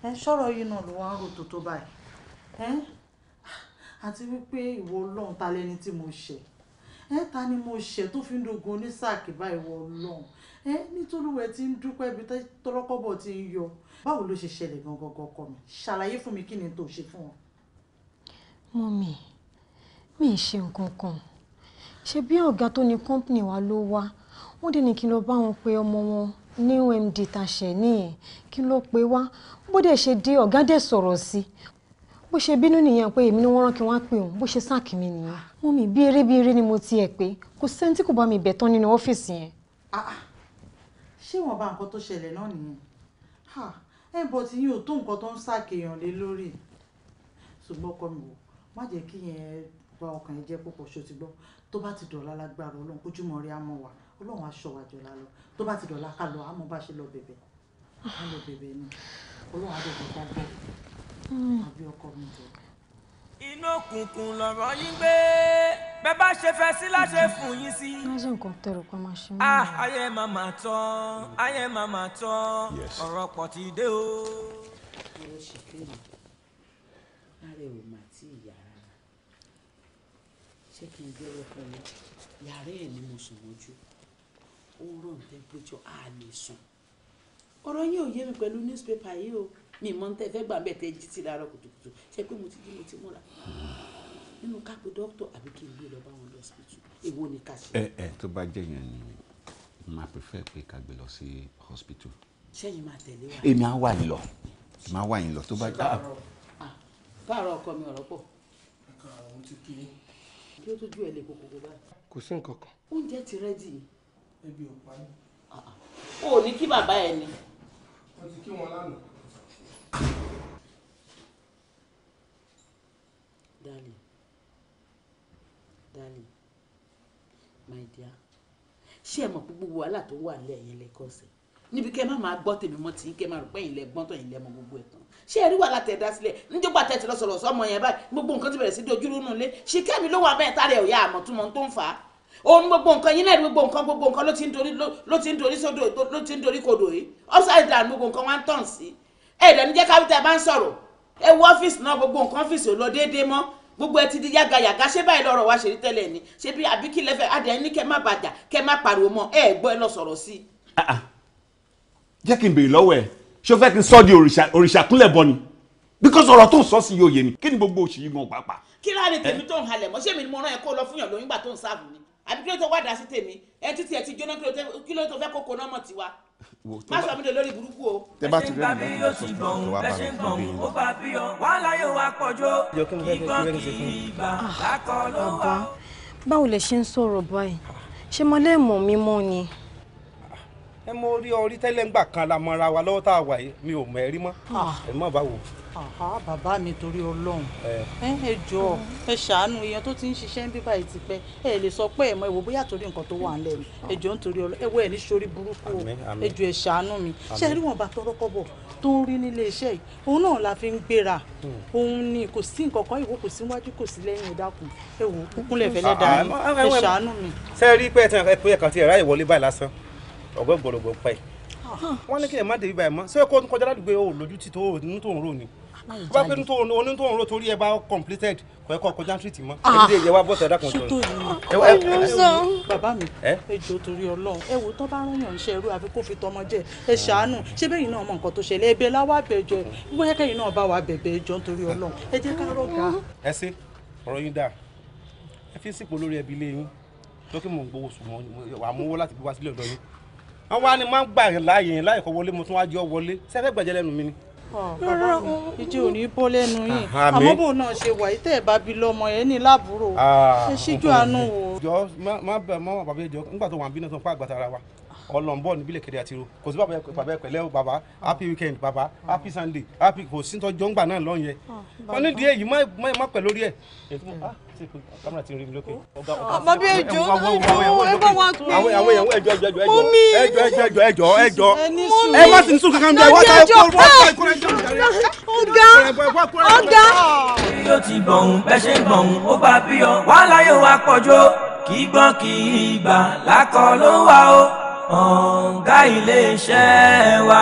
ẹ sọ̀rọ̀ yìí náà ló wá ń ròtò tó báyìí ah, àti wípé ìwọ ọlọ́run ta lẹni tí mo ṣẹ̀ ẹ ta ni mo ṣẹ̀ tó fi ń dogun onísàkì báyìí ìwọ ọlọ́run ẹ nítorí wẹ ti ń dúpẹ́ ibi tọ́lọ́kọ́bọ̀ ti ń yọ báwo ló ṣe ṣẹlẹ̀ gangan ọkọ mi ṣàlàyé fún mi kí ni tó ṣe fún wọn. mọ́mì mi ì ṣe nǹkan kan ṣe bí ọ̀gá tó ní kọ́ńpìnì wa ló wá wọ́n dẹ̀ ní kí n lọ bá wọn pé ọmọ wọn ní omd tàṣẹ nìyẹn kí ló pé wá bó dẹ̀ ṣe dé ọ̀gá dẹ̀ sọ̀rọ̀ sí bó ṣe bínú nìyẹn pé èmi ni wọ́n rán kí wọ́n á pè òun bó ṣe sáàkì mi nìyẹn ah. mọ́mì bí eré bí eré ni mo tiẹ̀ pé kò sẹ́ni tí kò bá mi bẹ̀ tán nínú ọ́fíìsì yẹn. Ah, ah. ṣé wọn bá nǹkan tó ṣẹlẹ̀ náà nìyẹn ẹ̀bọ̀ tí yín ò tó nǹkan tó ń ṣàkèyàn lé lórí ṣùgbọ́n ọkọ mi wò má jẹ́ kí yẹn ba ọkàn yẹn jẹ́ púpọ̀ ṣó tó bá ti dọ̀la lágbára ọlọ́run kójúmọ́ rí àmọ́ wa ọlọ́run aṣọ wa jọ̀la lọ tó bá ti dọ̀la ká lọ àmọ́ bá ṣe lọ bẹ̀bẹ̀ á lọ bẹ̀bẹ̀ ni ọlọ́run àbẹ̀bẹ̀ ká gbọ́ hmm. àbí ọkọ mi jọ. inú òkùnkùn lọ̀rọ̀ yín gbé bẹ́ẹ̀ bá ṣe fẹ́ sí láṣẹ fún yín sí. máṣe nǹkan tẹ̀rù pa ah, máa ṣe mọ́. ayé màmá tán ayé màmá tán ọ̀rọ̀ pọ̀ ti dé o. ọ̀rọ̀ ṣì kéde lára ò mà tí ìyá rárá ṣé kí n gbẹ́rẹ́ fún mi yàrá ẹ̀ ni mo sùn mọ́jú ó rọ̀ ní tẹ́gbẹ́jọ́ a lè sùn ọ̀rọ̀ yín ò yé mi pẹ̀lú newspaper yìí o mi mọ̀ ń tẹ́ fẹ́ gbà bẹ́ẹ̀ tẹ́ jí sí láàárọ̀ kùtùkùtù ṣé pé mo ti jí mo ti múra nínú ká pe dókítà àbí kí n gbé lọ bá wọn lọ hospital èwo ni ká ṣe. ẹ ẹ tó bá jẹ́ yẹn ni màá prefer pé ká gbé lọ sí hospital. sẹ́yìn máa tẹ̀lé wa. èmi á wà yín lọ èmi á wà yín lọ tó bá jẹ́. káàárọ̀ ọkọ mi ọ̀rọ̀ pọ̀. kí ó tójú ẹ lè kókó báyìí. kò sí nǹkan kan. oúnjẹ ti rẹ́dì. ẹbí ò pa o ò ní kí bàbá ẹ ni. wọ́n ti kí wọn lánàá. darling darling my dear ṣé ẹ mọ̀ pé gbogbo wàhálà tó wà nílẹ̀ yẹn lẹ́kọ̀ọ́ sí níbi kẹ́ má máa gbọ́ tèmi mọ́ tí kẹ́ máa rò pé ẹ̀yin lẹ gbọ́n tó ẹ̀yin lẹ mọ̀ gbogbo ẹ̀ tán ṣé ẹ rí wàhálà tẹ̀ dá sílẹ̀ níjọba tẹ̀ ti lọ sọ̀rọ̀ sọ́mọ yẹn báyìí gbogbo nǹkan ti bẹ̀rẹ̀ sí dojú rú nulẹ̀ ṣe kẹ́mi ló wà bẹ́ẹ̀ tá rẹ̀ ò yá àmọ́ tó mọ̀ tó ń fà á òun gbogbo nǹkan yín náà gbogbo nǹkan gbogbo nǹkan ló ti ń dorí ló ti ń dorí sódò ló ti ń dorí kodò yìí upside down gbogbo nǹkan wá ń tàn sí ẹ̀ẹ́dẹ̀ níjẹ́ káfíńtà bá ń sọ̀rọ̀ ẹ wọ ọ́fíìsì náà gbogbo nǹkan ọ́fíìsì ò lọ déédéé mọ́ gbogbo ẹ ti di yágayàga ṣé báyìí lọ́rọ̀ wa ṣe rí tẹ́lẹ̀ ni ṣé bí àbí kí lẹ́fẹ̀ẹ́ adìẹ ní kẹ́ má bàjá kẹ́ má pariwo mọ́ ẹ gbọ́ ẹ lọ sọ̀rọ̀ sí. Ah, ah. jẹ́ kí n béèrè lọ́wọ́ ẹ̀ ṣé fẹ́ kí n sọ di òrìṣà kúnlẹ̀ bọ ni because ọ̀rọ̀ tó ń sọ sí yóò yé mi kí ni gbogbo òṣì gan pàápàá. kí láre eh? tèmi tó ń halẹ̀ mọ́ ṣé mi ni mo rán ẹ kó lọ fún yàn lóyún gbà tó ń sáàbù ni àbí kí ló tó wá dá sí tèmi ẹ títí ẹ ti jóná kí ló tó fẹ́ kókó náà mọ̀ tiwa má sọ mi dè lórí burúkú o. tẹ bá ti rí ọmọ náà yóò sì gbọ̀n bẹ́ẹ̀ ṣe ń gbọ̀n ó bá bí ọ wàhálà yóò wá pọ̀jọ́ ìbọn kì í bà lákọ̀ ló wà. báwo lẹ ṣe ń sọ̀rọ̀ báyìí ṣé mo lè mọ̀ mí ni ẹ mọ orí ọrí tẹ́lẹ̀ ńgbà kan la mọra wa lọ́wọ́ tá a wà yìí mi ò mọ ẹ̀rí mọ́ ah. ẹ mọ̀ bá wò. bàbá mi torí ọlọ́run ẹ jọ ẹ ṣàánú èèyàn tó ti ń ṣiṣẹ́ ń bí báyìí ti pẹ́ ẹ lè sọ pé ẹ mọ ìwò bóyá torí nǹkan tó wà ń lẹ́nu ẹ jọ ń torí ọlọ́run ẹ wọ ẹ ní sórí burúkú ẹ jọ ẹ ṣàánú mi ṣe rí wọn bá tọrọ kọ́bọ̀ tó ń rí nílé iṣẹ́ yìí òun náà la fi ń gbéra hmm. òun ni kò sí nǹkan kan ìwọ kò sí wájú kò sí lẹ́yìn ẹ dákun ẹ wò ó kúnlẹ̀ fẹ́lẹ́ ah, dáa ah, ẹ ṣàánú mi. sẹ́ẹ̀rí pé ẹ̀ tán ẹ pé ẹ̀kan ti ẹ̀rá ìwọlé báyìí lásán ọ̀gọ́ ìgbọ̀lọ̀gbọ̀ pa ẹ̀ wọ́n ní kí ẹ̀ má débi báyìí mọ́ ṣé kó kọjá ládùúgbò o lójú ti tó o ní tó ń rò ni bá pé ní tó ń ní tó ń rò torí ẹ bá completed kọ ah. ẹ kọ kọjá tìrìtì mọ́ ẹ dé ìyẹwà bọ́sẹ̀ dákun tó ní. ẹ wò bàbá mi ẹ torí Ọlọ́run ẹ wò tó bá rán yàn ṣe ẹrú àfi kó fi tọmọ jẹ ẹ ṣàánú ṣé bẹ́ẹ̀ yìí náà mọ nǹkan tó ṣẹlẹ̀ ẹ̀bẹ̀ láwà bẹ̀jọ wọ́n yẹ kẹ́yìn náà bá wà wọn wá ní máa ń gbà láàyè yẹn láì kọ wọlé mo tún wá jọ wọlé ṣé fẹ́ gbàjẹ́ lẹ́nu mi ni. ìdí ò ní bọ́ lẹ́nu yìí àmọ́ bò náà ṣe wà ìtẹ́ ẹ̀ bá bi lọ́mọ yẹn ní láàbúrò ṣe ah, ṣíjú àánú wò. jọ má bẹ mọ bàbá ìjọ nígbà tó wà ń bínú tó ń pa àgbàtà ara wa ọlọ́nbọ̀ níbílẹ̀ kéde àti ro kò sí bàbá bàbá pẹ̀lẹ́ o bàbá happy weekend bàbá ah. happy sunday happy kò sí tọ́jọ́ ńgbà náà lọ́yẹn. Ah, wọ́n ní díẹ̀ yìí má pẹ̀ lórí ẹ̀ ti pé ti rí mi lókè. ọmọ bí ẹjọ ẹjọ ẹgbẹ wa pé àwọn èèyàn ẹjọ ẹjọ ẹjọ ẹjọ ẹjọ ẹjọ ẹjọ ẹjọ ẹ má sì ní sùn kankan bí wọn ta ẹjọ ọ̀gá ọ̀gá. bí ó ti gbọ̀hún bẹ́ẹ̀ ṣe ń gbọ̀hún ó bá bí ọ wàhálà yóò wá pọ̀jọ́ kì iléeṣẹ́ wa.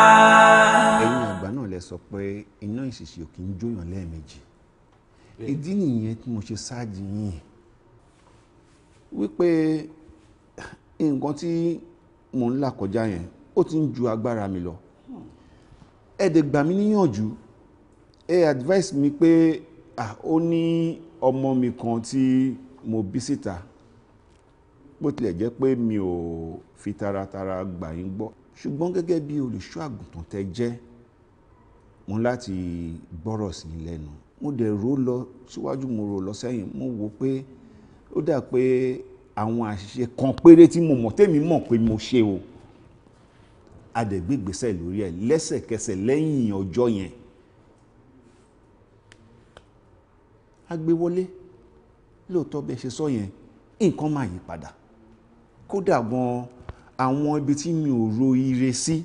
ẹ̀yin àgbà náà lè sọ pé iná ìṣìṣì ò kì í jóyàn lẹ́ẹ̀mejì ìdí nìyẹn tí mo ṣe ṣáàjì yìí wípé nǹkan tí mò ń là kọjá yẹn ó ti ń ju agbára mi lọ ẹ gbà mí níyànjú ẹ advice mi pé ó ní ọmọ mi kan tí mo bí síta bó tilẹ̀ jẹ́ pé mi ò fi taratara gbà yín gbọ́ ṣùgbọ́n gẹ́gẹ́ bí olùṣọ́ àgùntàn tẹ́ jẹ́ mo láti gbọ́rọ̀ sí lẹ́nu mo dẹ̀ rò lọ síwájú mo rò lọ sẹ́yìn mo wò pé ó dà pé àwọn àṣìṣe kan péré tí mo mọ̀ tèmi mọ̀ pé mo ṣe o a dẹ̀ gbé ìgbésẹ̀ lórí ẹ̀ lẹ́sẹ̀kẹsẹ̀ lẹ́yìn ọjọ́ yẹn a gbé wọlé lóòótọ́ bí ẹ ṣe sọ yẹn nǹkan máa yí padà kódà gan àwọn ibi tí mi ò ro ire sí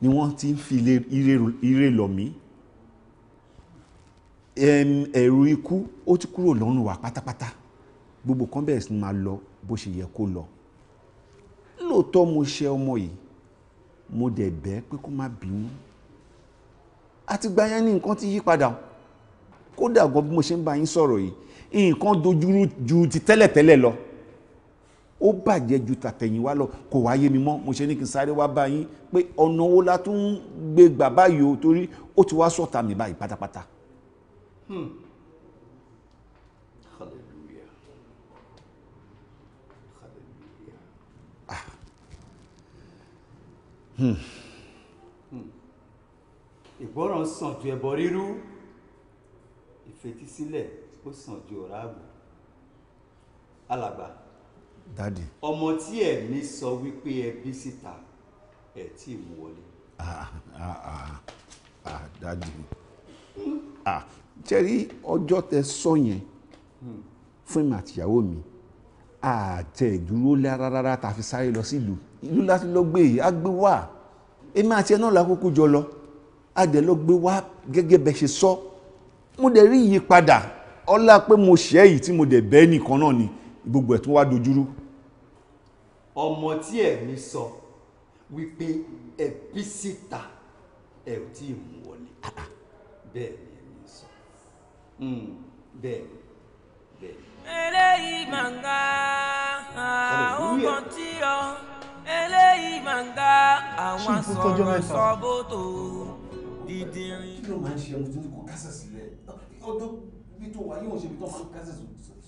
ni wọ́n ti ń fi ire lọ̀ mí ẹ̀rù ikú ó ti kúrò lọ́rùn wa pátápátá gbogbo kan bẹ̀rẹ̀ sí máa lọ bó ṣe yẹ kó lọ lóòótọ́ mo ṣe ọmọ yìí mo dẹ̀ bẹ́ẹ̀ pé kó má bínú àtìgbà yẹn ni nǹkan ti yí padà kódà gan bí mo ṣe ń bá yín sọ̀rọ̀ yìí nǹkan dojúrú ju ti tẹ́lẹ̀tẹ́lẹ̀ lọ ó bàjẹ́ ju tàtẹ̀yìnwá lọ kò wá yé mi mọ́ mo ṣe ní kí n sáré wá bá yín pé ọ̀nà wo la tún gbé gbà báyìí o torí ó ti wá sọ̀tà mi báyìí pátápátá Hmm. Hallelujah. Hallelujah. Ah. Hmm. Hmm. Ìgbọ́ràn sàn ju ẹbọ rírú. Ìfetísílẹ̀ ó sàn ju ọ̀rá àgbò. Alàgbà. Dádì. Ọmọ tí ẹ̀mí sọ wípé ẹ bí síta ẹ̀ tí ì mú wọlé. Ah, ah, ah, ah tẹ́rí ọjọ́ tẹ sọ yẹn fún mi àtìyàwó mi àtẹ ìdúró lára rárá tá a fi sáré lọ sílùú ìlú láti lọ gbé yìí á gbé wá èmi àti ẹ náà lákòókò jọ lọ á dẹ̀ lọ gbé wá gẹ́gẹ́ bẹ́ẹ̀ ṣe sọ mo dẹ̀ rí ìyípadà ọlá pé mo ṣẹ́ yìí tí mo dẹ̀ bẹ́ẹ̀ nìkan náà ni gbogbo ẹ̀ tún wá dojúrú. ọmọ tí ẹ̀mí sọ wípé ẹbí síta ẹ ò tí ì mú wọlé ah, ah. bẹ́ẹ̀ ni Hmm, bẹ́ẹ̀ bẹ́ẹ̀. eléyìí màǹgà àwọn tí ọ eléyìí màǹgà àwọn sọ̀rọ̀ sọ́bòtò dídìrín. kí ló máa ń ṣe ohun tó ń kó kásẹ̀ sílẹ̀ ọdún bí tó wà yóò ṣe bí tó máa ń kásẹ̀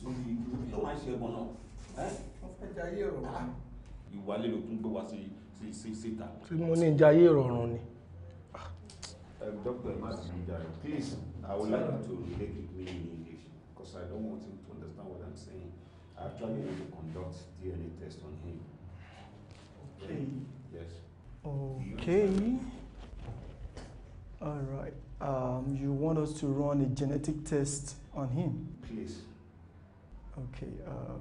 sórí ibi tó máa ń ṣe ẹ̀gbọ́n náà. ọ̀fẹ́ jayé rọ̀ ah, ìwà lílo tún gbé wa sí síta. tí mo ní jayé ìrọ̀rùn ni. dókítà ẹ má sì ń jà rẹ please. I would like him to relate with me in English because I don't want him to understand what I'm saying. I actually need to conduct DNA test on him. Okay. Yes. Okay. All right. Um, you want us to run a genetic test on him? Please. Okay. Um,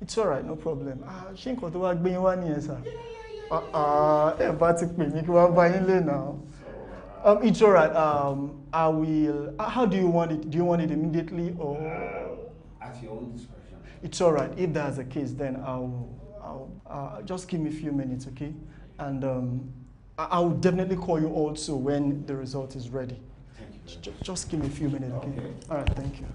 it's all right. No problem. Ah, ṣé nǹkan tó wá gbé yín Ah nìyẹn sá? Ẹ bá ti pè mí kí wọ́n bá yín lé náà. Um, it's all right. Um, I will. Uh, how do you want it? Do you want it immediately or? Uh, at your own discretion. It's all right. If that's the case, then I'll. I'll uh, just give me a few minutes, okay? And um, I, will definitely call you also when the result is ready. Thank you. J just give me a few minutes, okay? okay? All right. Thank you.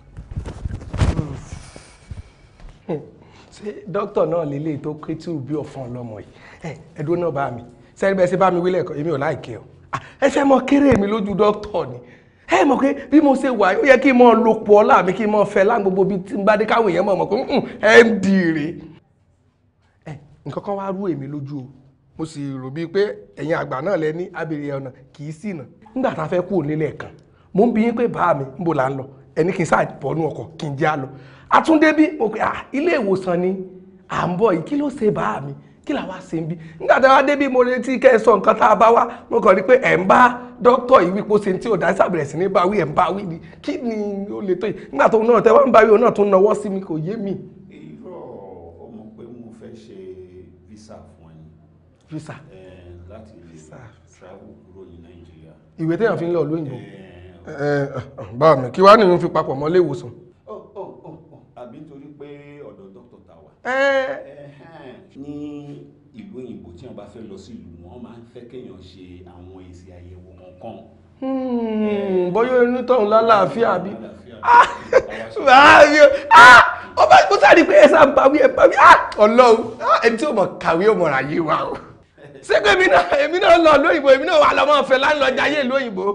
Hmm. ṣé dókítà náà lélẹ́yìí tó kẹ́tù bí ọ̀fọ̀n lọ́mọ yìí ẹ̀ẹ́dúró náà bá mi sẹ́ni bẹ́ẹ̀ ṣe bá mi wílẹ̀ kọ́ èmi ò láìkẹ́ o Ah, ẹ fẹ́ mọ kéré mi lójú dókítà ni ẹ mọ̀ pé bí mo ṣe wà ó yẹ kí n mọ lopọ̀ mi kí n mọ fẹ́ láǹ gbogbo bí tí n bá dé káwọn èèyàn mọ̀ mọ̀ pé mm, mm, wá rú èmi lójú o mo sì rò bíi pé ẹ̀yin àgbà náà lẹ́ni abèrè ọ̀nà kì í ṣìnà nígbà tá a fẹ́ mo ń bi yín pé bá mi ń bò là ń ọkọ̀ kì já lọ mo ah, ilé ìwòsàn ni à ń kí làwa ṣe ń bí nígbà tí wàá débi mo retí kẹ́ ẹ sọ nǹkan tá a bá wá mo kàn rí pé ẹ̀ ń bá dókítà yìí wípé ó ṣe tí ò dá sábẹ̀rẹ̀ sí ní báwí ẹ̀ ń báwí ni kí ni ó lè tó yìí nígbà tó náà tẹ́ wá ń báwí òun náà tún nawọ́ sí mi kò yé mi. irọ́ ọmọ pé mo fẹ́ ṣe visa fún ẹyin. visa. láti lè travel kúrò ní nàìjíríà. ìwé téèyàn fi ń lọ lóyìnbó. bá mi kí wàá nìyẹn fi papọ̀ mọ́ ilé ìwòsàn. àbí torí pé ọ̀dọ̀ dókítà wà ní ìlú òyìnbó tí wọn bá fẹ́ lọ sí ìlú wọn máa ń fẹ́ kéèyàn ṣe àwọn èsì àyẹ̀wò kankan. Hmm, eh, bóyá inú tọ̀hún lálàáfíà bí ah, ah, ó bá kó sáré pé ẹ̀sà ń bawí ẹ̀ bawí ah, ọlọ́run ẹni tí ó mọ̀ kàwé ó mọ̀ra yé wa o (laughs) ṣé pé èmi náà lọ lóyìnbó èmi náà wà lọ́mọ́ ọ̀fẹ́ láńlọ́jà yé lóyìnbó.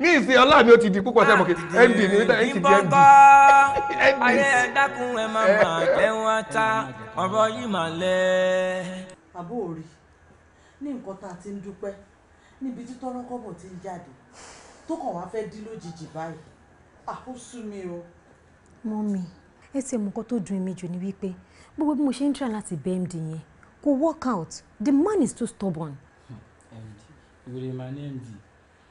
ní ìsìn ọlá mi ó ti di púpọ̀ sẹ́mọ̀kì md ah, ni wíta ẹ̀ ti di md. ayé dákun ẹ máa mà lẹ́wọ̀n ta ọ̀rọ̀ yìí mà lẹ́. àbó òrì ní nǹkan tá a ti ń dúpẹ́ níbi tí tọ́rọ́kọ́bọ̀ ti ń jáde tó kàn wá fẹ́ dín lójijì báyìí àkó mi o. mọ́mì ẹ ti mú tó dùn mí jù ni wípé gbogbo bí mo ṣe ń try láti bẹ́ md yẹn kò work out the man is too stubborn. md ìwé ma ní md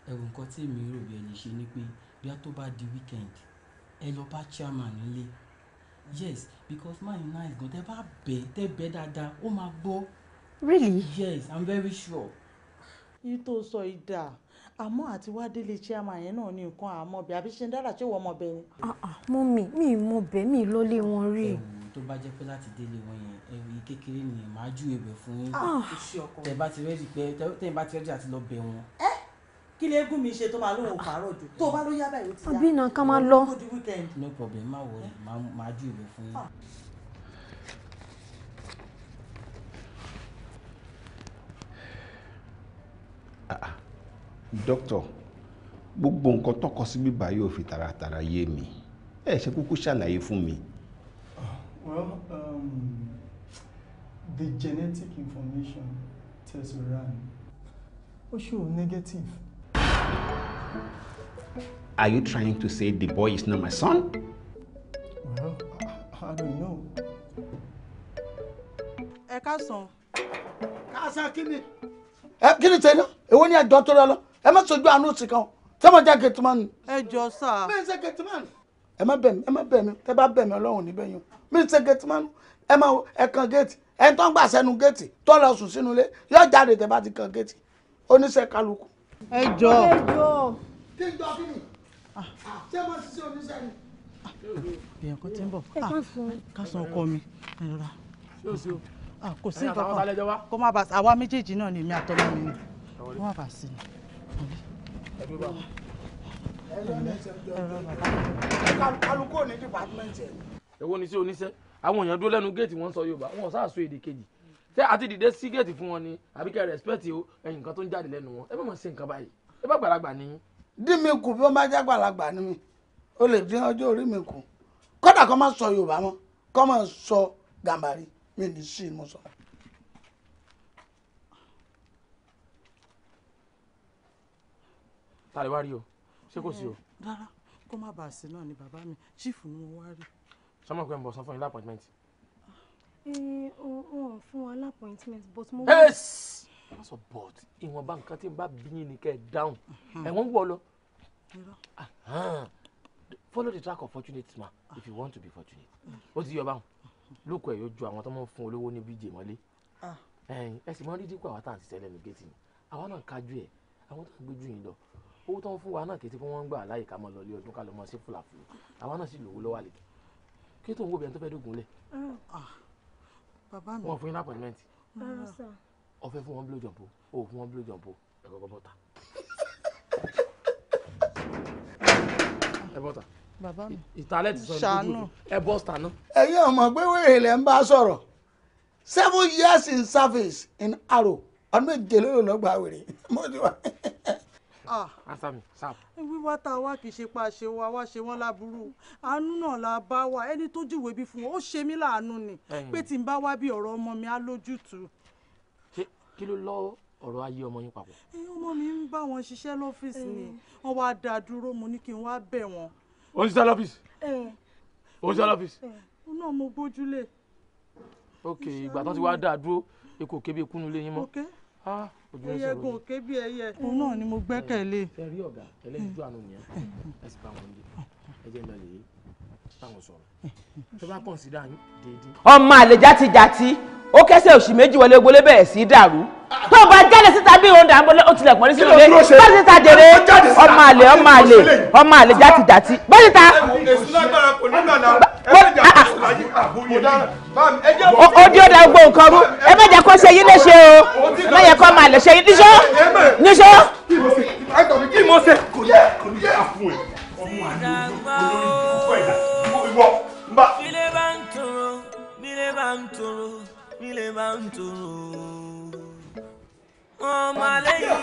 Ẹ̀wo nǹkan tí èmi rò bí ẹ lè ṣe ni pé boya tó bá di weekend, ẹ lọ bá chairman nílé. Yes, because man yii nice gan. Tẹ bá bẹ̀, tẹ bẹ̀ dáadáa, ó máa gbọ́. Really? Yes, I'm very sure. Èyí tó sọ yii dà, àmọ́ àti wá délé chairman yẹn náà ni nǹkan à mọ̀ bẹ̀. Àbí ṣe Dára ṣé ìwọ mọ̀ bẹ̀ ni? Àà, ah, ah, mummy, mi ò mọ̀ bẹ̀, mi ò lọ ilé wọn rí. Ẹ̀wo tó bá jẹ́ pé láti délé wọn yẹn, ẹ̀yin kékeré ni màá júwe bẹ̀ fún yín. Ah. Tẹ bá ti ready pé, tẹ bá ti ready àti lọ bẹ̀ wọn. Ẹ́ kí lè gún mi ṣe tó máa lóun pààrọ̀ jù tó bá ló yá báyìí ó ti yá àbí náà ká máa lọ. no problem má wọ máa ju ìlú fún yín. Ah. Ah, ah. dókítà gbogbo nǹkan tọkọ sí bíbá yóò fi taratara yé mi ẹ ṣe kúkú ṣàlàyé fún mi. well um, the genetic information test ran ó ṣòwò negative Are you trying to say the boy is not my son? Well, I, I don't know. Ẹ káàsán. Káàsán kí ni? Ẹ kí ni tẹ̀lé? Èwo ni àjọ tó rẹ lọ? Ẹ má sojú àánú sí kan. Sẹ́mọ̀ jẹ́ gẹ̀tìmánì. Ẹ jọ sá. Bẹ́ẹ̀ ṣe gẹ̀tìmánì. Ẹ má bẹ̀ mí, ẹ má bẹ̀ mí, tẹ bá bẹ̀ mí Ọlọ́run níbẹ̀ yẹn. Mi ṣe gẹ̀tìmánì. Ẹ máa ẹ kan géètì. Ẹ tó gbà sẹ́nu géètì tó lọ sùn sínú ilé. Yóò jáde tẹ ti kan géètì. Oníṣẹ́ kálukú ẹ jọ ẹ jọ. kí n jọ kí ni ah. Ah, ṣé mo ṣiṣẹ́ oníṣẹ́ ni. Ah, èèyàn kan ti ń bọ̀ ká san ọkọ mi ẹ rọra kò sí nǹkan kan kó má bàa àwa méjèèjì náà ni èmi àtọ́mọ mi ni kó má bàa sí ni. kálukú ò ní dìpátímẹ́ǹtì ẹ̀. èwo ni sí oníṣẹ́ àwọn èèyàn dúró lẹ́nu géètì wọ́n ń sọ Yorùbá wọn ò sáà sọ èdè kejì ṣé àti dìde sígẹ̀tì fún wọn ni àbí kẹ́ rẹ́spẹ̀tì o ẹ̀yìn nǹkan tó ń jáde lẹ́nu wọn ẹ má mọ̀ ṣe nǹkan báyìí ẹ bá gbàlagbà ni. dí mi kù bí wọ́n bá jẹ́ gbàlagbà ni mi ó lè dín ọjọ́ orí mi kù kódà kó má sọ Yorùbá mọ́ kó má sọ gàmbàrí mi ní sí mo sọ. tàlẹ́ wá rí o ṣé kò sí o. Eh, rárá kó má bàa sí náà ni bàbá mi chief ni mo wá rí. sọmọ pé ń bọ̀ sọ fún yín lápọ̀tímẹ́ǹtì. Eh, fún wa lá yes wọ́n sọ but ìwọ̀nba nǹkan tí n bá bí yín ni kẹ́ ẹ dáhùn mhm. ẹ̀wọ̀n ń wọ̀ lọ. follow the track of fortunate man if you want to be fortunate ó ti yọ báwọn mhm. lóko ẹ̀ yóò ju àwọn tó máa ń fún olówó ní bíjè mọ́lé ah. ẹ sì máa ń rí dípò àwọn tá à ń ṣiṣẹ́ lẹ́nu géètì ni àwa náà kájú ẹ̀ àwọn tó ń gbójú yín lọ owó tó ń fún wa náà kété fún wọn ń gbà láyè ká mọ lọ ilé ọdún ká lọ mọ sí fúlàfúlù àwa náà sì lówó lọ́wọ́ àlejò kí tó ń wo bẹ̀rẹ̀ tó fẹ́ dógun lẹ̀. Ah bàbá mi. wọn fún yín ní appointment. rárá ah. sà. ọfẹ fún wọn blow jump o ò fún wọn blow jump o ẹ kọ́kọ́ bọ́ta. ẹ bọ́ta. bàbá mi ìtàlẹ̀ ti sọ ní dúdú ẹ bọ́ sítà náà. ẹ̀yin ọmọ pé wèrè lẹ ń bá sọ̀rọ̀ seven years in service in Aro ọdún méje lórí lọ́gbà wèrè mo ti wá. Ah. asami sap. wíwá tá a wá kì í ṣe pa ṣe wa wá ṣe wọ́n láburú àánú náà la bá wa ẹni tó júwèé bí fún wọn ó ṣe mí láàánú ni pé tí n bá wá bí ọ̀rọ̀ ọmọ mi á lójútùú. kí ló lọ ọ̀rọ̀ ayé ọmọ yín papọ̀. ọmọ mi ń bá wọn ṣiṣẹ́ lọ́fíìsì ni wọ́n wá dá a dúró mo ní kí n wá bẹ̀ wọ́n. ó ń ṣiṣẹ́ lọ́fíìsì. ó ń ṣiṣẹ́ lọ́fíìsì. ó náà mo gbójúlé. ok ìgbà tó ti wá dá a dúró ikú kébé kúnulé yín mọ́. Ah ẹyẹ gùn ké bí ẹyẹ. òun náà ni mo gbẹ́kẹ̀lé. ẹ rí ọ̀gá ẹlẹ́yinjú àánú nìyẹn ẹ sì bá wọn lé ẹ jẹ́ ń yìí táwọn sọ̀rọ̀ tó bá consider yín déédéé. ọmọ àlè játijàti ó kẹsẹ̀ òsì méjì wọlé gbolé bẹ̀rẹ̀ sí í dàrú tó bá jáde síta bí òun dà ń bọ́lé ó tilẹ̀ pọ̀ ní sínú ilé bá síta jèrè ọmọ àlè ọmọ àlè ọmọ àlè játijàti bá síta. ó dí ó da gbogbo nǹkan rú ẹ má jẹ́ kó ṣe yín léṣe o ẹ má jẹ́ kó lè ṣe yín níṣó níṣó. kí mo ṣe kò ní àfún ẹ ọmọ àlè wọ n bá. ilé bá ń tòrò ilé bá ń tòrò ilé bá ń tòrò.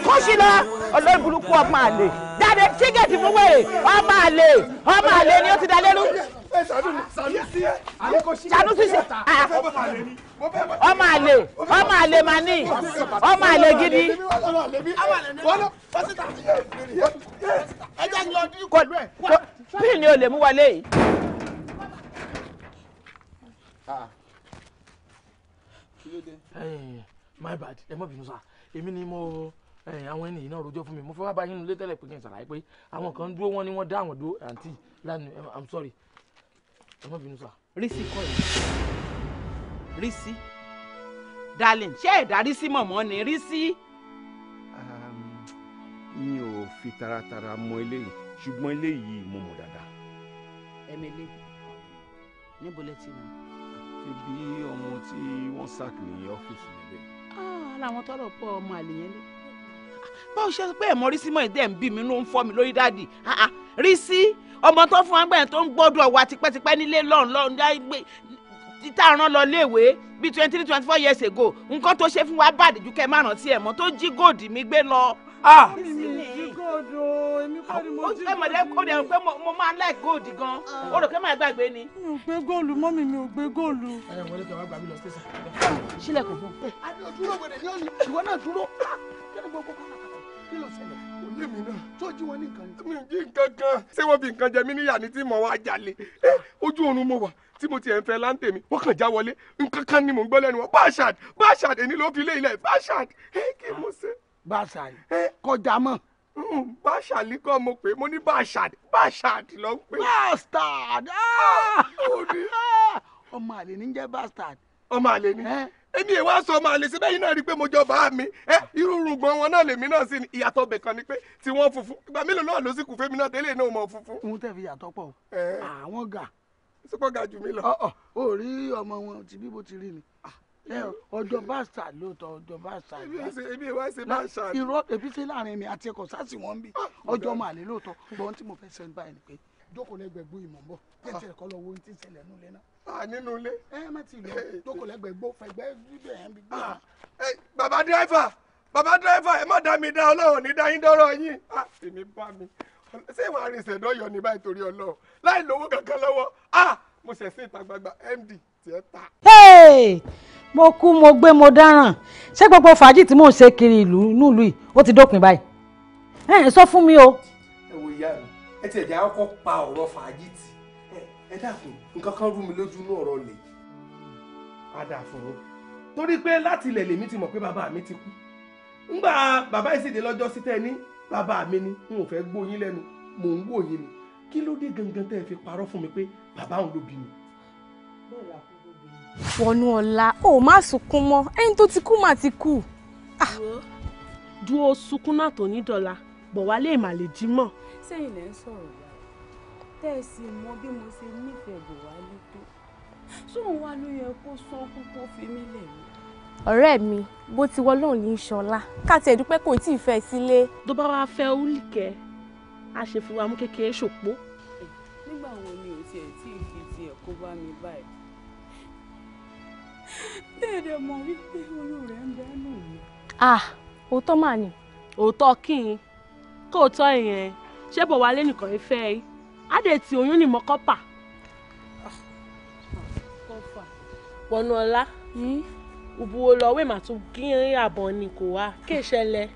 kóṣìlá olóògùnkú ọmọ àlè jáde tíkẹ́ẹ̀tì fún wèrè ọmọ àlè ọmọ àlè ni ó ti dá sanu ti ọmọ àlè ọmọ àlè mà ní ọmọ àlè gidi. kí ni o lè mú wọlé yìí. Ah. Eh, my bad ẹ má bínú sá èmi ni mo eh, àwọn ènìyàn náà rojọ́ fún mi mo fẹ́ wá bá yín nílé tẹ́lẹ̀ pé kí n ṣàlàyé pé àwọn kan dúró wọn ni wọ́n dá àwọn dúró àǹtí lánàá eh, i'm sorry ẹ má bínú sá. Risi, kọ́ ẹ̀ rísí darling ṣé ẹ̀dá rísí mọ̀mọ́ ni rísí. Um, mi ò fi taratara mọ eléyìí ṣùgbọ́n eléyìí mo mọ̀ dáadáa. ẹ̀mí níbo lẹ ti mọ̀ ti bí ọmọ tí wọ́n sack ní ọ́fíìsì níbẹ̀. Ah, làwọn tọrọ pọ ọmọ àlè yẹn lé báwo ṣe pé ẹ̀mọ́ rí sí mọ́ ìdẹ́ ń bí mi ló ń fọ́ mi lórí dáàdì ah, ah, rí sí ọmọ tó fún agbẹ́yìn tó ń gbọ́dọ̀ wá tipẹ́tipẹ́ nílé lọ́run lọ́run dáìgbé títà rán lọ léèwé bíi twenty three twenty four years ago nǹkan tó ṣe fún wa bàdé ju kẹ́ ẹ má rántí ẹ̀mọ́ tó jí góòdì mi gbé lọ gold o èmi kọ́ ni mo jí gold. ẹ mọ̀dé kó dẹ̀ pé mo máa ń like gold gan ah. o rò pé máa gbàgbé ni. mi ò gbé góòlù mọ́mì mi ò gbé góòlù. ẹ wọlé tó wá gbà mí lọ sísè. sílẹ̀ kò fún. adé òdúró wẹ̀rẹ̀ ni ó ní ìwọ náà dúró kí ni gbogbo kọ́ kí ló ṣẹlẹ̀ ilé mi náà tó jí wọn ní nǹkan ni. mi ò jí nǹkan kan ṣé wọ́n fi nǹkan jẹ mí níyà ni tí mo wá jalè ojú oorun mo wà tí mo tiẹ̀ ń fẹ́ láǹtẹ̀ mi wọ́n kàn já wọlé nǹkan kan ni mò ń gbọ́ lẹ́nu wọn báṣad báṣad èyí ló fi lé ilẹ̀ báṣad kí mo ṣe. báṣad kọjá mọ́. Hmm, báṣàlì kan mo pè é mo ní báṣàdì báṣàdì ló ń pè. bastard ah, ah, ah. ọmọ àlè ní jẹ́ bastard. ọmọ àlè ní èmi ìwà sọ ọmọ àlè síbẹ̀ yìí náà rí i pé mo jọ bá mi ẹ irú rúgbọ́n wọn náà lèmi náà sì ni ìyàtọ̀ ọbẹ̀ kan ni pé tí wọ́n funfun ìgbà mélòó náà ló sì kù fẹ́mi náà tẹ́lẹ̀ náà mọ̀ funfun. ohun tẹ̀ fi yàtọ̀ pọ̀ àwọn gà. sípò ga jù mí lọ. ọ̀ ọ̀ ò rí ọmọ wọn tìbí bó ti rí ni ọjọ́ bàṣà lóòótọ́ ọjọ́ bàṣà ebi wá ṣe bàṣà ni irọ́ ebi ṣe láàrin mi àti ẹ̀kọ́ sásì wọ́n ń bì ah, ọjọ́ màá lè lóòótọ́ gbọ́n tí mo fẹ́ sẹ́ni báyìí ni pé jókòó lẹ́gbẹ̀gbó ìmọ̀ bọ̀ jẹ́tì ẹ̀kọ́ lọ wo ohun tí ń ṣẹlẹ̀ nínú ilé náà. a ah, nínú ilé. ẹ má ti lọ jókòó lẹ́gbẹ̀gbó fẹ̀gbẹ́ bíbẹ̀ ẹ̀ ń bí gbé. Ah, bàbá dírẹ́fà bàbá dírẹ́fà ẹ má dá mi dá ọlọ́run ní dá yín dọ́rọ̀ yín. èmi bá mi ṣé ìwà àrìnsẹ̀dọ́ yọ ní báyìí torí ọlọ́run láì lówó kankan lọ́wọ́ mo ṣẹ̀ sí ìta gbangba md tiẹ̀ mo kú mo gbé mo dáràn ṣé gbogbo fàájì tí mò ń ṣe kiri ìlú nílùú yìí ó ti dópin báyìí ẹ sọ fún mi o. ẹ wo ìyá mi ẹ ti ẹ̀jẹ̀ akọ́kọ́ pa ọ̀rọ̀ fàájì tì ẹ dákun nǹkan kan rú mi lójú ní ọ̀rọ̀ lè padà fún un torí pé láti ilẹ̀ lèmi ti mọ̀ pé bàbá mi ti kú ńgbà bàbá ìsìndé lọ́jọ́ sí tẹ́ ní bàbá mi ni n ò fẹ́ gbóyin lẹ́nu mò ń wòyin ni kí ló dé gangan tẹ́ ẹ fi parọ́ fún mi pé bàbá òun ló bí mi. bẹ́ẹ̀ la kò Wọnúọlá ò má sunkún mọ́ ẹni tó ti kú mà ti kú. Ah. dúró sunkún náà tó ní dọ́là bọ̀ wá lè má lè jí mọ́. sẹ́yìn lẹ́ ń sọ̀rọ̀ yá tẹ́ ẹ sì mọ bí mo ṣe nífẹ̀ẹ́ bò wá lé tó ṣóun wá ló yẹ kó sọ́kún kó fi mí lẹ̀ mí. ọ̀rẹ́ mi bó ti wọ́ lóun ní í ṣọlá káàtì ẹ̀dúpẹ́ kò tí ì fẹ́ sílé. tó bá wàá fẹ́ úlìkẹ́ a ṣe fi wa mú kékeré ṣòpó. nígbà o tiẹ̀ tí ì fi bẹ́ẹ̀rẹ̀ mọ̀ wípé orú rẹ̀ ń bẹ́ẹ̀ nù mí. ah òótọ́ mà ní òótọ́ kí n kó o tọ́ ìyẹn ṣé bò wálé nìkan ẹ fẹ́ ẹ á dẹ̀ tí oyún nì mọ́ kọ́pà. wọnú ọlá òbúwo hmm? lọ́wọ́ èèmà tún gírin àbọ̀ ni kò wá kí ìṣẹ̀lẹ̀.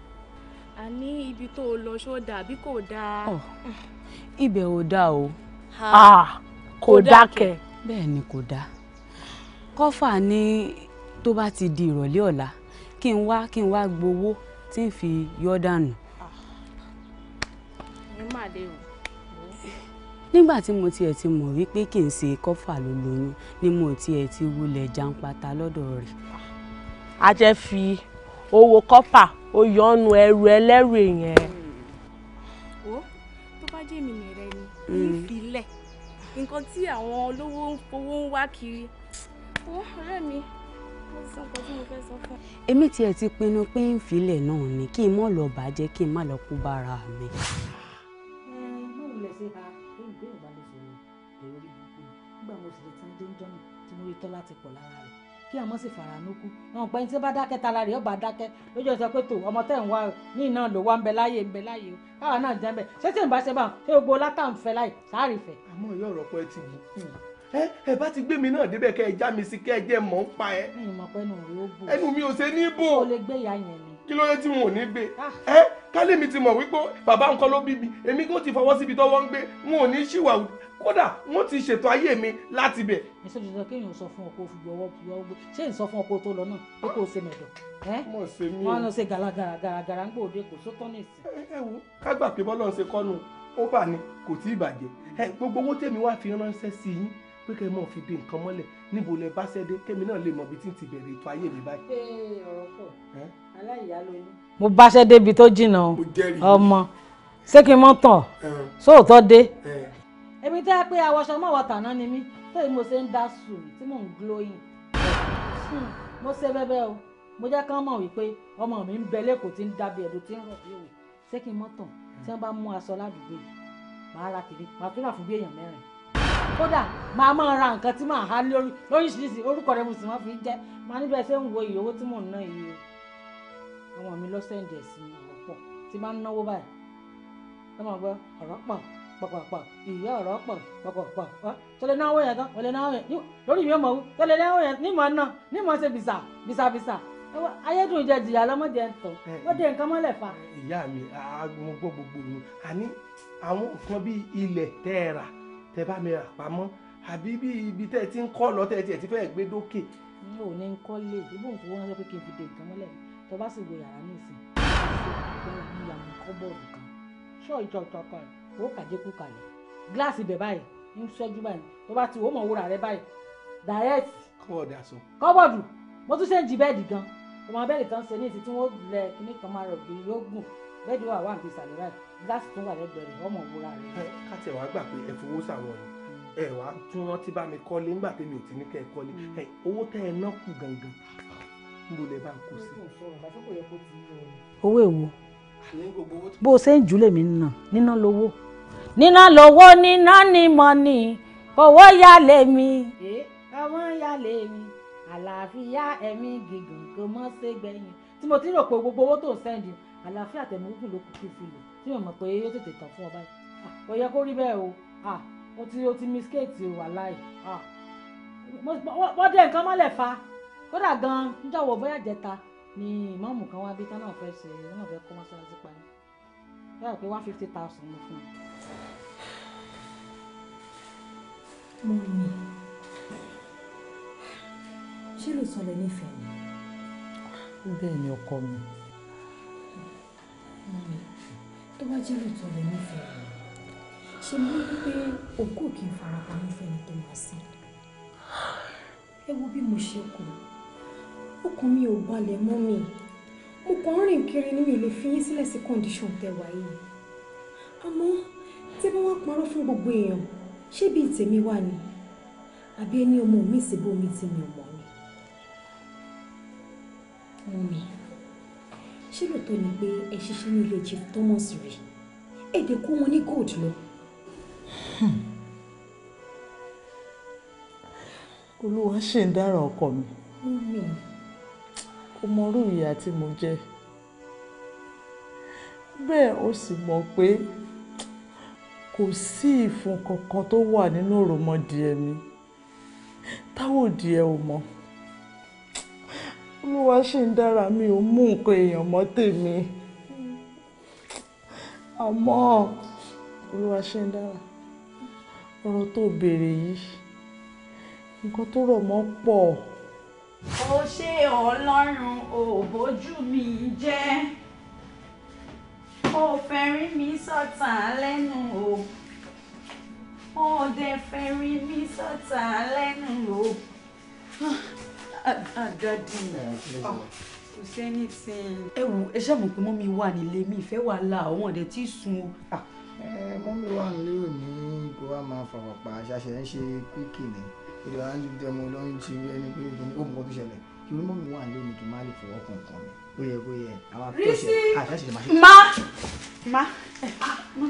a ní ibi tó o lọ ṣó dáa àbí kò dáa. ibẹ̀ ò dáa o kò dákẹ́. bẹ́ẹ̀ ni kò dáa kọ́fà ní tó bá ti di ìrọ̀lẹ́ ọ̀la kí n wá kí n wá gbowó tí n fi yọ dànù. nígbà tí mo tiẹ̀ ti mọ̀ wípé kì í ṣe kọ́fà ló lóyún ni mo tiẹ̀ ti wulẹ̀ jàǹpata lọ́dọ̀ rẹ̀. a jẹ́ fi owó kọ́fà ó yọ̀ọ́nu ẹrù ẹlẹ́rù yẹn. Hmm. wo tó bá jẹ́ mi nìrẹ́ ni ìfilẹ̀ hmm. nǹkan tí àwọn olówó ń fowó ń wá kiri. ó ọ̀rẹ́ mi èmi tiẹ̀ ti pinnu pé ń filẹ̀ náà ni kí n mọ̀ lọ bàjẹ́ kí n má lọ kú bára mi. kí àmọ́ sì fara nukú wọn pẹ́ ní tí bá dákẹ́ tara rẹ̀ ó bá dákẹ́ lójú ọ̀sẹ̀ pé tó ọmọ tẹ̀ ń wá ní iná ló wá ń bẹ láyé ń bẹ láyé o káwa náà jẹ́ ń bẹ ṣé tí ń bá ṣe bá ṣé gbogbo látà ń fẹ́ láì sáà rí àmọ́ ìyá ọ̀rọ̀ pẹ́ ti bù kú ẹ ẹ bá ti gbé mi náà débẹ̀ kẹ́ ẹ já mi sí kẹ́ ẹ jẹ́ mọ̀ ń pa ẹ. ẹnu mi ò ṣe ní bò. o lè gbé ìyá yẹn ni. kí ló dé tí wọn ò ní gbé. Ah. ẹ kálí mi ti mọ̀ wípé bàbá nǹkan ló bí mi èmi kò ti fọwọ́ síbi tọ́wọ́ ń gbé wọn ò ní ṣìwà kódà wọn ti ṣètò ayé mi láti bẹ̀. ẹ ṣe tuntun kéèyàn sọ fún ọkọ òfin ọwọ́ gbé ṣé n sọ fún ọkọ tó lọ náà pé kò ṣe mẹ̀dọ̀ wọn lọ ṣe gàràgàrà gàràgàrà ń gbòde kò sótọ́ nìsín. ẹ wo ká gbà pé bọ́lá ń ṣe kọ́nu ó bà ní kò tí ì bàjẹ́ gbogbo owó tèmi wá fi ránṣẹ́ sí yín pé kẹ́ ẹ mọ̀ fi de nǹkan mọ́lẹ̀ níbo lẹ bá ṣẹ́ dé kẹ́mi náà lè mọ ibi tí ń ti bẹ̀rẹ̀ ètò ayé mi báyìí. ee ọ̀rọ̀ pọ̀ aláìyá ló ní. mo bá ṣẹ́ débi tó jìnnà ọmọ ṣé kí n mọ̀ tàn sóòótọ́ dé. èmi tẹ́ ẹ pé awọṣọ mọ́ wọ̀tà náà ni mí tó yìí mo ṣe ń dá sùn tí mò ń glowing hmm, mo ṣe bẹ́bẹ́ o mo jẹ́ kán mọ̀ wípé ọmọ mi ń bẹ lẹ́kọ̀ọ́ tí ń dábì ẹ̀dùn tí ń rọ̀ bí òwe ṣé kí n mọ̀ tàn tí wọ́n bá mú aṣọ ládùúgbò yìí màá ra tèmi màá kódà màá máa ra nǹkan tí màá há lórí lóríṣiríṣi orúkọ rẹ mo sì máa fi jẹ́ màá níbẹ̀ ṣé ń wo iye owó tí mò ń ná yìí o àwọn mi lọ́sẹ̀ ń jẹ̀ sí ọ̀rọ̀ pọ̀ tí bá ń náwó báyìí ẹ máa gbọ́ ọ̀rọ̀ pọ̀ pọ̀pọ̀pọ̀ ìyá ọ̀rọ̀ pọ̀ pọ̀pọ̀pọ̀ ọ́ tọ́lẹ̀ náwó yẹn tán tọ́lẹ̀ náwó yẹn lórí mi ọmọ wú tọ́lẹ̀ náwó yẹn ní màá ná ní màá ṣe bìsà bìsà bìsà ayédùn jẹ jìyà lọ́mọdé ń tọ́ wọ́n nǹkan mọ́lẹ̀ fa. ìyá mi mo gbogbo yìí àní àwọn nǹkan bíi ilẹ̀ tẹ́ ẹ rà tẹ bá mi rà pamọ́ àbí bí ibi tẹ́ ti ń kọ́ lọ tẹ́ tiẹ̀ ti fẹ́ gbé dókè. mi ò ní kọ́ lè ibò ń fowó ránṣẹ́ pé kí n fi dé nǹkan mọ́lẹ̀ tó bá sì wo yàrá ní ìsìn gbára mi yà mí kọ́ bọ́ọ̀lù kan ṣọ́ ìjọ ìtọ́kọ rẹ̀ ó kàjé kú kalẹ̀ gíláàsì ibẹ̀ báyìí ń ṣẹ́jú báyìí tó bá ti wò ó mọ̀ wúra rẹ báyìí direct. kọ́bọ̀dù aṣọ. kọ́bọ̀dù mo tún ṣe ń jí bẹ́ẹ̀dì gan ọmọ abẹ́ẹ̀dì kan ṣe ní ìsìn tí wọ́n lẹ kíní kan máa rọ̀ gbìn yóò gùn bẹ́ẹ̀dì wà wà ní ìsàlẹ̀ báyìí gáàsì tó wà lẹ́gbẹ̀ẹ́ rẹ̀ ọmọ òwúra rẹ̀. ká tiẹ̀ wàá gbà pé ẹ fowó sàwọn ni ẹ wàá tún rántí bá mi kọ́lé nígbà tí mi ò ti ní kẹ́ ẹ kọ́lé mm. ẹ owó tẹ́ ẹ ná kù gangan níbo lẹ bá A kó sí. owó èwo bó o ṣe ń jùlẹ̀ mi nà níná lówó níná lówó níná ni mọ̀ ni owó yá lé mi. ọmọ yá lé mi àlàáfíà ẹ̀mí gígùn kò mọ́ ṣe gbẹ̀yìn tí mo ti rò pé gbogbo owó tó ń sẹ́ndì àlàáfíà tẹ̀mọ́gùn ló kù kí n fi lò tí mo mọ̀ pé ó tètè tán fún ọ báyìí kò ah, yẹ kó rí bẹ́ẹ̀ o ah, o ti o ti miskéètì o wà láì ah, wọ́n dé nǹkan mọ́lẹ̀ fa kódà gan-an níjọ́wọ́ bóyá jẹta ni ìmọ̀ọ́mù kan wá bí táwọn fẹ́ ṣe wọ́n fẹ́ kó mọ́ṣáláṣí parí báyọ̀ pé one fifty thousand mo fún un. mo ní ṣé ló sọ lẹ nífẹ̀ẹ́ mi. bẹ́ẹ̀ ni ọkọ mi. Mm-hmm tó bá jẹ́ lóòótọ́ lè nífẹ̀ẹ́ ṣe mú wípé òkú kì í farapa nífẹ̀ẹ́ tó máa sí ẹ wo bí mo ṣe kù ọkàn mi ò balẹ̀ mọ́ mi mo kàn ń rìn kiri ní mi lè fi yín sílẹ̀ sí kọ́ndíṣọ̀n tẹwàá yìí àmọ́ tí bá wá parọ́ fún gbogbo èèyàn ṣé bíi tèmi wà ni àbí ẹni ọmọ mi síbò mi ti mi ò mọ̀ ni ṣé lóòótọ́ ni pé ẹ ṣiṣẹ́ ní ilé chief thomas rè é èdè kó wọn ní gold lọ. Hmm. olúwa ṣì ń dára ọkọ mi kò mọrú ìyà tí mo jẹ bẹ́ẹ̀ ó sì mọ̀ pé kò sí ìfun kankan tó wà nínú òròmọdìẹ mi táwọn òdìẹ ò mọ̀ olúwa ṣì ń dára mi ò mú nǹkan èèyàn mọ́ tèmi àmọ́ olúwa ṣì ń dára ọ̀rọ̀ tó béèrè yìí nǹkan tó rọ̀ mọ́ pọ̀. ó ṣe ọlọ́run ò bójú mi jẹ́ ó fẹ́rí mi sọ̀tà lẹ́nu o ó dẹ̀ fẹ́rí mi sọ̀tà lẹ́nu o dadi ẹ wo ẹ ṣàmù pé mọ́mí wà nílé mi ìfẹ́ wàhálà àwọn ọ̀dẹ tí sun o. mọ́mí wà nílé mi kó wá máa fọwọ́ pa ṣàṣẹ ń ṣe píkì ni èdè wa ń dẹmu ló ń ṣe ẹni pé ìdí ó mọ̀ tó ṣẹlẹ̀ kí ni mọ́mí wà nílé mi kì í má lè fọwọ́ kan kan mi ó yẹ kó yẹ àwọn àtúnṣe àṣàṣe máa ṣe. má má má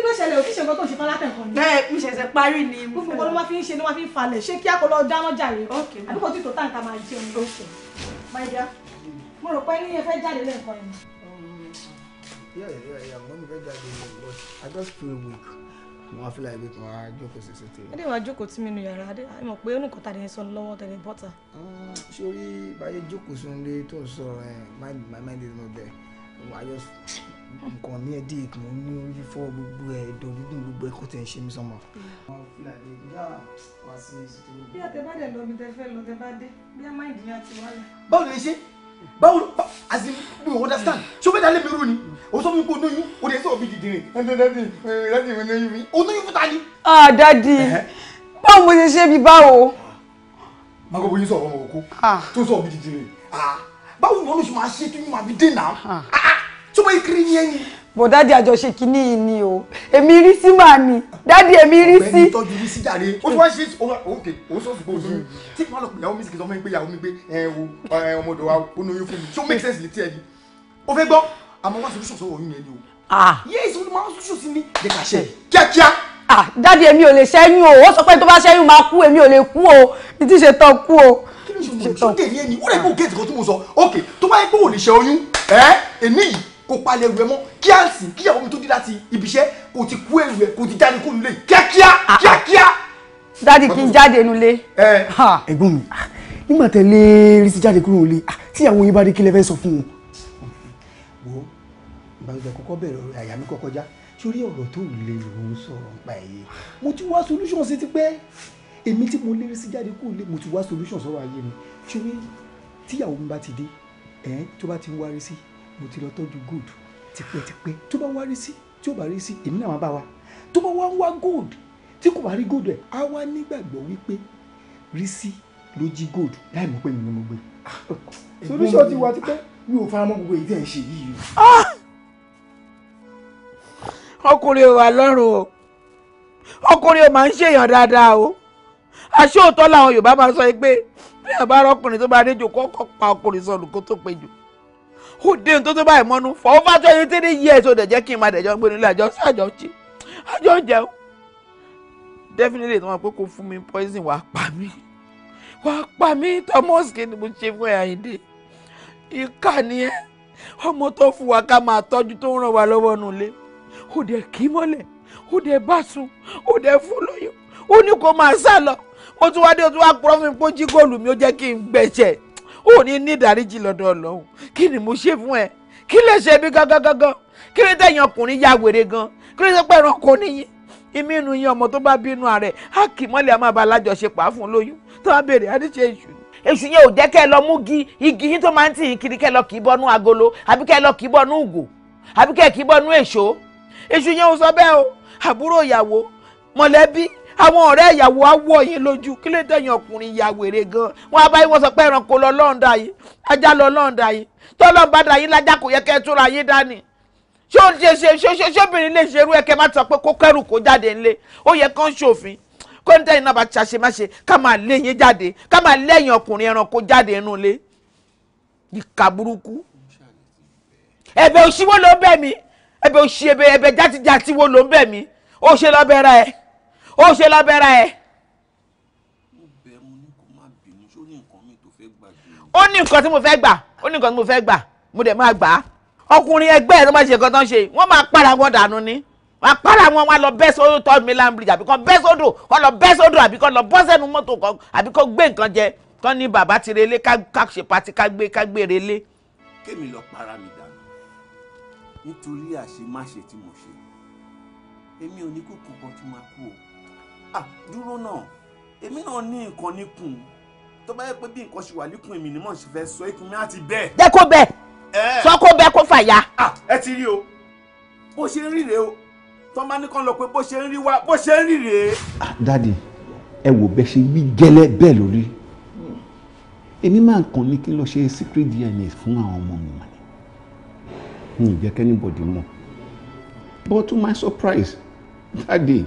kí ló ṣẹlẹ̀ òkìṣe nǹkan tó ṣe fọlá tẹ̀kọ́ ni. bẹ́ẹ̀ mi ṣẹ̀ṣẹ̀ parí ni. gbogbo nǹkan ló máa fi ń ṣe ló máa fi ń falẹ̀ ṣé kí akọlọ dáná jàre. àbíkò tí tòótá nǹkan máa jẹun. máa yá mo rò pé ní fẹ́ jáde lẹ́ẹ̀kan yẹn. Yeah, yeah, yeah. Mom, very bad. But I just feel weak. Mo feel like weak. Mo jókòó sí sètè. Adé wàá jókòó tí mi nu yàrá. Adé mọ̀ pé onùkọ́ ta ni sọ lọ́wọ́ tẹ̀lé bọ́tà. Sori mm, báyé jókòó sunlé tó ń sọ̀rọ̀ eh, my mind is not there. I just nǹkan ní ẹdí ìkùn ní orí fọ́ gbogbo ẹ̀ dọ̀dúdùn gbogbo ẹ̀ kò tẹ̀ ń ṣe mí sọmọ. bí àtẹ̀bádẹ̀ lọ mi tẹ fẹ́ lọ tẹ bá dé bí a máa ń dìyàn ti wálẹ̀. báwo ni ṣe báwo as in mi ò understand ṣé o fẹ́ dalẹ̀ mi rú ni o sọ mi pé onóyún o lè sọ̀rọ̀ bí dìdìrín. ẹ ǹdẹ́ dádì dádì mi onóyún mi. onóyún fúta ni. ah dádì báwo mo ṣe ṣe bí báwo. mago boyin sọ̀rọ̀ ọmọ òkú tó sọ̀rọ̀ bí dìdìrín. báwo ni olóṣù máa ṣe tó yún máa fi dé náà tí wọ́n kiri ní ẹyin. bọ̀ dáàdi àjọṣe kìíní yìí ni o èmi rí sí màá ni dáàdi èmi rí sí. ọ̀gbẹ́ni tọ́jú rí sí jàre ó ti wá ṣe òkè òun sọ fìgbò yìí tí wọ́n lọ pè yàwó mi sì kì í sọ fún mi pé yàwó mi gbé ọmọdé wa ó lóyún fún mi tí ó make sense létí ẹ̀ ni ó fẹ́ gbọ́ àmọ́ wá solution sọ̀rọ̀ oyún yẹn ni o. Ah. yéèsì ó máa ń solution sí mi lè ah, èmi ò lè ṣẹ́yún o ó sọ pé tó bá ṣẹ́yún máa kú èmi ò lè kú o ní ṣe tán kú o ṣe tán. ó dẹ̀ ní ẹni ó bó gẹ̀ẹ́sì kan tí mo sọ ok tó bá yẹ pé ò lè ṣe oyún ẹ̀ ẹ̀ níyì kó palẹ̀ ẹrù ẹ mọ́ kí á sì kí ìyàwó mi tó dé láti ibiṣẹ́ kò ti kú ẹrù ẹ kò ti jáde kó nulẹ̀ kíákíá ah, ah. kíákíá. dádì kí n jáde nulẹ̀. ẹ ẹ̀gbọ́n mi ah. nígbà tẹ́lẹ̀ rí sí jáde kúrò nílé tí àwọn yín bá dé kí lẹ fẹ́ sọ fún wọn. wo ìbànújẹ́ kọ́kọ́ bẹ̀rẹ̀ ọ̀rọ̀ àyà mi kọ́kọ́ já sórí ọ̀rọ̀ tó lè lò ń sọ̀rọ̀ nípa ẹ̀yẹ mo ti wá solution sí ti pẹ́ èmi tí mo lérí sí jáde kúrò nílé mo ti wá solution sọ̀rọ̀ ayé mi sórí tíyàwó mi bá ti dé ẹ̀ tó bá ti ń wárí sí mo ti lọ tọ́jú gold tipẹ́tipẹ́ tó bá wá rí sí tí ó bá rí sí èmi náà máa bá wa tó bá wá ń wá gold tí kò bá rí gold ẹ̀ á wá nígbàgbọ́ wípé rí sí ló jí gold láì mọ̀ pé mi ni mo gbé. (laughs) solution ti wá tipẹ́. mi ò fara mọ́ gbogbo èyí tẹ̀ ń ṣe yìí o. Ah! ọkùnrin ò wà lọ́rùn o ọkùnrin ò máa ń ṣèyàn dáadáa o àṣé òótọ́ làwọn Yorùbá máa sọ pé bí àbá rọkùnrin tó bá dé jò kọ́kọ́ pa ọkùnrin sọnù kó tó pejò ó dé ní tó tó báyìí mọ́nú for over twenty three years ó dẹ̀ jẹ́ kí n máa dẹ̀jọ́ gbé nílé àjọ sí àjọ jẹ àjọ jẹun definitely tí wọ́n pé kó fún mi poison wàá pa mí wàá pa mí Thomas kí ni mo ṣe fún ẹ Àyìndé ìkà ni ẹ ọmọ tó fún wa ká máa tọ́jú tó ń ràn wá lọ́wọ́ nulẹ̀ ó dẹ̀ kí mọ́lẹ̀ ó dẹ̀ bá sùn ó dẹ̀ fún lóyún ó ní kó máa sá lọ mo tún wá dé o tún wá purọ́ fún mi pé ó mi ó jẹ́ kí n gbẹ̀jẹ̀ ò ní ní ìdáríjì lọ́dọ̀ ọlọ́run kí ni mo ṣe fún ẹ kí lè ṣe bí gangan gangan kí lè tẹ̀yìn ọkùnrin ya wèrè gan kí lè sọpẹ́ ẹranko níyìn ìmí inú yín ọmọ tó bá bínú ààrẹ á kì mọ́lẹ̀ àmọ́ àbá alájọṣepọ̀ àfún lóyún tó bá béèrè àdíṣe èṣù ni. èṣù yẹn ò jẹ́ kẹ́ ẹ lọ mú gi igi yín tó máa ń tì yín kiri kẹ́ ẹ lọ kì í bọ́nú agolo àbí kẹ́ ẹ lọ kì í bọ́nú ùgò àbí kẹ́ ẹ kì í bọ́nú èṣó èṣù yẹn ò sọ bẹ́ẹ̀ o àbúrò ìyàwó mọ̀lẹ́bí àwọn ọ̀rẹ́ ìyàwó á wọ̀ yín lójú kí lè tẹ̀yìn ọkùnrin ya wèrè gan wọn abáyé wọn sọ pé ẹranko lọ lọ́ọ̀n dà yín ajá lọ lọ́ọ̀n dà yín tọ́lọ́ bá dà yín lájà kò yẹ kẹ́ ẹ túnra yín dání ṣé ṣe ṣe ṣe ṣe ṣóbìnrin lè ṣerú ẹ kẹ́ má sọ pé kó kẹ́rù kó jáde ńlé ó yẹ kán ṣòfin kó ń tẹ̀yìn náà bá ṣàṣe má ṣe ká máa lé yín jáde ká máa lẹ́yìn ọkùnrin ẹranko jáde inú ilé ìkà burúkú ẹ̀bẹ̀ òṣìwọ́ ló ń bẹ̀ mí ẹ̀bẹ̀ òṣì ló ń bẹ̀ mí ó ṣe lọ́bẹ̀rẹ̀ ẹ̀ ó ṣe lọ́bẹ̀rẹ̀ ẹ̀. ó ní nǹkan tí mo fẹ́ gbà ó ní nǹkan tí mo fẹ́ gbà mo dẹ̀ máa gbà á ọkùnrin ẹgbẹ́ ẹ̀ ló máa ṣe nǹkan tó ṣe wọ́n máa para wọn dànù ni wọ́n á para wọn wọ́n á lọ bẹ́ sódò third mainland bridge àbí kan bẹ́ sódò kan lọ bẹ́ sódò àbí kan lọ bọ́ sẹ́nu mọ́tò kan àbí kan gbé nǹkan jẹ tán ní bàbá ti relé ká ṣe pati ká gbé ká gbé relé. kémi lọ para mi dànù nítorí àṣemáṣe tí mo ṣe èmi ò ní kókó kan tí máa kú o. Ah, dúró náà èmi náà ní nǹkan níkùn tó bá yẹ pé bí nǹkan ṣe wà níkùn èmi ni mò ń ṣe fẹ́ sọ ikùn mi á ti bẹ́ẹ̀. jẹ́ kó bẹ́ẹ̀ sọ kó bẹ́ẹ̀ kó fàyà. Ah, ẹ ti rí o bó ṣe ń rí rèé o tó máa ní kàn lọ pé bó ṣe ń rí wa bó ṣe ń rí rèé. Ah, dadi ẹ wò bẹ́ẹ̀ ṣe wí gẹ́lẹ́ bẹ́ẹ̀ lórí èmi máa ń kàn ní kí n lọ ṣe secret DNA fún àwọn ọmọ mi mi ì jẹ́ kẹ́nìbọ̀dì mọ̀ but to my surprise dadi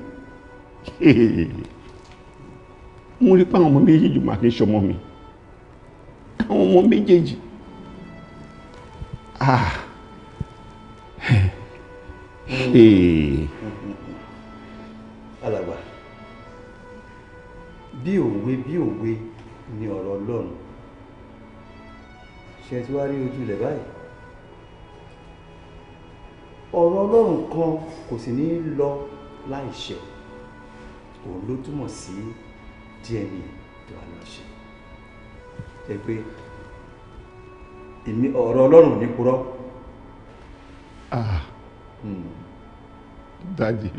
mo rí pé àwọn ọmọ méjèèjì máa kí n ṣọmọ mi àwọn ọmọ méjèèjì ah eh. alàgbà bí òwe bí òwe ni ọ̀rọ̀ Ọlọ́run ṣe tí wàá rí ojú rẹ̀ báyìí ọ̀rọ̀ Ọlọ́run kan kò sì ní lọ láì ṣẹ òun ló túmọ̀ sí DNA tó wà lọ ṣe jẹ́ pé èmi ọ̀rọ̀ ọlọ́run ní purọ́. Ah. Hmm. dájì.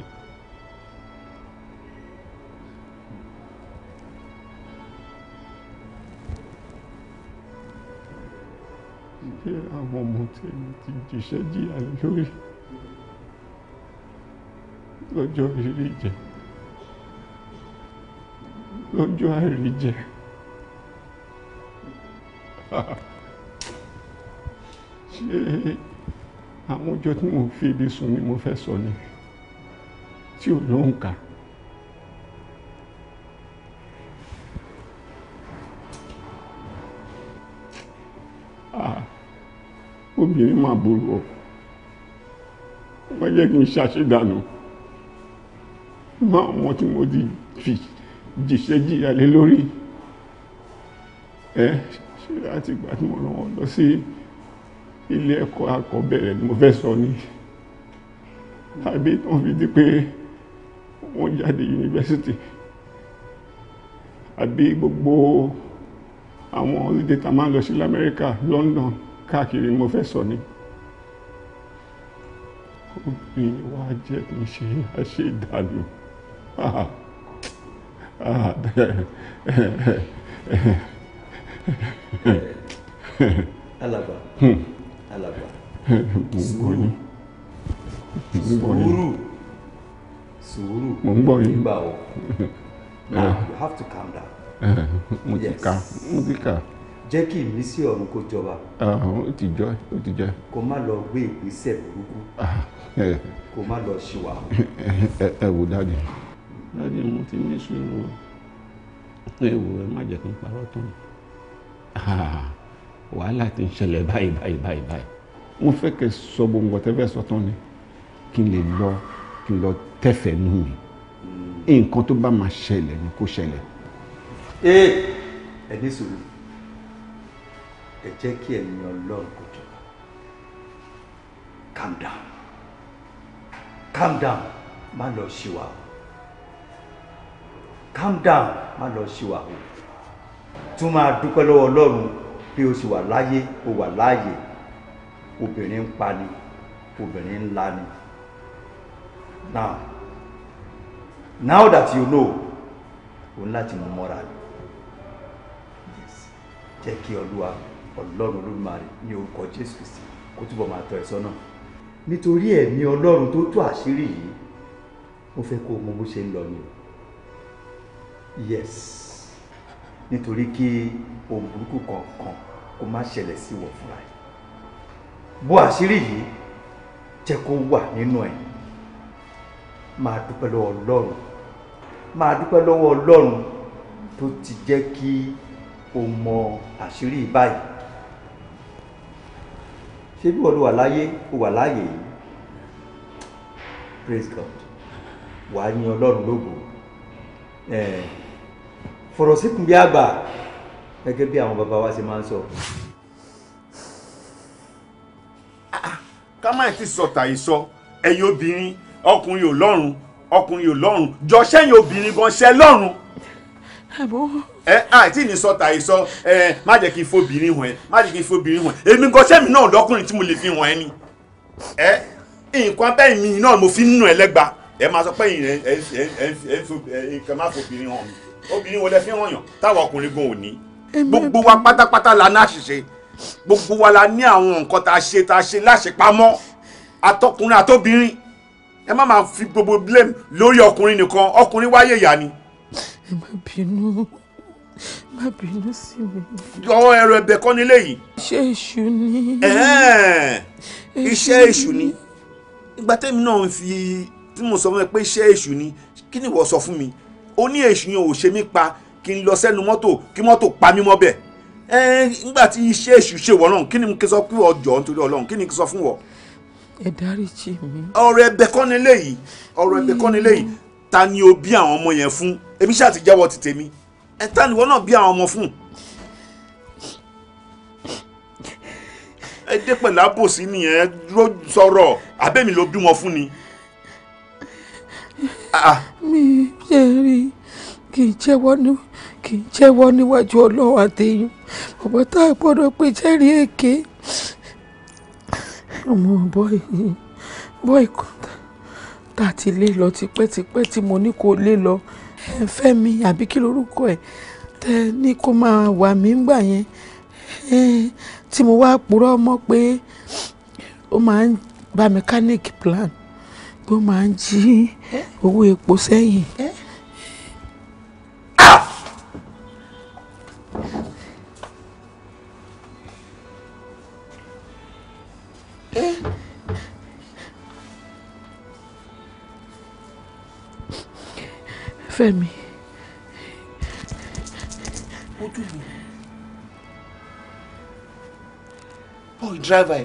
ṣé àwọn ọmọ tèmi ti jíṣẹ́ jìyà lórí lọ́jọ́ eré ìjẹ́ lọ́jọ́ àìríjẹ. ṣé àwọn ọjọ́ tí mo fi ibi sùn ni mo fẹ́ sọ ni tí ò ló ń kà. Ah, obìnrin máa burú ọ wọ́n jẹ́ kí n ṣàṣedànù máa wọn tí mo ti fi jìṣẹ́ jìyà lé lórí ẹ ṣe láti ìgbà tí mo rán wọn lọ sí ilé ẹ̀kọ́ àkọ́bẹ̀rẹ̀ ni mo fẹ́ sọ ni àbí tó ń fi di pé wọ́n jáde yunifásitì àbí gbogbo àwọn orílẹ̀ tá máa ń lọ sí lamẹ́ríkà London káàkiri mo fẹ́ sọ ni obìnrin wa jẹ́ kí n ṣe àṣẹ ìdàlù. (laughs) alàgbà ah, (laughs) alàgbà hmm. sùúrù sùúrù sùúrù mo ń gbọ́ yín gbà o ah. you have to calm down. (laughs) mo ti kà mo ti kà. jẹ́ kí ìmísí ọ̀run kó jọba. Ah, ó ti jọ ó ti jọ. kó má lọ gbé ìgbésẹ̀ burúkú (laughs) kó má lọ ṣìwà. ẹ ẹ wò dáadé lọ́dẹ mo ti ní sùúrù ewu ẹ má jẹ́ kí n parọ́ tán ah, wàhálà ti ń ṣẹlẹ̀ báyìí báyìí báyìí báyìí mo fẹ́ kẹ́ sọ gbogbo tẹ́fẹ́ sọ tán ni kí n lè lọ kí n lọ tẹ́fẹ̀ẹ́ nù mí nǹkan tó bá máa ṣẹlẹ̀ ni kó ṣẹlẹ̀. ẹ ẹ ní sùúrù ẹ jẹ́ kí ẹ̀yin ọlọ́run kò jọba calm down calm down má lọ ṣe wa calm down má lọ ṣìwà o tún máa dúpẹ́ lọ́wọ́ ọlọ́run pé o sì wà láyé o wà láàyè obìnrin ń pa ni obìnrin ń la ni now now that you know o ní láti mú mọ́ra ni jẹ́ kí olúwa ọlọ́run olódùmarè ní orúkọ jésù kristi kó túbọ̀ máa tọ́ ẹ sọ́nà nítorí ẹ̀mí ọlọ́run tó tú àṣírí yìí mo fẹ́ kó o mọ bó ṣe ń lọ ni o yes nítorí kí ohun burúkú kankan kó má ṣẹlẹ̀ sí wọ̀ fúnra ẹ̀ bó àṣírí yìí jẹ́ kó wà nínú ẹ̀ máa dúpẹ́ lọ́wọ́ ọlọ́run máa dúpẹ́ lọ́wọ́ ọlọ́run tó ti jẹ́ kí o mọ àṣírí báyìí ṣé bí wọ́n wà láyé o wà láàyè yìí praise God wàá yin ọlọ́run lógo Eh, fọ̀rọ̀ síkùn bí àgbà gẹ́gẹ́ bí àwọn bàbá wa ṣe máa ń sọ. ká má ti sọ tàyè sọ ẹ̀yin obìnrin ọkùnrin ò lọ́rùn ọkùnrin ò lọ́rùn jọ sẹ́yìn obìnrin gan ṣẹ́ lọ́rùn. ẹ àìtí ní sọ tàyè sọ ẹ má jẹ́ kí n fobìnrin hàn ẹ́ má jẹ́ kí n fobìnrin hàn ẹ́ èmi gan sẹ́mi náà lọ́kùnrin tí mo lè fi hàn ẹ́ ni. ẹ nǹkan bẹ́ẹ̀ mi náà mo fi ń nù ẹ lẹ́gba ẹ máa sọ pé ẹ ń fobìnrin hàn mi obìnrin wo lẹ fi hàn yàn táwa ọkùnrin gan ò ní gbogbo wa pátápátá la ní àṣìṣe gbogbo wa la ní àwọn nǹkan tá a ṣe tá a ṣe láṣepamọ́ àtọkùnrin àtobìnrin ẹ má máa fi gbogbo blame lórí ọkùnrin nìkan ọkùnrin wáyé ìyá ni. ẹ má bínú má bínú sí mi. ọwọ́ ẹ̀rọ ẹ̀bẹ̀ kọ́ nílé yìí. iṣẹ́ èṣù ni. iṣẹ́ èṣù ni ìgbà tẹ́mi náà ń fi tí mo sọ fún ẹ pé iṣẹ́ èṣù ni kí ni ìwọ sọ fún mi ó ní èṣù yẹn ò ṣe mí pa kí n lọ sẹ́nu mọ́tò kí mọ́tò pa mí mọ́ bẹ̀ ẹ nígbà tí iṣẹ́ èṣù ṣe wọ́n náà kí ni kí n sọ pé ọjọ́ nítorí ọlọ́run kí ni kí n sọ fún wọ. ẹ dáríjì mi. ọ̀rọ̀ ẹ̀bẹ̀ kọ́ ni eléyìí ọ̀rọ̀ ẹ̀bẹ̀ kọ́ ni eléyìí hmm. ta ni o bí àwọn ọmọ yẹn fún èmi ṣáà ti jáwọ́ ti tèmi ẹ ta ni wọ́n náà bí àwọn ọmọ fún. ẹ dé pẹ̀lú àbòsí nìyẹn sọ̀rọ̀ àbẹ́mi ló bí wọn fún ni. Ah, ah. mi ṣe rí kì í jẹ́wọ́ ní kì í jẹ́wọ́ níwájú ọlọ́run àtẹ̀yìn bàbá tá a gbọ́dọ̀ pé jẹ́rìí èké ọmọ bọ́ì bọ́ì kan tá a ti lé lọ tipẹ́tipẹ́ tí mo ní kó lé lọ ẹ fẹ́ mi àbí kí lorúkọ ẹ̀ tẹ ní kó máa wà mí ńgbà yẹn tí mo wá purọ́ mọ́ pé ó máa ń bá mechanic plan tó máa ń jí owó epo sẹ́yìn. Fẹ́mi. ojú mi boy driver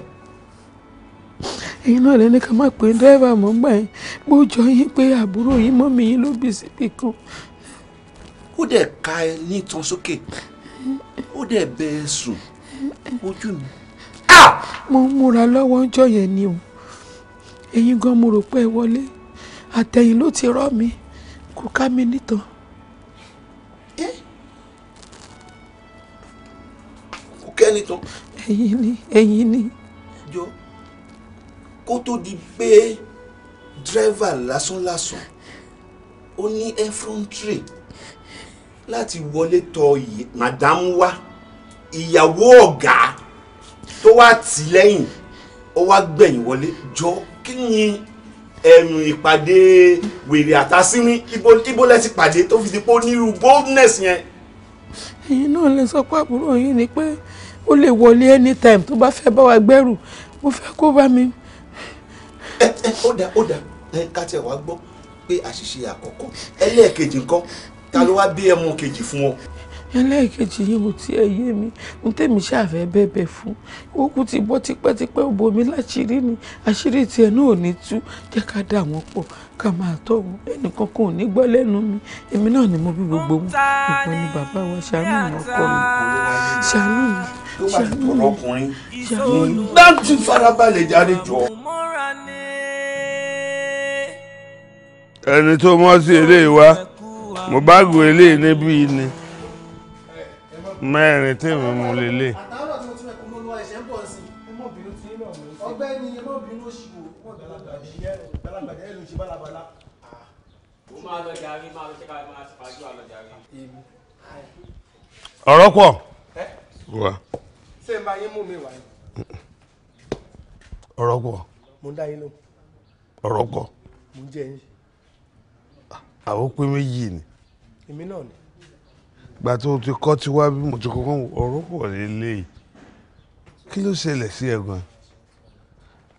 ẹ̀yin náà lẹ́ni ká má pé dẹ́rẹ́bà mọ́ gbà yín bó jọ yín pé àbúrò yín mọ́mì yín ló bì síbì kan. ó dẹ̀ ka ẹ ní ìtàn sókè ó dẹ̀ bẹ ẹ sùn ojú mi. mo múra lọ́wọ́ ọjọ́ yẹn ni o ẹ̀yin gan mo rò pé ẹ wọlé àtẹ̀yìn ló ti rọ́ mi kò ká mi nítàn. kò kẹ́ nítàn. ẹ̀yin ni ẹ̀yin ni. jọ kó tó di pé dírẹ́fà lásánlásán ó ní effrontery láti wọlé tọ màdámù wá ìyàwó ọ̀gá tó wá tì lẹ́yìn ó wá gbẹ̀yìn wọlé jọ kí ni ẹnu ìpàdé wèrè àtàsínrín ibo ibo lẹ ti pàdé tó fi di pé ó ní irú boldness yẹn. ẹ̀yin náà lè sọ pé àbúrò yín ni pé ó lè wọlé anytime tó bá fẹ́ bá wa gbẹ́rù mo fẹ́ kó bá mi ó dà ó dà ká tiẹ̀ wá gbọ́ pé àṣìṣe àkọ́kọ́ ẹlẹ́ẹ̀kejì nǹkan ta ló wá bí ẹmu kejì fún ọ. ẹlẹ́ẹ̀kejì yìí ò tiẹ̀ yé mi ní tèmi ṣàfẹ́ bẹ́ẹ̀bẹ̀ fún òkú ti bọ́ tipẹ́tipẹ́ ò bomi láṣìírí ni àṣírí tiẹ̀ náà ò ní tú jẹ́ ká dà wọ́n pọ̀ ká máa tọ̀ wọ́n ẹnìkan kan ò ní gbọ́ lẹ́nu mi èmi náà ni mo bí gbogbo wọn ìpè ní bàbá wa ṣàánú mi ọkọ mi ṣàánú mi ṣàánú mi ṣàánú mi. dáńtì farabalẹ̀ jáde jọ. ẹni tó mọ́ sí eléyìí wá mo bá gò eléyìí níbí ni mẹ́rin tí mi mú lélẹ̀. ọgbẹ́ni ẹ mọ́ bínú oṣù wo ọ̀rọ̀ pọ̀. ṣé n bá yín mú mi wá yìí. ọ̀rọ̀ pọ̀. mo ń dá yín lò. ọ̀rọ̀ pọ̀. mo ń jẹ yín àwọn pé méjì ni. èmi náà ni. ìgbà tó o ti kọ́ ti wá bí mo ti kọ́kọ́ ọ̀rọ̀ pọ̀ lélẹ́yìí kí ló ṣẹlẹ̀ sí ẹ gan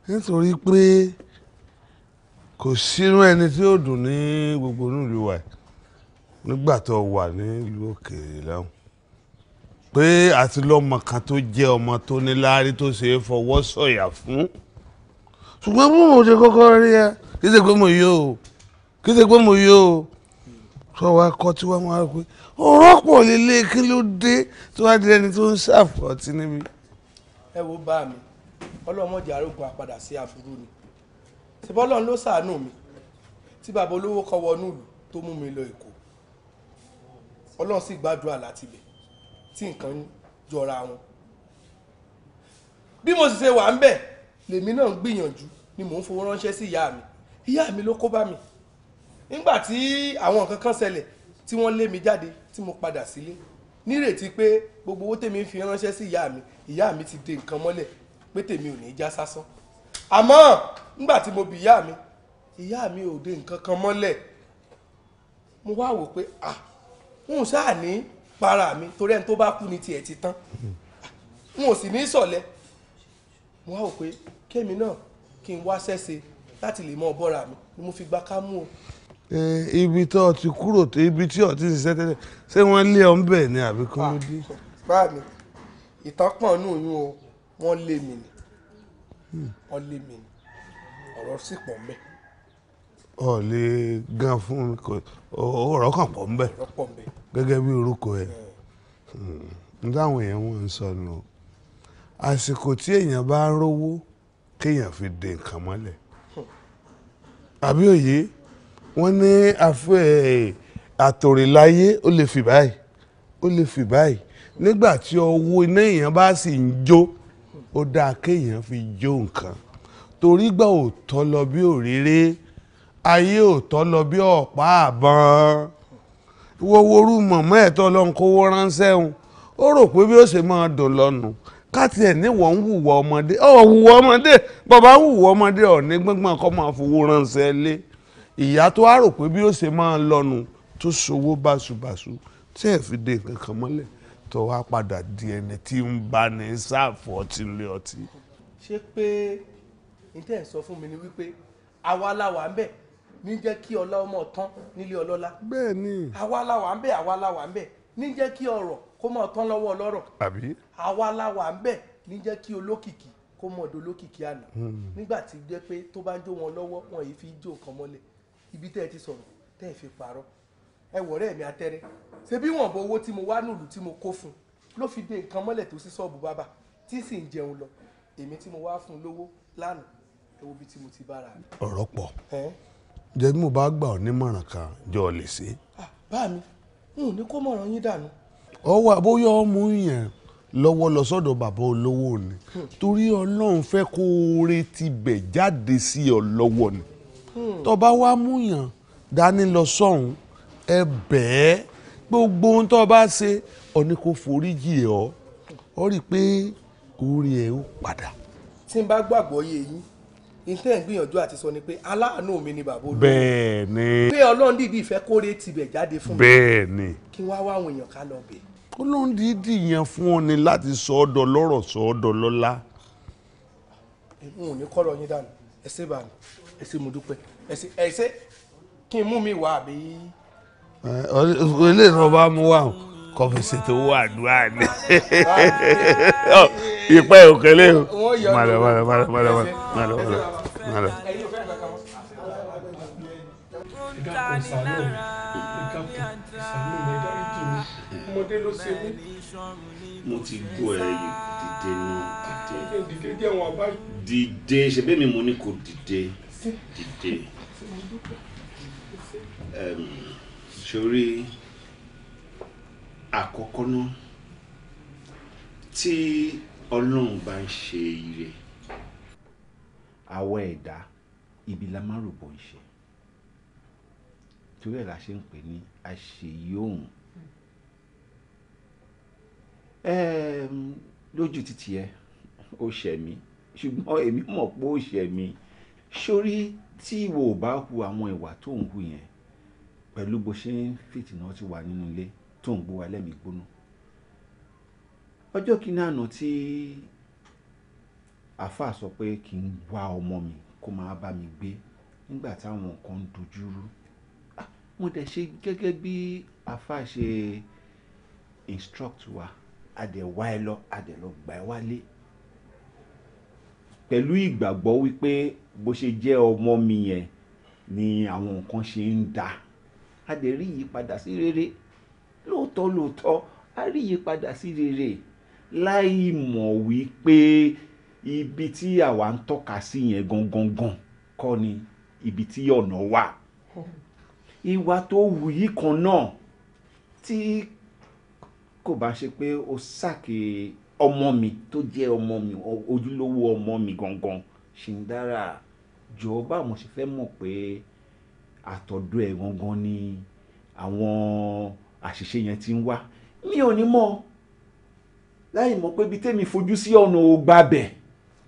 nítorí pé kò sínú ẹni tí ó dùn ní gbogbo nílùú wa nígbà tó wà nílùú òkèèrè lọ́hùn pé àti lọ́mọ kan tó jẹ́ ọmọ tó ní láárí tó ṣe é fọwọ́ sọ̀yà fún ṣùgbọ́n bí mo ṣe kọ́kọ́ rí ẹ kí ṣe pé mo yóò kí ṣe pé mo yó o sọ wa kọ tí wọn máa pé ọ̀rọ̀pọ̀ lélẹ̀ kí ló dé tí wọ́n á di ẹni tó ń ṣàfọ̀tí níbi. ẹ wo bá mi ọlọ́mọdé arógun àpadà sí àfúrú ni ṣèbọ́lọ́n ló ṣàánú mi tí bàbá olówó kọ́ wọnú ìlú tó mú mi lọ èkó ọlọ́run sì gbàdúrà láti ibẹ̀ tí nǹkan jọra wọn bí mo sì ṣe wà ń bẹ̀ lèmi náà ń gbìyànjú ni mò ń fowó ránṣẹ́ sí ìyá mi ìyá mi ló kó bá mi nígbà tí àwọn nǹkan kan ṣẹlẹ̀ tí wọ́n lé mi jáde tí mo padà sílé nírètí pé gbogbo owó tèmi fi ránṣẹ́ sí ìyá mi ìyá mi ti de nǹkan mọ́lẹ̀ pé tèmi ò ní í já sásán àmọ́ nígbà tí mo bi ìyá mi ìyá mi ò de nǹkan kan mọ́lẹ̀ mo wá wò pé ah n ò sáà ní para mi torí ẹni tó bá kú ni tiẹ̀ ti tán n ò sì ní sọ̀lẹ mo wá wò pé kémi náà kí n wá ṣẹ́ṣe láti lè mọ ọ̀bọ̀ra mi ni mo fi gba ká mú o ibi tó ti kúrò tó ibi tí o ti ṣiṣẹ́ tẹ́lẹ̀ ṣé wọ́n lé ọ ń bẹ̀ ni àbí kí wọ́n dé. báà mi ìtọ́pọ̀n nù yún o wọ́n lé mi ni wọ́n lé mi ni ọ̀rọ̀ sì pọ̀ mbẹ́. ọ lè gan fún mi kò ọ̀rọ̀ kan pọ̀ mbẹ́ gẹ́gẹ́ bí orúkọ ẹ̀ n hmm. táwọn èèyàn wọn ń sọ nù àsìkò tí èèyàn bá rówó kéèyàn fi de nǹkan mọ́lẹ̀ hmm. àbí òye wọ́n ní àfẹ́ àtòrìláyé ó lè fì báyìí ó lè fì báyìí nígbà tí ọwọ́ iná èèyàn bá sì ń jó ó dáa kéèyàn fi jó nǹkan torí gbà ò tọ́ lọ bí òréré ayé ò tọ́ lọ bí ọ̀pá àbọ̀n wọ́wọ́rú mọ̀mọ́ ẹ̀ tọ́ ránṣẹ́ òun ó rò pé bí ó ṣe máa dùn lọ́nu káti ẹ̀ níwọ̀ ń wùwọ́ ọmọdé ọ̀ wùwọ́ ọmọdé bàbá wùwọ́ ọmọdé ọ̀ ní gbọ́ngbọ́n kọ́ máa fowó ránṣẹ́ lé ìyá tó á rò pé bí ó ṣe máa lọ́nu tó ṣòwò báṣubàṣu tí ẹ̀ fi dé kankan mọ́lẹ̀ tó wá padà di ẹni tí ń bá ní sáàfù ọtí lé ọtí. ṣé pé níta ẹ̀ sọ fún mi ni wípé àwa làwà ń bẹ̀ ní jẹ́ kí ọlá ọmọ tán nílé ọlọ́lá. bẹ́ẹ̀ ni. àwa làwà ń bẹ̀ àwa làwà ń bẹ̀ ní jẹ́ kí ọrọ̀ kó mọ̀ tán lọ́wọ́ ọlọ́rọ̀. àbí. àwa làwà ń bẹ̀ ní jẹ́ kí olókìkí kó mọ̀ dolókìkí àná. Hmm. nígbà tí jẹ́ pé tó bá ń jó wọn lọ́wọ́ wọn yìí fi jó nǹkan mọ́lẹ̀ ibi tẹ́ ẹ ti sọ̀rọ̀ tẹ́ ẹ fi parọ́ ẹ wọ̀rẹ́ mi atẹ́rẹ́ ṣé bí wọ́n bọ owó tí mo wá nílùú tí mo kó fún ló fi dé nǹkan mọ́lẹ̀ tó sí ṣọ́ọ̀bù bàbá tí sì ń jẹun lọ èmi tí mo wá fún lówó lánàá ẹ wo bí tí mo ti bára mi. ọ̀rọ̀ pọ̀ jẹ́ bí mo bá gbà ọ́ nímọ̀ràn kan jọ lè ṣe. Ah, bá mi n ò ní kó mọ̀ràn yín dànù. ọwọ́ àbóyọ ọmú yẹn lọ́wọ́ lọ sọ́dọ̀ bàbá olówó ni hmm. torí ọlọ́run fẹ́ kó o retí bẹ̀ jáde sí ọ lọ́wọ́ ni Hmm. tó bá wá múyàn dání lọ sọ́hún ẹ bẹ́ẹ̀ gbogbo ohun tó bá ṣe ọ̀ni kò foríjì ẹ̀ ọ́ ọ rí i pé orí ẹ̀ ó padà. tí n bá gbàgbọ́ yé yín ìtẹ́ ń gbìyànjú àti sọ ni pé aláàánú mi ni bàbá olóògùn. bẹ́ẹ̀ ni. pé ọlọ́run dìdí ìfẹ́ kórè tibẹ̀ jáde fún mi. bẹ́ẹ̀ ni. kí wá wá àwọn èèyàn ká lọ bẹ̀. ọlọ́run dìdí yẹn fún ọ ni láti sọ ọ́ dọ lọ́rọ̀ sọ ọ́ dọ lọ́lá. n ò ní kọ́ lọ yín dànù ẹ ṣe bàánù ẹ ṣé mo dúpẹ́ ẹ ṣé ẹ ṣé kí n mú mi wá àbí. ilé ìran bá mú wa kò fi ṣètò owó àdúrà ni (laughs) ìpẹ́ òkèlè o mọ̀lẹ́ mọ̀lẹ́ mọ̀lẹ́ mọ̀lẹ́ mọ̀lẹ́ mọ̀lẹ́ mọ̀lẹ́. mo ti gbọ́ ẹ dìde náà dìde dìde ṣe bẹ́ẹ̀ mi mo ní kò dìde dìde sórí àkọ́kọ́ náà tí ọlọ́run bá ń ṣe ire àwọ̀ ẹ̀dá ibi la máa rò bó ń ṣe torí ẹ̀ la ṣe ń pè ní àṣeyọ̀hún lójú títì ẹ ó ṣẹ̀ mí ṣùgbọ́n èmi mọ̀ pé ó ṣẹ̀ sórí tí ìwọ ò bá hu àwọn ìwà tó ń hu yẹn pẹ̀lú bó ṣe ń fìtìnà ti wà nínú ilé tó ń gbó wa lẹ́mìí gbóná ọjọ́ kìíní àná tí àáfàá sọ pé kí n wá ọmọ mi kó máa bá mi gbé nígbà táwọn kan ń dojú rú ah, mo dẹ̀ ṣe gẹ́gẹ́ bí àáfàá ṣe instruct wa a dẹ̀ wá ẹ lọ a lọ gbà ẹ wálé pẹ̀lú ìgbàgbọ́ wípé bó ṣe jẹ́ ọmọ mi yẹn ni àwọn nǹkan ṣe ń da a lè rí ìyípadà sí rere lóòótọ́ lóòótọ́ a rí ìyípadà sí rere láì mọ̀ wípé ibi tí àwa ń tọ́ka sí yẹn gangan gan kọ́ ni ibi tí ọ̀nà wà ìwà tó wù yí kan náà tí kò bá ṣe pé ó sàkè ọmọ mi tó jẹ́ ọmọ mi ojúlówó ọmọ mi gangan Ṣìndára jọ̀ọ́ bá mo ṣe fẹ́ mọ̀ pé àtọ̀dọ̀ ẹ̀ gangan ni àwọn àṣìṣe yẹn ti ń wá mi ò ní mọ̀ láì mọ̀ pé ibi tẹ́mi fojú sí ọ̀nà ò gbabẹ̀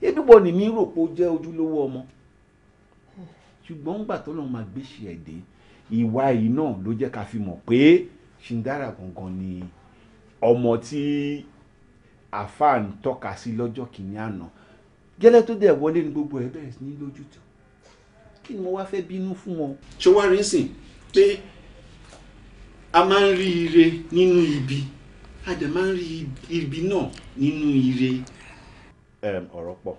ebíbọ̀ ni mi rò pé ó jẹ́ ojúlówó ọmọ ṣùgbọ́n ńgbà tó lọ́n máa gbéṣe ẹ̀ dé ìwà yìí náà ló jẹ́ ká fi mọ̀ pé Ṣìndára gangan ni ọmọ tí àfáà ń tọ́ka sí lọ́jọ́ kìíní àná gẹ́lẹ́ tó dẹ̀ wọlé ní gbogbo ẹ̀ bẹ̀rẹ̀ sí ní lójútù kí ni mo wá fẹ́ bínú fún wọn. ṣé wàá rí sìn pé a máa ń rí ire nínú ibi a dẹ̀ máa ń rí ibi náà nínú ire. ọ̀rọ̀ pọ̀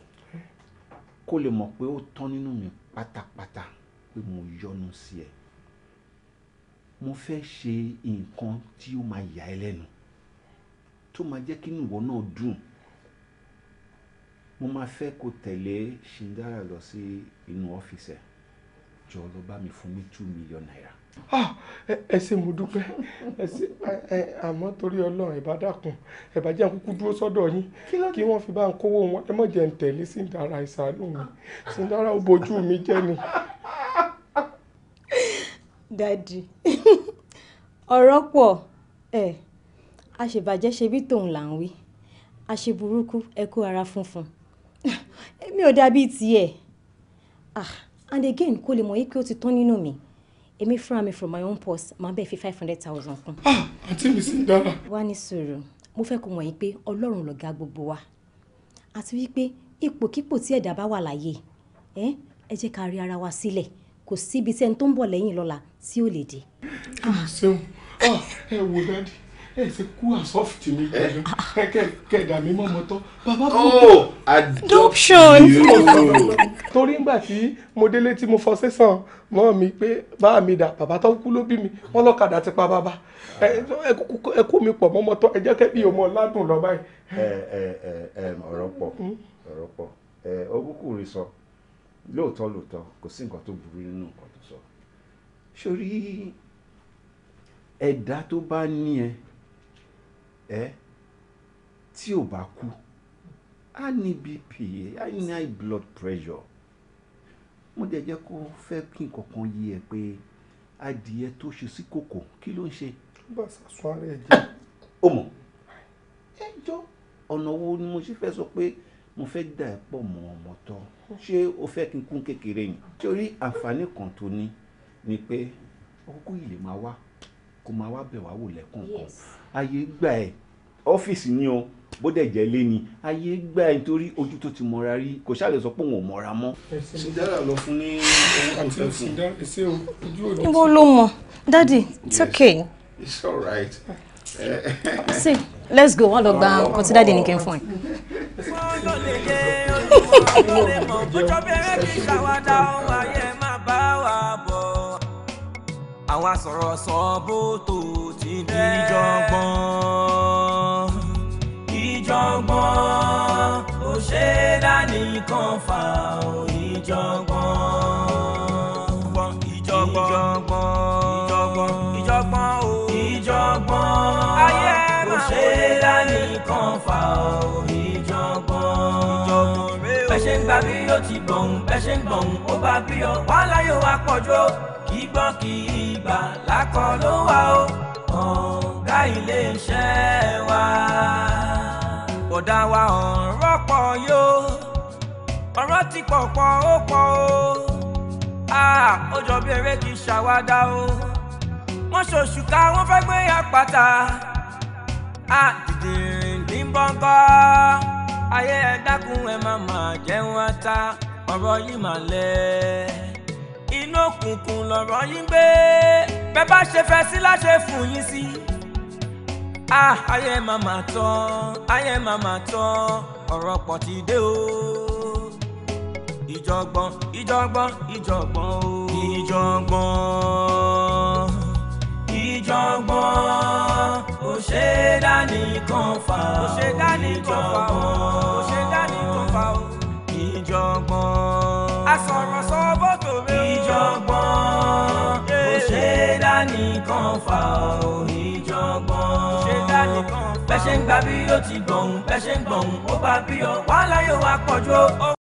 kó lè mọ̀ pé ó tán nínú mi pátápátá pé mo yọnu sí ẹ mo fẹ́ ṣe nǹkan tí ó máa yà ẹ́ lẹ́nu tó máa jẹ́ kí ìwọ náà dùn mo máa fẹ́ kó tẹ̀lé Shindara lọ sí inú ọ́fíìsì jọ lọ bá mi fún mi two million naira. Ah, ẹ ṣé mo dúpẹ́ ẹ ṣé àmọ́ torí ọlọ́run ìbá dákun ẹ̀bá jẹ́ kúkú dúró sọ́dọ̀ yín kí wọ́n fi bá ń kówó wọn ẹ má jẹ́ ń tẹ̀lé Shindara ìsàánú mi Shindara ó bojú mi jẹ́ ni. dadi ọ̀rọ̀ pọ̀ ẹ̀. Eh àṣebàjẹ́ ṣebí tòun là ń wí àṣeburúkú ẹ kó ara funfun (laughs) èmi ò dàbí tiẹ̀ ah and again kó lè mọ̀ yí pé ó ti tán nínú mi èmi fúnra mi from my own purse máa bẹ́ẹ̀ fi five hundred thousand kún. ah àǹtí mi sì ń dára. wá ní sùúrù mo fẹ́ kó mọ̀ yín pé ọlọ́run lọ̀gá gbogbo wa àti wípé ipòkípò tí ẹ̀dá bá wà láàyè ẹ jẹ́ ká rí ara wa sílẹ̀ kò síbi sẹ́ni tó ń bọ̀ lẹ́yìn lọ́la tí ó lè dé. ah ṣeun ah ẹ wo dáàdi ẹ ṣe kú àsọ́fìtì mi kẹ̀kẹ́dà mi mọ́ mọ́tọ́ bàbá kú. Oh, adoption. torí ngbà tí mo délé tí mo fọṣẹ́ sàn mọ́ mi pé bá mi dà bàbá tó kú ló bí mi wọ́n lọ́kadà ti pa bàbá ẹ kú mi pọ̀ mọ́ mọ́tọ́ ẹ jẹ́ kẹ́bí ọmọ ládùn lọ báyìí. ẹ ẹ ẹ ọ̀rọ̀ pọ̀ hmm? ọ̀rọ̀ pọ̀ ọkùnrin sọ lóòótọ́ lóòótọ́ kò sí nǹkan tó burú nínú nǹkan tó sọ sórí ẹ̀dá tó bá ní ẹ ẹ́ tí ò bá kú á ní bp á ní high blood pressure mo dẹ̀ jẹ́ kó fẹ́ kí nǹkan kan yí ẹ pé adìyẹ tó ṣe sí kòkò kí ló ń ṣe. ó bá sàṣọ ara ẹ jẹ. ó mọ̀ ẹ ọ̀nà wo ni mo ṣe fẹ́ sọ pé mo fẹ́ dà ẹ́ pọ̀ mọ́ ọmọ tọ́ ṣé o fẹ́ kí n kún kékeré yìí torí àǹfààní kan tó ní ni pé ọkùnrin lè máa wá kó máa wá bẹ̀ wá wò lẹ́kọ̀ọ̀kan ayé gbà ẹ̀ ọ́fíìsì ni o bó dẹ̀ jẹ́ lé ni ayé gbà ẹ̀ nítorí ojú tó ti mọ́ra rí kò ṣáà lè sọ pé òun ò mọ́ra mọ́. sindara lọ fún ní owó tó fẹ́ fún. níbo ló mọ dadi it's okay. it's all right. (laughs) see let's go wọn lọ gba nǹkan tí dadi ní kẹ́ fún ẹ. fọ́ọ̀lù lè yẹ olùkọ́ àbúrò mọ̀ bójú bẹ̀rẹ̀ kí ìṣàwádà ọ̀hún ayẹ àwa sọ̀rọ̀ sọ bó tó ti di ìjọ̀gbọ́n. ìjọ̀gbọ́n ó ṣe dánìkan fà ó ìjọ̀gbọ́n. ìjọ̀gbọ́n ìjọ̀gbọ́n ìjọ̀gbọ́n ó. ìjọ̀gbọ́n ayé ó ṣe dánìkan fà ó ìjọ̀gbọ́n. bẹ́ẹ̀ ṣe ń gbà bí ó ti gbọ̀n bẹ́ẹ̀ ṣe ń gbọ̀n ó bá bí ọ wàhálà yóò wá pọ̀ jù gbígbọ́n kì í gbà lákọ̀ ló wà ó ọ̀gá iléeṣẹ́ wa. bọ̀dá wa ọ̀rọ̀ pọ̀ yóò ọ̀rọ̀ ti pọ̀ pọ̀ ó pọ̀ ó ó jọ bí eré kì í ṣàwádà ó wọ́n ṣoṣù ká wọ́n fẹ́ gbé àpáta dìdìrín ní bọ́ńkọ́ ayé ẹ dákun ẹ má má jẹun ata ọ̀rọ̀ yìí mà lẹ́ẹ̀ inú òkùnkùn lọ̀rọ̀ yín gbé bẹ́ bá ṣe fẹ́ sí láṣẹ fún yín sí. ayé màmá tán ayé màmá tán ọ̀rọ̀ pọ̀ ti dé o. ìjọ̀gbọ̀n ìjọ̀gbọ̀n ìjọ̀gbọ̀n o. ìjọ̀gbọ̀n ìjọ̀gbọ̀n ò ṣe dánìkan fà ó ṣe dánìkan fà ó ṣe dánìkan fà ó. ìjọ̀gbọ̀n. a sọ̀rọ̀ sọ́bọ̀ oníjọgbọ́n kò ṣe dánìkan fà oníjọgbọ́n bẹ́ẹ̀ ṣe ń gbà bí ó ti gbọ̀hún bẹ́ẹ̀ ń gbọ̀hún ó bá bí ọ wàhálà yóò wá pọ̀jù